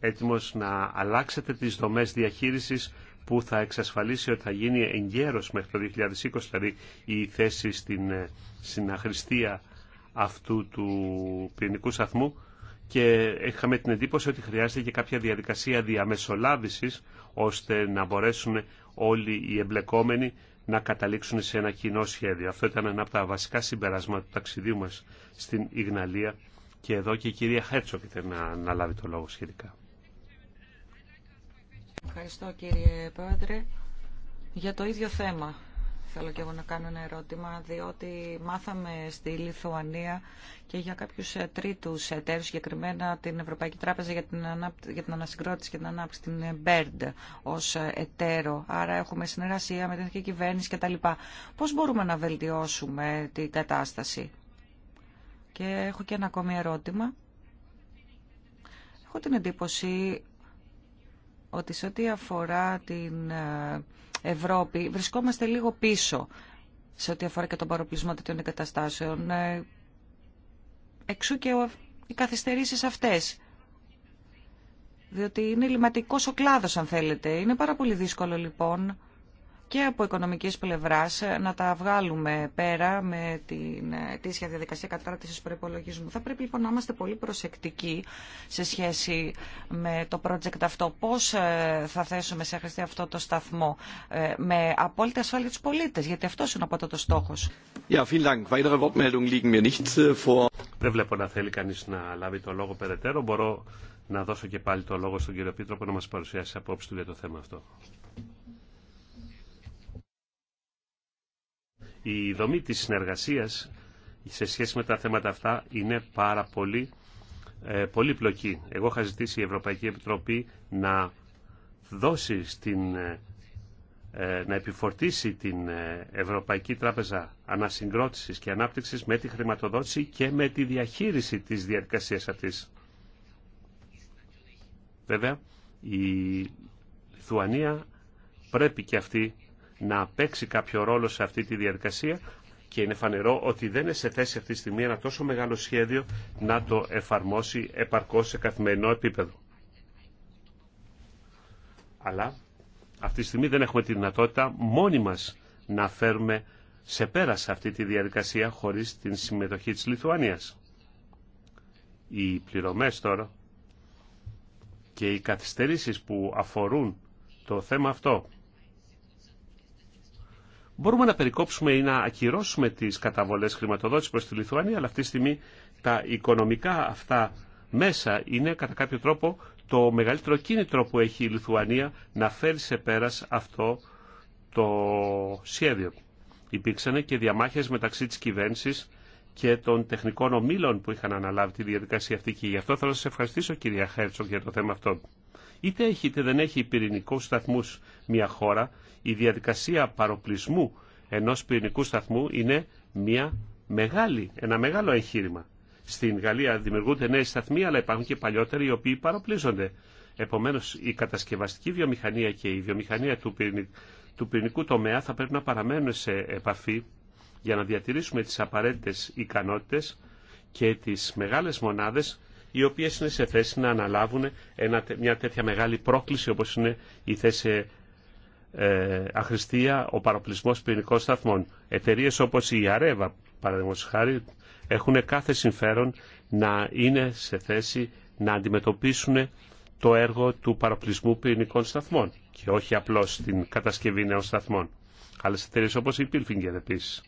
έτοιμος να αλλάξετε τις δομές διαχείρισης που θα εξασφαλίσει ότι θα γίνει εγκαίρος μέχρι το 2020, δηλαδή η θέση στην ε, συναχρηστία αυτού του πυρηνικού σταθμού και είχαμε την εντύπωση ότι χρειάζεται και κάποια διαδικασία διαμεσολάβησης ώστε να μπορέσουν όλοι οι εμπλεκόμενοι να καταλήξουν σε ένα κοινό σχέδιο. Αυτό ήταν ένα από τα βασικά συμπεράσματα του ταξιδίου μας στην Ιγναλία και εδώ και η κυρία Χέρτσοκ να, να λάβει το λόγο σχετικά. Ευχαριστώ κύριε Πρόεδρε. Για το ίδιο θέμα Θέλω και εγώ να κάνω ένα ερώτημα, διότι μάθαμε στη Λιθουανία και για κάποιου ε, τρίτου εταίρου, συγκεκριμένα την Ευρωπαϊκή Τράπεζα για την, για την Ανασυγκρότηση και την Ανάπτυξη, την BERD, ως ε, εταίρο. Άρα έχουμε συνεργασία με την Εθνική Κυβέρνηση κτλ. Πώς μπορούμε να βελτιώσουμε την κατάσταση. Και έχω και ένα ακόμη ερώτημα. Έχω την εντύπωση ότι σε ό,τι αφορά την ε, Ευρώπη βρισκόμαστε λίγο πίσω σε ό,τι αφορά και τον παροπλισμό τέτοιων εγκαταστάσεων. Ε, εξού και οι καθυστερήσεις αυτές. Διότι είναι λιματικός ο κλάδος, αν θέλετε. Είναι πάρα πολύ δύσκολο, λοιπόν, και από οικονομικής πλευράς ε, να τα βγάλουμε πέρα με την ε, αιτήσια διαδικασία κατάρτισης προπολογισμού. Θα πρέπει λοιπόν να είμαστε πολύ προσεκτικοί σε σχέση με το project αυτό. Πώς ε, θα θέσουμε σε χρηστή αυτό το σταθμό με απόλυτη ασφάλεια τους πολίτες, γιατί αυτό είναι από το στόχος. Ja, äh, Δεν βλέπω να θέλει κανείς να λάβει το λόγο περαιτέρω. Μπορώ να δώσω και πάλι το λόγο στον κύριο Πίτροπο να μας παρουσιάσει απόψη του για το θέμα αυτό. η δομή της συνεργασίας σε σχέση με τα θέματα αυτά είναι πάρα πολύ ε, πλοκή. πολύπλοκη. Εγώ είχα ζητήσει η Ευρωπαϊκή Επιτροπή να δώσει στην, ε, ε, να επιφορτήσει την Ευρωπαϊκή Τράπεζα Ανασυγκρότησης και Ανάπτυξης με τη χρηματοδότηση και με τη διαχείριση της διαδικασίας αυτής. Βέβαια, η Λιθουανία πρέπει και αυτή να παίξει κάποιο ρόλο σε αυτή τη διαδικασία και είναι φανερό ότι δεν είναι σε θέση αυτή τη στιγμή ένα τόσο μεγάλο σχέδιο να το εφαρμόσει επαρκώς σε καθημερινό επίπεδο. Αλλά αυτή τη στιγμή δεν έχουμε τη δυνατότητα μόνοι μας να φέρουμε σε πέρα σε αυτή τη διαδικασία χωρίς την συμμετοχή της Λιθουανίας. Οι πληρωμές τώρα και οι καθυστερήσεις που αφορούν το θέμα αυτό Μπορούμε να περικόψουμε ή να ακυρώσουμε τις καταβολές χρηματοδότηση προς τη Λιθουανία, αλλά αυτή τη στιγμή τα οικονομικά αυτά μέσα είναι κατά κάποιο τρόπο το μεγαλύτερο κίνητρο που έχει η Λιθουανία να φέρει σε πέρας αυτό το σχέδιο. Υπήρξαν και διαμάχες μεταξύ της κυβέρνησης και των τεχνικών ομίλων που είχαν αναλάβει τη διαδικασία αυτή και γι' αυτό θέλω να σας ευχαριστήσω κυρία Χέρτσοκ για το θέμα αυτό. Είτε έχει είτε δεν έχει πυρηνικού σταθμού μια χώρα, η διαδικασία παροπλισμού ενός πυρηνικού σταθμού είναι μια μεγάλη, ένα μεγάλο εγχείρημα. Στην Γαλλία δημιουργούνται νέοι σταθμοί, αλλά υπάρχουν και παλιότεροι οι οποίοι παροπλίζονται. Επομένως, η κατασκευαστική βιομηχανία και η βιομηχανία του, πυρηνικ... του πυρηνικού τομέα θα πρέπει να παραμένουν σε επαφή για να διατηρήσουμε τις απαραίτητες ικανότητες και τις μεγάλες μονάδες οι οποίες είναι σε θέση να αναλάβουν μια τέτοια μεγάλη πρόκληση όπως είναι η θέση ε, αχρηστία ο παροπλισμός πυρηνικών σταθμών. Εταιρείες όπως η Αρέβα, παραδείγματος χάρη, έχουν κάθε συμφέρον να είναι σε θέση να αντιμετωπίσουν το έργο του παροπλισμού πυρηνικών σταθμών και όχι απλώς την κατασκευή νέων σταθμών. Αλλά σε εταιρείες όπως η Πίλφιγκερ, επίσης.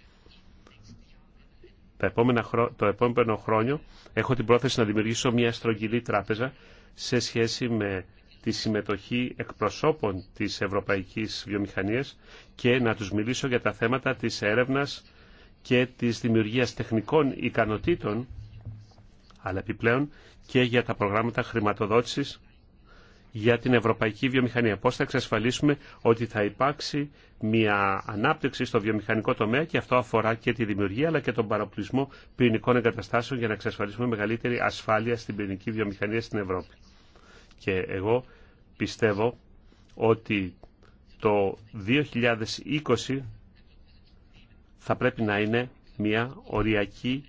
Το επόμενο χρόνο έχω την πρόθεση να δημιουργήσω μια στρογγυλή τράπεζα σε σχέση με τη συμμετοχή εκπροσώπων της ευρωπαϊκής βιομηχανίας και να τους μιλήσω για τα θέματα της έρευνας και της δημιουργίας τεχνικών ικανοτήτων, αλλά επιπλέον και για τα προγράμματα χρηματοδότησης για την ευρωπαϊκή βιομηχανία. Πώς θα εξασφαλίσουμε ότι θα υπάρξει μια ανάπτυξη στο βιομηχανικό τομέα και αυτό αφορά και τη δημιουργία αλλά και τον παραπλησμό πυρηνικών εγκαταστάσεων για να εξασφαλίσουμε μεγαλύτερη ασφάλεια στην πυρηνική βιομηχανία στην Ευρώπη και εγώ πιστεύω ότι το 2020 θα πρέπει να είναι μια οριακή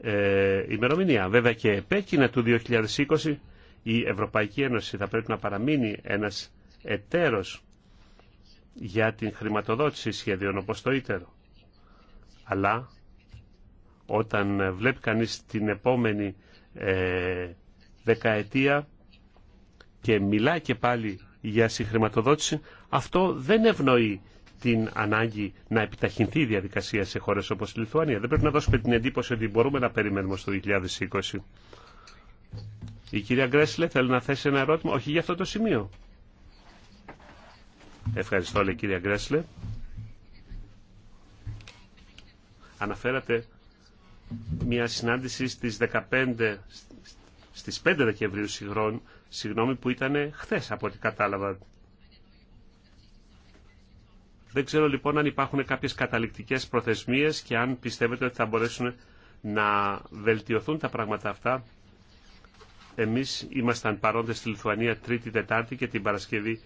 ε, ημερομηνία. Βέβαια και επέκεινα του 2020 η Ευρωπαϊκή Ένωση θα πρέπει να παραμείνει ένας εταίρος για την χρηματοδότηση σχεδίων όπως το ίτερο. Αλλά όταν βλέπει κανείς την επόμενη ε, δεκαετία και μιλάει και πάλι για συγχρηματοδότηση, αυτό δεν ευνοεί την ανάγκη να επιταχυνθεί η διαδικασία σε χώρε όπω η Λιθουανία. Δεν πρέπει να δώσουμε την εντύπωση ότι μπορούμε να περιμένουμε στο 2020. Η κυρία Γκρέσλε θέλει να θέσει ένα ερώτημα, όχι για αυτό το σημείο. Ευχαριστώ, λέει κυρία Γκρέσλε. Αναφέρατε μια συνάντηση στις 15, στις 5 Δεκεμβρίου συγχρόνου συγγνώμη, που ήταν χθες από ό,τι κατάλαβα. Δεν ξέρω λοιπόν αν υπάρχουν κάποιες καταληκτικές προθεσμίες και αν πιστεύετε ότι θα μπορέσουν να βελτιωθούν τα πράγματα αυτά. Εμείς ήμασταν παρόντες στη Λιθουανία Τρίτη, Τετάρτη και την Παρασκευή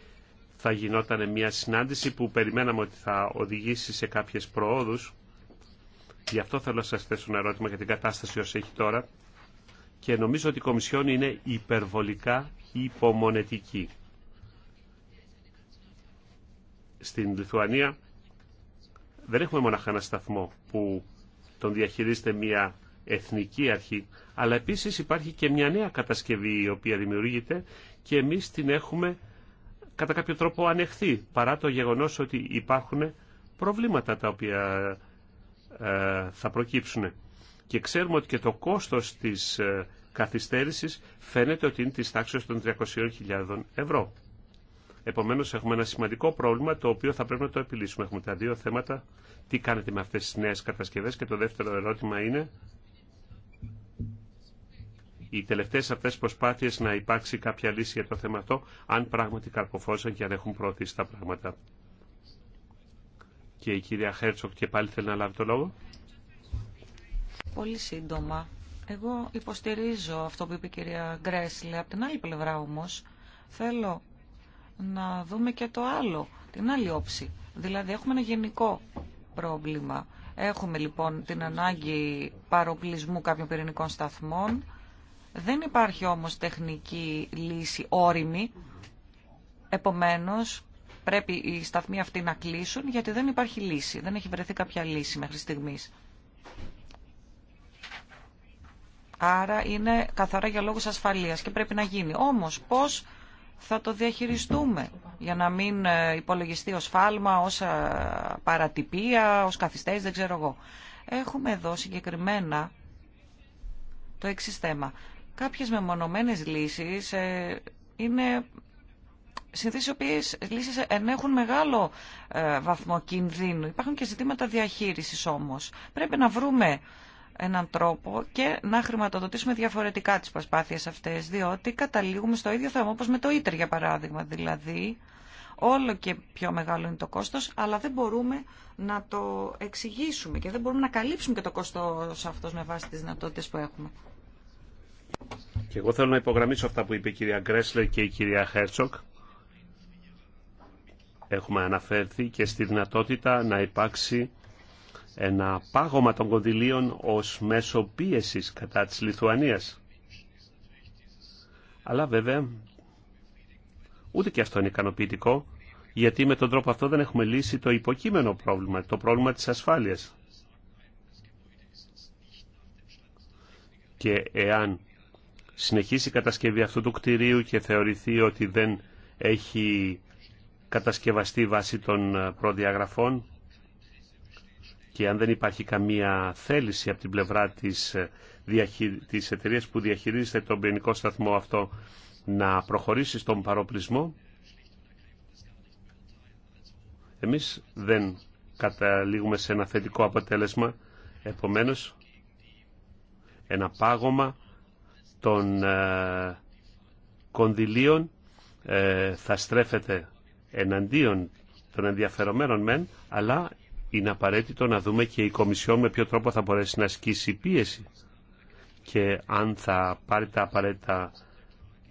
θα γινόταν μια συνάντηση που περιμέναμε ότι θα οδηγήσει σε κάποιες προόδους. Γι' αυτό θέλω να σας θέσω ένα ερώτημα για την κατάσταση όσο έχει τώρα και νομίζω ότι η Κομισιόν είναι υπερβολικά υπομονετική. Στην Λιθουανία δεν έχουμε μόνο ένα σταθμό που τον διαχειρίζεται μια εθνική αρχή, αλλά επίσης υπάρχει και μια νέα κατασκευή η οποία δημιουργείται και εμείς την έχουμε κατά κάποιο τρόπο ανεχθεί, παρά το γεγονός ότι υπάρχουν προβλήματα τα οποία ε, θα προκύψουν και ξέρουμε ότι και το κόστος της ε, καθυστέρησης φαίνεται ότι είναι της τάξης των 300.000 ευρώ. Επομένως έχουμε ένα σημαντικό πρόβλημα το οποίο θα πρέπει να το επιλύσουμε. Έχουμε τα δύο θέματα. Τι κάνετε με αυτές τις νέες κατασκευές και το δεύτερο ερώτημα είναι οι τελευταίες αυτές προσπάθειες να υπάρξει κάποια λύση για το θέμα αυτό, αν πράγματι καρποφόρησαν και αν έχουν προωθήσει τα πράγματα. Και η κυρία Χέρτσοκ και πάλι θέλει να λάβει το λόγο. Πολύ σύντομα. Εγώ υποστηρίζω αυτό που είπε η κυρία Γκρέσλε. Από την άλλη πλευρά όμως θέλω να δούμε και το άλλο, την άλλη όψη. Δηλαδή έχουμε ένα γενικό πρόβλημα. Έχουμε λοιπόν την ανάγκη παροπλισμού κάποιων πυρηνικών σταθμών. Δεν υπάρχει όμως τεχνική λύση όριμη. Επομένως πρέπει οι σταθμοί αυτοί να κλείσουν γιατί δεν υπάρχει λύση. Δεν έχει βρεθεί κάποια λύση μέχρι στιγμής. Άρα είναι καθαρά για λόγους ασφαλείας και πρέπει να γίνει. Όμως πώς θα το διαχειριστούμε για να μην ε, υπολογιστεί ως φάλμα, ως ε, παρατυπία, ως καθυστέρηση, δεν ξέρω εγώ. Έχουμε εδώ συγκεκριμένα το εξή θέμα. Κάποιες μεμονωμένες λύσεις ε, είναι συνθήσεις οι οποίες λύσεις ενέχουν μεγάλο βαθμό κινδύνου. Υπάρχουν και ζητήματα διαχείρισης όμως. Πρέπει να βρούμε έναν τρόπο και να χρηματοδοτήσουμε διαφορετικά τις προσπάθειες αυτές, διότι καταλήγουμε στο ίδιο θέμα όπως με το ίτερ για παράδειγμα, δηλαδή όλο και πιο μεγάλο είναι το κόστος, αλλά δεν μπορούμε να το εξηγήσουμε και δεν μπορούμε να καλύψουμε και το κόστος αυτός με βάση τις δυνατότητες που έχουμε. Και εγώ θέλω να υπογραμμίσω αυτά που είπε η κυρία Γκρέσλερ και η κυρία Χέρτσοκ. Έχουμε αναφέρθει και στη δυνατότητα να υπάρξει ένα πάγωμα των κονδυλίων ως μέσο πίεσης κατά της Λιθουανίας. Αλλά βέβαια ούτε και αυτό είναι ικανοποιητικό γιατί με τον τρόπο αυτό δεν έχουμε λύσει το υποκείμενο πρόβλημα, το πρόβλημα της ασφάλειας. Και εάν συνεχίσει η κατασκευή αυτού του κτηρίου και θεωρηθεί ότι δεν έχει κατασκευαστεί βάσει των ε, προδιαγραφών, και αν δεν υπάρχει καμία θέληση από την πλευρά της, ε, της εταιρείας που διαχειρίζεται τον πυρηνικό σταθμό αυτό να προχωρήσει στον παροπλισμό, εμείς δεν καταλήγουμε σε ένα θετικό αποτέλεσμα, επομένως ένα πάγωμα των ε, κονδυλίων ε, θα στρέφεται εναντίον των ενδιαφερομένων μεν, αλλά είναι απαραίτητο να δούμε και η Κομισιόν με ποιο τρόπο θα μπορέσει να ασκήσει πίεση και αν θα πάρει τα απαραίτητα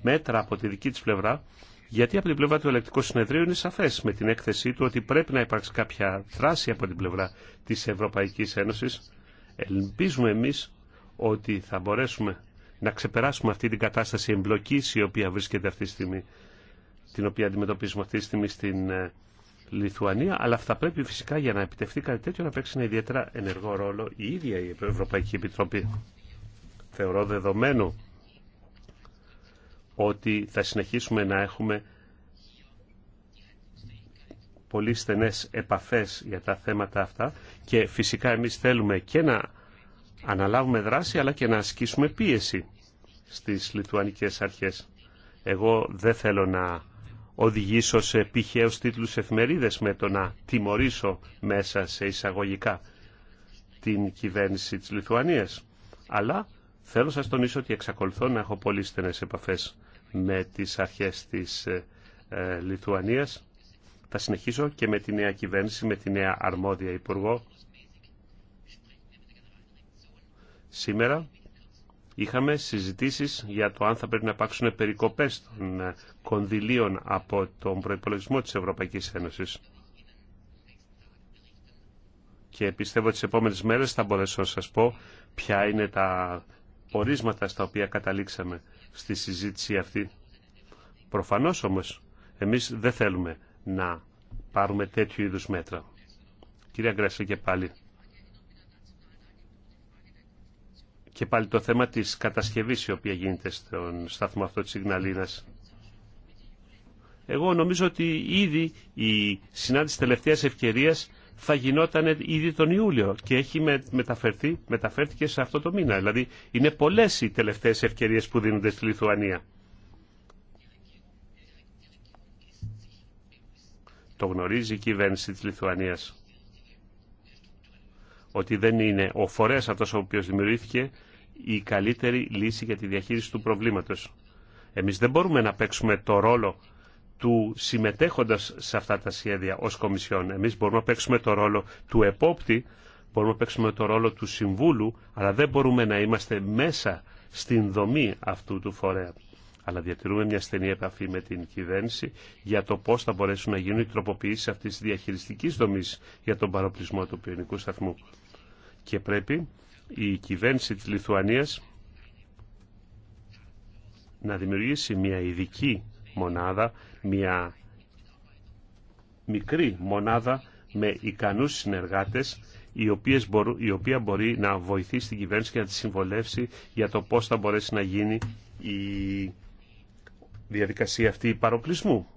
μέτρα από τη δική της πλευρά, γιατί από την πλευρά του Ελεκτικού Συνεδρίου είναι σαφές με την έκθεσή του ότι πρέπει να υπάρξει κάποια δράση από την πλευρά της Ευρωπαϊκής Ένωσης. Ελπίζουμε εμείς ότι θα μπορέσουμε να ξεπεράσουμε αυτή την κατάσταση εμπλοκής η οποία βρίσκεται αυτή τη στιγμή, την οποία αντιμετωπίζουμε αυτή τη στιγμή στην ε, Λιθουανία, αλλά θα πρέπει φυσικά για να επιτευχθεί κάτι τέτοιο να παίξει ένα ιδιαίτερα ενεργό ρόλο η ίδια η Ευρωπαϊκή Επιτροπή. Θεωρώ δεδομένο ότι θα συνεχίσουμε να έχουμε πολύ στενές επαφές για τα θέματα αυτά και φυσικά εμείς θέλουμε και να αναλάβουμε δράση αλλά και να ασκήσουμε πίεση στις λιτουανικές αρχές. Εγώ δεν θέλω να οδηγήσω σε πηχαίους τίτλους εφημερίδες με το να τιμωρήσω μέσα σε εισαγωγικά την κυβέρνηση της Λιθουανίας. Αλλά θέλω σας τονίσω ότι εξακολουθώ να έχω πολύ στενές επαφές με τις αρχές της ε, ε, Λιθουανίας. Θα συνεχίσω και με τη νέα κυβέρνηση, με τη νέα αρμόδια υπουργό. Σήμερα είχαμε συζητήσεις για το αν θα πρέπει να υπάρξουν περικοπές των ε, κονδυλίων από τον προϋπολογισμό της Ευρωπαϊκής Ένωσης. Και πιστεύω ότι τις επόμενες μέρες θα μπορέσω να σας πω ποια είναι τα ορίσματα στα οποία καταλήξαμε στη συζήτηση αυτή. Προφανώς όμως εμείς δεν θέλουμε να πάρουμε τέτοιου είδους μέτρα. Κυρία Γκρέσσα και πάλι. και πάλι το θέμα της κατασκευής η οποία γίνεται στον σταθμό αυτό της Ιγναλίνας. Εγώ νομίζω ότι ήδη η συνάντηση τελευταίας ευκαιρίας θα γινόταν ήδη τον Ιούλιο και έχει μεταφερθεί, μεταφέρθηκε σε αυτό το μήνα. Δηλαδή είναι πολλές οι τελευταίες ευκαιρίες που δίνονται στη Λιθουανία. Το γνωρίζει η κυβέρνηση της Λιθουανίας ότι δεν είναι ο φορέας αυτός ο οποίος δημιουργήθηκε η καλύτερη λύση για τη διαχείριση του προβλήματος. Εμείς δεν μπορούμε να παίξουμε το ρόλο του συμμετέχοντας σε αυτά τα σχέδια ως Κομισιόν. Εμείς μπορούμε να παίξουμε το ρόλο του επόπτη, μπορούμε να παίξουμε το ρόλο του Συμβούλου, αλλά δεν μπορούμε να είμαστε μέσα στην δομή αυτού του φορέα. Αλλά διατηρούμε μια στενή επαφή με την κυβέρνηση για το πώς θα μπορέσουν να γίνουν οι τροποποιήσει αυτή τη διαχειριστική δομή για τον παροπλισμό του πυρηνικού σταθμού. Και πρέπει η κυβέρνηση της Λιθουανίας να δημιουργήσει μια ειδική μονάδα, μια μικρή μονάδα με ικανούς συνεργάτες η, οποίες οποία μπορεί να βοηθήσει την κυβέρνηση και να τη συμβολεύσει για το πώς θα μπορέσει να γίνει η διαδικασία αυτή παροπλισμού.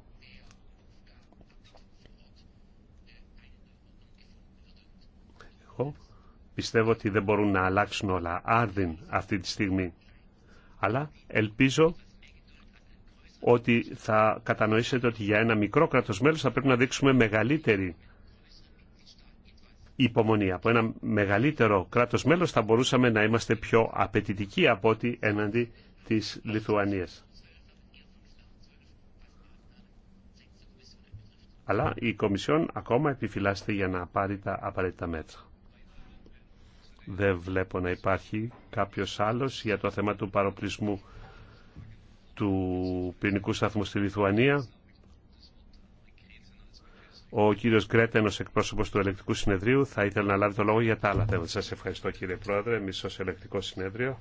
Πιστεύω ότι δεν μπορούν να αλλάξουν όλα άρδιν αυτή τη στιγμή. Αλλά ελπίζω ότι θα κατανοήσετε ότι για ένα μικρό κράτος μέλος θα πρέπει να δείξουμε μεγαλύτερη υπομονή. Από ένα μεγαλύτερο κράτος μέλος θα μπορούσαμε να είμαστε πιο απαιτητικοί από ό,τι έναντι της Λιθουανίας. Αλλά η Κομισιόν ακόμα επιφυλάσσεται για να πάρει τα απαραίτητα μέτρα. Δεν βλέπω να υπάρχει κάποιος άλλος για το θέμα του παροπλισμού του ποινικού σταθμού στη Λιθουανία. Ο κύριος Γκρέτενος, εκπρόσωπος του Ελεκτικού Συνεδρίου, θα ήθελε να λάβει το λόγο για τα άλλα θέματα. Σας ευχαριστώ κύριε Πρόεδρε, εμείς ως Ελεκτικό Συνέδριο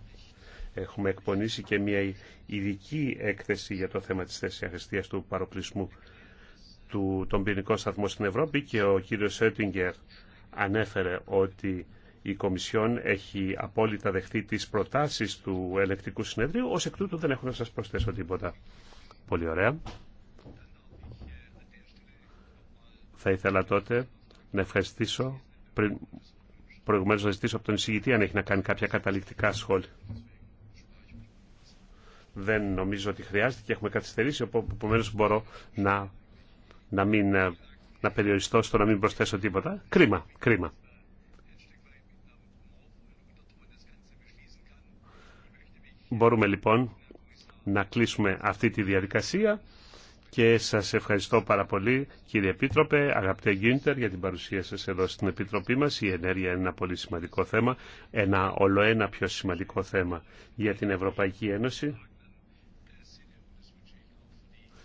έχουμε εκπονήσει και μια ειδική έκθεση για το θέμα της θέσης αχρηστίας του παροπλισμού του, των πυρηνικών σταθμών στην Ευρώπη και ο κύριος Σέτιγκερ ανέφερε ότι η Κομισιόν έχει απόλυτα δεχτεί τις προτάσεις του ελεκτικού συνεδρίου, ως εκ τούτου δεν έχω να σας προσθέσω τίποτα. Πολύ ωραία. Θα ήθελα τότε να ευχαριστήσω, πριν, προηγουμένως να ζητήσω από τον εισηγητή αν έχει να κάνει κάποια καταληκτικά σχόλια. Δεν νομίζω ότι χρειάζεται και έχουμε καθυστερήσει, οπότε μπορώ ε, να περιοριστώ στο να μην προσθέσω τίποτα. Κρίμα, κρίμα. Μπορούμε λοιπόν να κλείσουμε αυτή τη διαδικασία και σας ευχαριστώ πάρα πολύ κύριε Επίτροπε, αγαπητέ Γκίντερ για την παρουσία σας εδώ στην Επιτροπή μας. Η ενέργεια είναι ένα πολύ σημαντικό θέμα, ένα ολοένα πιο σημαντικό θέμα για την Ευρωπαϊκή Ένωση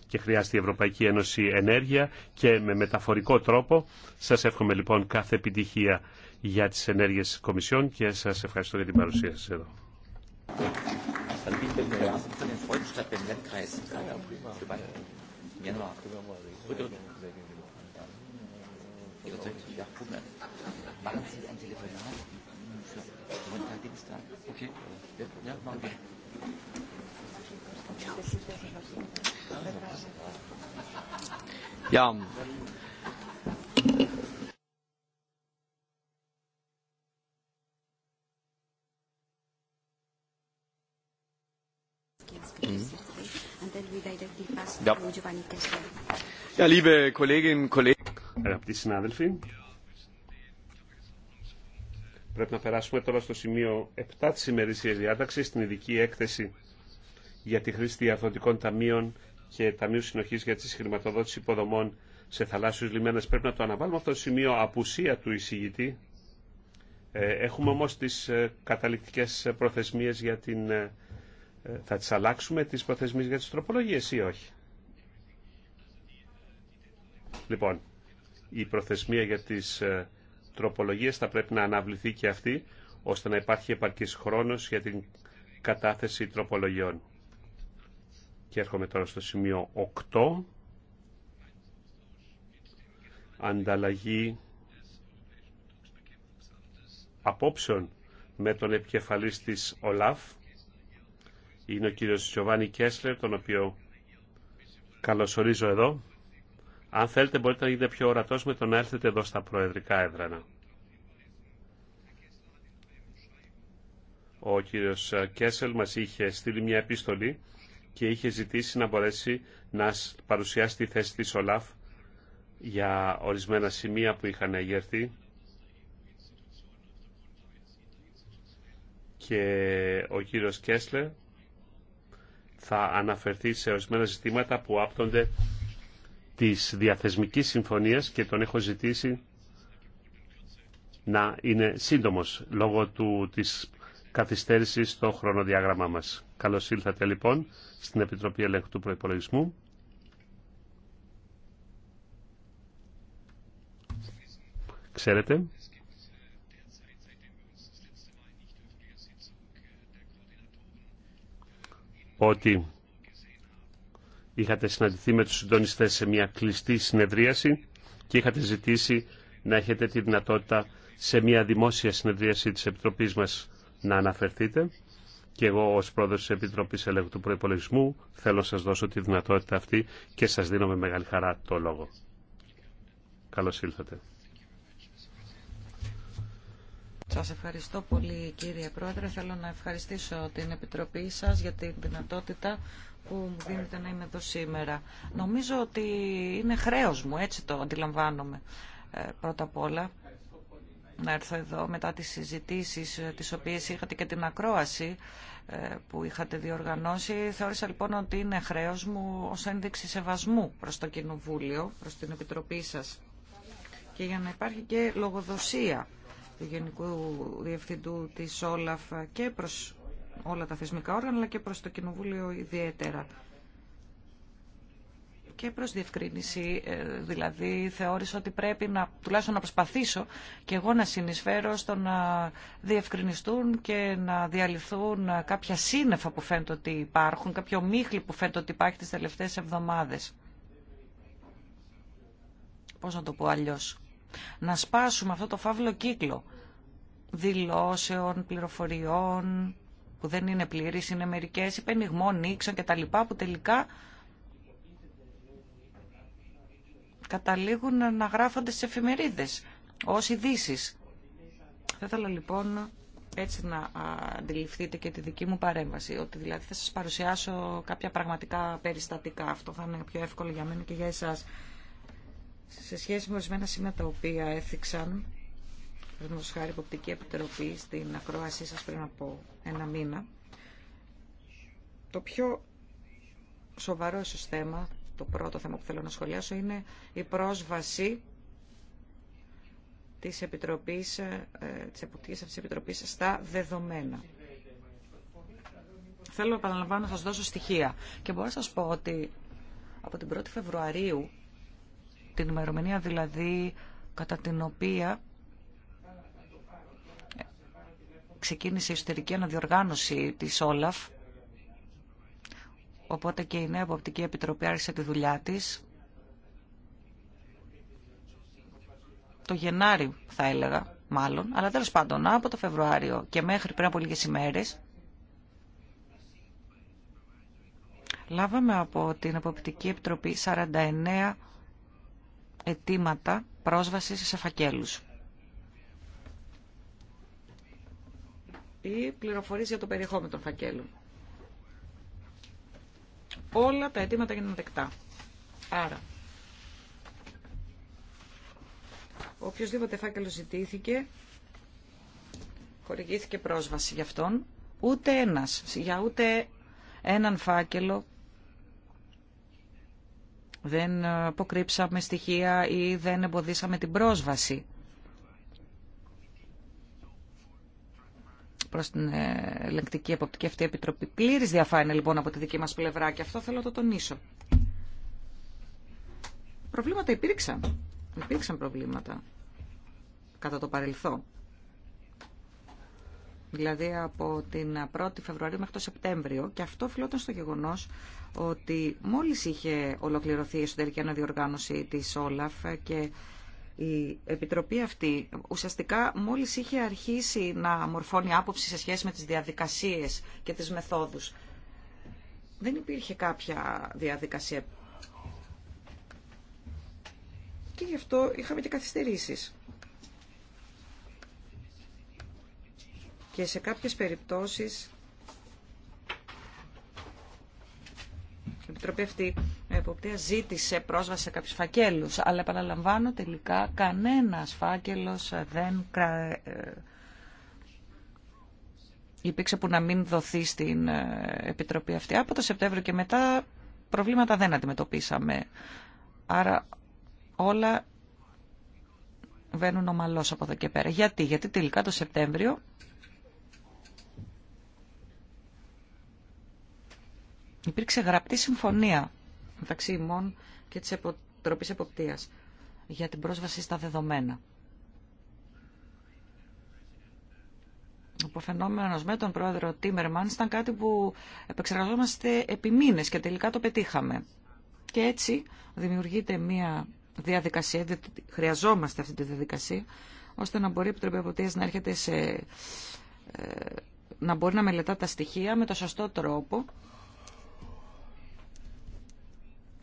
και χρειάζεται η Ευρωπαϊκή Ένωση ενέργεια και με μεταφορικό τρόπο. Σας εύχομαι λοιπόν κάθε επιτυχία για τις ενέργειες της και σας ευχαριστώ για την παρουσία σας εδώ bin ja von den Freunden statt Landkreis. Okay. Ja, machen wir. Ja. Αγαπητοί συνάδελφοι, πρέπει να περάσουμε τώρα στο σημείο 7 της ημερήσιας διάταξης, στην ειδική έκθεση για τη χρήση διαδοτικών ταμείων και ταμείου συνοχής για τη χρηματοδότηση υποδομών σε θαλάσσιους λιμένες. Πρέπει να το αναβάλουμε αυτό το σημείο απουσία του εισηγητή. Ε, έχουμε όμως τις ε, καταληκτικές ε, προθεσμίες για την ε, θα τις αλλάξουμε τις προθεσμίες για τις τροπολογίες ή όχι. Λοιπόν, η προθεσμία για τις ε, τροπολογίες θα πρέπει να αναβληθεί και αυτή, ώστε να υπάρχει επαρκής χρόνος για την κατάθεση τροπολογιών. Και έρχομαι τώρα στο σημείο 8. Ανταλλαγή απόψεων με τον επικεφαλής της ΟΛΑΦ είναι ο κύριος Γιωβάνι Κέσλερ, τον οποίο καλωσορίζω εδώ. Αν θέλετε μπορείτε να γίνετε πιο ορατός με το να έρθετε εδώ στα προεδρικά έδρανα. Ο κύριος Κέσελ μας είχε στείλει μια επίστολη και είχε ζητήσει να μπορέσει να παρουσιάσει τη θέση της ΟΛΑΦ για ορισμένα σημεία που είχαν αγερθεί και ο κύριος Κέσλερ θα αναφερθεί σε ορισμένα ζητήματα που άπτονται της διαθεσμικής συμφωνίας και τον έχω ζητήσει να είναι σύντομος λόγω του, της καθυστέρησης στο χρονοδιάγραμμά μας. Καλώς ήλθατε λοιπόν στην Επιτροπή Ελέγχου του Προϋπολογισμού. Ξέρετε ότι είχατε συναντηθεί με τους συντονιστές σε μια κλειστή συνεδρίαση και είχατε ζητήσει να έχετε τη δυνατότητα σε μια δημόσια συνεδρίαση της Επιτροπής μας να αναφερθείτε. Και εγώ ως πρόεδρος της Επιτροπής Ελέγχου του Προϋπολογισμού θέλω να σας δώσω τη δυνατότητα αυτή και σας δίνω με μεγάλη χαρά το λόγο. Καλώς ήλθατε. Σας ευχαριστώ πολύ κύριε Πρόεδρε. Θέλω να ευχαριστήσω την Επιτροπή σας για την δυνατότητα που μου δίνετε να είμαι εδώ σήμερα. Νομίζω ότι είναι χρέος μου, έτσι το αντιλαμβάνομαι ε, πρώτα απ' όλα να έρθω εδώ μετά τις συζητήσεις ε, τις οποίες είχατε και την ακρόαση ε, που είχατε διοργανώσει. Θεώρησα λοιπόν ότι είναι χρέος μου ως ένδειξη σεβασμού προς το Κοινοβούλιο, προς την Επιτροπή σας και για να υπάρχει και λογοδοσία του Γενικού Διευθυντού της Όλαφ και προς όλα τα θεσμικά όργανα αλλά και προς το Κοινοβούλιο ιδιαίτερα και προς διευκρίνηση, ε, δηλαδή θεώρησα ότι πρέπει να, τουλάχιστον να προσπαθήσω και εγώ να συνεισφέρω στο να διευκρινιστούν και να διαλυθούν κάποια σύννεφα που φαίνεται ότι υπάρχουν, κάποιο μίχλι που φαίνεται ότι υπάρχει τις τελευταίες εβδομάδες. Πώς να το πω αλλιώς να σπάσουμε αυτό το φαύλο κύκλο δηλώσεων, πληροφοριών που δεν είναι πλήρης, είναι μερικές, υπενιγμών, νίξων και τα λοιπά που τελικά καταλήγουν να γράφονται στις εφημερίδες ως ειδήσει. Θα ήθελα λοιπόν έτσι να αντιληφθείτε και τη δική μου παρέμβαση, ότι δηλαδή θα σας παρουσιάσω κάποια πραγματικά περιστατικά. Αυτό θα είναι πιο εύκολο για μένα και για εσάς σε σχέση με ορισμένα σημεία τα οποία έθιξαν Παραδείγματο χάρη Υποπτική Επιτροπή στην ακρόασή σας πριν από ένα μήνα. Το πιο σοβαρό ίσω θέμα, το πρώτο θέμα που θέλω να σχολιάσω, είναι η πρόσβαση της Επιτροπής, ε, της Επιτροπής στα δεδομένα. Θέλω, επαναλαμβάνω, να σας δώσω στοιχεία. Και μπορώ να σας πω ότι από την 1η Φεβρουαρίου την ημερομηνία δηλαδή κατά την οποία ξεκίνησε η εσωτερική αναδιοργάνωση της Όλαφ, οπότε και η νέα αποπτική Επιτροπή άρχισε τη δουλειά της. Το Γενάρη θα έλεγα, μάλλον, αλλά τέλος πάντων από το Φεβρουάριο και μέχρι πριν από λίγες ημέρες, λάβαμε από την αποπτική Επιτροπή 49 αιτήματα πρόσβασης σε φακέλους. Ή πληροφορίες για το περιεχόμενο των φακέλων. Όλα τα αιτήματα γίνονται δεκτά. Άρα, οποιοδήποτε φάκελος ζητήθηκε, χορηγήθηκε πρόσβαση για αυτόν, ούτε ένας, για ούτε έναν φάκελο δεν αποκρύψαμε στοιχεία ή δεν εμποδίσαμε την πρόσβαση προς την ε, ελεγκτική εποπτική αυτή επιτροπή. Πλήρης διαφάνεια λοιπόν από τη δική μας πλευρά και αυτό θέλω να το τονίσω. Προβλήματα υπήρξαν. Υπήρξαν προβλήματα κατά το παρελθόν δηλαδή από την 1η Φεβρουαρίου μέχρι το Σεπτέμβριο και αυτό φιλόταν στο γεγονός ότι μόλις είχε ολοκληρωθεί η εσωτερική αναδιοργάνωση της Όλαφ και η Επιτροπή αυτή ουσιαστικά μόλις είχε αρχίσει να μορφώνει άποψη σε σχέση με τις διαδικασίες και τις μεθόδους. Δεν υπήρχε κάποια διαδικασία. Και γι' αυτό είχαμε και καθυστερήσεις. και σε κάποιες περιπτώσεις η Επιτροπή αυτή εποπτεία ζήτησε πρόσβαση σε κάποιους φακέλους, αλλά επαναλαμβάνω τελικά κανένας φάκελος δεν κρα... Ε, υπήρξε που να μην δοθεί στην ε, Επιτροπή αυτή. Από το Σεπτέμβριο και μετά προβλήματα δεν αντιμετωπίσαμε. Άρα όλα βαίνουν ομαλώς από εδώ και πέρα. Γιατί, γιατί τελικά το Σεπτέμβριο υπήρξε γραπτή συμφωνία μεταξύ ημών και της Επιτροπής Εποπτείας για την πρόσβαση στα δεδομένα. Ο φαινόμενος με τον πρόεδρο Τίμερμαν ήταν κάτι που επεξεργαζόμαστε επί μήνες και τελικά το πετύχαμε. Και έτσι δημιουργείται μια διαδικασία, χρειαζόμαστε αυτή τη διαδικασία, ώστε να μπορεί η Επιτροπή Εποπτείας να έρχεται σε... Ε, να μπορεί να μελετά τα στοιχεία με το σωστό τρόπο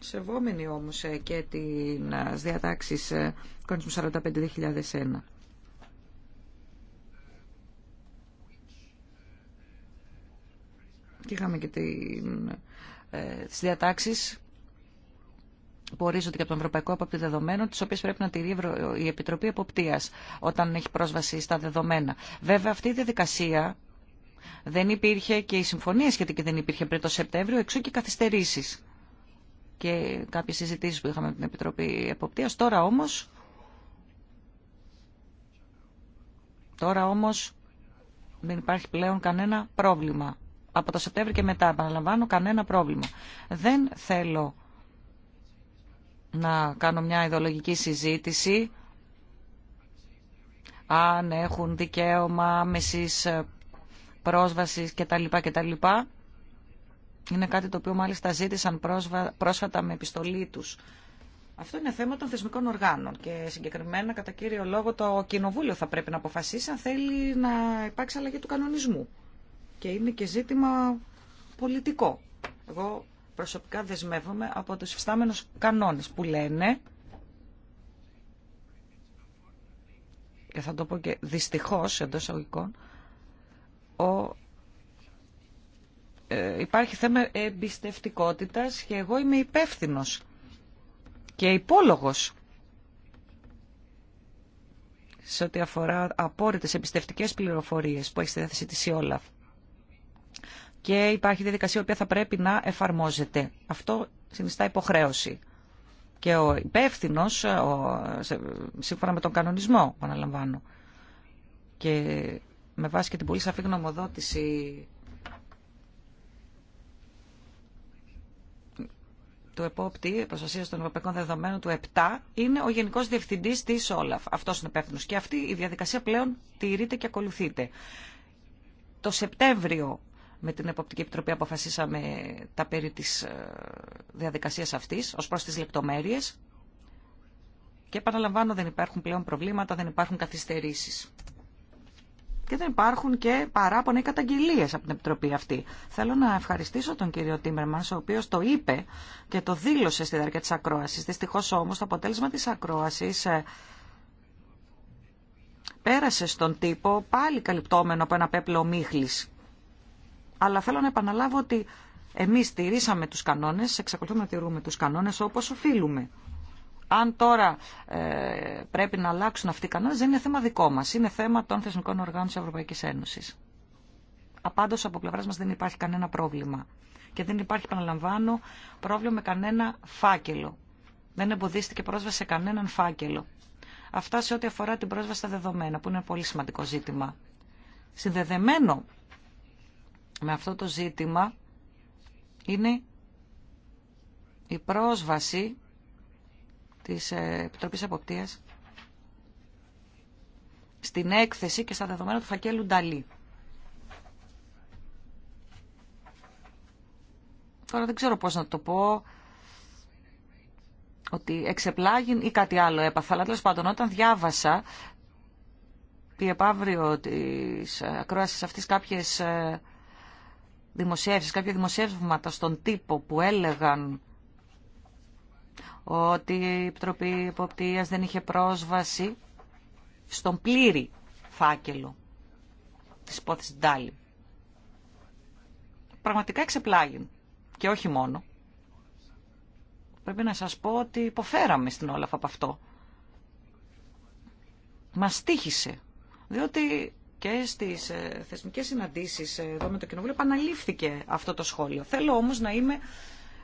σεβόμενοι όμως ε, και ε, τις διατάξεις ε, κανονισμού 45-2001. Και είχαμε και την, ε, τις διατάξεις που ορίζονται και από τον Ευρωπαϊκό Αποπτή Δεδομένων, τι οποίε πρέπει να τηρεί η Επιτροπή Εποπτεία όταν έχει πρόσβαση στα δεδομένα. Βέβαια, αυτή η διαδικασία δεν υπήρχε και η συμφωνία σχετική δεν υπήρχε πριν το Σεπτέμβριο, εξού και καθυστερήσει και κάποιες συζητήσεις που είχαμε με την Επιτροπή Εποπτείας. Τώρα όμως, τώρα όμως δεν υπάρχει πλέον κανένα πρόβλημα. Από το Σεπτέμβριο και μετά, επαναλαμβάνω, κανένα πρόβλημα. Δεν θέλω να κάνω μια ιδεολογική συζήτηση αν έχουν δικαίωμα άμεσης πρόσβασης κτλ. κτλ. Είναι κάτι το οποίο μάλιστα ζήτησαν πρόσφατα με επιστολή τους. Αυτό είναι θέμα των θεσμικών οργάνων και συγκεκριμένα κατά κύριο λόγο το Κοινοβούλιο θα πρέπει να αποφασίσει αν θέλει να υπάρξει αλλαγή του κανονισμού. Και είναι και ζήτημα πολιτικό. Εγώ προσωπικά δεσμεύομαι από τους φυστάμενους κανόνες που λένε και θα το πω και δυστυχώς εντός αγωγικών ο ε, υπάρχει θέμα εμπιστευτικότητας και εγώ είμαι υπεύθυνο και υπόλογος σε ό,τι αφορά απόρριτες εμπιστευτικές πληροφορίες που έχει στη διάθεση της ΙΟΛΑΦ. Και υπάρχει διαδικασία που θα πρέπει να εφαρμόζεται. Αυτό συνιστά υποχρέωση. Και ο υπεύθυνο, σύμφωνα με τον κανονισμό, που αναλαμβάνω, και με βάση και την πολύ σαφή γνωμοδότηση του επόπτη προστασία των ευρωπαϊκών δεδομένων του 7 είναι ο Γενικό Διευθυντή τη Όλαφ. Αυτό είναι υπεύθυνο. Και αυτή η διαδικασία πλέον τηρείται και ακολουθείται. Το Σεπτέμβριο με την Εποπτική Επιτροπή αποφασίσαμε τα περί της ε, διαδικασίας αυτής ως προς τις λεπτομέρειες και επαναλαμβάνω δεν υπάρχουν πλέον προβλήματα, δεν υπάρχουν καθυστερήσει και δεν υπάρχουν και παράπονα ή καταγγελίες από την Επιτροπή αυτή. Θέλω να ευχαριστήσω τον κύριο Τιμερμάν, ο οποίος το είπε και το δήλωσε στη διάρκεια τη ακρόαση, δυστυχώ όμως το αποτέλεσμα της ακρόαση ε, πέρασε στον τύπο πάλι καλυπτόμενο από ένα πέπλο ομίχλη. Αλλά θέλω να επαναλάβω ότι εμείς στηρίσαμε του κανόνε, εξακολουθούμε να τηρούμε του κανόνε όπω οφείλουμε. Αν τώρα ε, πρέπει να αλλάξουν αυτοί οι κανόνες δεν είναι θέμα δικό μας, είναι θέμα των θεσμικών οργάνων της Ευρωπαϊκής Ένωσης. Απάντως από πλευράς μας δεν υπάρχει κανένα πρόβλημα και δεν υπάρχει, επαναλαμβάνω, πρόβλημα με κανένα φάκελο. Δεν εμποδίστηκε πρόσβαση σε κανέναν φάκελο. Αυτά σε ό,τι αφορά την πρόσβαση στα δεδομένα, που είναι ένα πολύ σημαντικό ζήτημα. Συνδεδεμένο με αυτό το ζήτημα είναι η πρόσβαση της ε, Επιτροπής Εποπτείας στην έκθεση και στα δεδομένα του φακέλου Νταλή. Τώρα δεν ξέρω πώς να το πω ότι εξεπλάγει ή κάτι άλλο έπαθα, αλλά τέλο πάντων όταν διάβασα πει επαύριο της ακρόασης αυτής κάποιες ε, δημοσιεύσεις, κάποια δημοσιεύματα στον τύπο που έλεγαν ότι η Επιτροπή δεν είχε πρόσβαση στον πλήρη φάκελο της υπόθεσης Ντάλι. Πραγματικά εξεπλάγει και όχι μόνο. Πρέπει να σας πω ότι υποφέραμε στην όλα από αυτό. Μας τύχησε, διότι και στις ε, θεσμικές συναντήσεις ε, εδώ με το Κοινοβούλιο επαναλήφθηκε αυτό το σχόλιο. Θέλω όμως να είμαι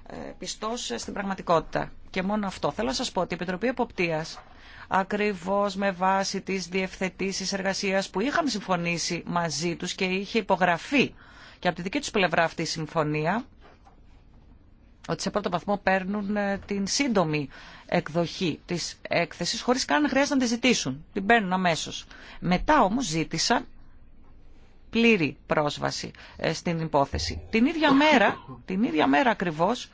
ε, πιστός στην πραγματικότητα και μόνο αυτό. Θέλω να σας πω ότι η Επιτροπή Εποπτείας ακριβώς με βάση τις διευθετήσεις εργασίας που είχαμε συμφωνήσει μαζί τους και είχε υπογραφεί και από τη δική τους πλευρά αυτή η συμφωνία ότι σε πρώτο βαθμό παίρνουν ε, την σύντομη εκδοχή της έκθεσης χωρίς καν να χρειάζεται να τη ζητήσουν. Την παίρνουν αμέσως. Μετά όμως ζήτησαν πλήρη πρόσβαση ε, στην υπόθεση. Την ίδια μέρα, την ίδια μέρα ακριβώς,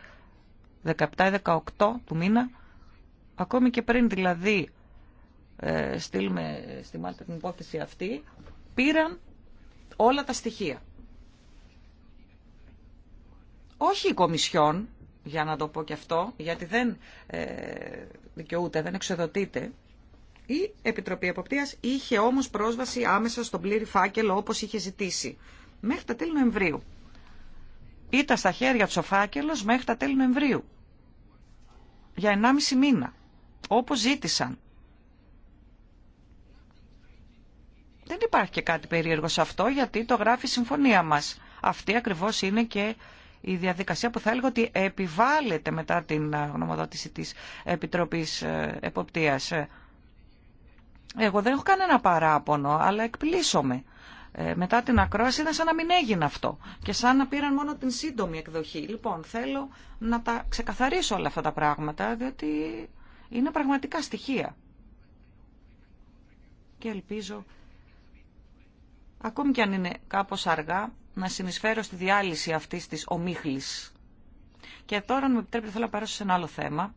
17-18 του μήνα, ακόμη και πριν δηλαδή ε, στείλουμε στη Μάλτα την υπόθεση αυτή, πήραν όλα τα στοιχεία. Όχι η Κομισιόν, για να το πω και αυτό, γιατί δεν ε, δικαιούται, δεν εξοδοτείται, η Επιτροπή Εποπτείας είχε όμως πρόσβαση άμεσα στον πλήρη φάκελο όπως είχε ζητήσει. Μέχρι τα τέλη Νοεμβρίου. Ήταν στα χέρια του ο φάκελος μέχρι τα τέλη Νοεμβρίου για 1,5 μήνα, όπως ζήτησαν. Δεν υπάρχει και κάτι περίεργο σε αυτό, γιατί το γράφει η συμφωνία μας. Αυτή ακριβώς είναι και η διαδικασία που θα έλεγα ότι επιβάλλεται μετά την γνωμοδότηση της Επιτροπής ε, Εποπτείας. Εγώ δεν έχω κανένα παράπονο, αλλά εκπλήσωμαι ε, μετά την ακρόαση ήταν σαν να μην έγινε αυτό και σαν να πήραν μόνο την σύντομη εκδοχή. Λοιπόν, θέλω να τα ξεκαθαρίσω όλα αυτά τα πράγματα, διότι είναι πραγματικά στοιχεία. Και ελπίζω, ακόμη κι αν είναι κάπως αργά, να συνεισφέρω στη διάλυση αυτής της ομίχλης. Και τώρα, αν με επιτρέπετε, θέλω να περάσω σε ένα άλλο θέμα,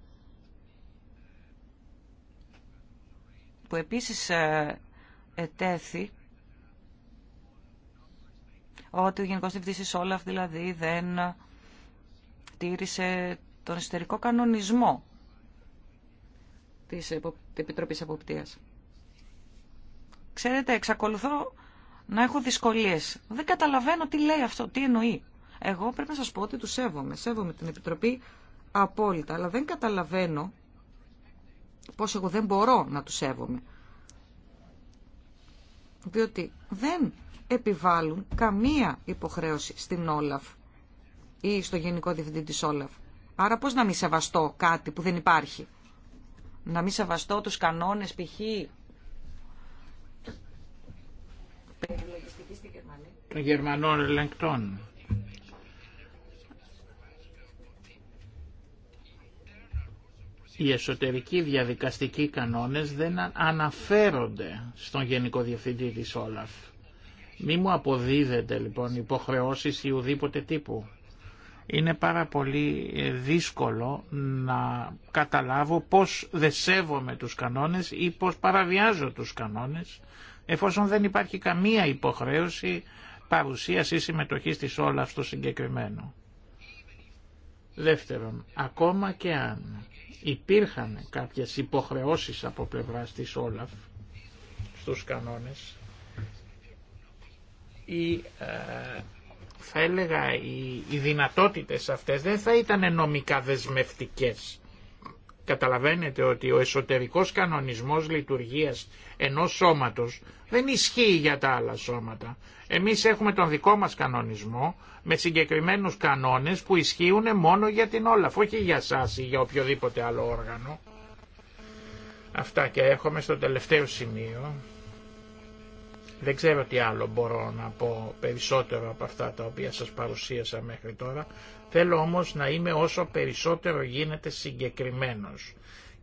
που επίσης ε, ετέθη ότι ο Γενικός όλα Όλαφ δηλαδή δεν τήρησε τον εσωτερικό κανονισμό της Επιτροπής Αποπτίας. Ξέρετε, εξακολουθώ να έχω δυσκολίες. Δεν καταλαβαίνω τι λέει αυτό, τι εννοεί. Εγώ πρέπει να σας πω ότι του σέβομαι. Σέβομαι την Επιτροπή απόλυτα, αλλά δεν καταλαβαίνω πώς εγώ δεν μπορώ να του σέβομαι. Διότι δεν επιβάλλουν καμία υποχρέωση στην Όλαφ ή στο Γενικό Διευθυντή της Όλαφ. Άρα πώς να μην σεβαστώ κάτι που δεν υπάρχει. Να μην σεβαστώ τους κανόνες π.χ. των Γερμανών ελεγκτών. Οι εσωτερικοί διαδικαστικοί κανόνες δεν αναφέρονται στον Γενικό Διευθυντή της Όλαφ. Μη μου αποδίδεται λοιπόν υποχρεώσεις ή ουδήποτε τύπου. Είναι πάρα πολύ ε, δύσκολο να καταλάβω πώς δεσέβομαι τους κανόνες ή πώς παραβιάζω τους κανόνες εφόσον δεν υπάρχει καμία υποχρέωση παρουσίας ή συμμετοχής της όλα στο συγκεκριμένο. Δεύτερον, ακόμα και αν υπήρχαν κάποιες υποχρεώσεις από πλευράς της Όλαφ στους κανόνες, η, ε, θα έλεγα οι, οι δυνατότητες αυτές δεν θα ήταν νομικά δεσμευτικές. Καταλαβαίνετε ότι ο εσωτερικός κανονισμός λειτουργίας ενός σώματος δεν ισχύει για τα άλλα σώματα. Εμείς έχουμε τον δικό μας κανονισμό με συγκεκριμένους κανόνες που ισχύουν μόνο για την όλα όχι για σας ή για οποιοδήποτε άλλο όργανο. Αυτά και έχουμε στο τελευταίο σημείο. Δεν ξέρω τι άλλο μπορώ να πω περισσότερο από αυτά τα οποία σας παρουσίασα μέχρι τώρα. Θέλω όμως να είμαι όσο περισσότερο γίνεται συγκεκριμένος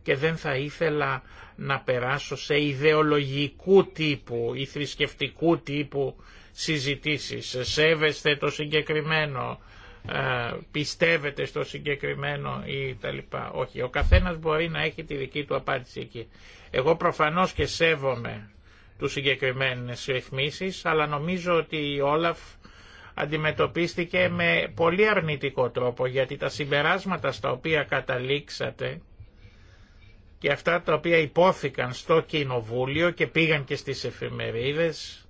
και δεν θα ήθελα να περάσω σε ιδεολογικού τύπου ή θρησκευτικού τύπου συζητήσεις. Σέβεστε το συγκεκριμένο, ε, πιστεύετε στο συγκεκριμένο ή τα λοιπά. Όχι, ο καθένας μπορεί να έχει τη δική του απάντηση εκεί. Εγώ προφανώς και σέβομαι του συγκεκριμένες ρυθμίσεις, αλλά νομίζω ότι η Όλαφ αντιμετωπίστηκε με πολύ αρνητικό τρόπο, γιατί τα συμπεράσματα στα οποία καταλήξατε και αυτά τα οποία υπόθηκαν στο Κοινοβούλιο και πήγαν και στις εφημερίδες,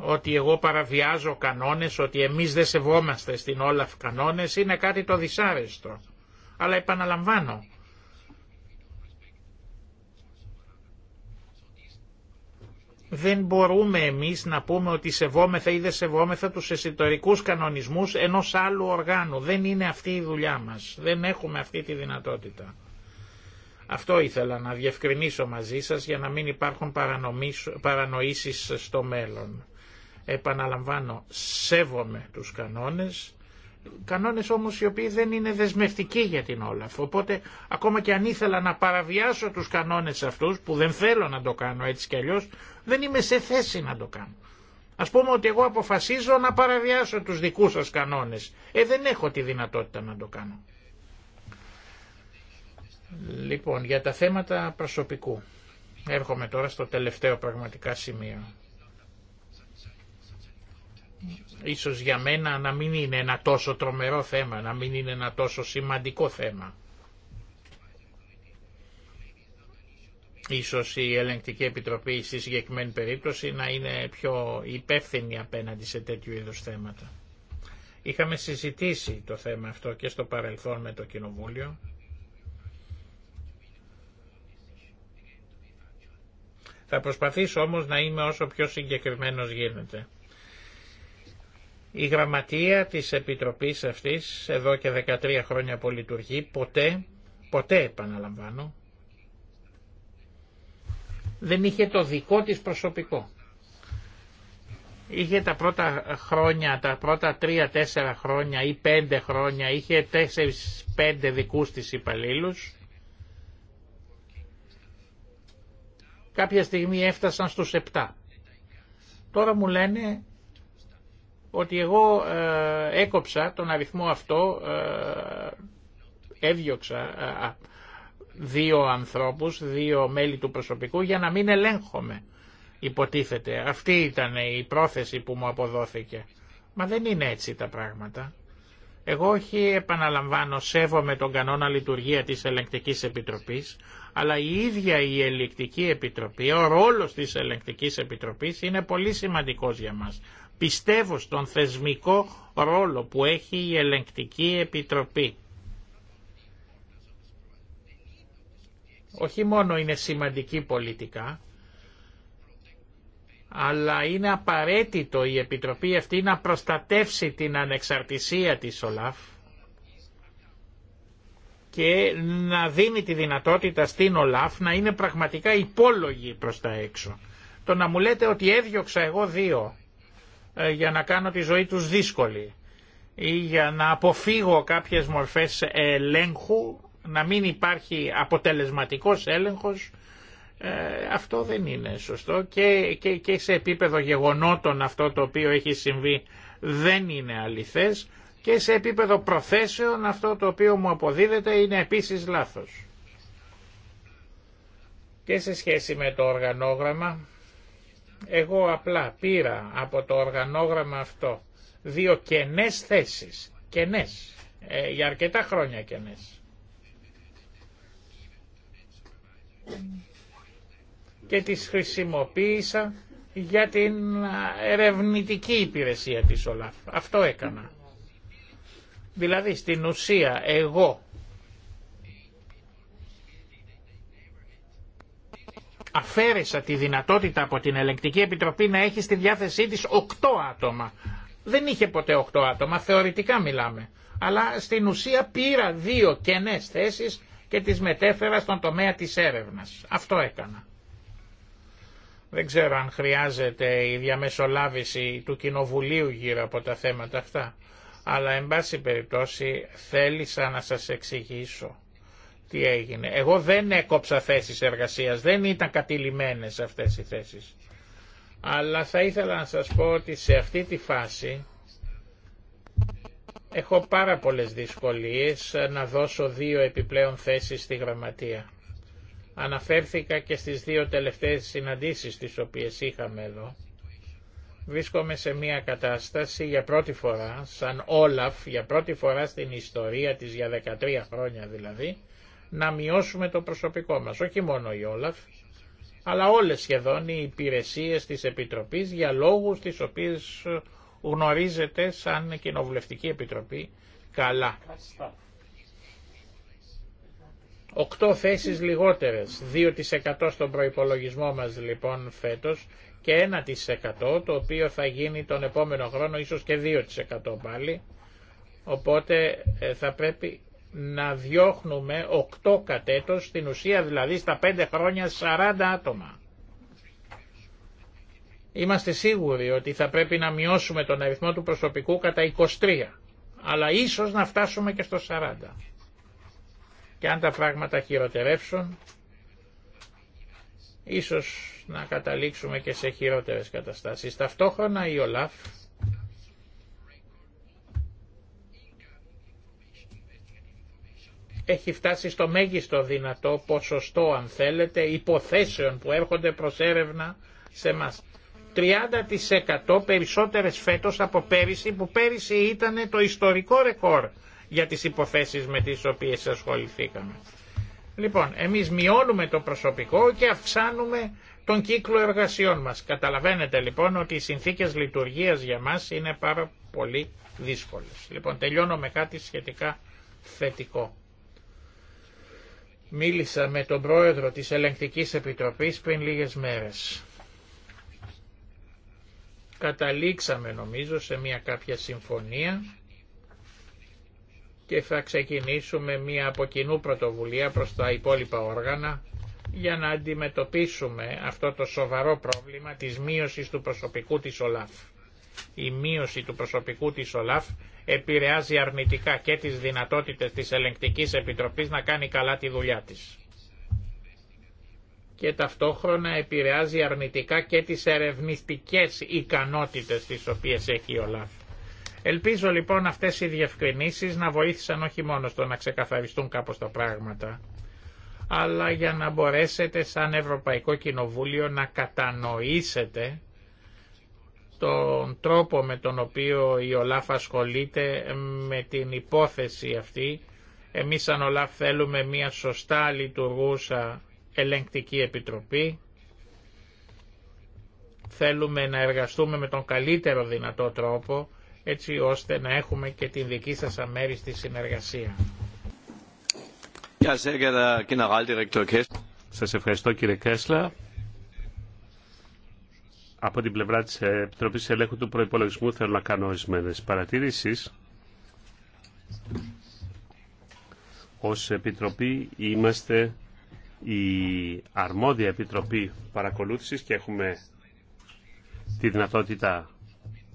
ότι εγώ παραβιάζω κανόνες, ότι εμείς δεν σεβόμαστε στην Όλαφ κανόνες, είναι κάτι το δυσάρεστο. Αλλά επαναλαμβάνω, δεν μπορούμε εμείς να πούμε ότι σεβόμεθα ή δεν σεβόμεθα τους εσωτερικούς κανονισμούς ενός άλλου οργάνου. Δεν είναι αυτή η δουλειά μας. Δεν έχουμε αυτή τη δυνατότητα. Αυτό ήθελα να διευκρινίσω μαζί σας για να μην υπάρχουν παρανοήσεις στο μέλλον. Επαναλαμβάνω, σέβομαι τους κανόνες κανόνες όμως οι οποίοι δεν είναι δεσμευτικοί για την Όλαφ. Οπότε ακόμα και αν ήθελα να παραβιάσω τους κανόνες αυτούς που δεν θέλω να το κάνω έτσι κι αλλιώς δεν είμαι σε θέση να το κάνω. Ας πούμε ότι εγώ αποφασίζω να παραβιάσω τους δικούς σας κανόνες. Ε, δεν έχω τη δυνατότητα να το κάνω. Λοιπόν, για τα θέματα προσωπικού. Έρχομαι τώρα στο τελευταίο πραγματικά σημείο ίσως για μένα να μην είναι ένα τόσο τρομερό θέμα, να μην είναι ένα τόσο σημαντικό θέμα. Ίσως η Ελεγκτική Επιτροπή στη συγκεκριμένη περίπτωση να είναι πιο υπεύθυνη απέναντι σε τέτοιου είδους θέματα. Είχαμε συζητήσει το θέμα αυτό και στο παρελθόν με το Κοινοβούλιο. Θα προσπαθήσω όμως να είμαι όσο πιο συγκεκριμένος γίνεται. Η γραμματεία της Επιτροπής αυτής, εδώ και 13 χρόνια που λειτουργεί, ποτέ, ποτέ επαναλαμβάνω, δεν είχε το δικό της προσωπικό. Είχε τα πρώτα χρόνια, τα πρώτα τρία-τέσσερα χρόνια ή πέντε χρόνια, είχε τέσσερις-πέντε δικούς της υπαλλήλους. Κάποια στιγμή έφτασαν στους επτά. Τώρα μου λένε ότι εγώ ε, έκοψα τον αριθμό αυτό, ε, έδιωξα ε, δύο ανθρώπους, δύο μέλη του προσωπικού για να μην ελέγχομαι, υποτίθεται. Αυτή ήταν η πρόθεση που μου αποδόθηκε. Μα δεν είναι έτσι τα πράγματα. Εγώ όχι επαναλαμβάνω, σέβομαι τον κανόνα λειτουργία της Ελεγκτικής Επιτροπής, αλλά η ίδια η Ελεγκτική Επιτροπή, ο ρόλος της Ελεγκτικής Επιτροπής είναι πολύ σημαντικός για μας. Πιστεύω στον θεσμικό ρόλο που έχει η Ελεγκτική Επιτροπή. Όχι μόνο είναι σημαντική πολιτικά, αλλά είναι απαραίτητο η Επιτροπή αυτή να προστατεύσει την ανεξαρτησία της ΟΛΑΦ και να δίνει τη δυνατότητα στην ΟΛΑΦ να είναι πραγματικά υπόλογη προς τα έξω. Το να μου λέτε ότι έδιωξα εγώ δύο ε, για να κάνω τη ζωή τους δύσκολη ή για να αποφύγω κάποιες μορφές ελέγχου, να μην υπάρχει αποτελεσματικός έλεγχος, ε, αυτό δεν είναι σωστό και, και, και σε επίπεδο γεγονότων αυτό το οποίο έχει συμβεί δεν είναι αληθές και σε επίπεδο προθέσεων αυτό το οποίο μου αποδίδεται είναι επίσης λάθος. Και σε σχέση με το οργανόγραμμα, εγώ απλά πήρα από το οργανόγραμμα αυτό δύο κενές θέσεις, κενές, ε, για αρκετά χρόνια κενές. Και τις χρησιμοποίησα για την ερευνητική υπηρεσία της ΟΛΑΦ. Αυτό έκανα. Δηλαδή στην ουσία εγώ αφαίρεσα τη δυνατότητα από την Ελεγκτική Επιτροπή να έχει στη διάθεσή της 8 άτομα. Δεν είχε ποτέ 8 άτομα, θεωρητικά μιλάμε. Αλλά στην ουσία πήρα δύο κενές θέσεις και τις μετέφερα στον τομέα της έρευνας. Αυτό έκανα. Δεν ξέρω αν χρειάζεται η διαμεσολάβηση του Κοινοβουλίου γύρω από τα θέματα αυτά. Αλλά εν πάση περιπτώσει θέλησα να σας εξηγήσω τι έγινε. Εγώ δεν έκοψα θέσεις εργασίας, δεν ήταν κατηλημένες αυτές οι θέσεις. Αλλά θα ήθελα να σας πω ότι σε αυτή τη φάση έχω πάρα πολλές δυσκολίες να δώσω δύο επιπλέον θέσεις στη γραμματεία. Αναφέρθηκα και στις δύο τελευταίες συναντήσεις τις οποίες είχαμε εδώ. Βρίσκομαι σε μια κατάσταση για πρώτη φορά, σαν Όλαφ, για πρώτη φορά στην ιστορία της, για 13 χρόνια δηλαδή, να μειώσουμε το προσωπικό μας, όχι μόνο η Όλαφ, αλλά όλες σχεδόν οι υπηρεσίες της Επιτροπής για λόγους τις οποίες γνωρίζετε σαν Κοινοβουλευτική Επιτροπή καλά. Οκτώ θέσεις λιγότερες, 2% στον προϋπολογισμό μας λοιπόν φέτος και 1% το οποίο θα γίνει τον επόμενο χρόνο ίσως και 2% πάλι. Οπότε ε, θα πρέπει να διώχνουμε 8 κατέτος, στην ουσία δηλαδή στα 5 χρόνια 40 άτομα. Είμαστε σίγουροι ότι θα πρέπει να μειώσουμε τον αριθμό του προσωπικού κατά 23, αλλά ίσως να φτάσουμε και στο 40. Και αν τα πράγματα χειροτερεύσουν, ίσως να καταλήξουμε και σε χειρότερες καταστάσεις. Ταυτόχρονα η ΟΛΑΦ έχει φτάσει στο μέγιστο δυνατό ποσοστό αν θέλετε υποθέσεων που έρχονται προς έρευνα σε μας. 30% περισσότερες φέτος από πέρυσι που πέρυσι ήταν το ιστορικό ρεκόρ για τις υποθέσεις με τις οποίες ασχοληθήκαμε. Λοιπόν, εμείς μειώνουμε το προσωπικό και αυξάνουμε τον κύκλο εργασιών μας. Καταλαβαίνετε λοιπόν ότι οι συνθήκες λειτουργίας για μας είναι πάρα πολύ δύσκολες. Λοιπόν, τελειώνω με κάτι σχετικά θετικό. Μίλησα με τον πρόεδρο της Ελεγκτικής Επιτροπής πριν λίγες μέρες. Καταλήξαμε νομίζω σε μια κάποια συμφωνία και θα ξεκινήσουμε μια από κοινού πρωτοβουλία προς τα υπόλοιπα όργανα για να αντιμετωπίσουμε αυτό το σοβαρό πρόβλημα της μείωσης του προσωπικού της ΟΛΑΦ. Η μείωση του προσωπικού της ΟΛΑΦ επηρεάζει αρνητικά και τις δυνατότητες της Ελεγκτικής Επιτροπής να κάνει καλά τη δουλειά της. Και ταυτόχρονα επηρεάζει αρνητικά και τις ερευνητικές ικανότητες τις οποίες έχει η ΟΛΑΦ. Ελπίζω λοιπόν αυτές οι διευκρινήσεις να βοήθησαν όχι μόνο στο να ξεκαθαριστούν κάπως τα πράγματα, αλλά για να μπορέσετε σαν Ευρωπαϊκό Κοινοβούλιο να κατανοήσετε τον τρόπο με τον οποίο η ΟΛΑΦ ασχολείται με την υπόθεση αυτή. Εμείς σαν ΟΛΑΦ θέλουμε μια σωστά λειτουργούσα ελεγκτική επιτροπή. Θέλουμε να εργαστούμε με τον καλύτερο δυνατό τρόπο έτσι ώστε να έχουμε και την δική σας αμέριστη συνεργασία. Σας ευχαριστώ κύριε Κέσλα από την πλευρά της Επιτροπής Ελέγχου του Προϋπολογισμού θέλω να κάνω ορισμένε παρατηρήσεις. Ως Επιτροπή είμαστε η αρμόδια Επιτροπή Παρακολούθησης και έχουμε τη δυνατότητα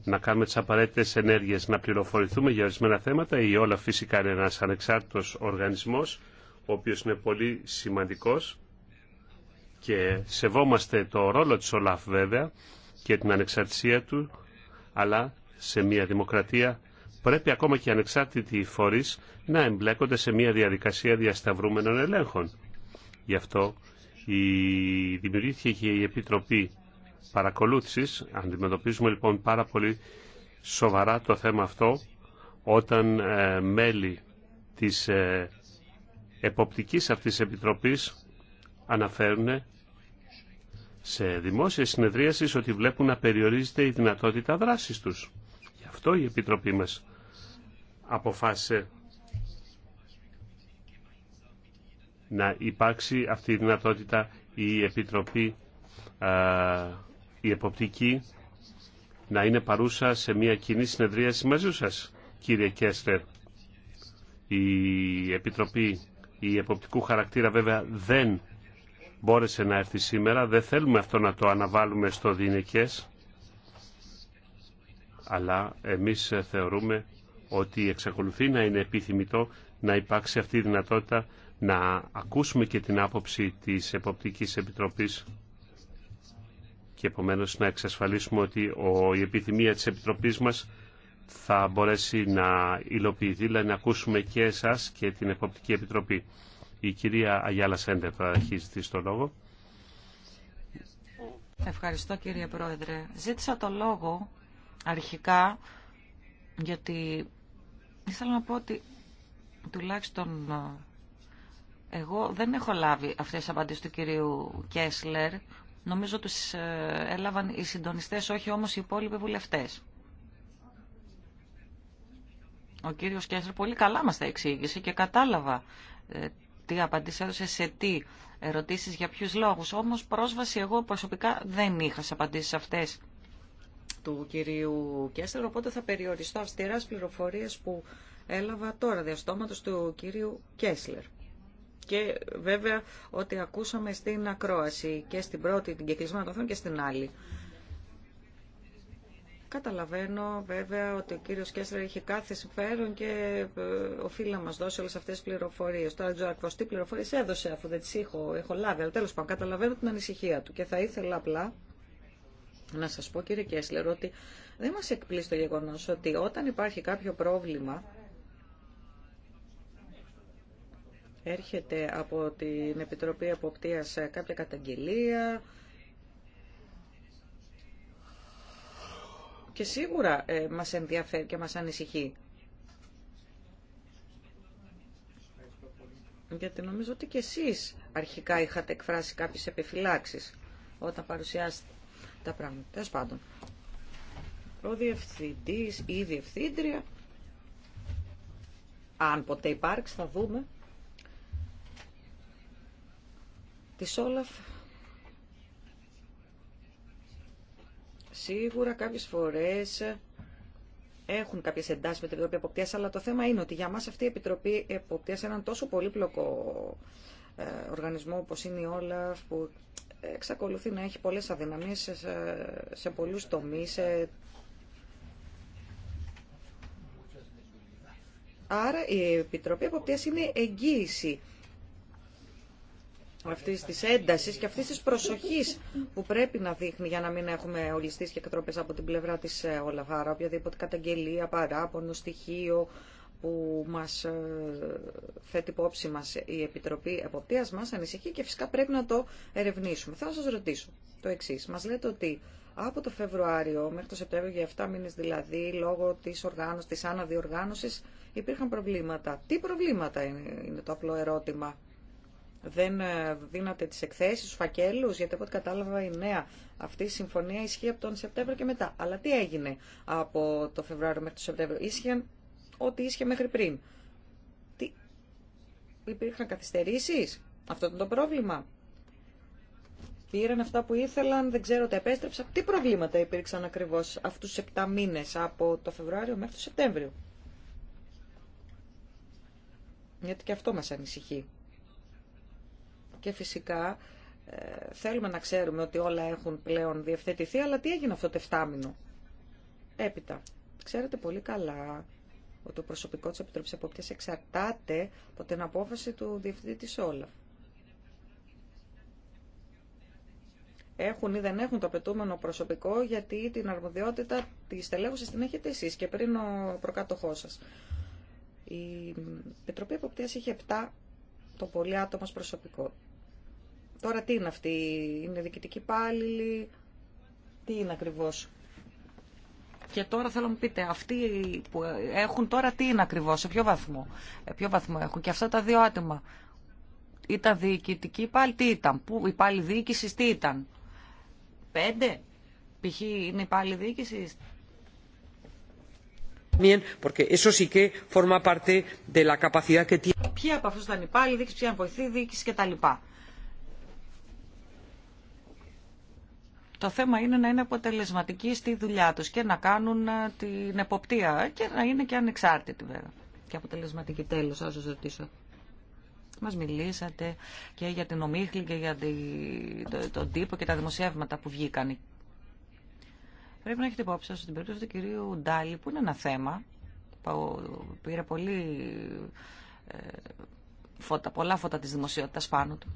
να κάνουμε τις απαραίτητες ενέργειες να πληροφορηθούμε για ορισμένα θέματα. Η όλα φυσικά είναι ένας ανεξάρτητος οργανισμός, ο οποίος είναι πολύ σημαντικός και σεβόμαστε το ρόλο της ΟΛΑΦ βέβαια και την ανεξαρτησία του, αλλά σε μια δημοκρατία πρέπει ακόμα και ανεξάρτητοι φορείς να εμπλέκονται σε μια διαδικασία διασταυρούμενων ελέγχων. Γι' αυτό η... δημιουργήθηκε και η Επιτροπή Παρακολούθησης. Αντιμετωπίζουμε λοιπόν πάρα πολύ σοβαρά το θέμα αυτό όταν ε, μέλη της ε, εποπτικής αυτής επιτροπής αναφέρουν σε δημόσιες συνεδρίασεις ότι βλέπουν να περιορίζεται η δυνατότητα δράσης τους. Γι' αυτό η Επιτροπή μας αποφάσισε να υπάρξει αυτή η δυνατότητα η Επιτροπή η Εποπτική να είναι παρούσα σε μια κοινή συνεδρίαση μαζί σας, κύριε Κέστερ. Η Επιτροπή η Εποπτικού Χαρακτήρα βέβαια δεν μπόρεσε να έρθει σήμερα. Δεν θέλουμε αυτό να το αναβάλουμε στο διενικές, αλλά εμείς θεωρούμε ότι εξακολουθεί να είναι επιθυμητό να υπάρξει αυτή η δυνατότητα να ακούσουμε και την άποψη της Εποπτικής Επιτροπής και επομένως να εξασφαλίσουμε ότι η επιθυμία της Επιτροπής μας θα μπορέσει να υλοποιηθεί, δηλαδή να ακούσουμε και εσάς και την Εποπτική Επιτροπή. Η κυρία Αγιάλα Σέντερ θα αρχίσει στο λόγο. Ευχαριστώ κύριε Πρόεδρε. Ζήτησα το λόγο αρχικά γιατί ήθελα να πω ότι τουλάχιστον ε, εγώ δεν έχω λάβει αυτές τις απαντήσεις του κυρίου Κέσλερ. Νομίζω τους ε, έλαβαν οι συντονιστές, όχι όμως οι υπόλοιποι βουλευτές. Ο κύριος Κέσλερ πολύ καλά μας τα εξήγησε και κατάλαβα ε, τι απαντήσει έδωσε σε τι ερωτήσεις, για ποιου λόγους. Όμω, πρόσβαση εγώ προσωπικά δεν είχα σε απαντήσεις αυτές του κυρίου Κέσλερ. οπότε θα περιοριστώ αυστηρά στις πληροφορίες που έλαβα τώρα διαστόματος του κυρίου Κέσλερ. Και βέβαια ότι ακούσαμε στην ακρόαση και στην πρώτη την κεκλεισμένη και στην άλλη. Καταλαβαίνω βέβαια ότι ο κύριος Κέστρα είχε κάθε συμφέρον και ε, οφείλει να μας δώσει όλε αυτές τις πληροφορίες. Τώρα ξέρω ακριβώς τι πληροφορίες έδωσε αφού δεν τις έχω, έχω λάβει, αλλά τέλος πάντων καταλαβαίνω την ανησυχία του και θα ήθελα απλά να σας πω κύριε Κέσλερ ότι δεν μας εκπλήσει το γεγονό ότι όταν υπάρχει κάποιο πρόβλημα έρχεται από την Επιτροπή Αποπτείας ε, κάποια καταγγελία, και σίγουρα ε, μας ενδιαφέρει και μας ανησυχεί. Γιατί νομίζω ότι και εσείς αρχικά είχατε εκφράσει κάποιες επιφυλάξεις όταν παρουσιάσετε τα πράγματα. Τέλος πάντων, ο διευθυντής ή η διευθύντρια, αν ποτέ υπάρξει θα δούμε, της Όλαφ Σίγουρα κάποιες φορές έχουν κάποιες εντάσεις με την Επιτροπή Εποπτείας, αλλά το θέμα είναι ότι για μας αυτή η Επιτροπή Εποπτείας έναν τόσο πολύπλοκο ε, οργανισμό όπως είναι η Όλαφ, που εξακολουθεί να έχει πολλές αδυναμίες σε, σε πολλούς τομείς. Άρα η Επιτροπή Εποπτείας είναι εγγύηση αυτής της έντασης και αυτής της προσοχής που πρέπει να δείχνει για να μην έχουμε ολιστείς και εκτροπές από την πλευρά της ε, Ολαβάρα, οποιαδήποτε καταγγελία, παράπονο, στοιχείο που μας ε, θέτει υπόψη μας η Επιτροπή Εποπτείας μας ανησυχεί και φυσικά πρέπει να το ερευνήσουμε. Θα σας ρωτήσω το εξής. Μας λέτε ότι από το Φεβρουάριο μέχρι το Σεπτέμβριο, για 7 μήνες δηλαδή, λόγω της οργάνωσης, της αναδιοργάνωσης, υπήρχαν προβλήματα. Τι προβλήματα είναι το απλό ερώτημα δεν ε, δίνατε τις εκθέσεις, τους φακέλους, γιατί από ό,τι κατάλαβα η νέα αυτή η συμφωνία ισχύει από τον Σεπτέμβριο και μετά. Αλλά τι έγινε από το Φεβρουάριο μέχρι τον Σεπτέμβριο. Ίσχυαν ό,τι ίσχυε μέχρι πριν. Τι... Υπήρχαν καθυστερήσεις. Αυτό ήταν το πρόβλημα. Πήραν αυτά που ήθελαν, δεν ξέρω, τι επέστρεψα. Τι προβλήματα υπήρξαν ακριβώς αυτούς τους 7 μήνες από το Φεβρουάριο μέχρι τον Σεπτέμβριο. Γιατί και αυτό μας ανησυχεί. Και φυσικά ε, θέλουμε να ξέρουμε ότι όλα έχουν πλέον διευθετηθεί, αλλά τι έγινε αυτό το εφτάμινο. Έπειτα, ξέρετε πολύ καλά ότι το προσωπικό της Επιτροπής Εποπτείας εξαρτάται από την απόφαση του διευθυντή της Όλαφ. Έχουν ή δεν έχουν το απαιτούμενο προσωπικό, γιατί την αρμοδιότητα τη τελέχωσης την έχετε εσεί και πριν ο προκατοχό σα. Η Επιτροπή Εποπτείας είχε 7 το πολύ άτομο προσωπικό. Τώρα τι είναι αυτή, είναι διοικητική πάλι, τι είναι ακριβώς. Και τώρα θέλω να μου πείτε, αυτοί που έχουν τώρα τι είναι ακριβώς, σε ποιο βαθμό, ε, ποιο βαθμό έχουν και αυτά τα δύο άτομα. Ήταν διοικητική πάλι τι ήταν, που, υπάλληλοι διοίκηση τι ήταν. Πέντε, π.χ. είναι υπάλληλοι διοίκηση. Ποιοι από αυτού ήταν υπάλληλοι, διοίκηση, ποια ήταν η διοίκηση κτλ. Το θέμα είναι να είναι αποτελεσματικοί στη δουλειά τους και να κάνουν ε, την εποπτεία και να είναι και ανεξάρτητοι βέβαια. Και αποτελεσματικοί τέλος, όσο σας ρωτήσω. Μας μιλήσατε και για την ομίχλη και για τον τύπο και τα δημοσιεύματα που βγήκαν. Πρέπει να έχετε υπόψη σας στην περίπτωση του κυρίου Ντάλι, που είναι ένα θέμα που πήρε ε, πολλά φώτα της δημοσιότητας πάνω του.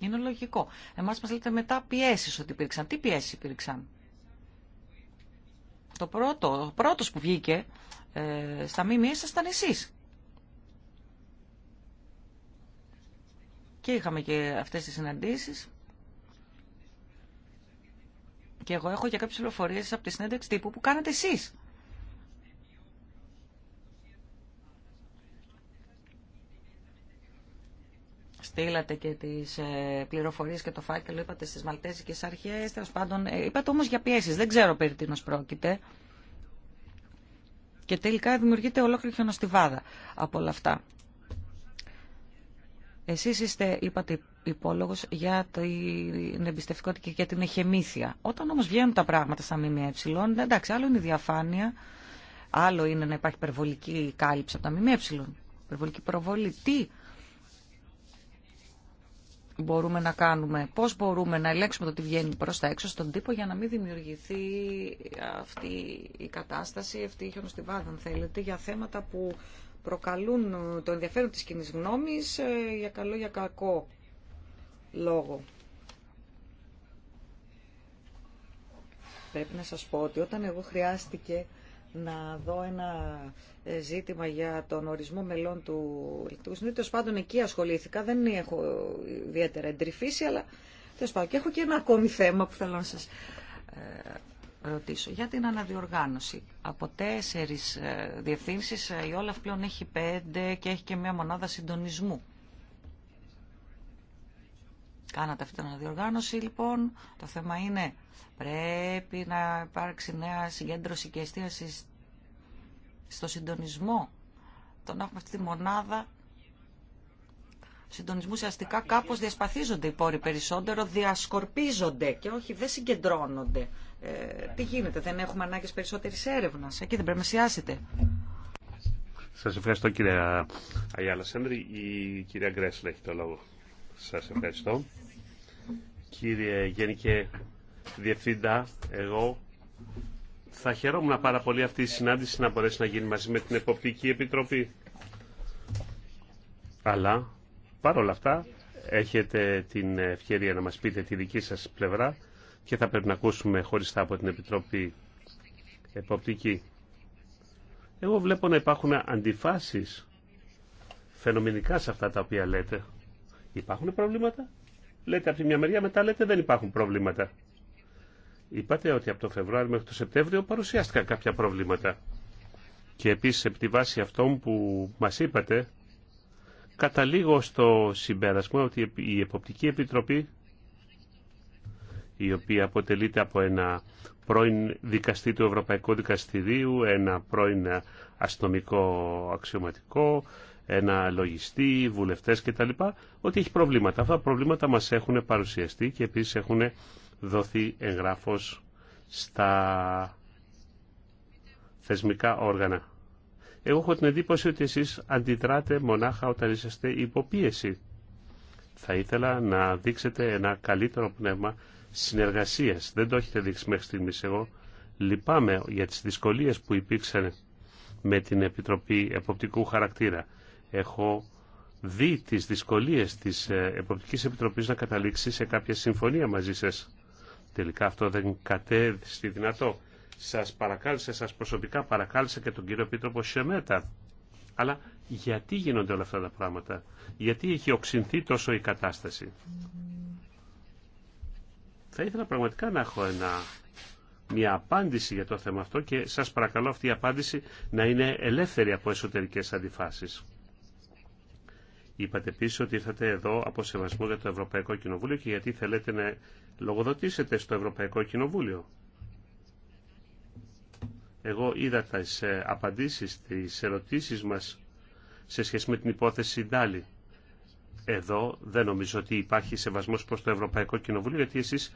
Είναι λογικό. Εμάς μας λέτε μετά πιέσει ότι υπήρξαν. Τι πιέσει υπήρξαν. Το πρώτο, ο πρώτος που βγήκε ε, στα ΜΜΕ ήταν εσείς. Και είχαμε και αυτές τις συναντήσεις. Και εγώ έχω και κάποιες πληροφορίε από τη συνέντευξη τύπου που κάνατε εσείς. στείλατε και τις ε, πληροφορίε και το φάκελο, είπατε στις Μαλτέζικε αρχές, Τέλο πάντων, ε, είπατε όμω για πιέσει, δεν ξέρω περί τίνο πρόκειται. Και τελικά δημιουργείται ολόκληρη χιονοστιβάδα από όλα αυτά. Εσεί είστε, είπατε, υπόλογο για την εμπιστευτικότητα και για την εχεμήθεια. Όταν όμω βγαίνουν τα πράγματα στα ΜΜΕ, εντάξει, άλλο είναι η διαφάνεια, άλλο είναι να υπάρχει υπερβολική κάλυψη από τα ΜΜΕ, υπερβολική προβολή. Τι μπορούμε να κάνουμε, πώς μπορούμε να ελέγξουμε το τι βγαίνει προς τα έξω στον τύπο για να μην δημιουργηθεί αυτή η κατάσταση, αυτή η χιονοστιβάδα αν θέλετε, για θέματα που προκαλούν το ενδιαφέρον της κοινή γνώμης ε, για καλό για κακό λόγο. Πρέπει να σας πω ότι όταν εγώ χρειάστηκε να δω ένα ε, ζήτημα για τον ορισμό μελών του του Τέλο πάντων, εκεί ασχολήθηκα. Δεν έχω ιδιαίτερα εντρυφήσει, αλλά τέλο πάντων. Και έχω και ένα ακόμη θέμα που θέλω να σα ε, ρωτήσω. Για την αναδιοργάνωση. Από τέσσερι ε, διευθύνσει η Όλαφ πλέον έχει πέντε και έχει και μία μονάδα συντονισμού. Κάνατε αυτή την αναδιοργάνωση λοιπόν. Το θέμα είναι πρέπει να υπάρξει νέα συγκέντρωση και εστίαση στο συντονισμό. Το να έχουμε αυτή τη μονάδα συντονισμού ουσιαστικά κάπω διασπαθίζονται οι πόροι περισσότερο, διασκορπίζονται και όχι δεν συγκεντρώνονται. Ε, τι γίνεται, δεν έχουμε ανάγκες περισσότερη έρευνα. Εκεί δεν πρέπει να σιάσετε. Σα ευχαριστώ κυρία Αγιάλα Σέντρη. Η κυρία Γκρέσλα έχει το λόγο. Σας ευχαριστώ. Κύριε Γενικέ Διευθύντα, εγώ θα χαιρόμουν πάρα πολύ αυτή η συνάντηση να μπορέσει να γίνει μαζί με την Εποπτική Επιτροπή. Αλλά, παρόλα αυτά, έχετε την ευκαιρία να μας πείτε τη δική σας πλευρά και θα πρέπει να ακούσουμε χωριστά από την Επιτροπή Εποπτική. Εγώ βλέπω να υπάρχουν αντιφάσεις φαινομενικά σε αυτά τα οποία λέτε. Υπάρχουν προβλήματα. Λέτε από τη μια μεριά, μετά λέτε δεν υπάρχουν προβλήματα. Είπατε ότι από το Φεβρουάριο μέχρι το Σεπτέμβριο παρουσιάστηκαν κάποια προβλήματα. Και επίσης επί τη βάση αυτών που μας είπατε, καταλήγω στο συμπέρασμα ότι η Εποπτική Επιτροπή, η οποία αποτελείται από ένα πρώην δικαστή του Ευρωπαϊκού Δικαστηρίου, ένα πρώην αστυνομικό αξιωματικό, ένα λογιστή, βουλευτέ κτλ. Ότι έχει προβλήματα. Αυτά τα προβλήματα μα έχουν παρουσιαστεί και επίση έχουν δοθεί εγγράφο στα θεσμικά όργανα. Εγώ έχω την εντύπωση ότι εσείς αντιτράτε μονάχα όταν είσαστε υποπίεση. Θα ήθελα να δείξετε ένα καλύτερο πνεύμα συνεργασίας. Δεν το έχετε δείξει μέχρι στιγμής εγώ. Λυπάμαι για τις δυσκολίες που υπήρξαν με την Επιτροπή Εποπτικού Χαρακτήρα έχω δει τις δυσκολίες της Εποπτικής Επιτροπής να καταλήξει σε κάποια συμφωνία μαζί σας. Τελικά αυτό δεν κατέβησε δυνατό. Σας παρακάλεσα, σας προσωπικά παρακάλεσα και τον κύριο Επίτροπο Σεμέτα. Αλλά γιατί γίνονται όλα αυτά τα πράγματα. Γιατί έχει οξυνθεί τόσο η κατάσταση. Θα ήθελα πραγματικά να έχω ένα, μια απάντηση για το θέμα αυτό και σας παρακαλώ αυτή η απάντηση να είναι ελεύθερη από εσωτερικές αντιφάσεις. Είπατε επίση ότι ήρθατε εδώ από σεβασμό για το Ευρωπαϊκό Κοινοβούλιο και γιατί θέλετε να λογοδοτήσετε στο Ευρωπαϊκό Κοινοβούλιο. Εγώ είδα τις ε, απαντήσεις, τις ερωτήσεις μας σε σχέση με την υπόθεση Ντάλι. Εδώ δεν νομίζω ότι υπάρχει σεβασμός προς το Ευρωπαϊκό Κοινοβούλιο γιατί εσείς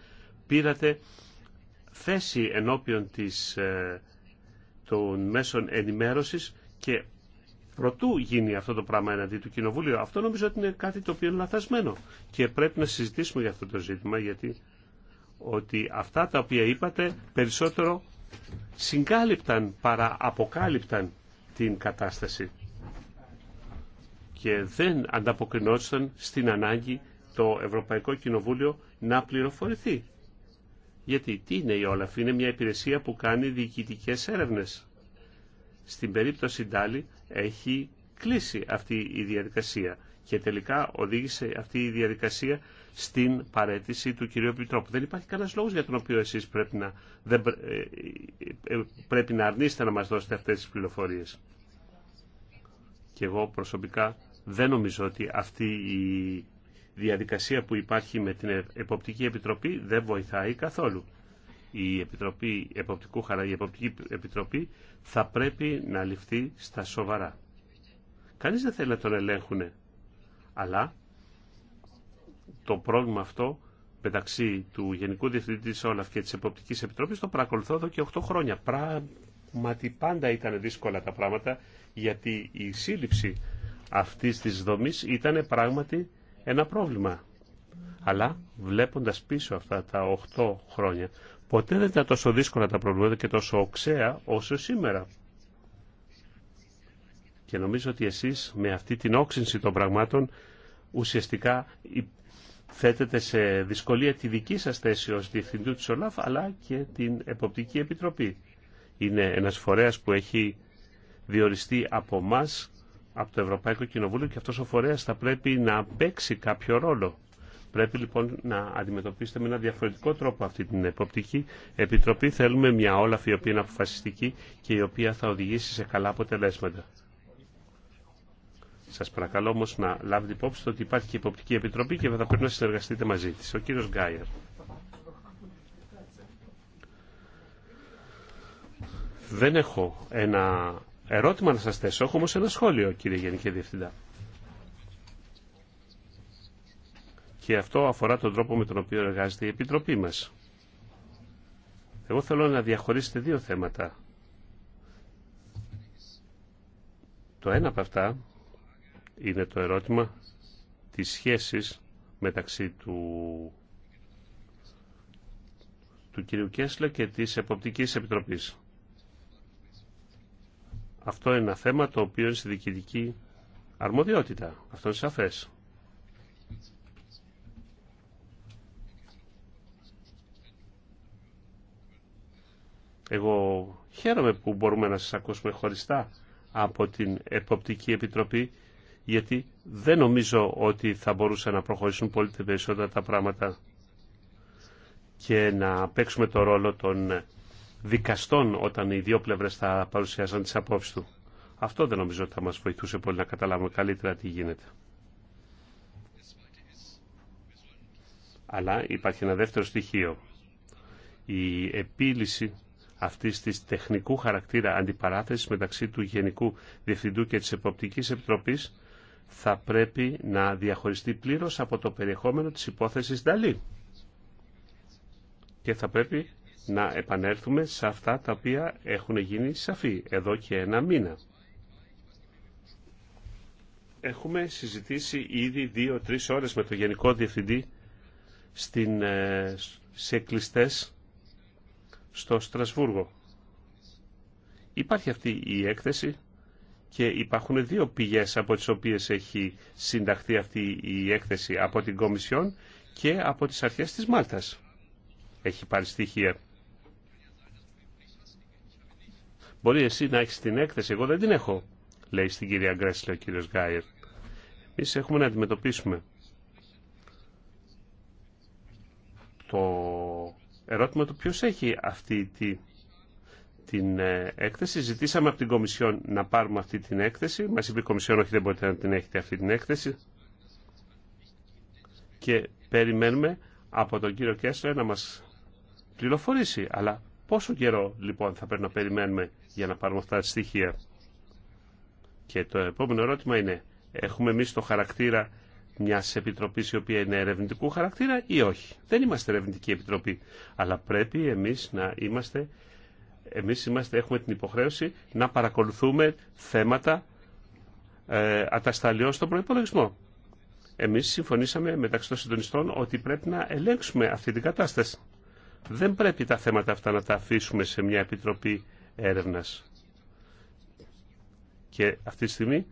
πήρατε θέση ενώπιον της, ε, των μέσων ενημέρωσης και Προτού γίνει αυτό το πράγμα εναντί του Κοινοβουλίου. Αυτό νομίζω ότι είναι κάτι το οποίο είναι λαθασμένο. Και πρέπει να συζητήσουμε για αυτό το ζήτημα, γιατί ότι αυτά τα οποία είπατε περισσότερο συγκάλυπταν παρά αποκάλυπταν την κατάσταση και δεν ανταποκρινόταν στην ανάγκη το Ευρωπαϊκό Κοινοβούλιο να πληροφορηθεί. Γιατί τι είναι η Όλαφ, είναι μια υπηρεσία που κάνει διοικητικές έρευνες. Στην περίπτωση Ντάλι έχει κλείσει αυτή η διαδικασία και τελικά οδήγησε αυτή η διαδικασία στην παρέτηση του κυρίου Επιτρόπου. Δεν υπάρχει κανένας λόγος για τον οποίο εσείς πρέπει να, δεν, ε, ε, πρέπει να αρνείστε να μας δώσετε αυτές τις πληροφορίες. Και εγώ προσωπικά δεν νομίζω ότι αυτή η διαδικασία που υπάρχει με την Εποπτική Επιτροπή δεν βοηθάει καθόλου η Επιτροπή Εποπτικού Χαρά, η Εποπτική Επιτροπή θα πρέπει να ληφθεί στα σοβαρά. Κανείς δεν θέλει να τον ελέγχουν, αλλά το πρόβλημα αυτό μεταξύ του Γενικού Διευθυντή της Όλαφ και της Εποπτικής Επιτροπής το παρακολουθώ εδώ και 8 χρόνια. Πράγματι πάντα ήταν δύσκολα τα πράγματα γιατί η σύλληψη αυτής της δομής ήταν πράγματι ένα πρόβλημα. Αλλά βλέποντας πίσω αυτά τα 8 χρόνια Ποτέ δεν ήταν τόσο δύσκολα τα προβλήματα και τόσο οξέα όσο σήμερα. Και νομίζω ότι εσείς με αυτή την όξυνση των πραγμάτων ουσιαστικά θέτετε σε δυσκολία τη δική σας θέση ως Διευθυντού της ΟΛΑΦ αλλά και την Εποπτική Επιτροπή. Είναι ένας φορέας που έχει διοριστεί από μας από το Ευρωπαϊκό Κοινοβούλιο και αυτός ο φορέας θα πρέπει να παίξει κάποιο ρόλο. Πρέπει λοιπόν να αντιμετωπίσετε με ένα διαφορετικό τρόπο αυτή την εποπτική επιτροπή. Θέλουμε μια όλαφη η οποία είναι αποφασιστική και η οποία θα οδηγήσει σε καλά αποτελέσματα. Σα παρακαλώ όμω να λάβετε υπόψη ότι υπάρχει και η Υποπτική Επιτροπή και θα πρέπει να συνεργαστείτε μαζί τη. Ο κύριο Γκάιερ. Δεν έχω ένα ερώτημα να σα θέσω, έχω όμω ένα σχόλιο κύριε Γενική Διευθυντά. και αυτό αφορά τον τρόπο με τον οποίο εργάζεται η Επιτροπή μας. Εγώ θέλω να διαχωρίσετε δύο θέματα. Το ένα από αυτά είναι το ερώτημα της σχέσης μεταξύ του, του κυρίου Κέσλε και της Εποπτικής Επιτροπής. Αυτό είναι ένα θέμα το οποίο είναι στη διοικητική αρμοδιότητα. Αυτό είναι σαφές. Εγώ χαίρομαι που μπορούμε να σας ακούσουμε χωριστά από την Εποπτική Επιτροπή γιατί δεν νομίζω ότι θα μπορούσαν να προχωρήσουν πολύ περισσότερα τα πράγματα και να παίξουμε το ρόλο των δικαστών όταν οι δύο πλευρές θα παρουσιάζαν τις απόψεις του. Αυτό δεν νομίζω ότι θα μας βοηθούσε πολύ να καταλάβουμε καλύτερα τι γίνεται. Αλλά υπάρχει ένα δεύτερο στοιχείο. Η επίλυση αυτή τη τεχνικού χαρακτήρα αντιπαράθεσης μεταξύ του Γενικού Διευθυντού και της Εποπτικής Επιτροπής θα πρέπει να διαχωριστεί πλήρως από το περιεχόμενο της υπόθεσης Νταλή. Και θα πρέπει να επανέλθουμε σε αυτά τα οποία έχουν γίνει σαφή εδώ και ένα μήνα. Έχουμε συζητήσει ήδη δύο-τρεις ώρες με το Γενικό Διευθυντή στην, ε, σε στο Στρασβούργο. Υπάρχει αυτή η έκθεση και υπάρχουν δύο πηγές από τις οποίες έχει συνταχθεί αυτή η έκθεση από την Κομισιόν και από τις αρχές της Μάλτας. Έχει πάρει στοιχεία. Μπορεί εσύ να έχεις την έκθεση, εγώ δεν την έχω, λέει στην κυρία Γκρέσλε ο κύριος Γκάιερ. Εμείς έχουμε να αντιμετωπίσουμε το ερώτημα του ποιος έχει αυτή τη, την ε, έκθεση. Ζητήσαμε από την Κομισιόν να πάρουμε αυτή την έκθεση. Μας είπε η Κομισιόν όχι δεν μπορείτε να την έχετε αυτή την έκθεση. Και περιμένουμε από τον κύριο Κέσλε να μας πληροφορήσει. Αλλά πόσο καιρό λοιπόν θα πρέπει να περιμένουμε για να πάρουμε αυτά τα στοιχεία. Και το επόμενο ερώτημα είναι, έχουμε εμεί το χαρακτήρα μια επιτροπή η οποία είναι ερευνητικού χαρακτήρα ή όχι. Δεν είμαστε ερευνητική επιτροπή. Αλλά πρέπει εμεί να είμαστε. Εμεί είμαστε, έχουμε την υποχρέωση να παρακολουθούμε θέματα ε, στον προπολογισμό. Εμεί συμφωνήσαμε μεταξύ των συντονιστών ότι πρέπει να ελέγξουμε αυτή την κατάσταση. Δεν πρέπει τα θέματα αυτά να τα αφήσουμε σε μια επιτροπή έρευνα. Και αυτή τη στιγμή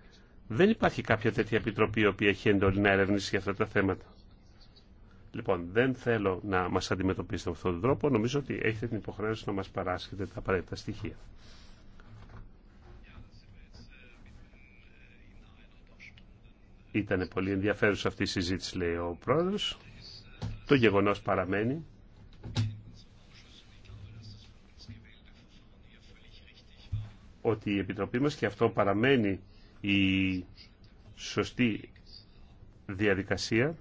δεν υπάρχει κάποια τέτοια επιτροπή η οποία έχει εντολή να ερευνήσει για αυτά τα θέματα. Λοιπόν, δεν θέλω να μας αντιμετωπίσετε με αυτόν τον τρόπο. Νομίζω ότι έχετε την υποχρέωση να μας παράσχετε τα απαραίτητα στοιχεία. Ήταν πολύ ενδιαφέρουσα αυτή η συζήτηση, λέει ο πρόεδρος. Το γεγονός παραμένει. Ότι η Επιτροπή μας και αυτό παραμένει η σωστή διαδικασία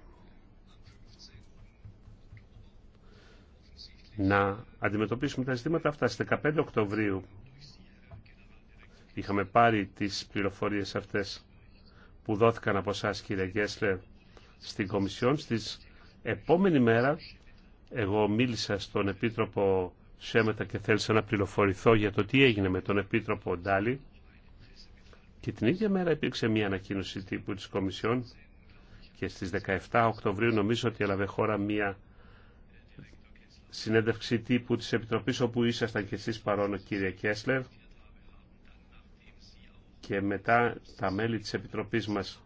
να αντιμετωπίσουμε τα ζητήματα αυτά. Στις 15 Οκτωβρίου είχαμε πάρει τις πληροφορίες αυτές που δόθηκαν από εσά κύριε Γκέσλερ στην Κομισιόν. Στις επόμενη μέρα εγώ μίλησα στον Επίτροπο Σέμετα και θέλησα να πληροφορηθώ για το τι έγινε με τον Επίτροπο Ντάλι και την ίδια μέρα υπήρξε μια ανακοίνωση τύπου της Κομισιόν και στις 17 Οκτωβρίου νομίζω ότι έλαβε χώρα μια συνέντευξη τύπου της Επιτροπής όπου ήσασταν και εσείς ο κύριε Κέσλερ και μετά τα μέλη της Επιτροπής μας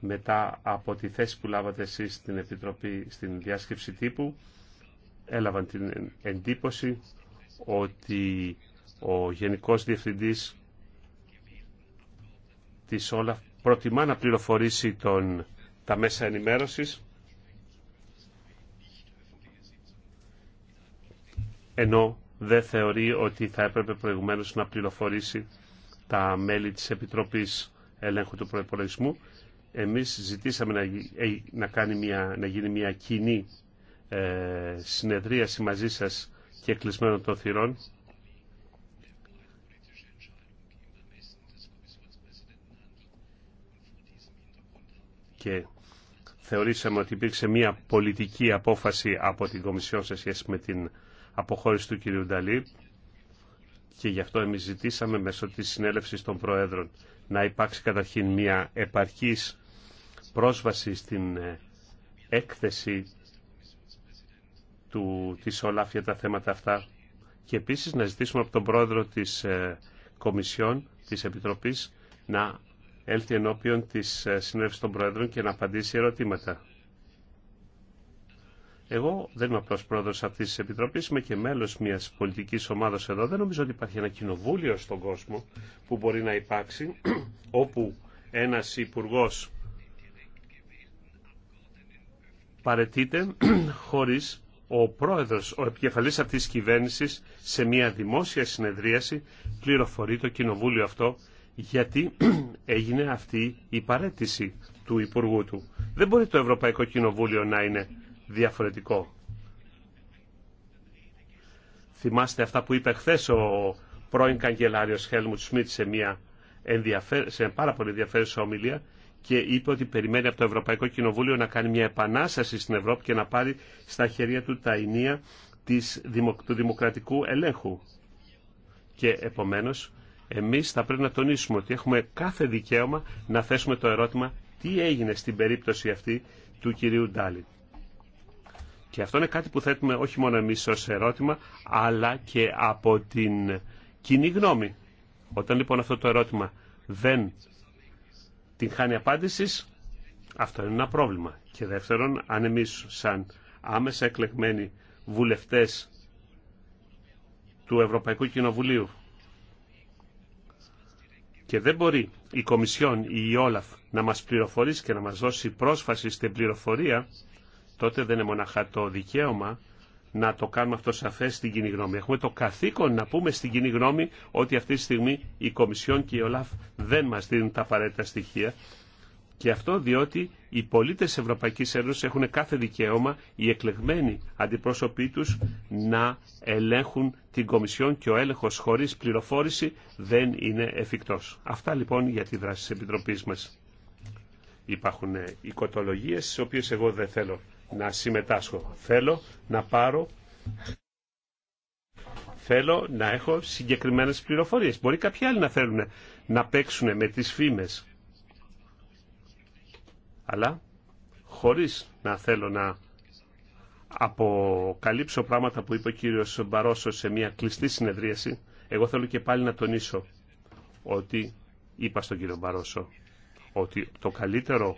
μετά από τη θέση που λάβατε εσείς στην Επιτροπή στην διάσκεψη τύπου έλαβαν την εντύπωση ότι ο Γενικός Διευθυντής Τη Όλαφ προτιμά να πληροφορήσει τον, τα μέσα ενημέρωσης ενώ δεν θεωρεί ότι θα έπρεπε προηγουμένως να πληροφορήσει τα μέλη της Επιτροπής Ελέγχου του Προϋπολογισμού. Εμείς ζητήσαμε να, ε, να, κάνει μια, να γίνει μια κοινή ε, συνεδρίαση μαζί σας και κλεισμένο των θυρών και θεωρήσαμε ότι υπήρξε μια πολιτική απόφαση από την Κομισιόν σε σχέση με την αποχώρηση του κυρίου Νταλή και γι' αυτό εμείς ζητήσαμε μέσω της συνέλευσης των Προέδρων να υπάρξει καταρχήν μια επαρκής πρόσβαση στην ε, έκθεση του, της ΟΛΑΦ τα θέματα αυτά και επίσης να ζητήσουμε από τον Πρόεδρο της ε, Κομισιόν, της Επιτροπής, να έλθει ενώπιον της ε, Συνέλευσης των Προέδρων και να απαντήσει ερωτήματα. Εγώ δεν είμαι απλώ πρόεδρος αυτής της Επιτροπής. είμαι και μέλος μιας πολιτικής ομάδας εδώ. Δεν νομίζω ότι υπάρχει ένα κοινοβούλιο στον κόσμο που μπορεί να υπάρξει όπου ένας υπουργό παρετείται χωρίς ο πρόεδρος, ο επικεφαλής αυτής της κυβέρνηση σε μια δημόσια συνεδρίαση πληροφορεί το κοινοβούλιο αυτό γιατί έγινε αυτή η παρέτηση του Υπουργού του. Δεν μπορεί το Ευρωπαϊκό Κοινοβούλιο να είναι διαφορετικό. Θυμάστε αυτά που είπε χθε ο πρώην καγκελάριο Χέλμουτ Σμιτ σε μια σε πάρα πολύ ενδιαφέρουσα ομιλία και είπε ότι περιμένει από το Ευρωπαϊκό Κοινοβούλιο να κάνει μια επανάσταση στην Ευρώπη και να πάρει στα χέρια του τα ενία της... του δημοκρατικού ελέγχου. Και επομένως εμείς θα πρέπει να τονίσουμε ότι έχουμε κάθε δικαίωμα να θέσουμε το ερώτημα τι έγινε στην περίπτωση αυτή του κυρίου Ντάλι. Και αυτό είναι κάτι που θέτουμε όχι μόνο εμείς ως ερώτημα, αλλά και από την κοινή γνώμη. Όταν λοιπόν αυτό το ερώτημα δεν την χάνει απάντηση, αυτό είναι ένα πρόβλημα. Και δεύτερον, αν εμείς σαν άμεσα εκλεγμένοι βουλευτές του Ευρωπαϊκού Κοινοβουλίου και δεν μπορεί η Κομισιόν ή η Όλαφ να μας πληροφορήσει και να μας δώσει πρόσφαση στην πληροφορία, τότε δεν είναι μοναχά το δικαίωμα να το κάνουμε αυτό σαφές στην κοινή γνώμη. Έχουμε το καθήκον να πούμε στην κοινή γνώμη ότι αυτή τη στιγμή η Κομισιόν και η ΟΛΑΦ δεν μας δίνουν τα απαραίτητα στοιχεία και αυτό διότι οι πολίτες της Ευρωπαϊκής Ένωσης έχουν κάθε δικαίωμα οι εκλεγμένοι αντιπρόσωποι τους να ελέγχουν την Κομισιόν και ο έλεγχος χωρίς πληροφόρηση δεν είναι εφικτός. Αυτά λοιπόν για τη δράση της Επιτροπής μας. Υπάρχουν ε, οικοτολογίες στις οποίες εγώ δεν θέλω να συμμετάσχω. Θέλω να πάρω... Θέλω να έχω συγκεκριμένες πληροφορίες. Μπορεί κάποιοι άλλοι να θέλουν να παίξουν με τις φήμες αλλά χωρίς να θέλω να αποκαλύψω πράγματα που είπε ο κύριος Μπαρόσο σε μια κλειστή συνεδρίαση, εγώ θέλω και πάλι να τονίσω ότι είπα στον κύριο Μπαρόσο ότι το καλύτερο,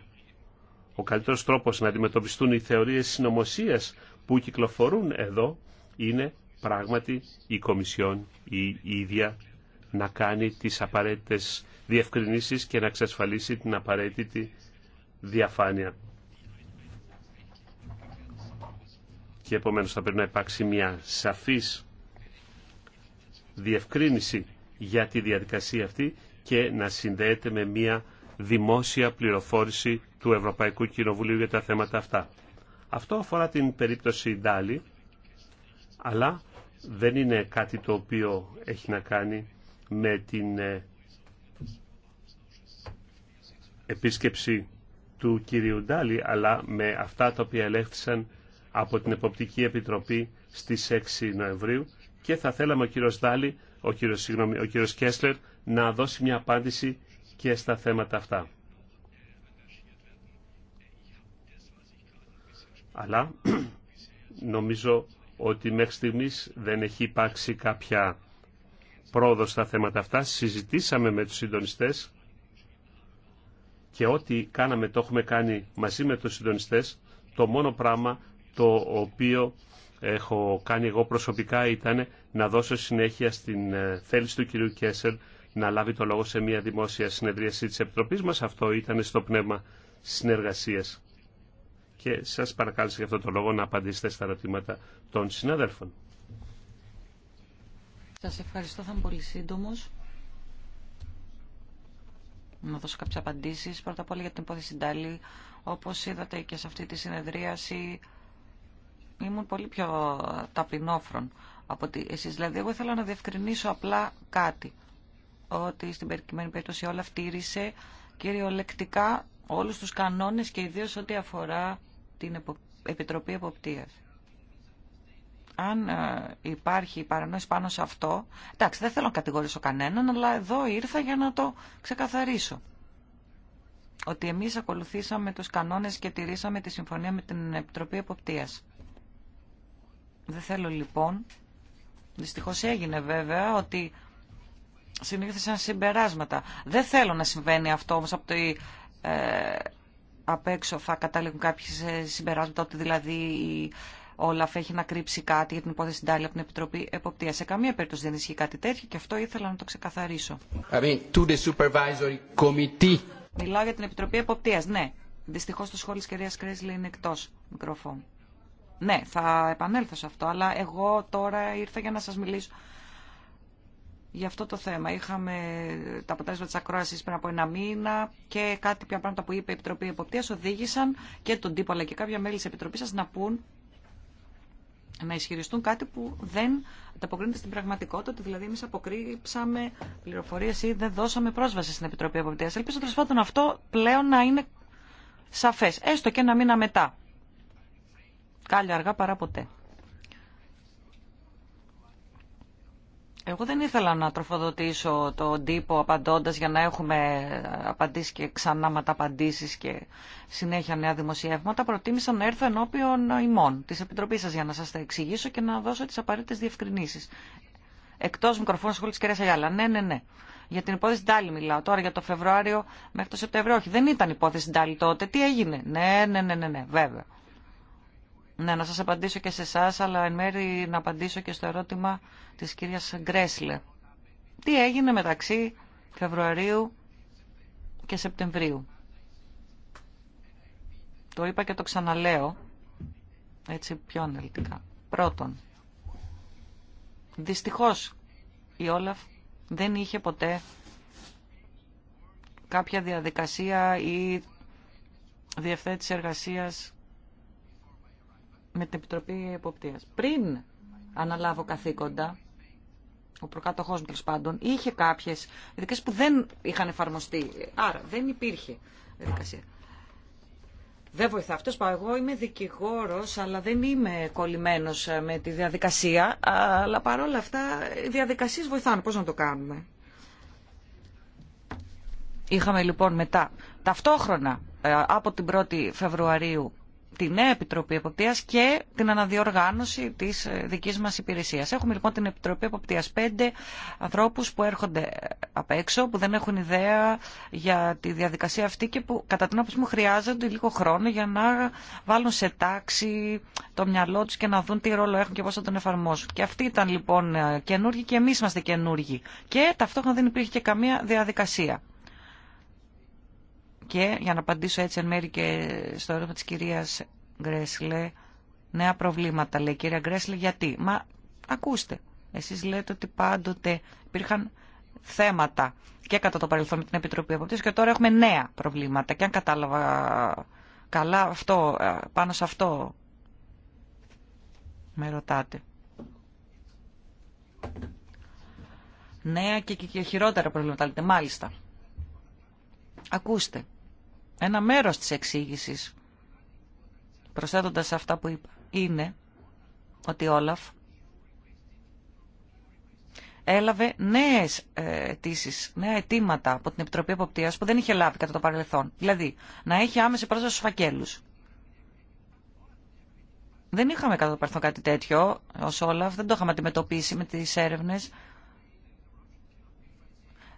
ο καλύτερος τρόπος να αντιμετωπιστούν οι θεωρίες συνωμοσία που κυκλοφορούν εδώ είναι πράγματι η Κομισιόν η ίδια να κάνει τις απαραίτητες διευκρινήσεις και να εξασφαλίσει την απαραίτητη διαφάνεια. Και επομένως θα πρέπει να υπάρξει μια σαφής διευκρίνηση για τη διαδικασία αυτή και να συνδέεται με μια δημόσια πληροφόρηση του Ευρωπαϊκού Κοινοβουλίου για τα θέματα αυτά. Αυτό αφορά την περίπτωση Ντάλι, αλλά δεν είναι κάτι το οποίο έχει να κάνει με την ε, επίσκεψη του κυρίου Ντάλι, αλλά με αυτά τα οποία ελέγχθησαν από την Εποπτική Επιτροπή στις 6 Νοεμβρίου και θα θέλαμε ο κύριος Ντάλι, ο κύριος, ο κύριος Κέσλερ, να δώσει μια απάντηση και στα θέματα αυτά. Αλλά νομίζω ότι μέχρι στιγμής δεν έχει υπάρξει κάποια πρόοδο στα θέματα αυτά. Συζητήσαμε με τους συντονιστές και ό,τι κάναμε το έχουμε κάνει μαζί με τους συντονιστές. Το μόνο πράγμα το οποίο έχω κάνει εγώ προσωπικά ήταν να δώσω συνέχεια στην ε, θέληση του κυρίου Κέσσερ να λάβει το λόγο σε μια δημόσια συνεδρίαση της Επιτροπής μας. Αυτό ήταν στο πνεύμα συνεργασίας. Και σας παρακάλεσα για αυτό το λόγο να απαντήσετε στα ερωτήματα των συναδέλφων. Σας ευχαριστώ, θα είμαι πολύ σύντομος να δώσω κάποιες απαντήσεις. Πρώτα απ' όλα για την υπόθεση Ντάλι, όπως είδατε και σε αυτή τη συνεδρίαση, ήμουν πολύ πιο ταπεινόφρον από ότι εσείς. Δηλαδή, εγώ ήθελα να διευκρινίσω απλά κάτι, ότι στην περικειμένη περίπτωση όλα φτύρισε κυριολεκτικά όλους τους κανόνες και ιδίως ό,τι αφορά την Επιτροπή Εποπτείας αν ε, υπάρχει παρανόηση πάνω σε αυτό, εντάξει δεν θέλω να κατηγορήσω κανέναν, αλλά εδώ ήρθα για να το ξεκαθαρίσω. Ότι εμείς ακολουθήσαμε τους κανόνες και τηρήσαμε τη συμφωνία με την Επιτροπή Εποπτείας. Δεν θέλω λοιπόν, δυστυχώς έγινε βέβαια, ότι συνήθισαν συμπεράσματα. Δεν θέλω να συμβαίνει αυτό όμως από το ε, απ' έξω θα καταλήγουν κάποιες ε, συμπεράσματα ότι δηλαδή Όλαφ έχει να κρύψει κάτι για την υπόθεση Ντάλι από την Επιτροπή Εποπτεία. Σε καμία περίπτωση δεν ισχύει κάτι τέτοιο και αυτό ήθελα να το ξεκαθαρίσω. I mean, Μιλάω για την Επιτροπή Εποπτεία, ναι. Δυστυχώ το σχόλιο τη κυρία Κρέσλι είναι εκτό μικροφώνου. Ναι, θα επανέλθω σε αυτό, αλλά εγώ τώρα ήρθα για να σα μιλήσω για αυτό το θέμα. Είχαμε τα αποτέλεσμα τη ακρόαση πριν από ένα μήνα και κάτι πια πράγματα που είπε η Επιτροπή Εποπτεία οδήγησαν και τον τύπο αλλά και κάποια μέλη τη Επιτροπή σα να πούν να ισχυριστούν κάτι που δεν ανταποκρίνεται στην πραγματικότητα, δηλαδή εμεί αποκρύψαμε πληροφορίε ή δεν δώσαμε πρόσβαση στην Επιτροπή Αποπτία. Ελπίζω τέλο πάντων αυτό πλέον να είναι σαφέ, έστω και ένα μήνα μετά. Κάλλιο αργά παρά ποτέ. Εγώ δεν ήθελα να τροφοδοτήσω τον τύπο απαντώντας για να έχουμε απαντήσει και ξανά απαντήσεις και συνέχεια νέα δημοσιεύματα. Προτίμησα να έρθω ενώπιον ημών της Επιτροπής σας για να σας τα εξηγήσω και να δώσω τις απαραίτητες διευκρινήσεις. Εκτός μικροφώνου σχολή τη Σαγιάλα. Ναι, ναι, ναι. Για την υπόθεση Ντάλι μιλάω. Τώρα για το Φεβρουάριο μέχρι το Σεπτέμβριο. Όχι, δεν ήταν υπόθεση Ντάλι τότε. Τι έγινε. Ναι, ναι, ναι, ναι, ναι βέβαια. Ναι, να σας απαντήσω και σε εσά, αλλά εν μέρει να απαντήσω και στο ερώτημα της κυρίας Γκρέσλε. Τι έγινε μεταξύ Φεβρουαρίου και Σεπτεμβρίου. Το είπα και το ξαναλέω, έτσι πιο αναλυτικά. Πρώτον, δυστυχώς η Όλαφ δεν είχε ποτέ κάποια διαδικασία ή διευθέτηση εργασίας με την Επιτροπή Εποπτείας. Πριν αναλάβω καθήκοντα, ο προκάτοχός μου τέλο πάντων, είχε κάποιες διαδικασίες που δεν είχαν εφαρμοστεί. Άρα δεν υπήρχε διαδικασία. Δεν βοηθά αυτό. Πάω εγώ, είμαι δικηγόρο, αλλά δεν είμαι κολλημένο ε, με τη διαδικασία. Αλλά παρόλα αυτά, οι διαδικασίε βοηθάνε. Πώ να το κάνουμε. Είχαμε λοιπόν μετά ταυτόχρονα ε, από την 1η Φεβρουαρίου τη νέα Επιτροπή Εποπτείας και την αναδιοργάνωση της ε, δικής μας υπηρεσίας. Έχουμε λοιπόν την Επιτροπή Εποπτείας πέντε ανθρώπους που έρχονται ε, απ' έξω, που δεν έχουν ιδέα για τη διαδικασία αυτή και που κατά την άποψη μου χρειάζονται λίγο χρόνο για να βάλουν σε τάξη το μυαλό τους και να δουν τι ρόλο έχουν και πώς θα τον εφαρμόσουν. Και αυτοί ήταν λοιπόν ε, καινούργοι και εμείς είμαστε καινούργοι. Και ταυτόχρονα δεν υπήρχε και καμία διαδικασία. Και για να απαντήσω έτσι εν μέρη και στο ερώτημα της κυρίας Γκρέσλε, νέα προβλήματα λέει κυρία Γκρέσλε γιατί. Μα ακούστε, εσείς λέτε ότι πάντοτε υπήρχαν θέματα και κατά το παρελθόν με την Επιτροπή και τώρα έχουμε νέα προβλήματα. Και αν κατάλαβα καλά αυτό, ε, πάνω σε αυτό με ρωτάτε. Νέα και, και, και χειρότερα προβλήματα, λέτε. Μάλιστα. Ακούστε ένα μέρος της εξήγησης, προσθέτοντας αυτά που είπα, είναι ότι Όλαφ έλαβε νέες ε, αιτήσει, νέα αιτήματα από την Επιτροπή Εποπτείας που δεν είχε λάβει κατά το παρελθόν. Δηλαδή, να έχει άμεση πρόσβαση στους φακέλους. Δεν είχαμε κατά το παρελθόν κάτι τέτοιο ως Όλαφ, δεν το είχαμε αντιμετωπίσει με τις έρευνες.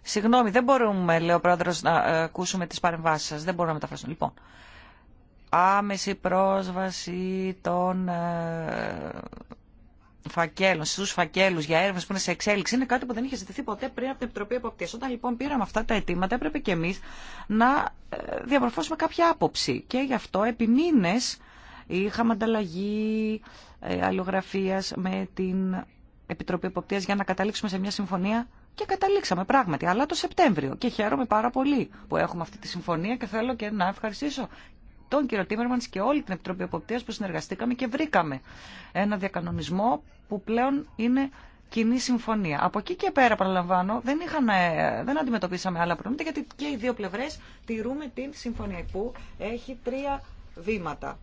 Συγγνώμη, δεν μπορούμε, λέει ο πρόεδρο, να ε, ακούσουμε τι παρεμβάσει σα. Δεν μπορούμε να μεταφράσουμε. Λοιπόν, άμεση πρόσβαση των ε, φακέλων, στου φακέλου για έρευνε που είναι σε εξέλιξη είναι κάτι που δεν είχε ζητηθεί ποτέ πριν από την Επιτροπή Εποπτεία. Όταν λοιπόν πήραμε αυτά τα αιτήματα, έπρεπε και εμεί να ε, διαμορφώσουμε κάποια άποψη. Και γι' αυτό επί μήνε είχαμε ανταλλαγή αλληλογραφία με την Επιτροπή Εποπτεία για να καταλήξουμε σε μια συμφωνία και καταλήξαμε πράγματι, αλλά το Σεπτέμβριο. Και χαίρομαι πάρα πολύ που έχουμε αυτή τη συμφωνία και θέλω και να ευχαριστήσω τον κύριο Τίμερμαν και όλη την Επιτροπή Εποπτείας που συνεργαστήκαμε και βρήκαμε ένα διακανονισμό που πλέον είναι κοινή συμφωνία. Από εκεί και πέρα, παραλαμβάνω, δεν, ε, δεν αντιμετωπίσαμε άλλα προβλήματα γιατί και οι δύο πλευρέ τηρούμε την συμφωνία που έχει τρία βήματα,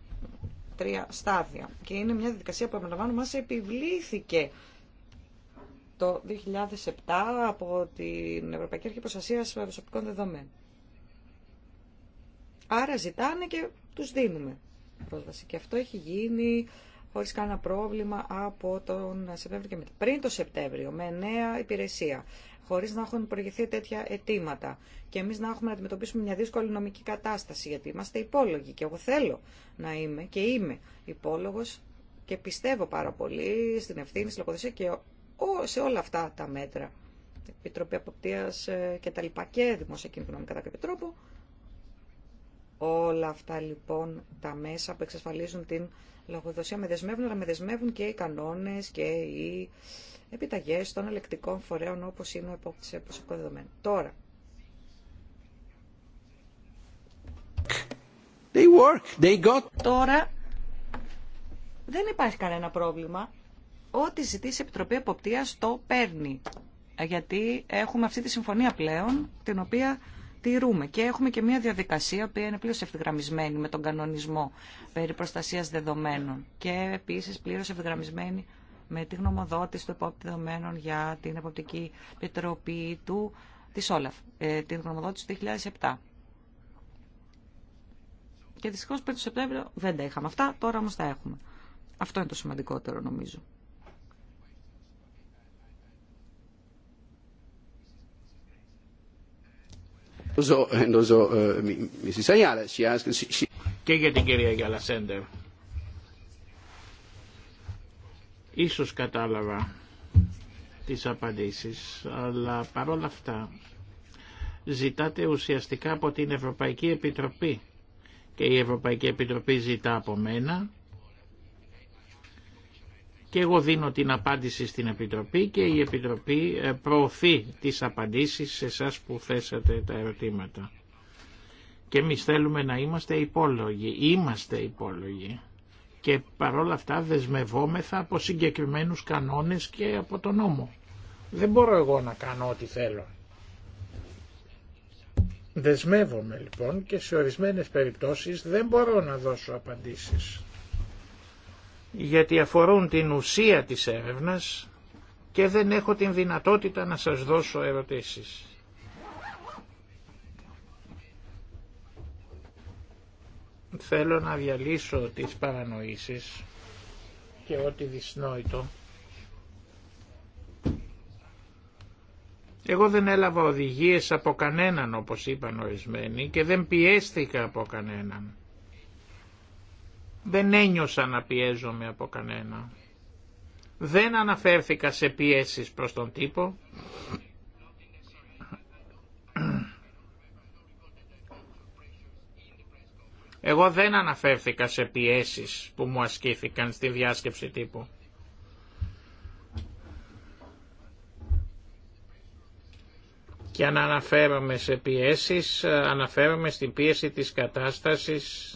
τρία στάδια. Και είναι μια διαδικασία που, επαναλαμβάνω, μα επιβλήθηκε το 2007 από την Ευρωπαϊκή Αρχή Προστασία Προσωπικών Δεδομένων. Άρα ζητάνε και τους δίνουμε πρόσβαση. Και αυτό έχει γίνει χωρίς κανένα πρόβλημα από τον Σεπτέμβριο και μετά. Πριν το Σεπτέμβριο, με νέα υπηρεσία, χωρίς να έχουν προηγηθεί τέτοια αιτήματα και εμείς να έχουμε να αντιμετωπίσουμε μια δύσκολη νομική κατάσταση, γιατί είμαστε υπόλογοι και εγώ θέλω να είμαι και είμαι υπόλογο και πιστεύω πάρα πολύ στην ευθύνη, στην λογοδοσία και σε όλα αυτά τα μέτρα. Επιτροπή Αποπτείας ε, και τα λοιπά και δημόσια κοινωνικά κατά κάποιο τρόπο. Όλα αυτά λοιπόν τα μέσα που εξασφαλίζουν την λογοδοσία με δεσμεύουν, αλλά με δεσμεύουν και οι κανόνες και οι επιταγές των ελεκτικών φορέων όπως είναι ο επόπτης ε, προσωπικό δεδομένο. Τώρα. They work. They got... Τώρα δεν υπάρχει κανένα πρόβλημα ό,τι ζητήσει η Επιτροπή Εποπτεία το παίρνει. Ε, γιατί έχουμε αυτή τη συμφωνία πλέον, την οποία τηρούμε. Και έχουμε και μια διαδικασία που είναι πλήρω ευθυγραμμισμένη με τον κανονισμό περί προστασία δεδομένων. Και επίση πλήρω ευθυγραμμισμένη με τη γνωμοδότηση του επόπτη δεδομένων για την Εποπτική Επιτροπή του, της Όλαφ, ε, την γνωμοδότηση του 2007. Και δυστυχώ πριν το Σεπτέμβριο δεν τα είχαμε αυτά, τώρα όμω τα έχουμε. Αυτό είναι το σημαντικότερο νομίζω. Και για την κυρία Σέντερ. Ίσως κατάλαβα τις απαντήσεις, αλλά παρόλα αυτά ζητάτε ουσιαστικά από την Ευρωπαϊκή Επιτροπή και η Ευρωπαϊκή Επιτροπή ζητά από μένα και εγώ δίνω την απάντηση στην Επιτροπή και η Επιτροπή ε, προωθεί τις απαντήσεις σε εσά που θέσατε τα ερωτήματα. Και εμεί θέλουμε να είμαστε υπόλογοι. Είμαστε υπόλογοι. Και παρόλα αυτά δεσμευόμεθα από συγκεκριμένους κανόνες και από τον νόμο. Δεν μπορώ εγώ να κάνω ό,τι θέλω. Δεσμεύομαι λοιπόν και σε ορισμένες περιπτώσεις δεν μπορώ να δώσω απαντήσεις γιατί αφορούν την ουσία της έρευνας και δεν έχω την δυνατότητα να σας δώσω ερωτήσεις. Θέλω να διαλύσω τις παρανοήσεις και ό,τι δυσνόητο. Εγώ δεν έλαβα οδηγίες από κανέναν όπως είπαν ορισμένοι και δεν πιέστηκα από κανέναν. Δεν ένιωσα να πιέζομαι από κανένα. Δεν αναφέρθηκα σε πιέσεις προς τον τύπο. Εγώ δεν αναφέρθηκα σε πιέσεις που μου ασκήθηκαν στη διάσκεψη τύπου. Και αν αναφέρομαι σε πιέσεις, αναφέρομαι στην πίεση της κατάστασης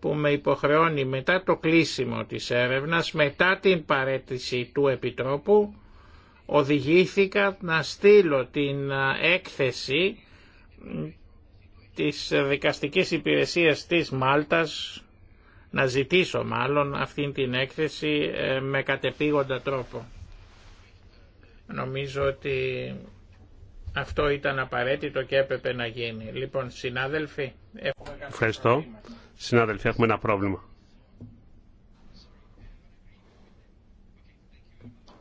που με υποχρεώνει μετά το κλείσιμο της έρευνας, μετά την παρέτηση του Επιτρόπου, οδηγήθηκα να στείλω την έκθεση της δικαστικής υπηρεσίας της Μάλτας, να ζητήσω μάλλον αυτήν την έκθεση ε, με κατεπήγοντα τρόπο. Νομίζω ότι αυτό ήταν απαραίτητο και έπρεπε να γίνει. Λοιπόν, συνάδελφοι... Ευχαριστώ. Συνάδελφοι, έχουμε ένα πρόβλημα.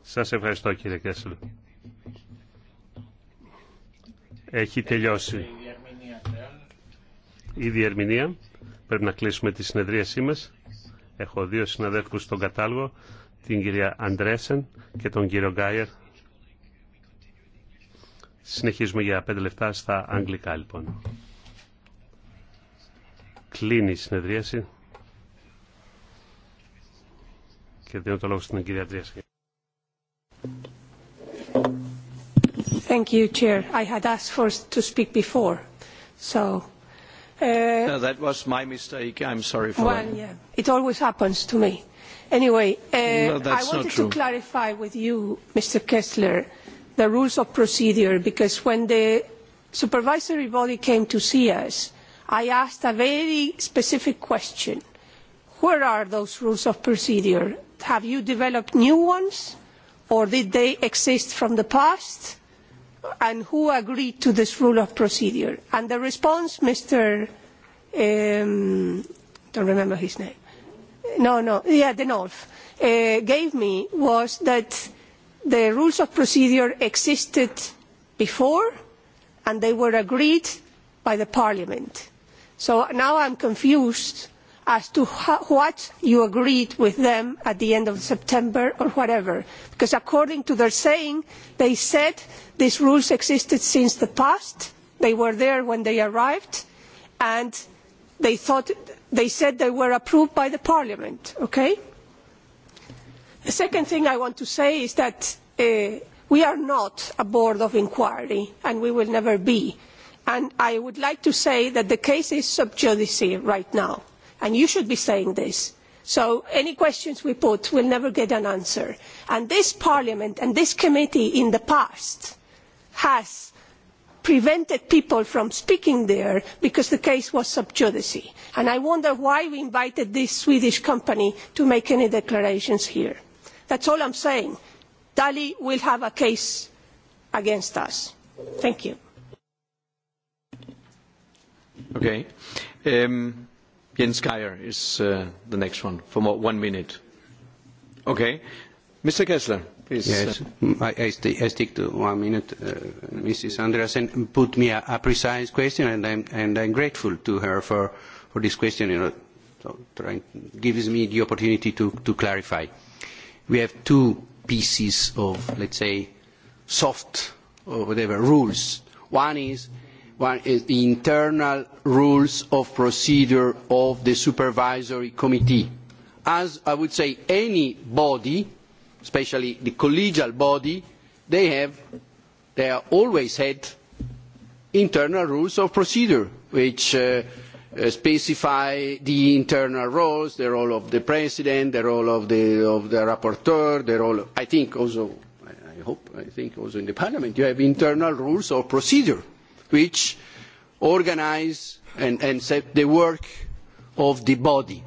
Σας ευχαριστώ κύριε Κέσσελ. Έχει τελειώσει η διερμηνία. Πρέπει να κλείσουμε τη συνεδρίασή μας. Έχω δύο συναδέλφους στον κατάλογο, την κυρία Αντρέσεν και τον κύριο Γκάιερ. Συνεχίζουμε για πέντε λεπτά στα αγγλικά λοιπόν. Κλείνει η συνεδρίαση. Και δίνω το λόγο στην κυρία Τρίασκη. Thank you, Chair. I had asked for to speak before, so. No, that was my mistake. I'm sorry for that. Well, yeah, it always happens to me. Anyway, I wanted to clarify with you, Mr. Kessler, the rules of procedure, because when the supervisory body came to see us, I asked a very specific question. Where are those rules of procedure? Have you developed new ones or did they exist from the past? And who agreed to this rule of procedure? And the response, Mr. Don't remember his name. No, no, yeah, Denolf gave me was that the rules of procedure existed before and they were agreed by the Parliament So now am confused as to what you agreed with them at the end of September or whatever, because according to their saying, they said these rules existed since the past, they were there when they arrived, and they thought they said they were approved by the Parliament. Okay. The second thing I want to say is that we are not a board of inquiry, and we will never be and i would like to say that the case is sub judice right now and you should be saying this so any questions we put will never get an answer and this parliament and this committee in the past has prevented people from speaking there because the case was sub judice and i wonder why we invited this swedish company to make any declarations here. That's all I'm saying. Dali will have a case against us. thank you. Okay. Jens Geier is the next one for one minute. Okay. Mr. Kessler, please. I stick to one minute. Mrs. Andreasen put me a precise question, and I'm grateful to her for this question. It gives me the opportunity to clarify. We have two pieces of, let's say, soft or whatever rules. One is One is the internal rules of procedure of the supervisory committee. As I would say, any body, especially the collegial body, they have, they always had internal rules of procedure, which specify the internal roles, the role of the president, the role of the rapporteur, the role. I think also, I hope, I think also in the Parliament you have internal rules of procedure which organise and set the work of the body.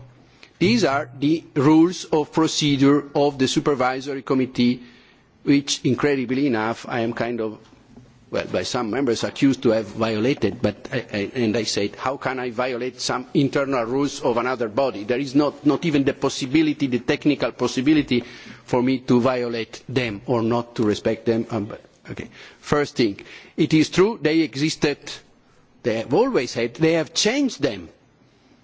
These are the rules of procedure of the Supervisory Committee, which, incredibly enough, I am kind of, well, by some members accused to have violated, and I said, how can I violate some internal rules of another body? There is not even the possibility, the technical possibility, for me to violate them or not to respect them Okay. First thing, it is true they existed, they have always had, they have changed them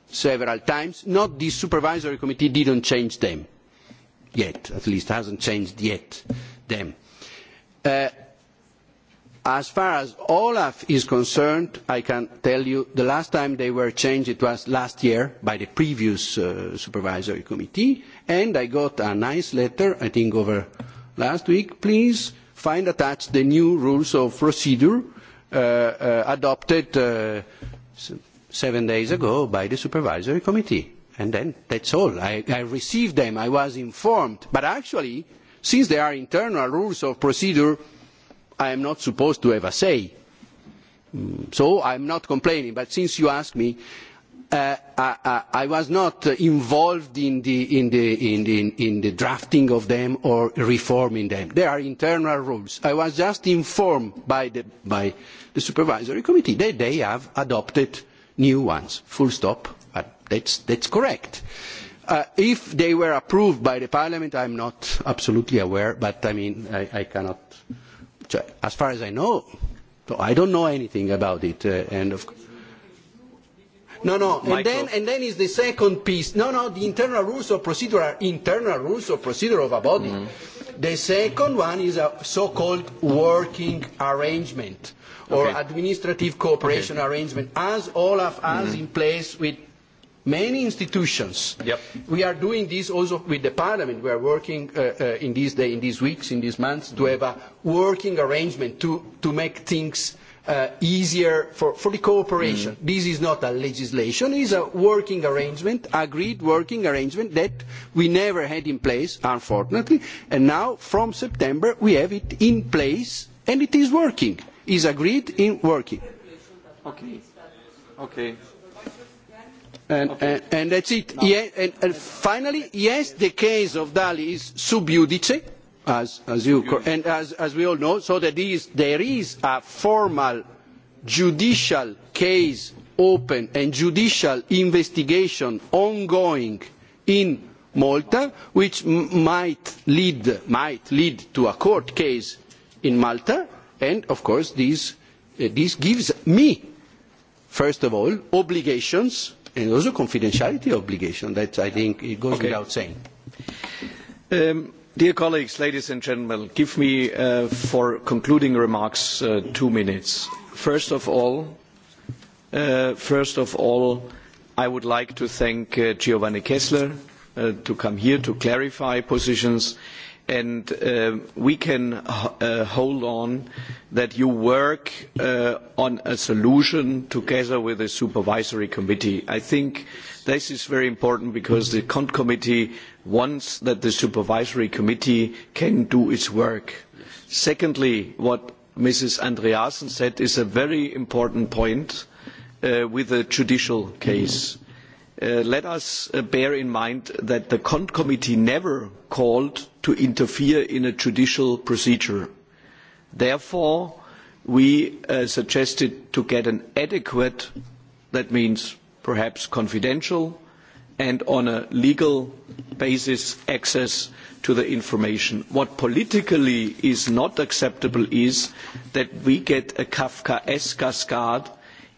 several times. Not the supervisory committee didn't change them yet, at least hasn't changed yet them. As far as Olaf is concerned, I can tell you the last time they were changed it was last year by the previous supervisory committee, and I got a nice letter, I think over last week, please find attached the new rules of procedure adopted seven days ago by the supervisory committee. And then that's all. I received them. I was informed. But actually, since they are internal rules of procedure, I am not supposed to have a say. So I'm not complaining. But since you ask me, I was not involved in the drafting of them or reforming them. There are internal rules. I was just informed by the Supervisory Committee that they have adopted new ones. Full stop. That's correct. If they were approved by the Parliament, I'm not absolutely aware, but I mean, I cannot. As far as I know, I don't know anything about it. And of course No, no. And then, and then is the second piece. No, no. The internal rules of procedure are internal rules of procedure of a body. The second one is a so-called working arrangement or administrative cooperation arrangement, as all of us in place with many institutions. We are doing this also with the Parliament. We are working in these days, in these weeks, in these months to have a working arrangement to make things easier for the cooperation. This is not a legislation, it is a working arrangement, agreed working arrangement that we never had in place, unfortunately, and now from September we have it in place and it is working. It is agreed in working. And that's it. And finally, yes, the case of Dali is sub as we all know so that there is a formal judicial case open and judicial investigation ongoing in malta which might lead to a court case in malta and of course this gives me first of all obligations and also confidentiality obligations that i think it goes without saying. Dear colleagues, ladies and gentlemen, give me for concluding remarks two minutes. First of all, first of all, I would like to thank Giovanni Kessler to come here to clarify positions and we can hold on that you work on a solution together with the supervisory committee. I think this is very important because the Cont Committee wants that the supervisory committee can do its work. Secondly, what Mrs. Andreasen said is a very important point with the judicial case let us bear in mind that the cont committee never called to interfere in a judicial procedure. therefore we suggested to get an adequate that means perhaps confidential and on a legal basis access to the information. what politically is not acceptable is that we get a kafkaesque cascade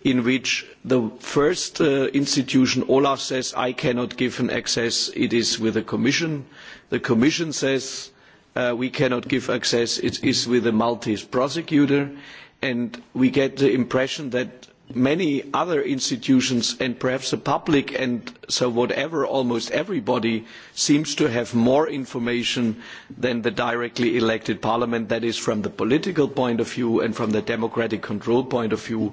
in which the first institution, Olaf, says, I cannot give an access, it is with the Commission. The Commission says, we cannot give access, it is with the Maltese prosecutor. And we get the impression that many other institutions and perhaps the public and so whatever, almost everybody, seems to have more information than the directly elected parliament. That is from the political point of view and from the democratic control point of view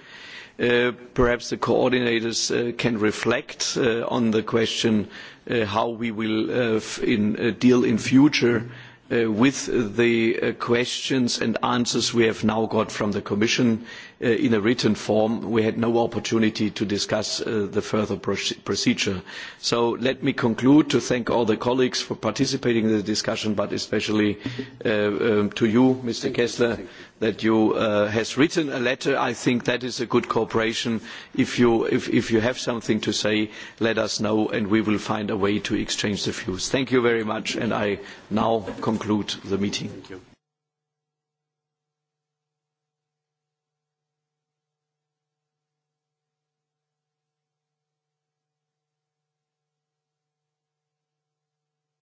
Perhaps the coordinators can reflect on the question how we will deal in future with the questions and answers we have now got from the Commission in a written form, we had no opportunity to discuss the further procedure. So let me conclude to thank all the colleagues for participating in the discussion, but especially to you, Mr. Kessler, that you has written a letter. I think that is a good cooperation. If you have something to say, let us know, and we will find a way to exchange the views. Thank you very much, and I now conclude the meeting.